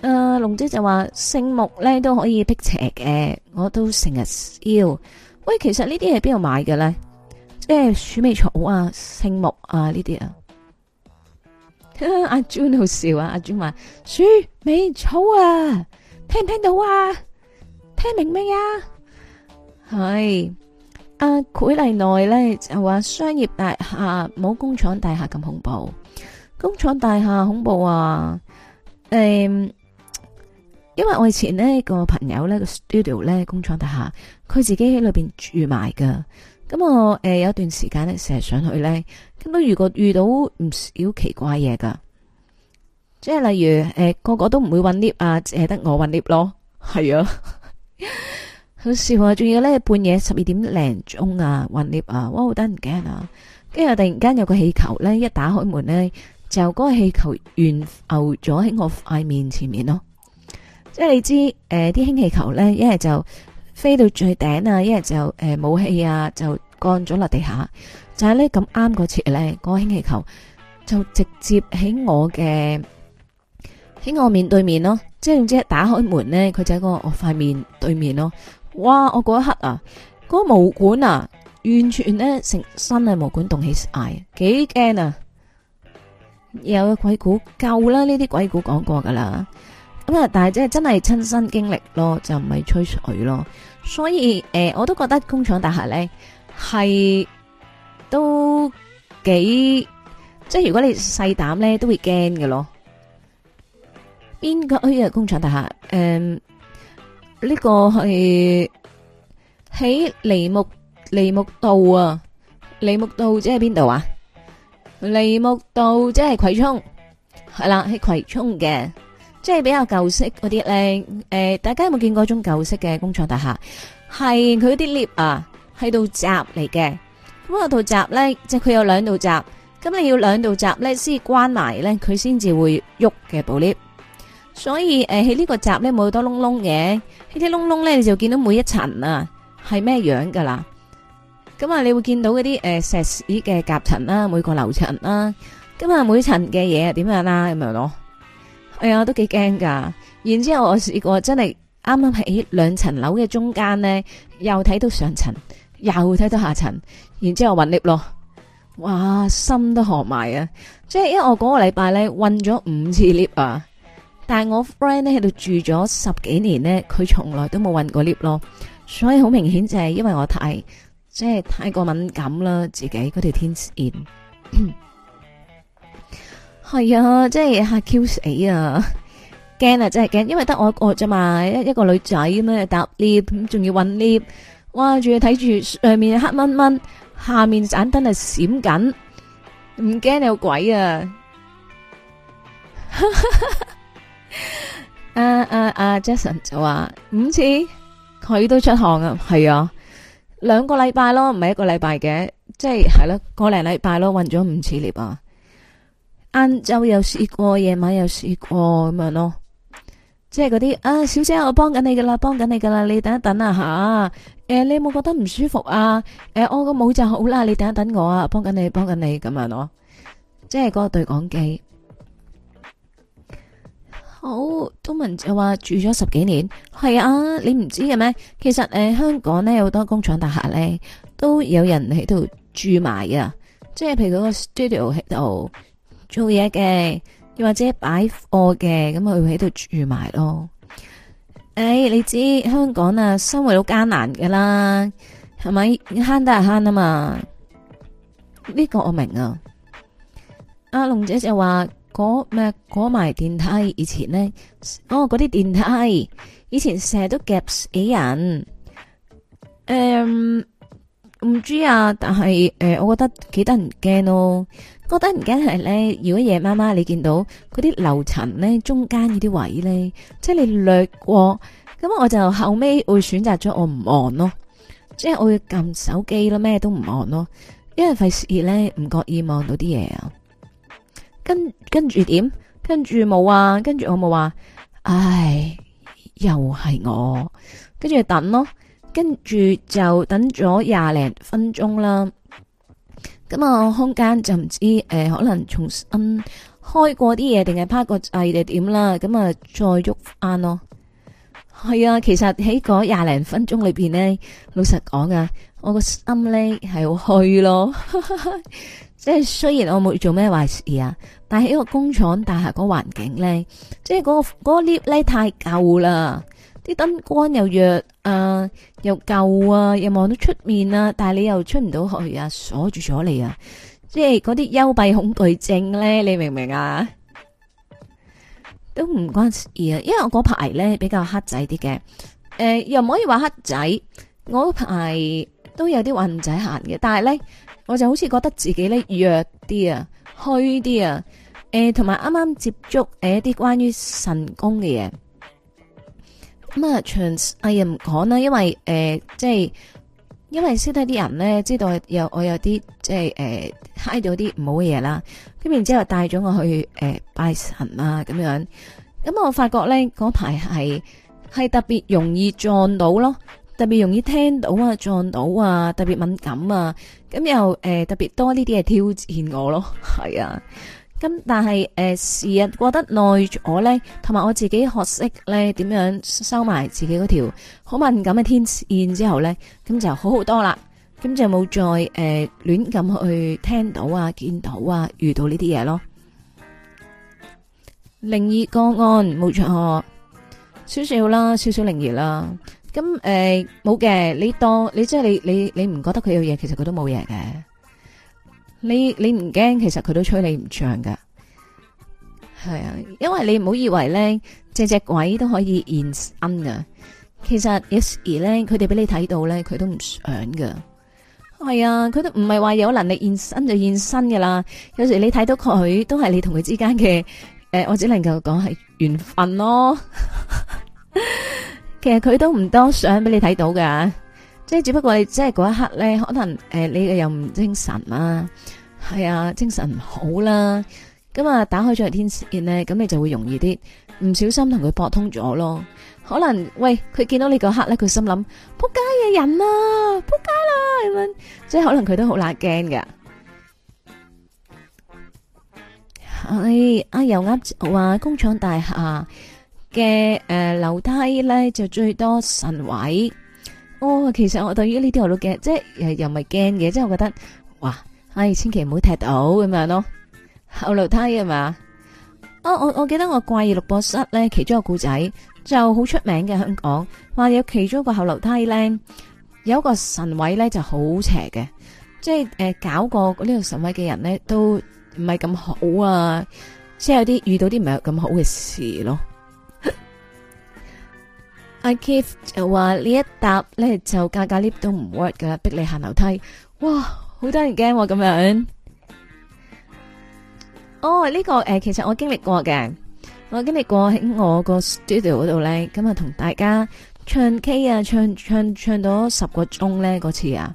誒，龍、啊、姐就話聖木咧都可以辟邪嘅，我都成日燒。喂，其實呢啲係邊度買嘅咧？即係鼠尾草啊，聖木啊呢啲啊。阿、 [laughs] 啊、Joan 好笑啊！阿、啊、Joan 話鼠尾草啊，聽唔聽到啊？聽明未啊？係阿佢離內咧就話商業大廈冇工廠大廈咁恐怖，工廠大廈恐怖啊！誒、欸。因為我以前呢個朋友呢個 studio 呢，工廠大廈，佢自己喺裏邊住埋噶。咁我誒有一段時間呢，成日上去呢，咁都遇過遇到唔少奇怪嘢噶，即係例如誒個個都唔會搵 lift 啊，淨係得我搵 lift 咯，係啊，好笑啊！仲要呢半夜十二點零鐘啊，搵 lift 啊，哇，好得人驚啊！跟住突然間有個氣球呢，一打開門呢，就嗰個氣球懸浮咗喺我塊面前面咯。因為你知，誒啲氫氣球咧，一係就飛到最頂啊，一係就誒、呃、冇氣啊，就降咗落地下。就係咧咁啱嗰次咧，嗰個氫氣球就直接喺我嘅喺我面對面咯，即係即一打開門咧，佢就喺個我塊面對面咯。哇！我嗰一刻啊，嗰、個毛管啊，完全咧成身嘅毛管動起嚟，幾驚啊！有個鬼故夠啦，呢啲鬼故講過噶啦。咁啊！但係即係真係親身經歷咯，就唔係吹水咯。所以誒，我都覺得工廠大廈呢係都幾即係如果你細膽呢都會驚嘅咯。邊個去啊？工廠大廈誒？呢個係喺梨木梨木道啊？梨木道即係邊度啊？梨木道即係葵涌係啦，喺葵涌嘅。即係比較舊式嗰啲咧，誒、呃，大家有冇見過種舊式嘅工廠大廈？係佢啲 lift 啊，喺度閘嚟嘅。咁啊，度閘咧，即係佢有兩道閘，咁咧要兩道閘咧先關埋咧，佢先至會喐嘅。部 lift。所以誒，喺、呃、呢個閘咧冇好多窿窿嘅，呢啲窿窿咧你就見到每一層啊係咩樣噶啦。咁啊，你會見到嗰啲誒石屎嘅夾層啦，每個樓層啦。咁啊，每層嘅嘢係點樣啦咁樣咯。哎呀，都幾驚㗎！然之後我試過真係啱啱喺兩層樓嘅中間呢，又睇到上層，又睇到下層，然之後揾 lift 咯，哇，心都寒埋啊！即係因為我嗰個禮拜呢，揾咗五次 lift 啊，但係我 friend 呢，喺度住咗十幾年呢，佢從來都冇揾過 lift 咯，所以好明顯就係因為我太即係太過敏感啦，自己嗰條天線。係啊，即係嚇 Q 死啊！驚啊，真係驚因為得我一個咋嘛，一一個女仔咁樣搭 lift，咁仲要揾 lift，哇！仲要睇住上面黑蚊蚊，下面盞燈係閃緊，唔驚你有鬼啊！啊啊啊！Jason 就話五次，佢都出汗啊，係啊，兩個禮拜咯，唔係一個禮拜嘅，即係係咯，個零禮拜咯，揾咗五次 lift 啊！晏晝又試過，夜晚又試過咁樣咯，即係嗰啲啊，小姐，我幫緊你噶啦，幫緊你噶啦，你等一等啊吓。誒，你有冇覺得唔舒服啊？誒、啊，我個帽就好啦，你等一等我啊，幫緊你，幫緊你咁樣咯，即係嗰個對講機好。東文就話住咗十幾年，係啊，你唔知嘅咩？其實誒、呃，香港咧有好多工廠大廈咧，都有人喺度住埋啊，即係譬如嗰個 studio 喺度。做嘢嘅，又或者擺貨嘅，咁佢會喺度住埋咯。誒、哎，你知香港啊，生活好艱難噶啦，係咪慳得係慳啊嘛？呢、呢個我明啊。阿龍姐就話：，嗰咩埋電梯，以前呢，哦，嗰啲電梯以前成日都夾死人。誒、um,。唔知啊，但係誒、呃，我覺得幾得人驚咯。覺得人驚係咧，如果夜媽媽你見到嗰啲樓層咧中間呢啲位咧，即係你掠過，咁我就後尾會選擇咗我唔按咯。即係我要撳手機咯，咩都唔按咯，因為費事咧唔覺意望到啲嘢啊。跟跟住點？跟住冇啊？跟住我冇話，唉，又係我。跟住等咯。跟住就等咗廿零分鐘啦，咁啊空間就唔知誒、呃，可能重新開過啲嘢，定係拍個掣過定點啦，咁啊再喐翻咯。係啊，其實喺嗰廿零分鐘裏邊呢，老實講啊，我個心呢係好虛咯， [laughs] 即係雖然我冇做咩壞事啊，但喺個工廠大廈嗰環境呢，即係嗰、嗰個嗰 lift 咧太舊啦。啲燈光又弱啊，又舊啊，又望到出面啊，但係你又出唔到去啊，鎖住咗你啊，即係嗰啲幽閉恐懼症咧，你明唔明啊？都唔關事啊，因為我嗰排咧比較黑仔啲嘅，誒、呃、又唔可以話黑仔，我嗰排都有啲運仔行嘅，但係咧我就好似覺得自己咧弱啲啊，虛啲啊，誒同埋啱啱接觸誒一啲關於神功嘅嘢。咁啊，長，我亦唔講啦，因為誒、呃，即係因為識得啲人咧，知道有我有啲即係誒嗨到啲唔好嘅嘢啦，咁然之後帶咗我去誒、呃、拜神啊，咁樣，咁我發覺咧嗰排係係特別容易撞到咯，特別容易聽到啊，撞到啊，特別敏感啊，咁又誒、呃、特別多呢啲係挑戰我咯，係啊。咁但係誒，時日過得耐，我咧同埋我自己學識咧點樣收埋自己嗰條好敏感嘅天線之後咧，咁就好好多啦。咁就冇再誒亂咁去聽到啊、見到啊、遇到呢啲嘢咯。靈異個案冇錯，少少啦，少少靈異啦。咁誒冇嘅，你當你即係你你你唔覺得佢有嘢，其實佢都冇嘢嘅。你你唔驚，其實佢都催你唔唱噶，係啊，因為你唔好以為咧，隻隻鬼都可以現身噶。其實 Sir 咧，佢哋俾你睇到咧，佢都唔想噶。係啊，佢都唔係話有能力現身就現身噶啦。有時你睇到佢，都係你同佢之間嘅，誒、呃，我只能夠講係緣分咯。 [laughs] 其實佢都唔多想俾你睇到噶即係只不過即係嗰一刻咧，可能誒、呃、你嘅又唔精神啦，啊，係啊，精神唔好啦，咁、嗯、啊打開咗個天線咧，咁你就會容易啲，唔小心同佢搏通咗咯。可能喂，佢見到你嗰刻咧，佢心諗扑街嘅人啊，扑街啦咁樣，即係可能佢都好辣驚噶。係阿油鴨話工廠大廈嘅誒樓梯咧就最多神位。哦，其實我對於呢啲我都驚，即係又唔係驚嘅，即係我覺得，哇，唉、哎，千祈唔好踢到咁樣咯。後樓梯係嘛？哦，我我記得我怪異錄播室咧，其中一個故仔就好出名嘅香港，話有其中一個後樓梯咧，有一個神位咧就好邪嘅，即係誒、呃、搞過呢個神位嘅人咧都唔係咁好啊，即係有啲遇到啲唔係咁好嘅事咯。I Keith 就話呢一搭咧就架架 lift 都唔 work 噶，逼你行樓梯，哇，好多人驚喎咁樣。哦，呢、這個誒、呃，其實我經歷過嘅，我經歷過喺我個 studio 嗰度咧，咁啊同大家唱 K 啊，唱唱唱到十個鐘咧嗰次啊，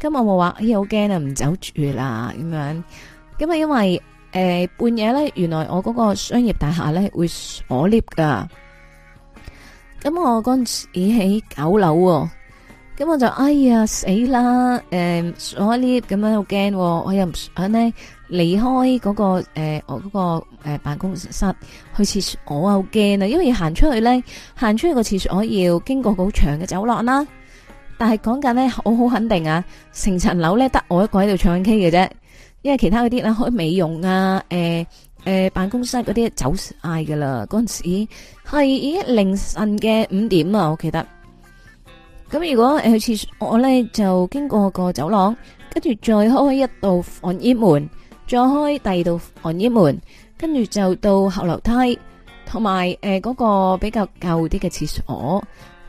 咁我冇話，好驚啊，唔走住啦咁樣。咁啊因為誒、呃、半夜咧，原來我嗰個商業大廈咧會鎖 lift 噶。咁我嗰陣時喺九樓，咁我就哎呀死啦！誒，鎖 lift 咁樣好驚，我又唔想呢離開嗰、嗰個誒、呃，我嗰個誒辦公室去廁所啊，好驚啊！因為要行出去咧，行出去個廁所要經過好長嘅走廊啦。但係講緊咧，我好肯定啊，成層樓咧得我一個喺度唱 K 嘅啫，因為其他嗰啲咧開美容啊，誒、呃。誒，辦公室嗰啲走嗌噶啦，嗰陣時係凌晨嘅五點啊，我記得。咁如果去廁所，我咧就經過個走廊，跟住再開一道防煙門，再開第二道防煙門，跟住就到後樓梯，同埋誒嗰個比較舊啲嘅廁所。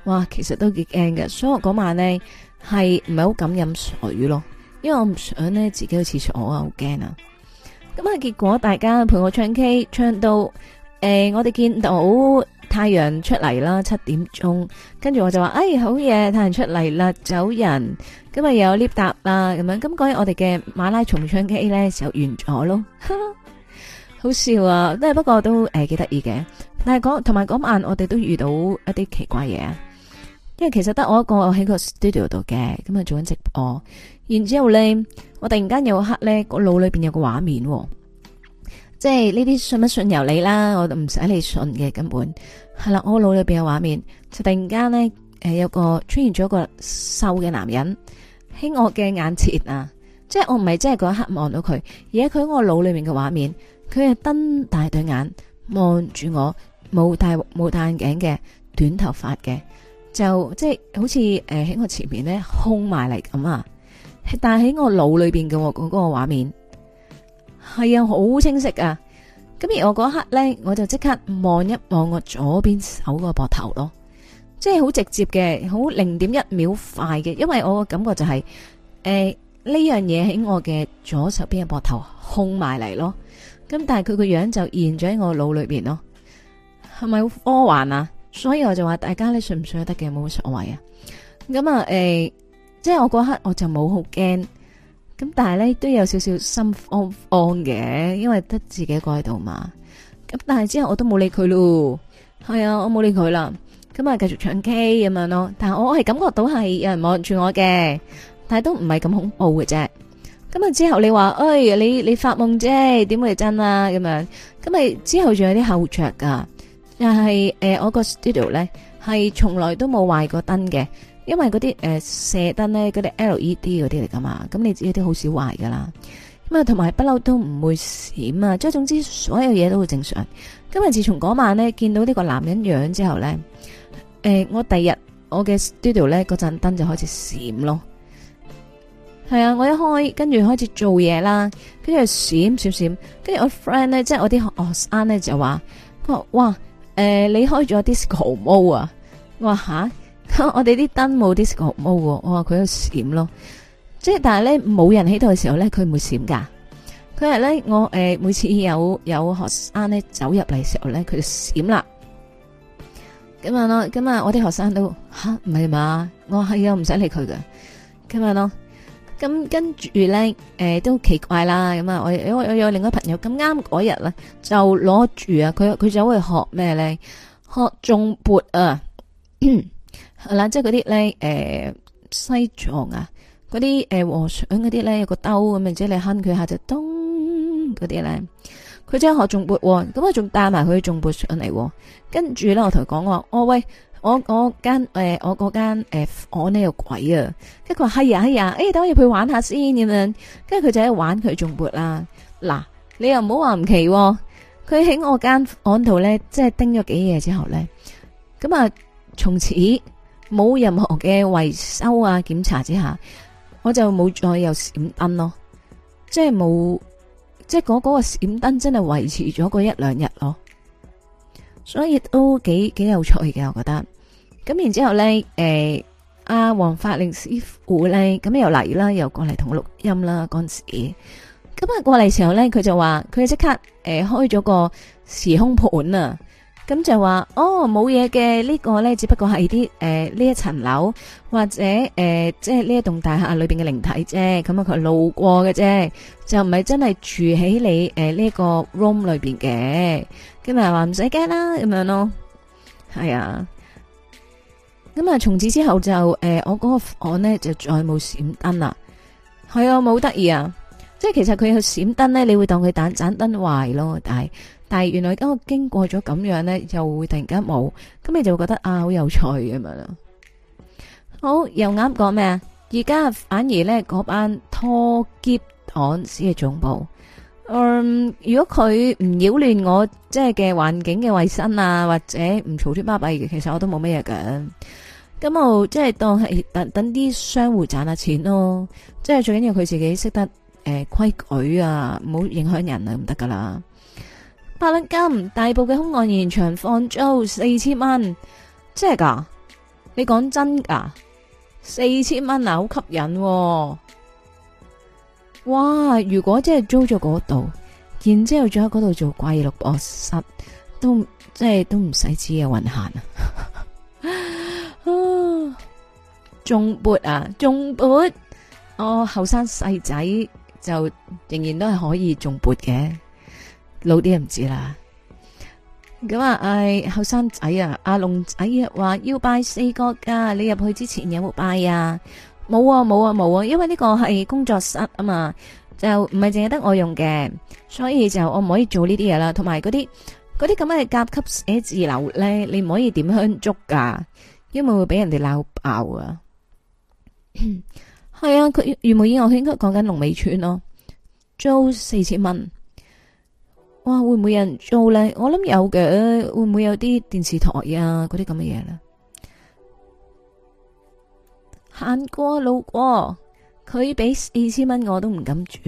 哇，其實都幾驚㗎，所以我嗰晚咧係唔係好敢飲水咯，因為我唔想咧自己去廁所啊，好驚啊！咁啊！結果大家陪我唱 K，唱到誒，我哋見到太陽出嚟啦，七點鐘，跟住我就話：哎，好嘢，太陽出嚟啦，走人！咁啊，又有 lift 搭啦，咁樣。咁嗰日我哋嘅馬拉松唱 K 咧就完咗咯，好笑啊！即係不過都誒幾得意嘅。但係嗰同埋嗰晚我哋都遇到一啲奇怪嘢，因為其實得我一個喺個 studio 度嘅，咁啊做緊直播。然之後咧，我突然間有一刻咧，個腦裏邊有個畫面，哦，即係呢啲信不信由你啦。我都唔使你信嘅，根本係啦。我腦裏邊嘅畫面就突然間咧，誒、呃、有個出現咗個瘦嘅男人，喺我嘅眼前啊，即係我唔係真係嗰一刻望到佢，而係佢喺我腦裏面嘅畫面，佢係瞪大對眼望住我，冇戴冇戴眼鏡嘅短頭髮嘅，就即係好似誒喺我前面咧，空埋嚟咁啊！但喺我腦裏邊嘅我嗰個畫面係啊，好清晰啊！咁而我嗰刻咧，我就即刻望一望我左邊手個膊頭咯，即係好直接嘅，好零點一秒快嘅，因為我個感覺就係誒呢樣嘢喺我嘅左手邊嘅膊頭轟埋嚟。咯咁但係佢個樣子就現咗喺我腦裏邊咯，係咪好科幻啊？所以我就話大家你信唔信得嘅冇所謂啊！咁啊誒。欸即係我嗰刻我就冇好驚，咁但係咧都有少少心慌慌嘅，因為得自己一個喺度嘛。咁但係之後我都冇理佢咯，係啊，我冇理佢啦。咁啊繼續唱 K 咁樣咯。但係我我係感覺到係有人望住我嘅，但係都唔係咁恐怖嘅啫。咁啊之後你話，哎，你你發夢啫，點會真啊？咁樣，咁啊之後仲有啲後桌噶，但係誒我個 studio 咧係從來都冇壞過燈嘅。因為嗰啲誒射燈咧，嗰啲 LED 嗰啲嚟噶嘛，咁你啲好少壞噶啦，咁啊同埋不嬲都唔會閃啊，即係總之所有嘢都會正常。今日自從嗰晚咧見到呢個男人樣之後咧，誒、呃、我第二日我嘅 studio 咧嗰盞燈就開始閃咯，係啊，我一開跟住開始做嘢啦，跟住閃，閃閃閃，跟住我 friend 咧即係我啲學生咧就話，佢話哇誒、呃、你開咗 disco mode 啊，我話吓。 [laughs] 我哋啲燈冇啲學貓喎？我話佢有閃咯，即係但係咧冇人喺度嘅時候咧，佢唔會閃噶。佢係咧，我誒每次有有學生咧走入嚟嘅時候咧，佢就閃啦。咁囉，咁啊，我啲學生都吓唔係嘛？我係我唔使理佢㗎。咁囉，咁、嗯、跟住咧，誒、呃、都奇怪啦。咁啊，我有我有另外朋友咁啱嗰日呢，就攞住啊，佢佢就會學咩咧？學中缽啊。 [coughs] 係啦，即係嗰啲咧，誒、欸，西藏啊，嗰啲誒和尚嗰啲咧，有個兜咁樣，即係你哼佢下就咚嗰啲咧。佢學學頌缽，咁啊，仲帶埋佢頌缽上、啊、嚟。跟住咧，我同佢講話、哦、我，我喂、呃，我我間誒，我嗰間誒，我呢個鬼啊。跟佢話係啊係啊，誒、呃呃呃呃呃，等我入去玩下先咁樣。跟住佢就喺度玩，佢頌缽啦、啊。嗱，你又唔好話唔奇、啊，佢喺我間按度咧，即係叮咗幾嘢之後咧，咁、嗯、啊，從此。冇任何嘅維修啊檢查之下，我就冇再有閃燈咯，即係冇即係嗰、嗰個嗰個閃燈真係維持咗個一兩日咯，所以都幾幾有趣嘅我覺得。咁然之後咧，誒阿黃法令師傅咧，咁又嚟啦，又過嚟同我錄音啦嗰陣時，咁啊過嚟時候咧，佢就話佢即刻誒、呃、開咗個時空盤啊。咁就話哦，冇嘢嘅呢個咧，只不過係啲誒呢一層樓或者誒即係呢一棟大廈裏邊嘅靈體啫，咁啊佢路過嘅啫，就唔係真係住喺你誒呢、呃這個 room 裏邊嘅，咁咪話唔使驚啦咁樣咯，係啊，咁、嗯、啊從此之後就誒、呃、我嗰個房咧就再冇閃燈啦，係啊冇得意啊，即係其實佢有閃燈咧，你會當佢盞盞燈壞咯，但係。但係原來當我經過咗咁樣咧，又會突然間冇，咁你就會覺得啊好有趣咁樣啦。好又啱講咩啊？而家反而咧嗰班拖劫案司嘅總部。嗯，如果佢唔擾亂我即係嘅環境嘅衛生啊，或者唔嘈啲巴閉，其實我都冇乜嘢㗎。咁我即係當係等等啲商戶賺下錢咯。即係最緊要佢自己識得誒規矩啊，唔好影響人啊，唔得噶啦。八蚊金，大埔嘅凶案現場放租四千蚊，真係噶？你講真噶？四千蚊啊，好吸引啊！哇！如果真係租咗嗰度，然之後再喺嗰度做鬼錄播室，都即係都唔使知嘅運行啊！仲 [laughs] 撥啊，仲撥！我後生細仔就仍然都係可以仲撥嘅。老啲唔知啦，咁啊，唉、哎，後生仔啊，阿龍仔呀，話要拜四角噶，你入去之前有冇拜啊？冇啊，冇啊，冇啊，因為呢個係工作室啊嘛，就唔係淨係得我用嘅，所以就我唔可以做呢啲嘢啦。同埋嗰啲嗰啲咁嘅甲級寫字樓咧，你唔可以點香燭噶，因為會俾人哋鬧爆啊。係 [coughs] 啊，佢原本演我圈，佢講緊龍尾村咯，租四千蚊。哇，會唔會有人做咧？我諗有嘅。會唔會有啲電視台啊嗰啲咁嘅嘢咧？行過路過，佢俾二千蚊我都唔敢住。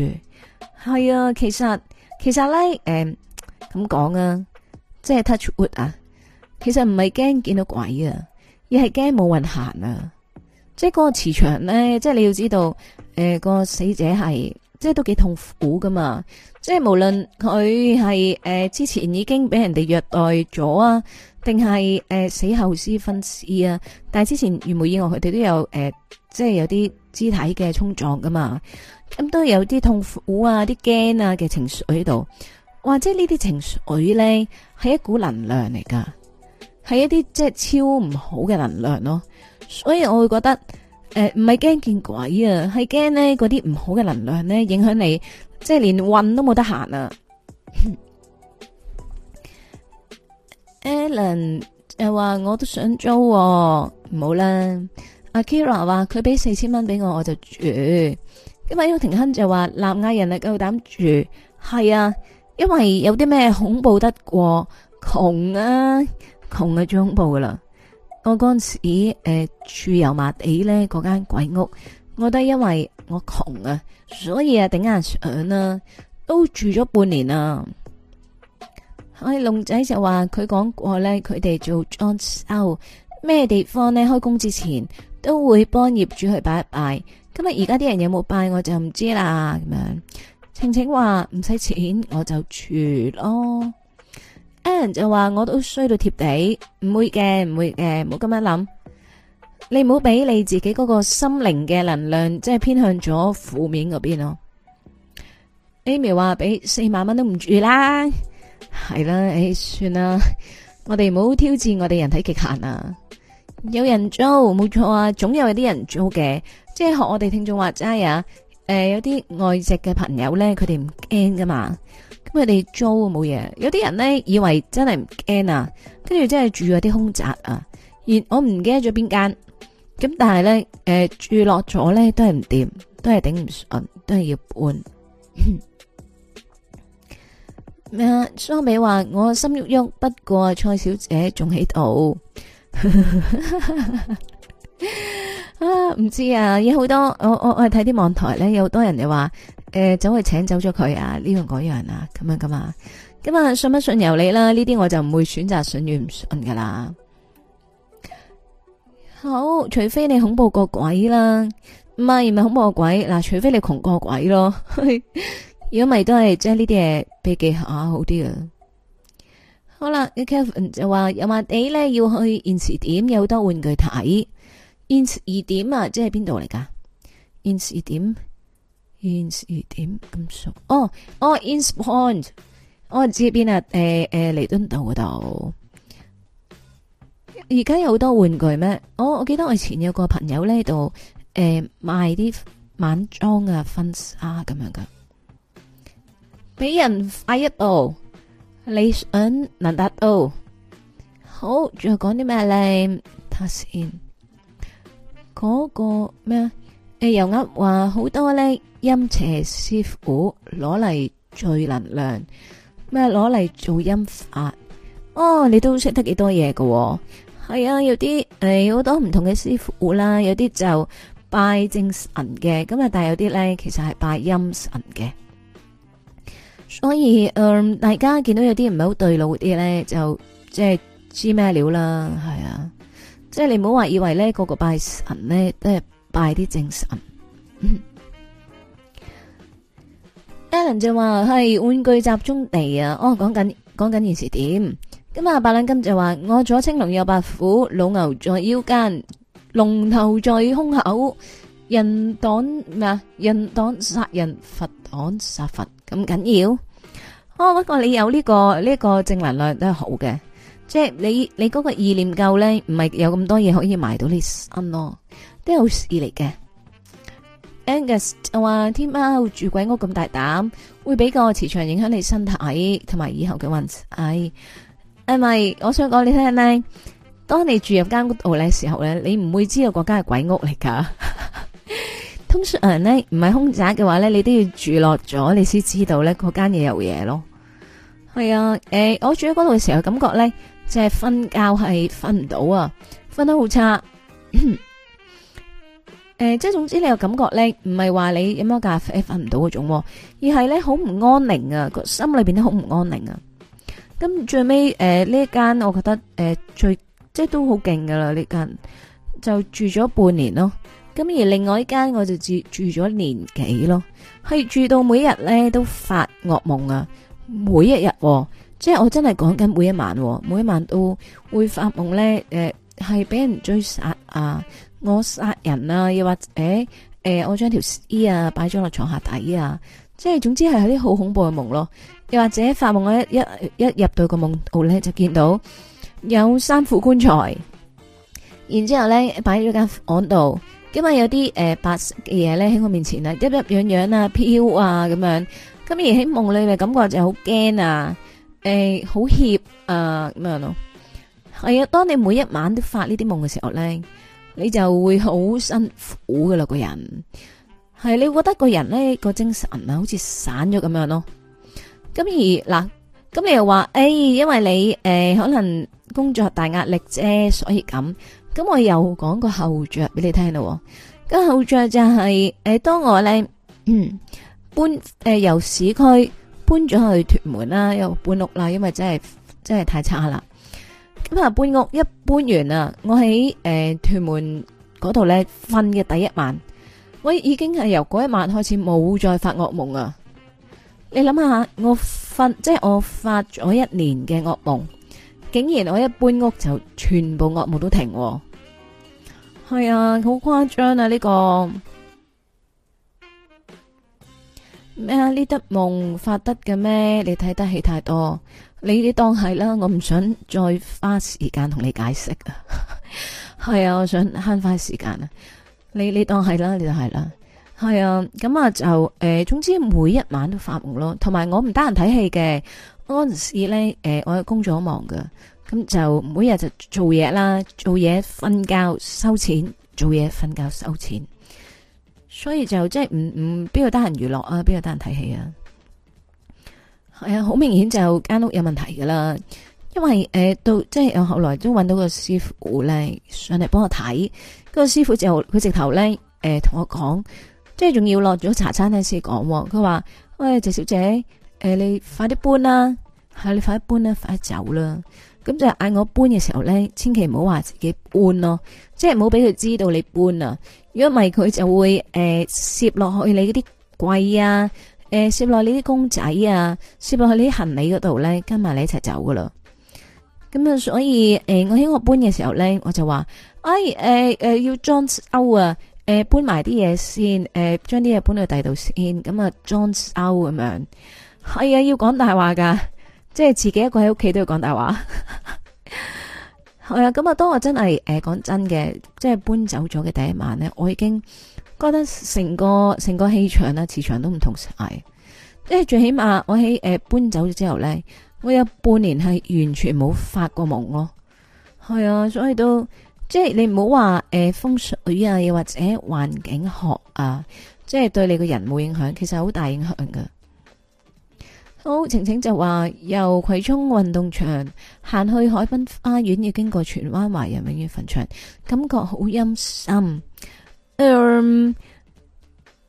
係啊，其實其實咧，誒，咁講啊，即係 touch wood 啊。其實唔係驚見到鬼啊，而係驚冇運行啊。即係個磁場咧，即係你要知道，誒、欸，嗰個死者係即係都幾痛苦噶嘛。即係無論佢係誒之前已經俾人哋虐待咗啊，定係誒死後屍分屍啊，但係之前如無意外佢哋都有誒、呃，即係有啲肢體嘅衝撞噶嘛，咁都有啲痛苦啊、啲驚啊嘅情緒喺度，或者呢啲情緒咧係一股能量嚟噶，係一啲即係超唔好嘅能量咯，所以我會覺得。誒，唔係驚見鬼啊，係驚呢嗰啲唔好嘅能量咧影響你，即係連運都冇得行啊 [laughs] ！Alan 又話我都想租，啊，唔好啦。阿 Kira 話佢俾四千蚊俾我，我就住。因為邱廷亨就話南亞人啊夠膽住，係啊，因為有啲咩恐怖得過窮啊，窮啊最恐怖噶啦。我嗰陣時誒、呃、住油麻地咧嗰間鬼屋，我都因為我窮啊，所以啊頂硬上啦，都住咗半年啦、啊。阿、哎、龍仔就話佢講過咧，佢哋做裝修咩地方咧開工之前都會幫業主去拜一拜，今日而家啲人有冇拜我就唔知啦咁樣。晴晴話唔使錢我就住咯。Aaron 就話我都衰到貼地，唔會嘅，唔會嘅，唔好咁樣諗。你唔好俾你自己嗰個心靈嘅能量，即係偏向咗負面嗰邊咯。Amy 話俾四萬蚊都唔住啦，係啦，唉、哎，算啦，我哋唔好挑戰我哋人體極限啊！有人租冇錯啊，總有啲人租嘅，即係學我哋聽眾話齋啊，誒，有啲外籍嘅朋友咧，佢哋唔驚噶嘛。佢你租啊冇嘢，有啲人咧，以為真係唔驚啊，跟住真係住咗啲空宅啊，而我唔記得咗邊間。咁但係咧，誒、呃、住落咗咧都係唔掂，都係頂唔順，都係要搬。咩 [laughs] 啊？蘇美話我心喐喐，不過蔡小姐仲喺度。 [laughs] 啊，唔知啊，有好多我我我係睇啲網台咧，有好多人就話。誒、呃，走去請走咗佢啊！呢樣嗰樣啊，咁樣咁啊，咁啊，信不信由你啦！呢啲我就唔會選擇信與唔信噶啦。好，除非你恐怖個鬼啦，唔係唔係恐怖過鬼嗱？除非你窮過鬼咯，如果唔係都係將呢啲嘢避忌下好啲啊。好，好啦，Kevin l 就話又話你咧要去 e 時點有好多玩具睇 e 時二點啊，即係邊度嚟噶 e 時二點？ins 點咁熟？哦哦 Ins Point 我知邊啊？誒、欸、誒，呃、彌敦道嗰度而家有好多玩具咩？我、oh, 我記得我以前有個朋友呢度誒賣啲晚裝啊、婚紗咁樣噶，比人快一步，你想能達到好？仲有講啲咩咧睇下先嗰個咩啊？誒、欸，油話好多咧。陰邪師傅攞嚟聚能量，咩攞嚟做陰法？哦，你都識得幾多嘢嘅，哦？係啊，有啲誒，好、呃、多唔同嘅師傅啦，有啲就拜正神嘅，咁啊，但係有啲咧，其實係拜陰神嘅。所以，嗯、呃，大家見到有啲唔係好對路啲咧，就即係知咩料啦，係啊，即係你唔好話以為咧，個個拜神咧都係拜啲正神。嗯 Alan 就話係玩具集中地啊！哦，講緊講緊件事點？咁啊，八兩金就話我左青龍，右白虎，老牛在腰間，龍頭在胸口，人擋咩啊？人擋殺人，佛擋殺佛，咁緊要哦。不過你有呢個呢個正能量都係好嘅，即係你你嗰個意念夠咧，唔係有咁多嘢可以埋到你身咯，都有事嚟嘅。Angus 話天貓住鬼屋咁大膽，會俾個磁場影響你身體同埋以後嘅運勢。係咪？我想講你聽下咧。當你住入間屋度咧時候咧，你唔會知道嗰間係鬼屋嚟噶。通常人咧唔係空宅嘅話咧，你都要住落咗，你先知道咧嗰間嘢有嘢咯。係啊，誒，我住喺嗰度嘅時候感覺咧，即係瞓覺係瞓唔到啊，瞓得好差。誒，即係總之你個感覺咧，唔係話你飲咗咖啡瞓唔到嗰種，而係咧好唔安寧啊，個心裏邊都好唔安寧啊。咁最尾誒呢一間，我覺得誒最即係都好勁噶啦呢間，就住咗半年咯。咁而另外呢間我就住住咗年幾咯，係住到每一日咧都發噩夢啊，每一日，即係我真係講緊每一晚，每一晚都會發夢咧，誒係俾人追殺啊！我殺人啊，又或誒誒、欸欸，我將條屍啊擺咗落床下底啊，即係總之係嗰啲好恐怖嘅夢咯。又或者發夢，我一一一入到個夢度咧，就見到有三副棺材，然之後咧擺咗間房度，跟住有啲誒、呃、白色嘅嘢咧喺我面前洋洋啊，一粒樣樣啊飄啊咁樣，咁而喺夢裏嘅感覺就好驚啊，誒、欸、好怯啊咁樣咯。係啊，當你每一晚都發呢啲夢嘅時候咧。你就會好辛苦噶啦，個人係你覺得個人咧個精神啊，好似散咗咁樣咯。咁而嗱，咁你又話誒，因為你誒可能工作大壓力啫，所以咁。咁我又講個後著俾你聽咯。咁後著就係誒，當我咧嗯搬誒由市區搬咗去屯門啦，又搬屋啦，因為真係真係太差啦。咁啊，搬屋一搬完啊，我喺誒屯門嗰度咧瞓嘅第一晚，我已經係由嗰一晚開始冇再發噩夢啊！你諗下，我瞓即係我發咗一年嘅噩夢，竟然我一搬屋就全部噩夢都停，係啊，好誇張啊！呢個咩啊？呢啲夢發得嘅咩？你睇得戲太多。你你當係啦，我唔想再花時間同你解釋啊。係 [laughs] 啊，我想慳翻時間啊。你你當係啦，你就係啦。係啊，咁啊就誒，總之每一晚都發夢咯。同埋我唔得閒睇戲嘅，陣時咧誒、呃，我有工作好忙噶，咁就每日就做嘢啦，做嘢瞓覺收錢，做嘢瞓覺收錢。所以就即係唔唔，邊個得閒娛樂啊？邊個得閒睇戲啊？係啊，好明顯就間屋有問題噶啦，因為誒、呃、到即係我後來都搵到個師傅咧上嚟幫我睇，個師傅就佢直頭咧誒同我講，即係仲要落咗茶餐廳咧先講，佢話：喂、哎，謝小姐，誒、呃、你快啲搬啦，啊，吓你快啲搬啦，啊，快啲走啦，啊。咁就嗌我搬嘅時候咧，千祈唔好話自己搬咯，啊，即係唔好俾佢知道你搬啊。如果唔係佢就會誒攝落去你嗰啲櫃啊。誒，攝落你啲公仔啊，攝落去你啲行李嗰度咧，跟埋你一齊走噶啦。咁啊，所以誒、呃，我喺我搬嘅時候咧，我就話，哎誒誒、呃呃，要裝修啊，誒，搬埋啲嘢先，誒、呃，將啲嘢搬去第度先，咁啊，裝修咁樣，係、哎、啊，要講大話噶，即係自己一個喺屋企都要講大話，係啊。咁啊，當我真係誒講真嘅，即係搬走咗嘅第一晚咧，我已經。覺得成個成個氣場啊，磁場都唔同晒。即係最起碼我喺誒、呃、搬走咗之後呢，我有半年係完全冇發過夢咯。係啊，所以都即係你唔好話誒風水啊，又或者環境學啊，即係對你個人冇影響，其實好大影響噶。好，晴晴就話由葵涌運動場行去海濱花園，要經過荃灣華人永遠墳場，感覺好陰森。嗯，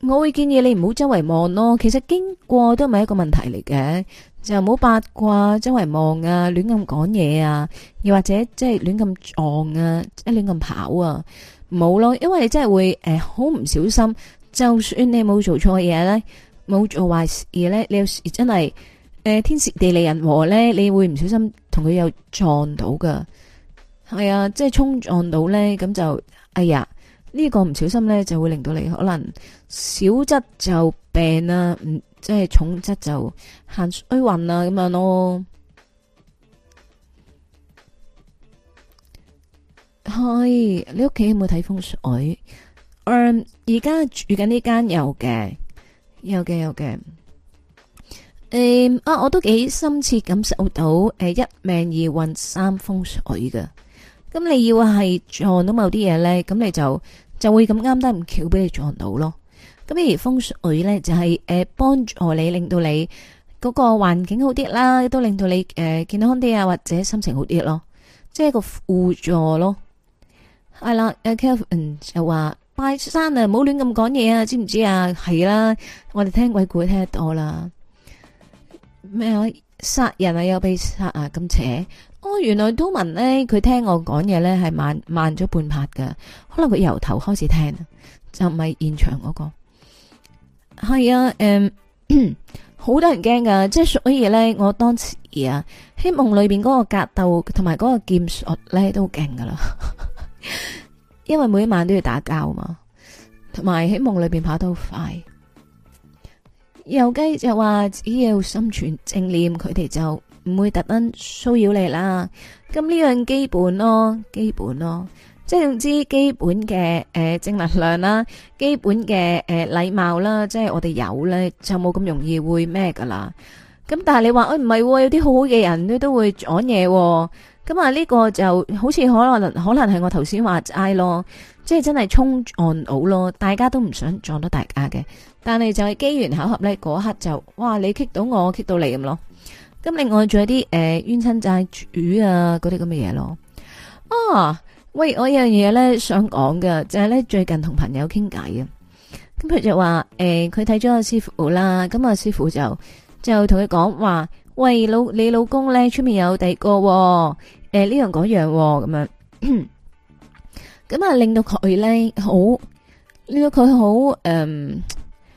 我會建議你唔好周圍望咯。其實經過都唔係一個問題嚟嘅，就唔好八卦、周圍望啊、亂咁講嘢啊，又或者即係亂咁撞啊、一亂咁跑啊，冇咯。因為真係會誒好唔小心。就算你冇做錯嘢咧，冇做壞事嘢咧，你有時真係誒天時地利人和咧，你會唔小心同佢有撞到噶。係啊，即係衝撞到咧，咁就哎呀～呢個唔小心呢，就會令到你可能小則就病啦，唔、嗯、即係重則就行衰運啊，咁、哎、樣咯。係、哎、你屋企有冇睇風水？嗯，而家住緊呢間有嘅，有嘅有嘅。誒、嗯、啊，我都幾深切感受到誒、呃，一命二運三風水嘅。咁你要係撞到某啲嘢呢，咁你就。就會咁啱得唔蹺俾你撞到咯。咁譬如風水咧就係誒，幫助你，令到你嗰個環境好啲啦，亦都令到你誒、呃、健康啲啊，或者心情好啲咯，即係個輔助咯。係啦，誒，Kevin 又話拜山啊，唔好亂咁講嘢啊，知唔知啊？係啦、啊，我哋聽鬼故聽得多啦。咩啊？殺人啊，又被殺啊，咁扯。哦，原來都文呢，佢聽我講嘢呢係慢慢咗半拍噶，可能佢由頭開始聽，就唔係現場嗰、那個。係啊，誒、嗯，好多人驚噶，即係所以呢，我當時啊，喺夢裏邊嗰個格鬥同埋嗰個劍術呢都好勁噶啦， [laughs] 因為每一晚都要打交嘛，同埋喺夢裏邊跑得好快。又雞就話，只要心存正念，佢哋就。唔會特登騷擾你啦，咁呢樣基本咯，基本咯，即係總之基本嘅誒正能量啦，基本嘅誒禮貌啦，即係我哋有咧就冇咁容易會咩噶啦，咁但係你話誒唔係，有啲好好嘅人咧都會撞嘢，咁啊呢個就好似可能可能係我頭先話齋咯，即係真係衝撞到咯，大家都唔想撞到大家嘅，但係就係機緣巧合咧嗰刻就哇你 kick 到我 kick 到你咁咯。咁另外仲有啲誒、呃、冤親債主啊、嗰啲咁嘅嘢咯。啊，喂，我有樣嘢咧想講嘅，就係、是、咧最近同朋友傾偈啊。咁佢就話誒，佢睇咗阿師傅啦，咁阿師傅就就同佢講話，喂老你老公咧出面有第二個，誒呢樣嗰樣咁樣。咁、哦、啊令到佢咧好，令到佢好誒，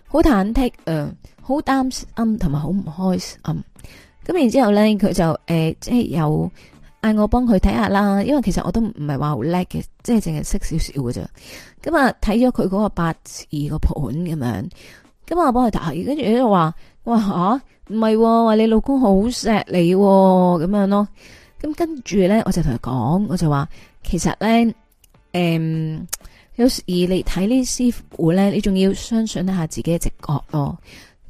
好、呃、忐忑啊，好擔心同埋好唔開心。嗯咁然之後咧，佢就誒、呃，即係有嗌我幫佢睇下啦，因為其實我都唔係話好叻嘅，即係淨係識少少嘅啫。咁啊，睇咗佢嗰個八字個盤咁樣，咁啊，我幫佢睇下，跟住佢就話，哇吓唔係，話你老公好錫你咁、啊、樣咯。咁跟住咧，我就同佢講，我就話其實咧，誒、嗯，有時你睇呢啲師傅咧，你仲要相信一下自己嘅直覺咯。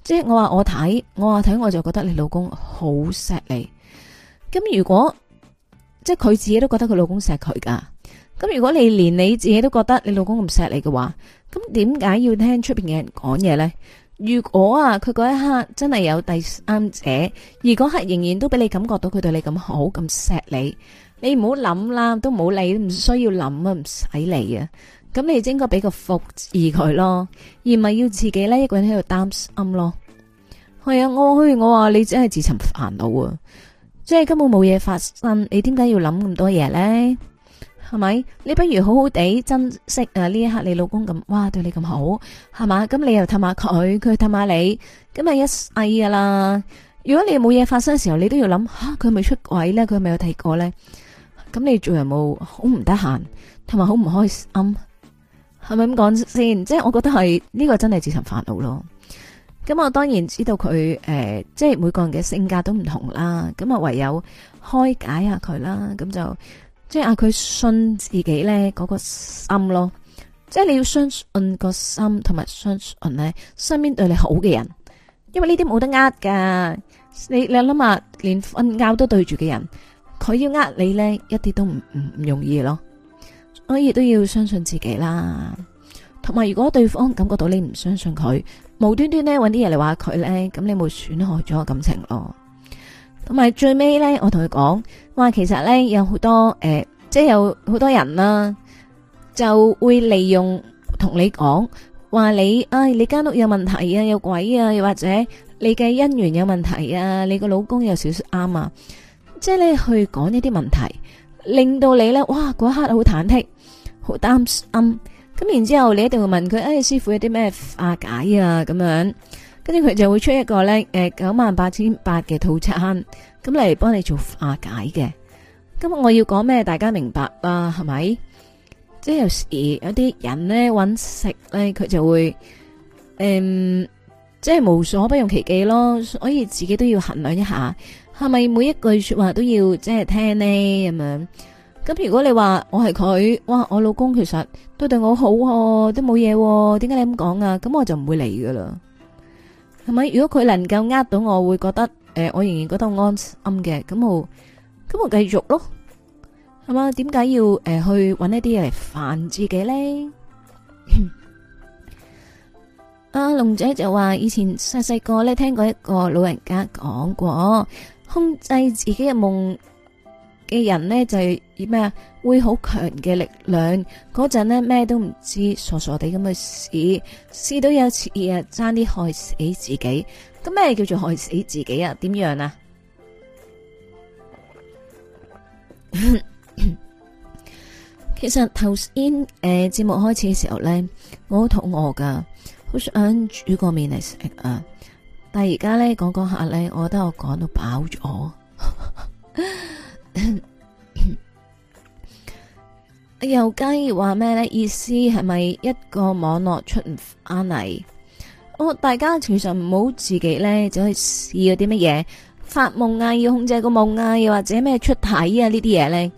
即係我話我睇，我話睇我就覺得你老公好錫你。咁如果即係佢自己都覺得佢老公錫佢噶，咁如果你連你自己都覺得你老公咁錫你嘅話，咁點解要聽出面嘅人講嘢呢？如果啊，佢嗰一刻真係有第三者，而嗰刻仍然都俾你感覺到佢對你咁好咁錫你，你唔好諗啦，都唔好理，唔需要諗啊，唔使理啊。咁你應該俾個福字佢咯，而唔係要自己咧一個人喺度擔心咯。係、哎、啊、哎，我去我話你真係自尋煩惱啊！即係根本冇嘢發生，你點解要諗咁多嘢咧？係咪？你不如好好地珍惜啊！呢一刻你老公咁哇對你咁好，係嘛？咁你又氹下佢，佢氹下你，咁咪一世噶啦。如果你冇嘢發生嘅時候，你都要諗吓佢係咪出軌咧，佢係咪有睇過呢？咧，咁你做人冇好唔得閒，同埋好唔開心。係咪咁講先？即係我覺得係呢個真係自尋煩惱咯。咁我當然知道佢誒，呃，即係每個人嘅性格都唔同啦。咁啊，唯有開解下佢啦。咁就即係啊，佢信自己咧嗰個心咯。即係你要相信個心，同埋相信咧身邊對你好嘅人，因為呢啲冇得呃噶。你你諗下，連瞓覺都對住嘅人，佢要呃你咧，一啲都唔唔容易咯。我亦都要相信自己啦，同埋如果對方感覺到你唔相信佢，無端端咧揾啲嘢嚟話佢咧，咁你咪損害咗個感情咯。同埋最尾咧，我同佢講，話其實咧有好多誒、呃，即係有好多人啦、啊，就會利用同你講話你啊、哎，你間屋有問題啊，有鬼啊，又或者你嘅姻緣有問題啊，你個老公有少少啱啊，即係你去講呢啲問題，令到你咧，哇嗰一刻好忐忑。好擔心，咁然之後你一定會問佢，誒、哎，師傅有啲咩化解啊？咁樣，跟住佢就會出一個咧，誒、呃，九萬八千八嘅套餐，咁嚟幫你做化解嘅。咁我要講咩？大家明白啦，係咪？即係有時有啲人咧搵食咧，佢就會，誒、呃，即係無所不用其極咯。所以自己都要衡量一下，係咪每一句說話都要即係聽呢？咁樣。咁如果你話我係佢，哇，我老公其實都對我好，都冇嘢，點解你咁講啊？咁我就唔會嚟噶啦，係咪？如果佢能夠呃到，我會覺得，誒，我仍然覺得安心嘅，咁我咁我繼續咯，係嘛？點解要誒去搵一啲嘢嚟煩自己咧？阿龍姐就話以前細細個咧聽過一個老人家講過，控制自己嘅夢。嘅人呢，就係以咩啊？會好強嘅力量嗰陣呢，咩都唔知，傻傻地咁去試，試到有次日爭啲害死自己。咁咩叫做害死自己啊？點樣啊？ [laughs] 其實頭先誒節目開始嘅時候呢，我好肚餓噶，好想煮個麵嚟食啊。但係而家呢，講講下呢，我覺得我講到飽咗.。 [laughs] 又雞話咩咧？意思係咪一個網絡出唔返嚟？我、哦、大家其實唔好自己呢，就去試嗰啲乜嘢發夢啊，要控制個夢啊，又或者咩出體啊呢啲嘢呢，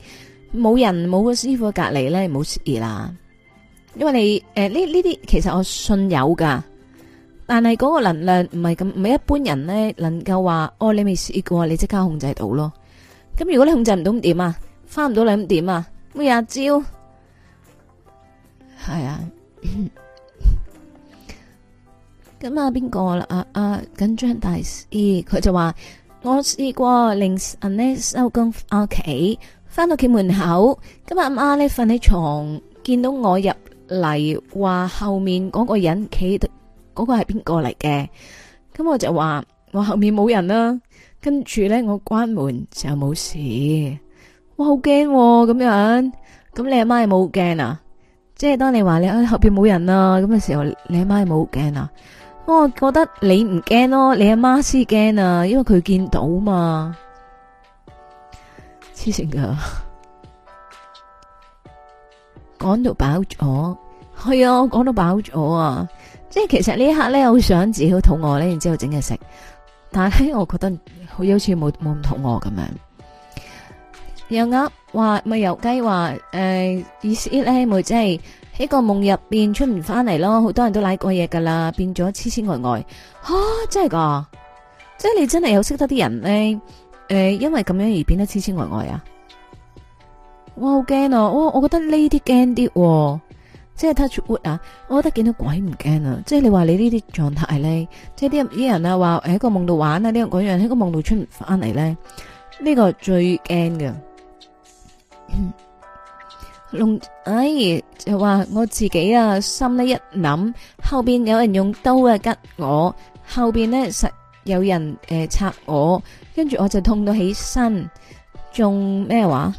冇人冇個師傅隔離呢，唔好試啦。因為你誒呢呢啲其實我信有噶，但係嗰個能量唔係咁唔係一般人呢能夠話哦，你未試過你即刻控制到咯。咁如果你控制唔到點啊，翻唔到嚟咁點啊？咩阿蕉？係啊。咁啊邊個啦？啊啊緊張大師，佢就話我試過凌晨呢收工翻屋企，翻到企門口，咁阿媽咧瞓喺床，見到我入嚟話後面嗰個人企，嗰、嗰個係邊個嚟嘅？咁我就話我後面冇人啦，啊。跟住咧，我關門就冇事。我好驚咁樣，咁你阿媽係冇驚啊？即係當你話你後邊冇人啊咁嘅時候，你阿媽係冇驚啊？我覺得你唔驚咯，你阿媽先驚啊，因為佢見到嘛，黐線噶，講到飽咗係啊，我講到飽咗啊，即係其實呢一刻咧，我好想自己好肚餓咧，然之後整嘢食，但係我覺得。好似冇冇咁肚餓咁樣，又又有鴨話咪有雞話，誒、呃、意思咧，咪即係喺個夢入邊出唔翻嚟咯，好多人都舐過嘢噶啦，變咗痴痴呆呆，吓、啊、真係噶，即係你真係有識得啲人咧，誒、呃、因為咁樣而變得痴痴呆呆啊！我好驚哦，我我覺得呢啲驚啲。.即係 touch wood 啊！我覺得見到鬼唔驚啊！即係你話你呢啲狀態咧，即係啲啲人啊話喺個夢度玩啊，呢樣嗰樣喺個夢度出唔翻嚟咧，呢、呢個最驚㗎、嗯。龍哎就話我自己啊心呢一諗，後面有人用刀啊吉我，後面呢實有人拆、呃、我，跟住我就痛到起身，仲咩話？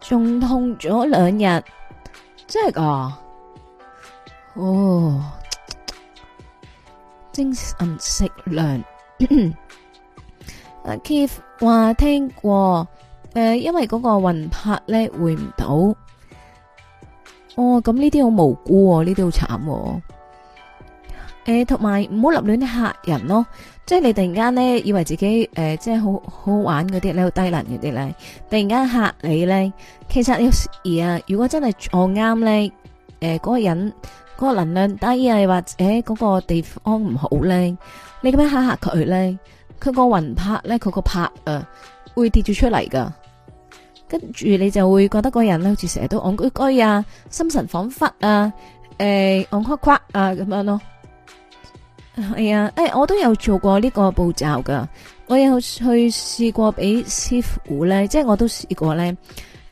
仲痛咗兩日。真係噶，哦，精神食糧。阿 Keith 話聽過，誒，因為嗰個魂魄咧回唔到，哦，咁呢啲好無辜，呢啲好慘。誒，同埋唔好立亂嚇人咯，即係你突然間咧以為自己誒，即係好好玩嗰啲咧，好低能嗰啲咧，突然間嚇你咧，其實有而啊，如果真係撞啱咧，誒嗰個人嗰個能量低啊，或者嗰個地方唔好咧，你咁樣嚇嚇佢咧，佢個魂魄咧，佢個魄啊，會跌住出嚟噶，跟住你就會覺得嗰人咧，好似成日都戇居居啊，心神恍惚啊，誒戇夸夸啊咁樣咯。係啊，誒、哎，我都有做過呢個步驟噶，我有去試過俾師傅咧，即係我都試過咧，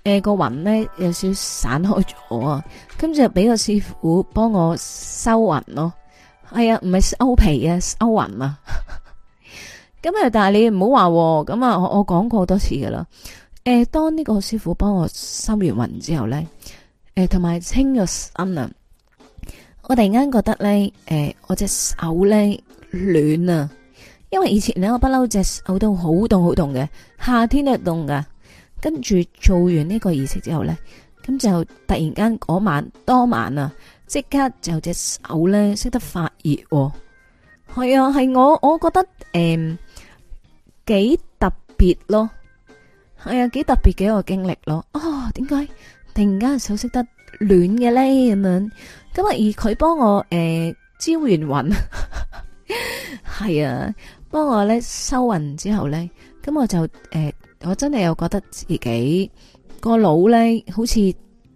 誒個雲咧有少散開咗啊，跟住俾個師傅幫我收雲咯，係啊，唔係收皮啊，收雲啊，咁啊，但係你唔好話，咁啊，我我講過好多次噶啦，誒，當呢個師傅幫我收完雲之後咧，誒、呃，同埋清咗陰啊。我突然間覺得呢，誒、呃，我隻手呢，暖啊，因為以前呢我不嬲隻手都好凍，好凍嘅夏天都凍噶。跟住做完呢個儀式之後呢，咁就突然間嗰晚當晚啊，即刻就隻手呢識得發熱、哦。係、哎、啊，係我我覺得誒幾、呃、特別咯，係、哎、啊，幾特別嘅一個經歷咯。哦，點解突然間手識得暖嘅呢，咁樣。咁啊！而佢幫我誒、呃、招完運，係 [laughs] 啊，幫我咧收運之後咧，咁我就誒、呃，我真係又覺得自己個腦咧，好似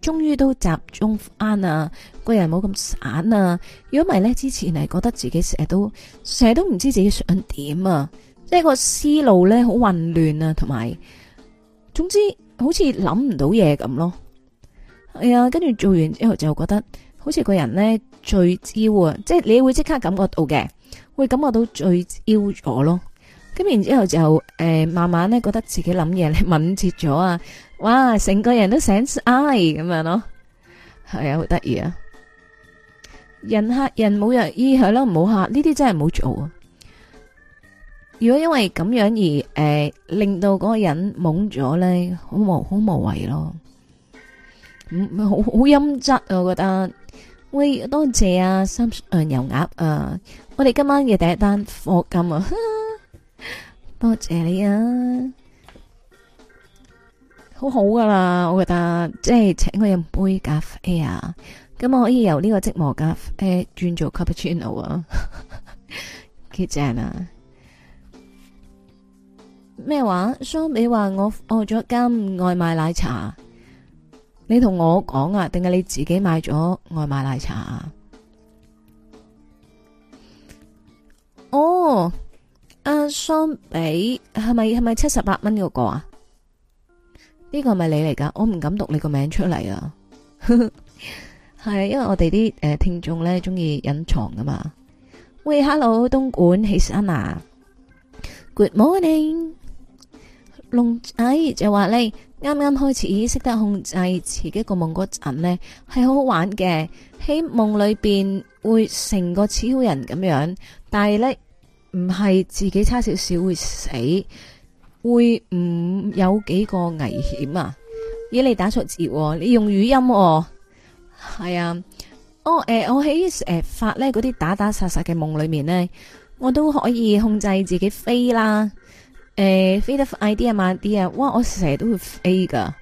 終於都集中翻啊，個人冇咁散啊。如果唔係咧，之前係覺得自己成日都成日都唔知自己想點啊，即係個思路咧好混亂啊，同埋總之好似諗唔到嘢咁咯。係啊，跟住做完之後就覺得。好似個人咧最焦啊，即係你會即刻感覺到嘅，會感覺到最焦咗咯。咁然之後就誒、呃，慢慢咧覺得自己諗嘢咧敏捷咗啊，哇，成個人都醒晒咁樣咯，係啊，好得意啊！人嚇人冇藥醫係咯，唔好嚇呢啲真係唔好做啊！如果因為咁樣而誒、呃、令到嗰個人懵咗咧，好無好無謂咯，嗯、好好陰質、啊、我覺得。喂，多謝啊，三誒油鴨啊，我哋今晚嘅第一單課金啊呵呵，多謝你啊，好好噶啦，我覺得即係請我飲杯咖啡啊，咁我可以由呢個即磨咖啡轉做 cappuccino 啊，幾正啊，咩話，啊？雙比話我餓咗間外賣奶茶。你同我講啊，定係你自己買咗外賣奶茶？哦、啊？哦，阿桑比係咪係咪七十八蚊嗰個啊？呢、呢個係咪你嚟噶？我唔敢讀你個名出嚟啊！係啊，因為我哋啲誒聽眾咧，中意隱藏噶嘛。喂，hello，東莞喜安娜，good morning，龍仔就話你。啱啱開始識得控制自己個夢嗰陣呢，係好好玩嘅。喺夢裏邊會成個超人咁樣，但係呢，唔係自己差少少會死，會唔、嗯、有幾個危險啊？依、哎、你打錯字、哦，你用語音哦。係啊，哦誒、呃，我喺誒發咧嗰啲打打殺殺嘅夢裏面呢，我都可以控制自己飛啦。誒、呃，飛得快啲啊，慢啲啊，哇！我成日都會飛噶，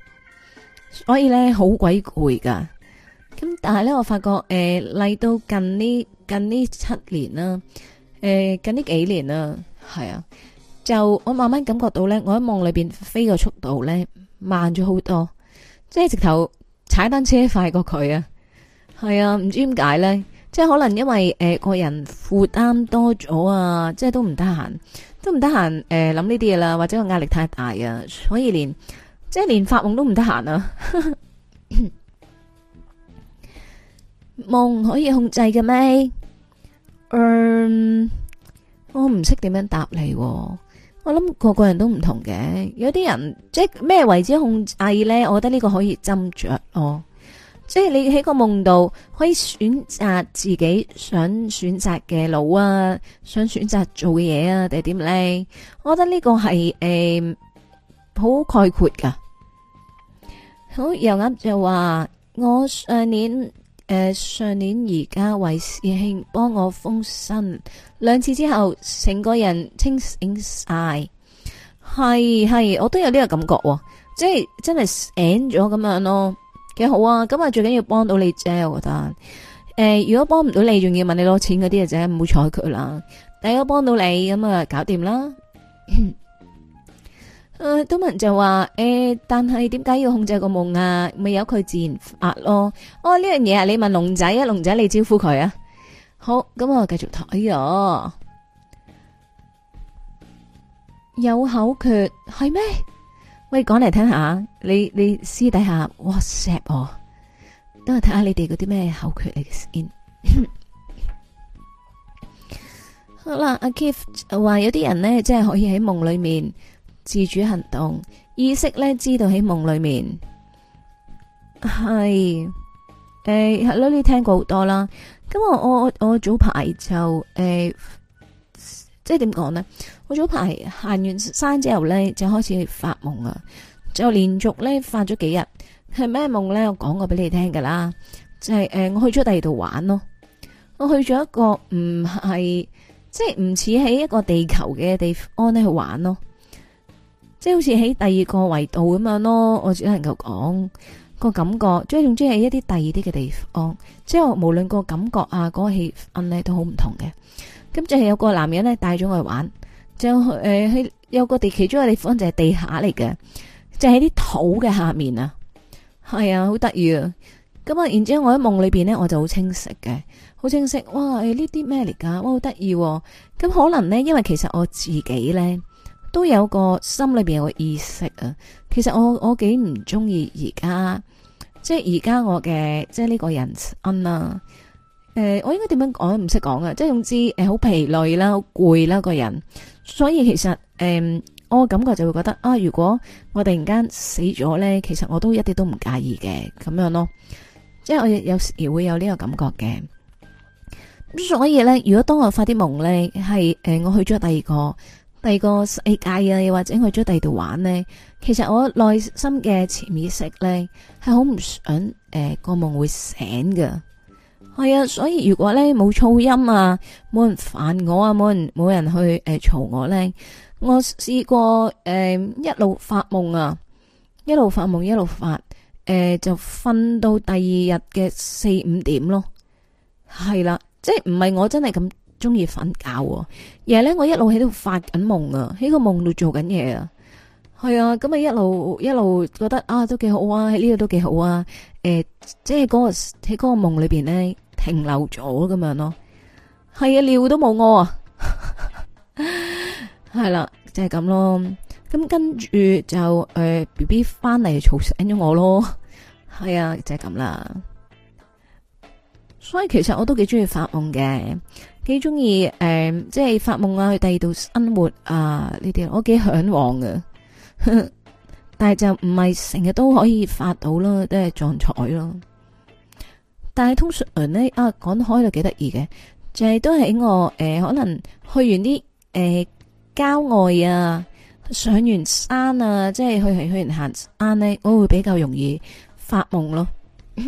所以咧好鬼攰噶。咁但係咧，我發覺誒嚟、呃、到近呢近呢七年啦、啊，誒、呃、近呢幾年啦、啊，係啊，就我慢慢感覺到咧，我喺夢裏邊飛嘅速度咧慢咗好多，即係直頭踩單車快過佢啊，係啊，唔知點解咧，即係可能因為誒、呃、個人負擔多咗啊，即係都唔得閒。都唔得閒，誒諗呢啲嘢啦，或者我壓力太大啊，可以連即係連發夢都唔得閒啊。夢 [laughs] 可以控制嘅咩？嗯，我唔識點樣答你。我諗個個人都唔同嘅，有啲人即係咩為止控制呢？我覺得呢個可以斟酌咯。哦即係你喺個夢度可以選擇自己想選擇嘅路啊，想選擇做嘅嘢啊，定係點咧？我覺得呢個係誒好概括噶好，楊鴨就話：我上年誒、呃、上年而家為師兄幫我封身兩次之後，成個人清醒晒。係係，我都有呢個感覺、哦，即係真係醒咗咁樣咯。幾好啊！咁啊，最緊要幫到你啫，我覺得。誒、呃，如果幫唔到你，仲要問你攞錢嗰啲啊，就唔好睬佢啦。如果幫到你，咁啊，搞掂啦。誒，東文就話，誒、呃，但係點解要控制個夢啊？咪、就是、由佢自然發咯。哦，呢樣嘢啊，你問龍仔啊，龍仔你招呼佢啊。好，咁我繼續睇啊。有口訣係咩？可以講嚟聽下，你你私底下 WhatsApp 我，等我睇下你哋嗰啲咩口訣嚟先。 [laughs] [laughs] 好啦，阿 Kif 話有啲人呢，即係可以喺夢裏面自主行動，意識呢，知道喺夢裏面。係， [laughs] 誒係咯，Hello, 你聽過好多啦。咁我我我早排就誒、欸，即係點講呢？早排行完山之後呢，就開始發夢啊！就連續呢發咗幾日係咩夢呢？我講過俾你聽噶啦，就係誒我去咗第二度玩咯。我去咗一個唔係即係唔似喺一個地球嘅地方呢去玩咯，即係好似喺第二個維度咁樣咯。我只能夠講個感覺，即係總之係一啲第二啲嘅地方，即係無論個感覺啊，嗰個氣氛呢都好唔同嘅。咁就係有個男人呢帶咗我去玩。就誒喺、呃、有個地，其中嘅地方就係地下嚟嘅，就喺啲土嘅下面啊。係啊，好得意啊！咁啊，然之後我喺夢裏邊咧，我就好清晰嘅，好清晰，哇！誒呢啲咩嚟噶？哇，好得意！咁可能咧，因為其實我自己咧都有個心裏邊有個意識啊。其實我我幾唔中意而家，即係而家我嘅即係呢個人身啊，誒、呃，我應該點樣講？唔識講啊！即係總之，誒，好疲累啦，好攰啦，個人。所以其實誒、嗯，我感覺就會覺得啊，如果我突然間死咗呢，其實我都一啲都唔介意嘅咁樣咯，即係我有時會有呢個感覺嘅。所以呢，如果當我發啲夢呢，係誒、呃、我去咗第二個、第二個世界啊，又或者去咗第二度玩呢，其實我內心嘅潛意識呢，係好唔想誒、呃個夢會醒㗎。係啊，所以如果咧冇噪音啊，冇人煩我啊，冇人冇人去誒嘈、呃、我咧，我試過誒、呃、一路發夢啊，一路發夢一路發，誒、呃、就瞓到第二日嘅四五點咯，係啦、啊，即係唔係我真係咁中意瞓覺喎、啊。而係咧我一路喺度發緊夢啊，喺個夢度做緊嘢啊，係啊，咁啊一路一路覺得啊都幾好啊，喺呢度都幾好啊。誒，即係嗰個喺嗰個夢裏邊咧停留咗咁樣咯，係啊，尿都冇屙啊，係啦，就係咁咯。咁跟住就誒 BB 翻嚟嘈醒咗我咯，係啊，就係咁啦。所以其實我都幾中意發夢嘅，幾中意誒，即係發夢啊去第二度生活啊呢啲，我幾向往嘅。但係就唔係成日都可以發到咯，都係撞彩咯。但係通常咧啊，講開就幾得意嘅，就係、是、都喺我誒、呃，可能去完啲誒、呃、郊外啊，上完山啊，即係去去完行山咧，我會比較容易發夢咯， [laughs]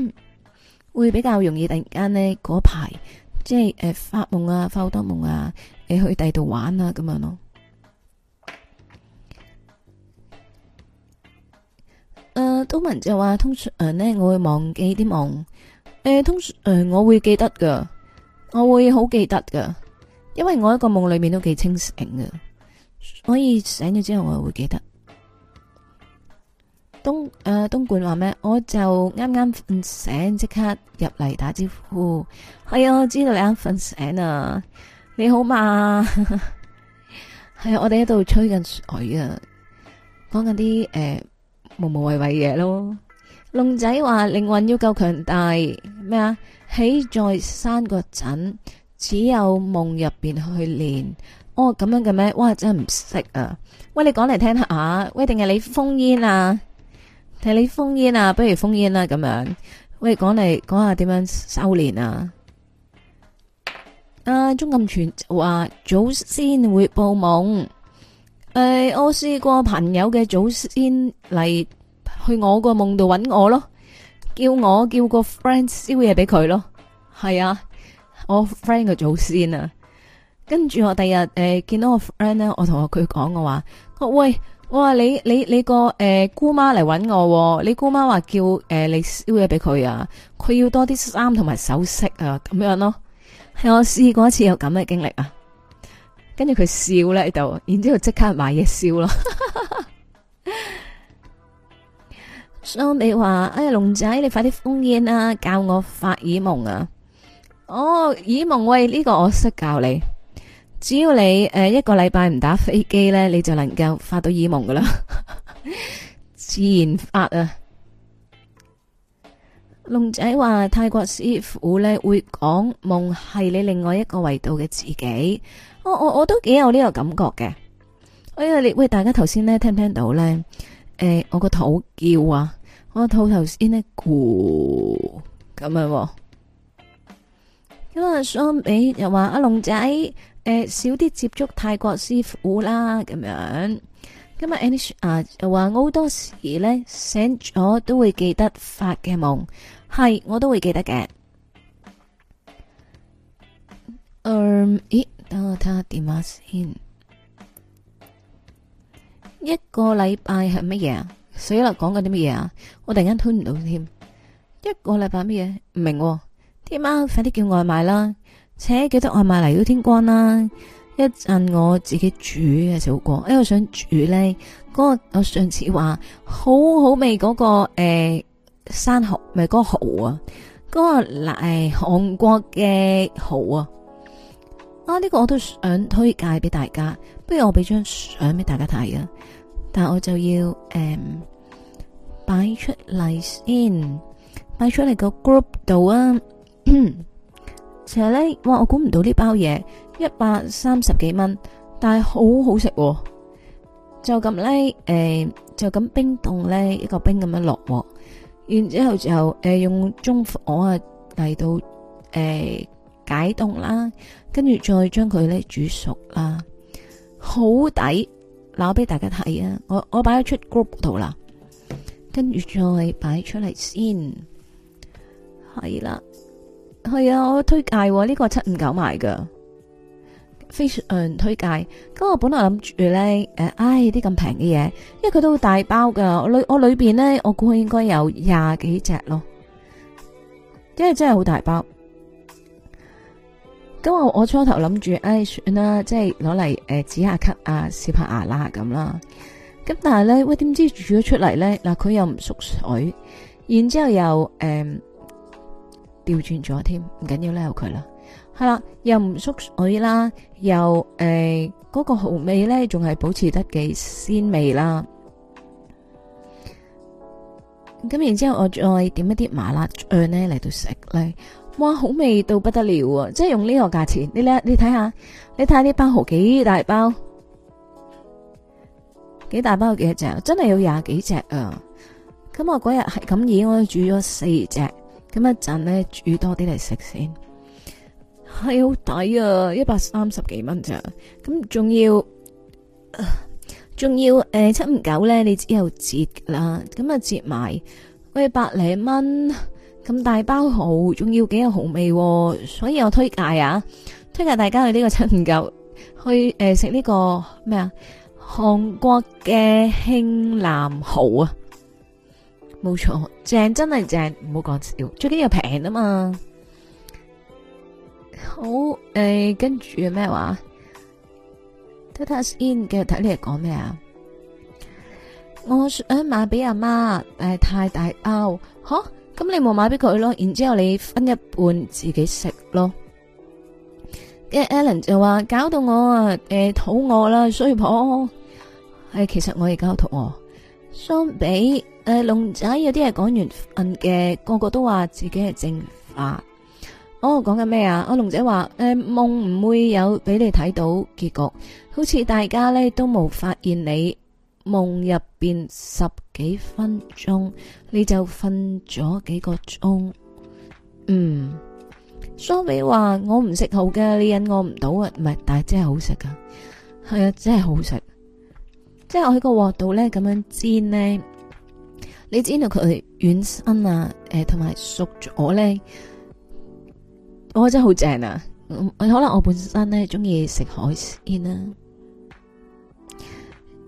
會比較容易突然間咧嗰排即係誒、呃、發夢啊，發好多夢啊，誒去第二度玩啊咁樣咯。都問就話通常誒咧，我會忘記啲夢誒，通常誒、呃、我會記得噶，我會好記得噶，因為我一個夢裏面都幾清醒噶，所以醒咗之後我係會記得。東誒、呃，東莞話咩？我就啱啱瞓醒，即刻入嚟打招呼。係、哎、啊，我知道你啱瞓醒啊，你好嘛？係 [laughs] 啊，我哋喺度吹緊水啊，講緊啲誒。呃無無謂謂嘢咯，龍仔話靈魂要夠強大咩啊？起在山個陣，只有夢入邊去練。哦，咁樣嘅咩？哇，真係唔識啊！喂，你講嚟聽下、啊，喂，定係你封煙啊？定係你封煙啊？不如封煙啊咁樣。喂，講嚟講下點樣修煉啊？啊，鍾暗全話祖先會報夢。誒、呃，我試過朋友嘅祖先嚟去我個夢度揾我咯，叫我叫個 friend 燒嘢俾佢咯，係啊，我 friend 嘅祖先啊，跟住我第日誒、呃、見到我 friend 咧，我同我佢講我話，喂，我話你你你個誒、呃、姑媽嚟揾我，你姑媽話叫誒、呃、你燒嘢俾佢啊，佢要多啲衫同埋首飾啊，咁樣咯，係我試過一次有咁嘅經歷啊。跟住佢笑呢喺度，然之後即刻買嘢笑咯。張美話：哎呀，龍仔，你快啲封煙啦，教我發耳夢啊！哦，耳夢喂，呢、這個我識教你，只要你誒、呃、一個禮拜唔打飛機呢，你就能夠發到耳夢噶啦， [laughs] 自然發啊。龍仔話：泰國師傅呢會講夢係你另外一個維度嘅自己。我我我都幾有呢個感覺嘅，哎呀你喂大家頭先咧聽唔聽到咧？誒、欸，我個肚叫啊，我個肚頭先呢叫，咁、嗯、樣。咁啊，雙美又話阿龍仔，誒、欸，少啲接觸泰國師傅啦，咁樣。今日 a n i s 啊，又話我好多時咧醒咗都會記得發嘅夢，係我都會記得嘅。嗯，咦？等我睇下電話先。一個禮拜係乜嘢啊？死啦，講緊啲乜嘢啊？我突然間推唔到添。一個禮拜乜嘢？唔明白、哦。天喵，快啲叫外賣啦！且記得外賣嚟到天光啦。一陣我自己煮嘅就過，因為我想煮咧，嗰、那個我上次話好好味嗰、那個誒、欸、生蠔，咪嗰個蚝啊，嗰、那個嚟韓國嘅蚝啊。啊！呢、這個我都想推介俾大家，不如我俾張相俾大家睇啊。但係我就要誒擺、嗯、出嚟先，擺出嚟個 group 度啊。 [coughs] 其實呢，哇！我估唔到呢包嘢一百三十幾蚊，但係好好食、啊。就咁呢，誒、呃、就咁冰凍呢一個冰咁樣落、啊，然之後就誒、呃、用中火啊嚟到誒、呃、解凍啦、啊。跟住再將佢咧煮熟啦，好抵，攋俾大家睇啊！我我擺咗出 group 度啦，跟住再擺出嚟先，係啦，係啊！我推介呢、這個七五九賣噶，非常推介。咁我本來諗住咧，誒、哎，唉，啲咁平嘅嘢，因為佢都好大包噶，我裏我裏邊咧，我估佢應該有廿幾隻咯，因為真係好大包。咁我我初頭諗住，哎，算啦，即係攞嚟，誒止下咳啊，攝下牙啦咁啦。咁但係咧，喂，點知煮咗出嚟咧，嗱，佢又唔縮水，然之後又誒調轉咗添，唔緊要啦，由佢啦。係啦，又唔縮水啦，又誒嗰個蚝味咧，仲係保持得幾鮮味啦。咁然之後我再點一啲麻辣醬咧嚟到食咧。哇，好味到不得了啊！即係用呢個價錢，你咧，你睇下，你睇下啲包蠔幾大包，幾大包有幾多隻，真係有廿幾隻啊！咁我嗰日係咁以，我煮咗四隻，咁一陣咧煮多啲嚟食先，係好抵啊！一百三十幾蚊咋？咁仲要仲要誒、呃、七五九咧，你又折啦，咁啊折埋，喂百零蚊。咁大包蠔，仲要幾有蠔味，所以我推介啊，推介大家去呢個七五九去誒，食呢個咩啊？韓國嘅慶南蠔啊，冇錯，正，真係正，唔好講笑，最緊要平啊嘛。好誒，跟住咩話？Tata in，繼續睇，你係講咩啊？我想買俾阿媽，誒，太大包，吓。咁你冇買俾佢咯，然之後你分一半自己食咯。阿 Alan 就話搞到我啊，誒、呃、肚餓啦，衰婆。係、哎、其實我而家好肚餓。相比誒、呃、龍仔有啲係講緣分嘅，個個都話自己係正法。哦，講緊咩啊？我龍仔話誒、呃、夢唔會有俾你睇到結局，好似大家咧都冇發現你。夢入面十幾分鐘，你就瞓咗幾個鐘。嗯，蘇比話我唔食蠔嘅，你忍我唔到啊！唔係，但係真係好食噶，係啊，真係好食。即係我喺個鑊度咧，咁樣煎呢，你煎到佢軟身啊？誒、呃，同埋熟咗咧，我覺得真係好正啊！可能我本身咧中意食海鮮啦。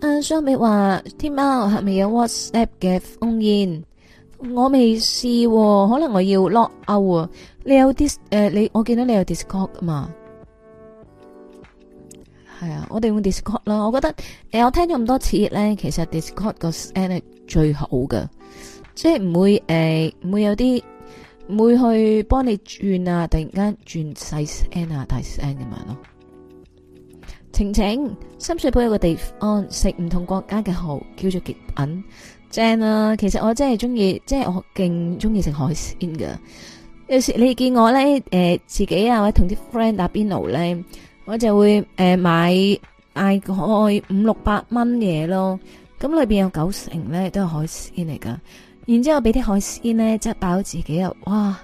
啊，雙美話，天喵係咪有 WhatsApp 嘅封印？我未試喎，可能我要 lock out、啊、你有啲誒、呃，你我見到你有 Discord 㗎嘛？係啊，我哋用 Discord 啦。我覺得、呃、我聽咗咁多次咧，其實 Discord 個聲係最好㗎，即係唔會唔、呃、會有啲唔會去幫你轉啊，突然間轉細聲啊，大聲咁樣咯。晴晴，深水埗有個地方食唔同國家嘅蠔，叫做極品正啊！其實我真係中意，即係我勁中意食海鮮噶。有時你見我咧，誒自己啊，或者同啲 friend 打邊爐咧，我就會誒買嗌個五六百蚊嘢咯。咁裏邊有九成咧，都係海鮮嚟噶。然之後俾啲海鮮咧，即係飽咗自己啊，哇！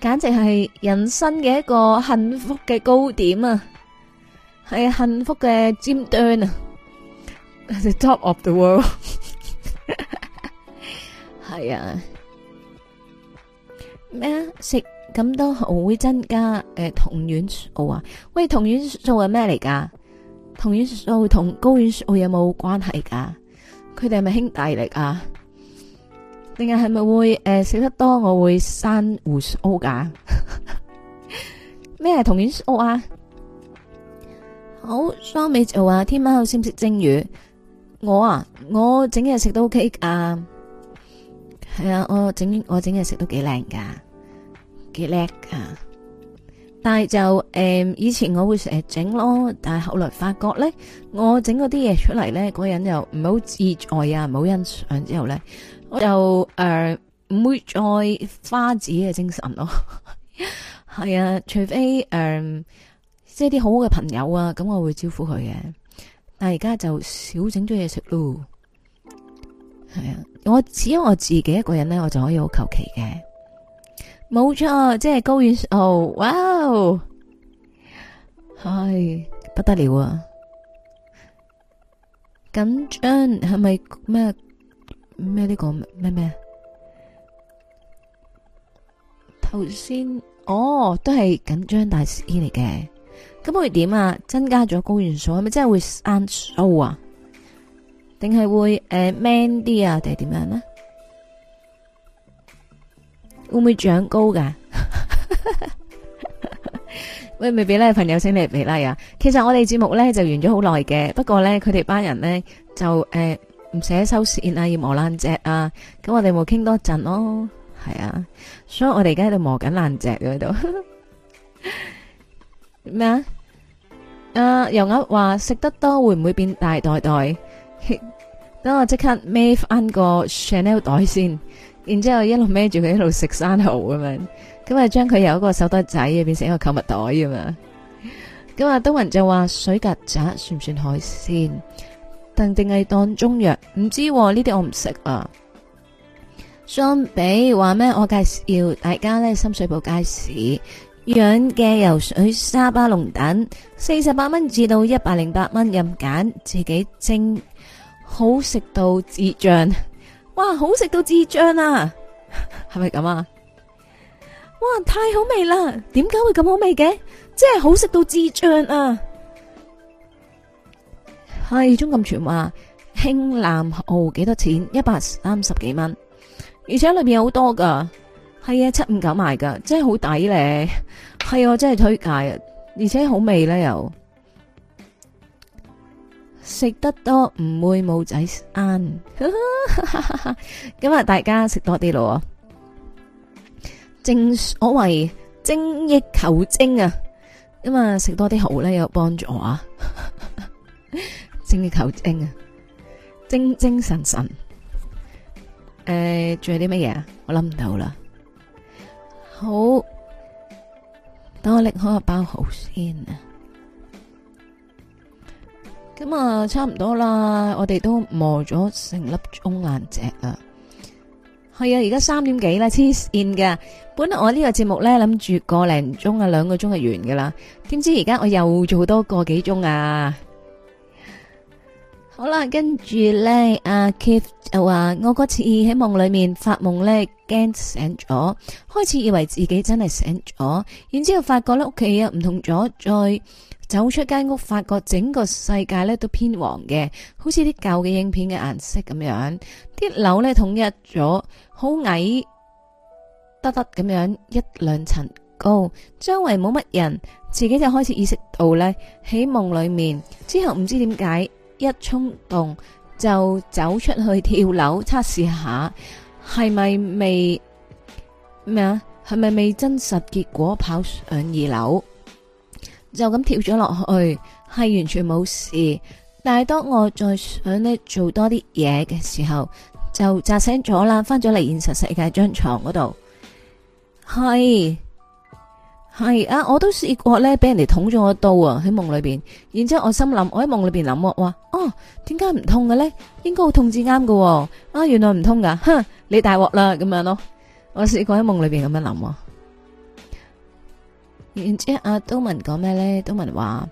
簡直係人生嘅一個幸福嘅高點啊！係幸福嘅尖端啊！The top of the world，係啊。咩啊？食咁多蠔會增加誒同丸素啊？喂，同丸素係咩嚟噶？同丸素同高丸素有冇關係噶？佢哋係咪兄弟嚟噶？定係係咪會誒食得多我會生鬍鬚啊？咩係同丸素啊？好，雙尾就話天晚去先唔識蒸魚？我啊，我整嘢食都 OK 噶，係啊，我整我整嘢食都幾靚噶，幾叻噶但係就誒、嗯，以前我會成日整咯，但係後來發覺咧，我整嗰啲嘢出嚟咧，嗰人又唔好自在啊，唔好欣賞。之後咧，我就誒唔、呃、會再花自己嘅精神咯。係 [laughs] 啊，除非誒。呃即係啲好嘅朋友啊，咁我會招呼佢嘅。但係而家就少整咗嘢食咯。係啊，我只有我自己一個人呢，我就可以好求其嘅。冇錯，即係高院、哦，哇，唉，不得了啊！緊張係咪咩咩呢個咩咩啊？頭先哦，都係緊張大師嚟嘅。咁會點啊？增加咗高元素，係咪真係會生粗啊？定係會誒 man 啲啊？定係點樣咧？會唔會長高噶？喂，未俾 like，朋友請你嚟俾 like 呀！其實我哋節目咧就完咗好耐嘅，不過咧佢哋班人咧就誒唔捨得收線啊，要磨爛隻啊！咁我哋冇傾多陣咯，係啊，所以我哋而家喺度磨緊爛隻喺度。咩啊？阿油鴨話食得多會唔會變大袋袋？等 [laughs] 我即刻孭翻個 Chanel 袋先，然之後一路孭住佢一路食生蠔咁樣，咁啊將佢由一個手袋仔變成一個購物袋咁樣。咁啊，德雲就話水曱甴算唔算海鮮？定定係當中藥？唔知呢啲我唔食啊。相比話咩？我介紹大家呢深水埗街市。養嘅游水沙巴龍蛋，四十八蚊至到一百零八蚊任揀，自己蒸，好食到智障！哇，好食到智障啊！係咪咁啊？哇，太好味啦！點解會咁好味嘅？真係好食到智障啊！係鍾錦全話，興南蚝幾多錢？一百三十幾蚊，而且裏面有好多噶。係啊，七五九賣噶，真係好抵咧。係啊，我真係推介啊，而且好味咧又，食得多唔會冇仔眼。咁啊，大家食多啲咯，正所謂精益求精啊。咁啊，食多啲好咧，有幫助啊。呵呵，精益求精啊，精精神神。誒、呃，仲有啲乜嘢啊？我諗唔到啦。好，等我拎開個包好先啊！咁啊，差唔多啦，我哋都磨咗成粒鐘爛蓆啦。係啊，而家三點幾啦，黐線噶！本來我呢個節目咧，諗住個零鐘啊，兩個鐘就完噶啦，點知而家我又做多個幾鐘啊！好啦，跟住呢，阿、啊、K 就話：我嗰次喺夢裏面發夢呢，驚醒咗，開始以為自己真係醒咗，然之後發覺呢屋企啊唔同咗，再走出間屋，發覺整個世界呢都偏黃嘅，好似啲舊嘅影片嘅顏色咁樣。啲樓呢統一咗，好矮，得得咁樣一兩層高，周圍冇乜人，自己就開始意識到呢，喺夢裏面之後，唔知點解。一衝動就走出去跳樓，測試下係咪未咩啊？係咪未真實？結果跑上二樓就咁跳咗落去，係完全冇事。但係當我再想呢做多啲嘢嘅時候，就扎醒咗啦，翻咗嚟現實世界張床嗰度係。係啊，我都試過咧，俾人哋捅咗我刀啊！喺夢裏邊，然之後我心諗，我喺夢裏邊諗，我話哦，點解唔痛嘅咧？應該痛至啱噶，啊，原來唔痛噶，哼，你大鑊啦咁樣咯。我試過喺夢裏邊咁樣諗。然之後阿東文講咩咧？東文話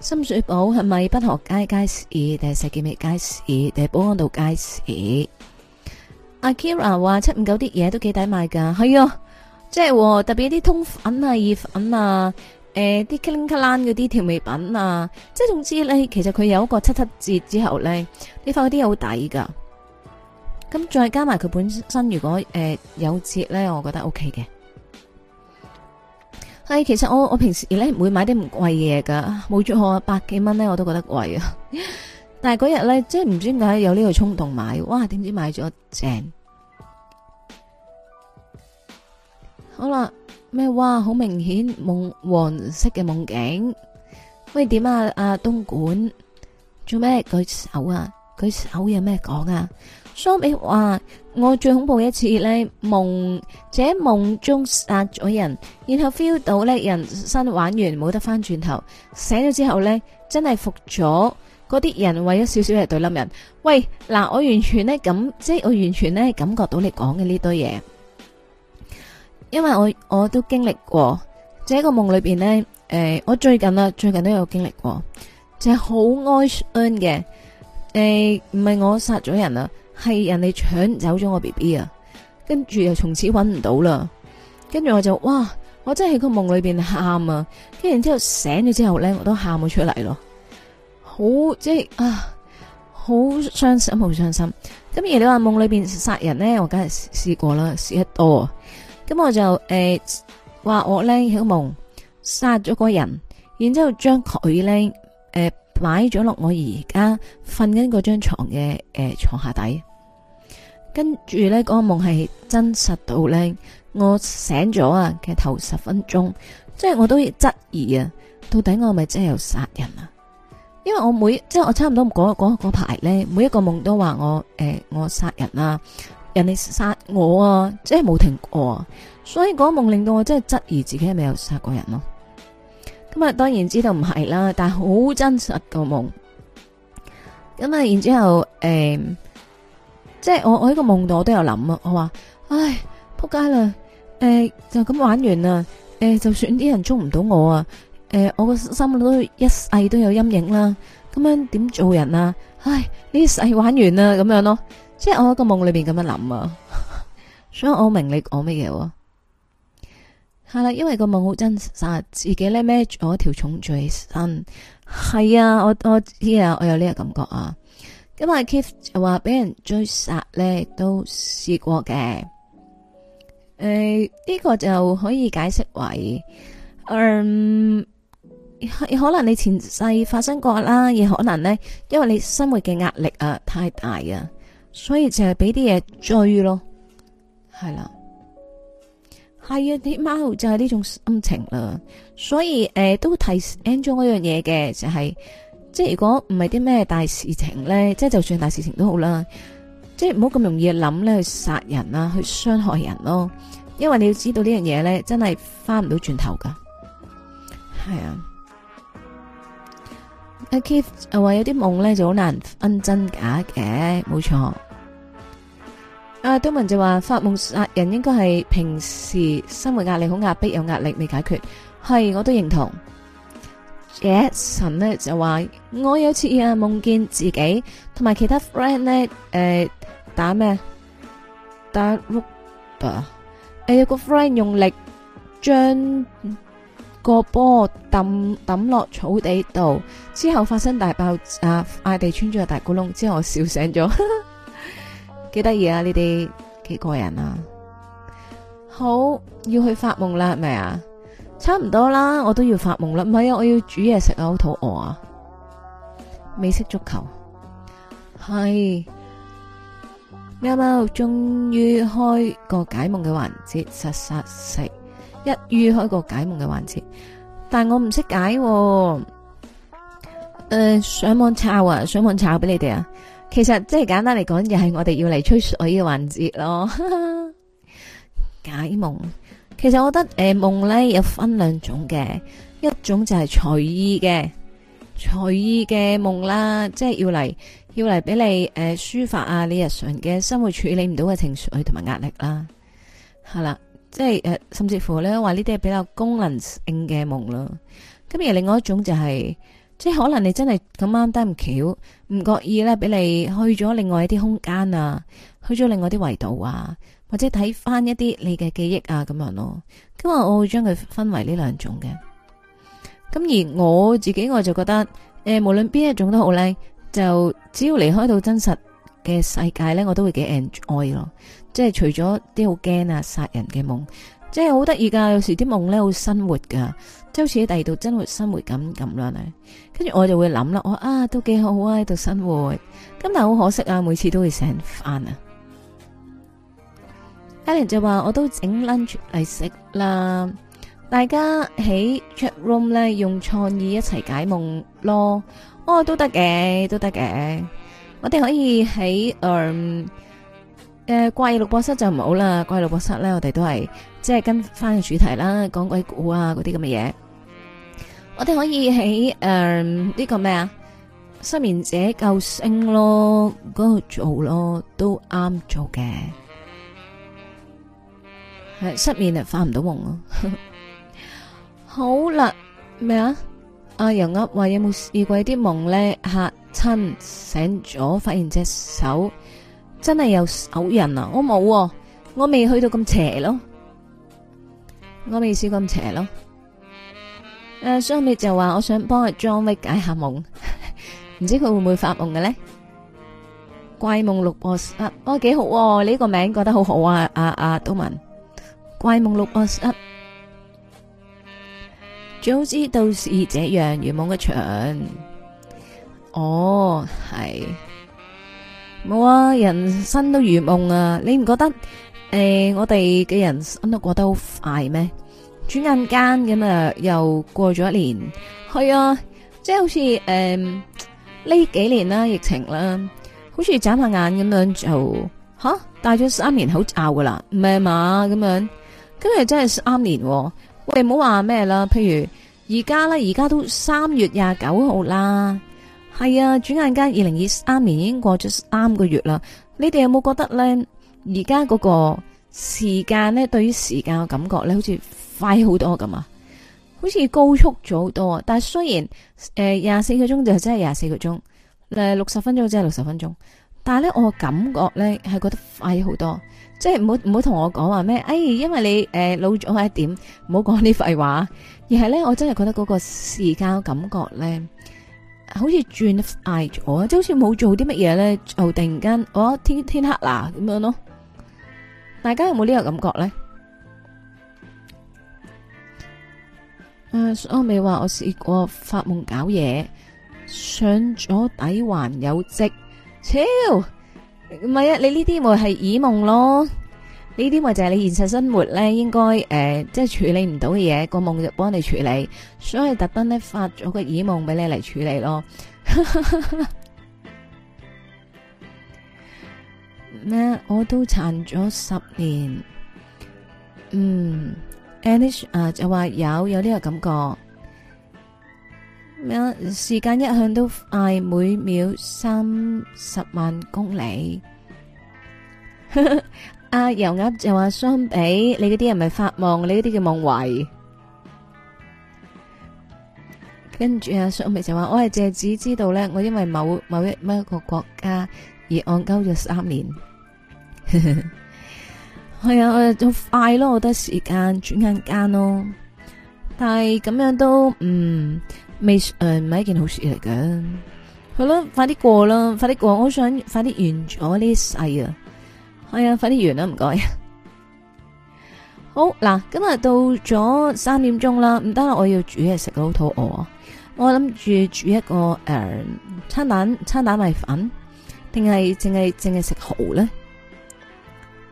深水埗係咪北河街街市定係石硤尾街市定係保安道街市？阿 Kira 話七五九啲嘢都幾抵買噶，係啊。即係特別啲通粉啊、意粉啊、誒啲 clingklang 嗰啲調味品啊，即係總之咧，其實佢有一個七七折之後咧，你發覺啲好抵噶。咁再加埋佢本身，如果誒、呃、有折咧，我覺得 O K 嘅。係其實我我平時咧唔會買啲唔貴嘢噶，冇咗我百幾蚊咧，我都覺得貴啊。但係嗰日咧，即係唔知點解有呢個衝動買，哇！點知買咗正。好啦，咩？哇，好明顯夢黃色嘅夢境。喂，點啊？阿、啊、東莞做咩？佢手啊，佢手有咩講啊？蘇美話：我最恐怖一次咧，夢喺夢中殺咗人，然後 feel 到咧，人生玩完冇得翻轉頭。醒咗之後咧，真係服咗嗰啲人為咗少少嚟對冧人。喂，嗱，我完全咧咁即係我完全咧感覺到你講嘅呢堆嘢。因為我我都經歷過，就喺個夢裏邊咧。誒，我最近啊，最近都有經歷過，就係好哀傷嘅。誒，唔係我殺咗人啊，係人哋搶走咗我 B B 啊,跟住又從此揾唔到啦。跟住我就哇，我真係喺個夢裏邊喊啊。跟住然之後醒咗之後咧，我都喊咗出嚟咯，好即係啊，好傷心，好傷心。咁而你話夢裏邊殺人咧，我梗係試過啦，試得多啊。咁我就誒話、欸、我咧，小夢殺咗個人，然之後將佢咧誒擺咗落我而家瞓緊嗰張床嘅、誒、欸、床下底，跟住咧嗰個夢係真實到咧，我醒咗啊，嘅頭十分鐘，即、就、係、是、我都質疑啊，到底我係咪真係有殺人啊？因為我每即係我差唔多嗰排咧，每一個夢都話我誒、欸、我殺人啊。人哋殺我啊，即係冇停過啊，所以嗰個夢令到我真係質疑自己係咪有殺過人咯啊？咁啊，當然知道唔係啦，但係好真實個夢。咁啊，然之後誒，即係我我喺個夢度我都有諗啊，我話：唉，撲街啦！誒，就咁玩完啦！誒，就算啲人捉唔到我啊，誒，我個心都一世都有陰影啦。咁樣點做人啊？唉，呢世玩完啦，咁樣咯。即係我喺個夢裏邊咁樣諗啊， [laughs] 所以我明你講乜嘢係啦。因為個夢好真實，自己咧孭住我條重最身係啊。我我呢日我有呢個感覺啊。咁啊，Kiss 就話俾人追殺咧，都試過嘅。誒、呃，呢個就可以解釋為，嗯，可能你前世發生過啦，亦可能咧，因為你生活嘅壓力啊太大啊。所以就係俾啲嘢追咯，係啦，係啊啲貓就係呢種心情啦。所以誒、呃、都提 end 咗嗰樣嘢嘅，就係、是、即係如果唔係啲咩大事情咧，即係就算大事情都好啦，即係唔好咁容易諗諗咧去殺人啊，去傷害人咯。因為你要知道呢樣嘢咧，真係翻唔到轉頭噶。係啊 K，阿 Keith 話有啲夢咧就好難分真假嘅，冇錯。阿東文就話：發夢殺人應該係平時生活壓力好壓迫，有壓力未解決，係我都認同。耶神咧就話：我有次啊夢見自己同埋其他 friend 咧誒打咩打 football，誒有個 friend 用力將個波抌抌落草地度，之後發生大爆炸，艾地穿咗個大咕窿，之後我笑醒咗。幾得意啊！呢啲，幾過癮啊！好，要去發夢啦，係咪啊？差唔多啦，我都要發夢啦。唔係啊，我要煮嘢食啊，好肚餓啊！美式足球，係喵喵，終於開個解夢嘅環節，實實食一於開個解夢嘅環節，但係我唔識解、啊，誒、呃，上網抄啊，上網抄俾你哋啊！其實即係簡單嚟講，就係我哋要嚟吹水嘅環節咯。 [laughs] 解夢，其實我覺得誒、呃、夢呢有分兩種嘅，一種就係隨意嘅隨意嘅夢啦，即係要嚟要嚟俾你誒、呃、抒發啊你日常嘅生活處理唔到嘅情緒同埋壓力啦。係 [laughs] 啦、嗯，即係誒、呃、甚至乎呢話呢啲係比較功能性嘅夢咯。咁而另外一種就係、是。即係可能你真係咁啱得咁巧唔覺意咧，俾你去咗另外一啲空間啊，去咗另外啲維度啊，或者睇翻一啲你嘅記憶啊咁樣咯。今日我會將佢分為呢兩種嘅。咁而我自己我就覺得，誒、呃，無論邊一種都好咧，就只要離開到真實嘅世界咧，我都會幾 enjoy 咯。即係除咗啲好驚啊殺人嘅夢。即係好得意噶，有時啲夢咧好生活噶，即係好似喺第二度真活生活咁咁啦。跟住我就會諗啦，我啊都幾好啊喺度生活。咁但係好可惜啊，每次都會醒返啊。Allen 就話我都整 lunch 嚟食啦，大家喺 chat room 咧用創意一齊解夢咯。哦，都得嘅，都得嘅，我哋可以喺嗯誒怪異錄播室就唔好啦，怪異錄播室咧我哋都係。即係跟翻個主題啦，講鬼故啊，嗰啲咁嘅嘢，我哋可以喺誒呢個咩啊失眠者救星咯，嗰度做咯，都啱做嘅。係失眠啊，翻唔到夢咯。好啦，咩啊？阿楊噏話有冇試過啲夢咧？嚇親醒咗，發現隻手真係有手印啊！我冇，我未去到咁邪咯。我未試過咁邪咯，誒，所以咪就話我想幫阿 John Wick 解下夢，唔知佢會唔會發夢嘅咧？怪夢六婆啊，哦，幾好，你呢個名覺得好好啊，阿阿都文，怪夢六婆，早知道是這樣，如夢一場。哦，係，冇啊，人生都如夢啊，你唔覺得？誒、哎，我哋嘅人生都過得好快咩？轉眼間咁啊，又過咗一年，係啊，即係好似誒呢幾年啦，疫情啦，好似眨下眼咁樣就吓，戴咗三年口罩噶啦，唔係嘛咁樣，今日真係三年，我哋唔好話咩啦，譬如而家咧，而家都三月廿九號啦，係啊，轉眼間二零二三年已經過咗三個月啦，你哋有冇覺得咧？而家嗰個時間咧，對於時間嘅感覺咧，好似快好多咁啊，好似高速咗好多啊！但係雖然誒廿四個鐘就真係廿四個鐘，誒六十分鐘真係六十分鐘，但係咧我感覺咧係覺得快好多，即係唔好唔好同我講話咩？哎，因為你誒、呃、老咗一點，唔好講啲廢話，而係咧我真係覺得嗰個時間嘅感覺咧，好似轉快咗，即係好似冇做啲乜嘢咧，就突然間哦，天天黑啦咁樣咯。大家有冇呢個感覺呢？誒、啊，所以我咪話我試過發夢搞嘢，上咗底還有積，超唔係啊？你呢啲咪係耳夢咯？呢啲咪就係你現實生活呢，應該誒，即係處理唔到嘅嘢，個夢就幫你處理，所以特登呢發咗個耳夢俾你嚟處理咯。 [laughs] 咩？我都殘咗十年。嗯，Anish 啊，就話有有呢個感覺咩？時間一向都快，每秒三十萬公里。阿油鴨就話相比你嗰啲人咪發夢，你嗰啲叫夢遺。跟住啊，相比就話我係借只知道咧，我因為某某一乜一個國家而暗溝咗三年。係 [laughs] 啊，我就好快咯，我覺得我時間轉眼間咯。但係咁樣都嗯未誒，唔係、呃、一件好事嚟嘅。好啦、啊，快啲過啦，快啲過，我想快啲完咗呢世啊。係啊，快啲完啦，唔該。好嗱，今日到咗三點鐘啦，唔得啦，我要煮嘢食，好肚餓。我諗住煮一個誒、呃、餐蛋餐蛋米粉，定係淨係淨係食蠔咧？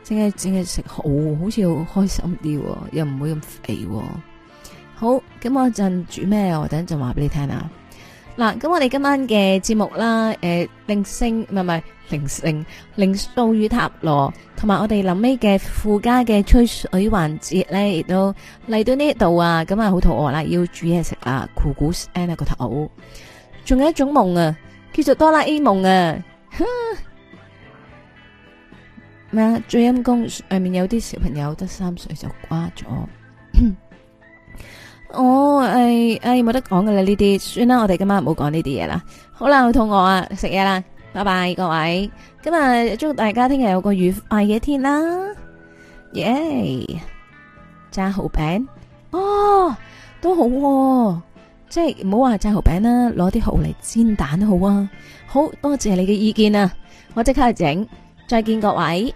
淨係淨係食好，好似好開心啲，又唔會咁肥，哦。好，咁我一陣煮咩？我等陣話俾你聽啊！嗱，咁我哋今晚嘅節目啦，誒、呃，鈴聲唔係唔係鈴聲，靈數與塔羅，同埋我哋臨尾嘅附加嘅吹水環節咧，亦都嚟到呢度啊！咁啊，好肚餓啦，要煮嘢食啊！酷古安娜個頭，仲有一種夢啊，叫做哆啦 A 夢啊！哼～最陰功，上面有啲小朋友三、 [coughs] 哦哎哎、得三歲就瓜咗，我係係冇得講噶啦呢啲，算啦，我哋今晚唔好講呢啲嘢啦。好啦，肚餓啊，食嘢啦，拜拜各位，今日祝大家聽日有個愉快嘅一天啦，耶、yeah,！炸蠔餅哦，都好、啊，即係唔好話炸蠔餅啦，攞啲蠔嚟煎蛋好啊，好多謝你嘅意見啊，我即刻去整，再見各位。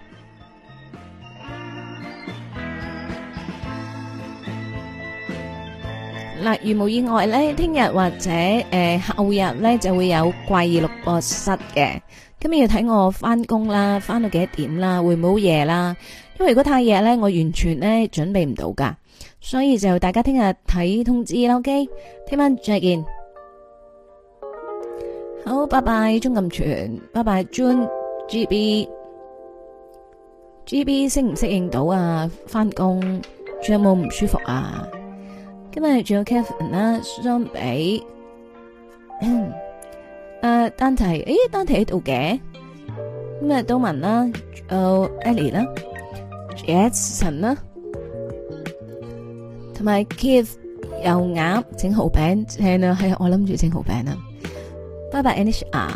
嗱，如無意外咧，聽日或者誒後日咧就會有怪異六個室嘅。今日要睇我翻工啦，翻到幾點啦，會唔會好夜啦？因為如果太夜咧，我完全咧準備唔到噶。所以就大家聽日睇通知啦，OK？聽晚再見。好，拜拜，鍾錦全，拜拜，Jun G B G B 適唔適應到啊？翻工仲有冇唔舒服啊？今日仲有 Kevin 啦，雙比，誒，丹提，誒，丹提喺度嘅，咁啊，都文啦，誒，Ellie 啦，Jason 啦，同埋 Keith 又鴨整蠔餅正啊，係啊，我諗住整蠔餅啊，拜拜，Anisha，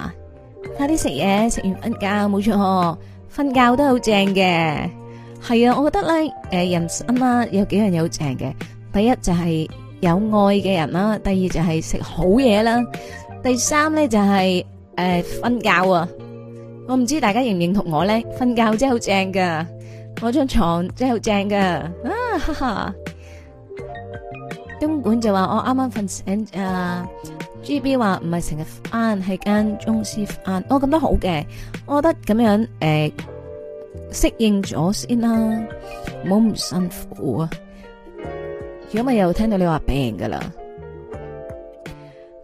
快啲食嘢，食完瞓覺冇錯，瞓覺都係好正嘅，係啊，我覺得咧，誒，人生啊有幾樣嘢好正嘅。第一就係有愛嘅人啦，第二就係食好嘢啦，第三咧就係誒瞓覺啊！我唔知大家認唔認同我咧，瞓覺真係好正噶，我張床真係好正噶，啊，哈哈！東莞就話我啱啱瞓醒啊，G B 話唔係成日翻係間中司翻，哦咁都好嘅，我覺得咁樣誒適、呃、應咗先啦，唔好咁辛苦啊！如果咪又聽到你話病噶啦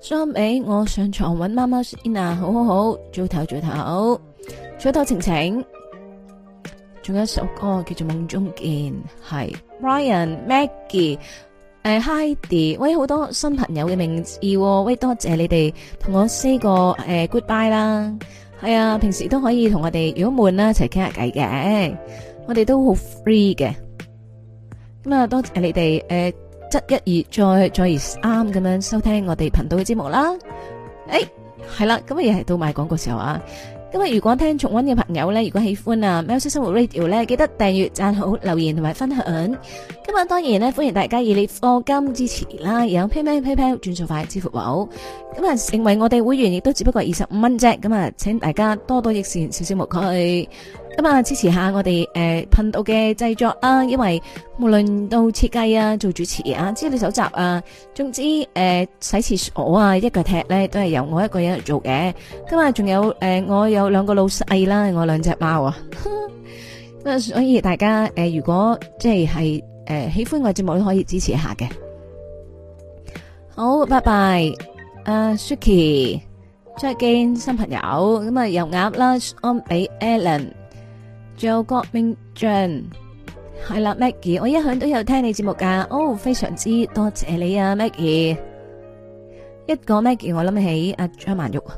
所以我上床搵媽媽先啊，好好好，早唞，早唞，早唞。晴晴，仲有一首歌叫做《夢中見》，係 Ryan Maggie,、呃、Maggie，誒 Heidi，喂好多新朋友嘅名字，喂多謝你哋同我 say 個誒、呃、Goodbye 啦，係啊，平時都可以同我哋如果悶啦一齊傾下偈嘅，我哋都好 free 嘅。咁啊，多謝你哋誒，擇、呃、一而再，再而三咁樣收聽我哋頻道嘅節目啦。誒、哎，係啦，咁啊，又係到賣廣告時候啊。今日如果聽重温嘅朋友咧，如果喜歡啊，m l 喵式生活 Radio 咧，記得訂閱、讚好、留言同埋分享。今日當然咧，歡迎大家以你課金支持啦，有 man, pay pay pay pay 轉數快支付寶。咁啊，成為我哋會員亦都只不過二十五蚊啫。咁啊，請大家多多益善，少少無拘。咁啊、嗯，支持下我哋誒頻道嘅製作啊，因為無論到設計啊、做主持啊、資料搜集啊，總之誒、呃、洗廁所啊，一腳踢咧都係由我一個人嚟做嘅。咁、嗯、啊，仲有誒、呃，我有兩個老細啦，我兩隻貓啊，咁 [laughs] 啊、嗯，所以大家誒、呃，如果即係誒、呃、喜歡我節目都可以支持下嘅。好，拜拜誒、啊，Suki 再見新朋友。咁、嗯、啊，油鴨啦，安俾 Alan。做革命將係啦，Maggie，我一向都有聽你節目噶，哦，非常之多謝你啊，Maggie。一講 Maggie，我諗起阿張曼玉啊。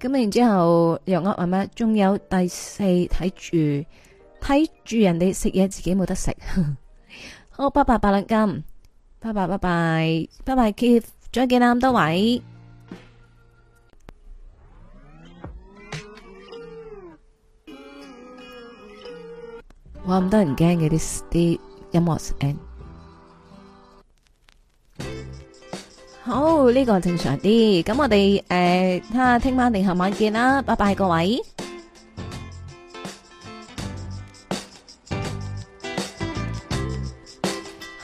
咁然之後又呃話咩？仲有第四睇住睇住人哋食嘢，自己冇得食。 [laughs] 好，拜拜，八兩金，拜拜，拜拜，拜拜，Jeff，再見啦，咁多位。我咁多人驚嘅啲啲音樂聲，好呢個正常啲。咁我哋誒，睇下聽晚定後晚見啦，拜拜各位。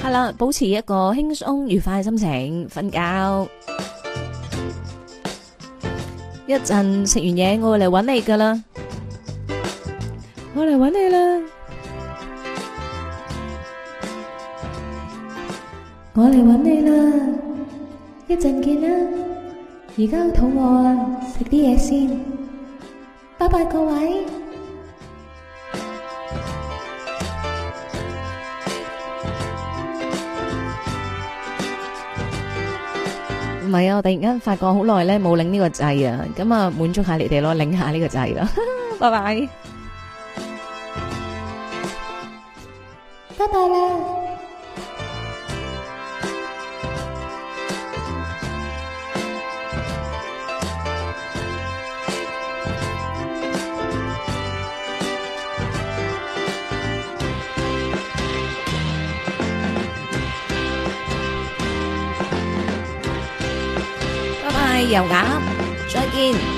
係啦，保持一個輕鬆愉快嘅心情，瞓覺。一陣食完嘢，我會嚟揾你噶啦，我嚟揾你啦。我嚟揾你啦，一陣見啦！而家好肚餓啊，食啲嘢先，拜拜各位！唔係啊，我突然間發覺好耐咧冇領呢個掣啊，咁啊滿足下你哋咯，領下呢個掣啦，拜拜，拜拜啦！又眼，再見。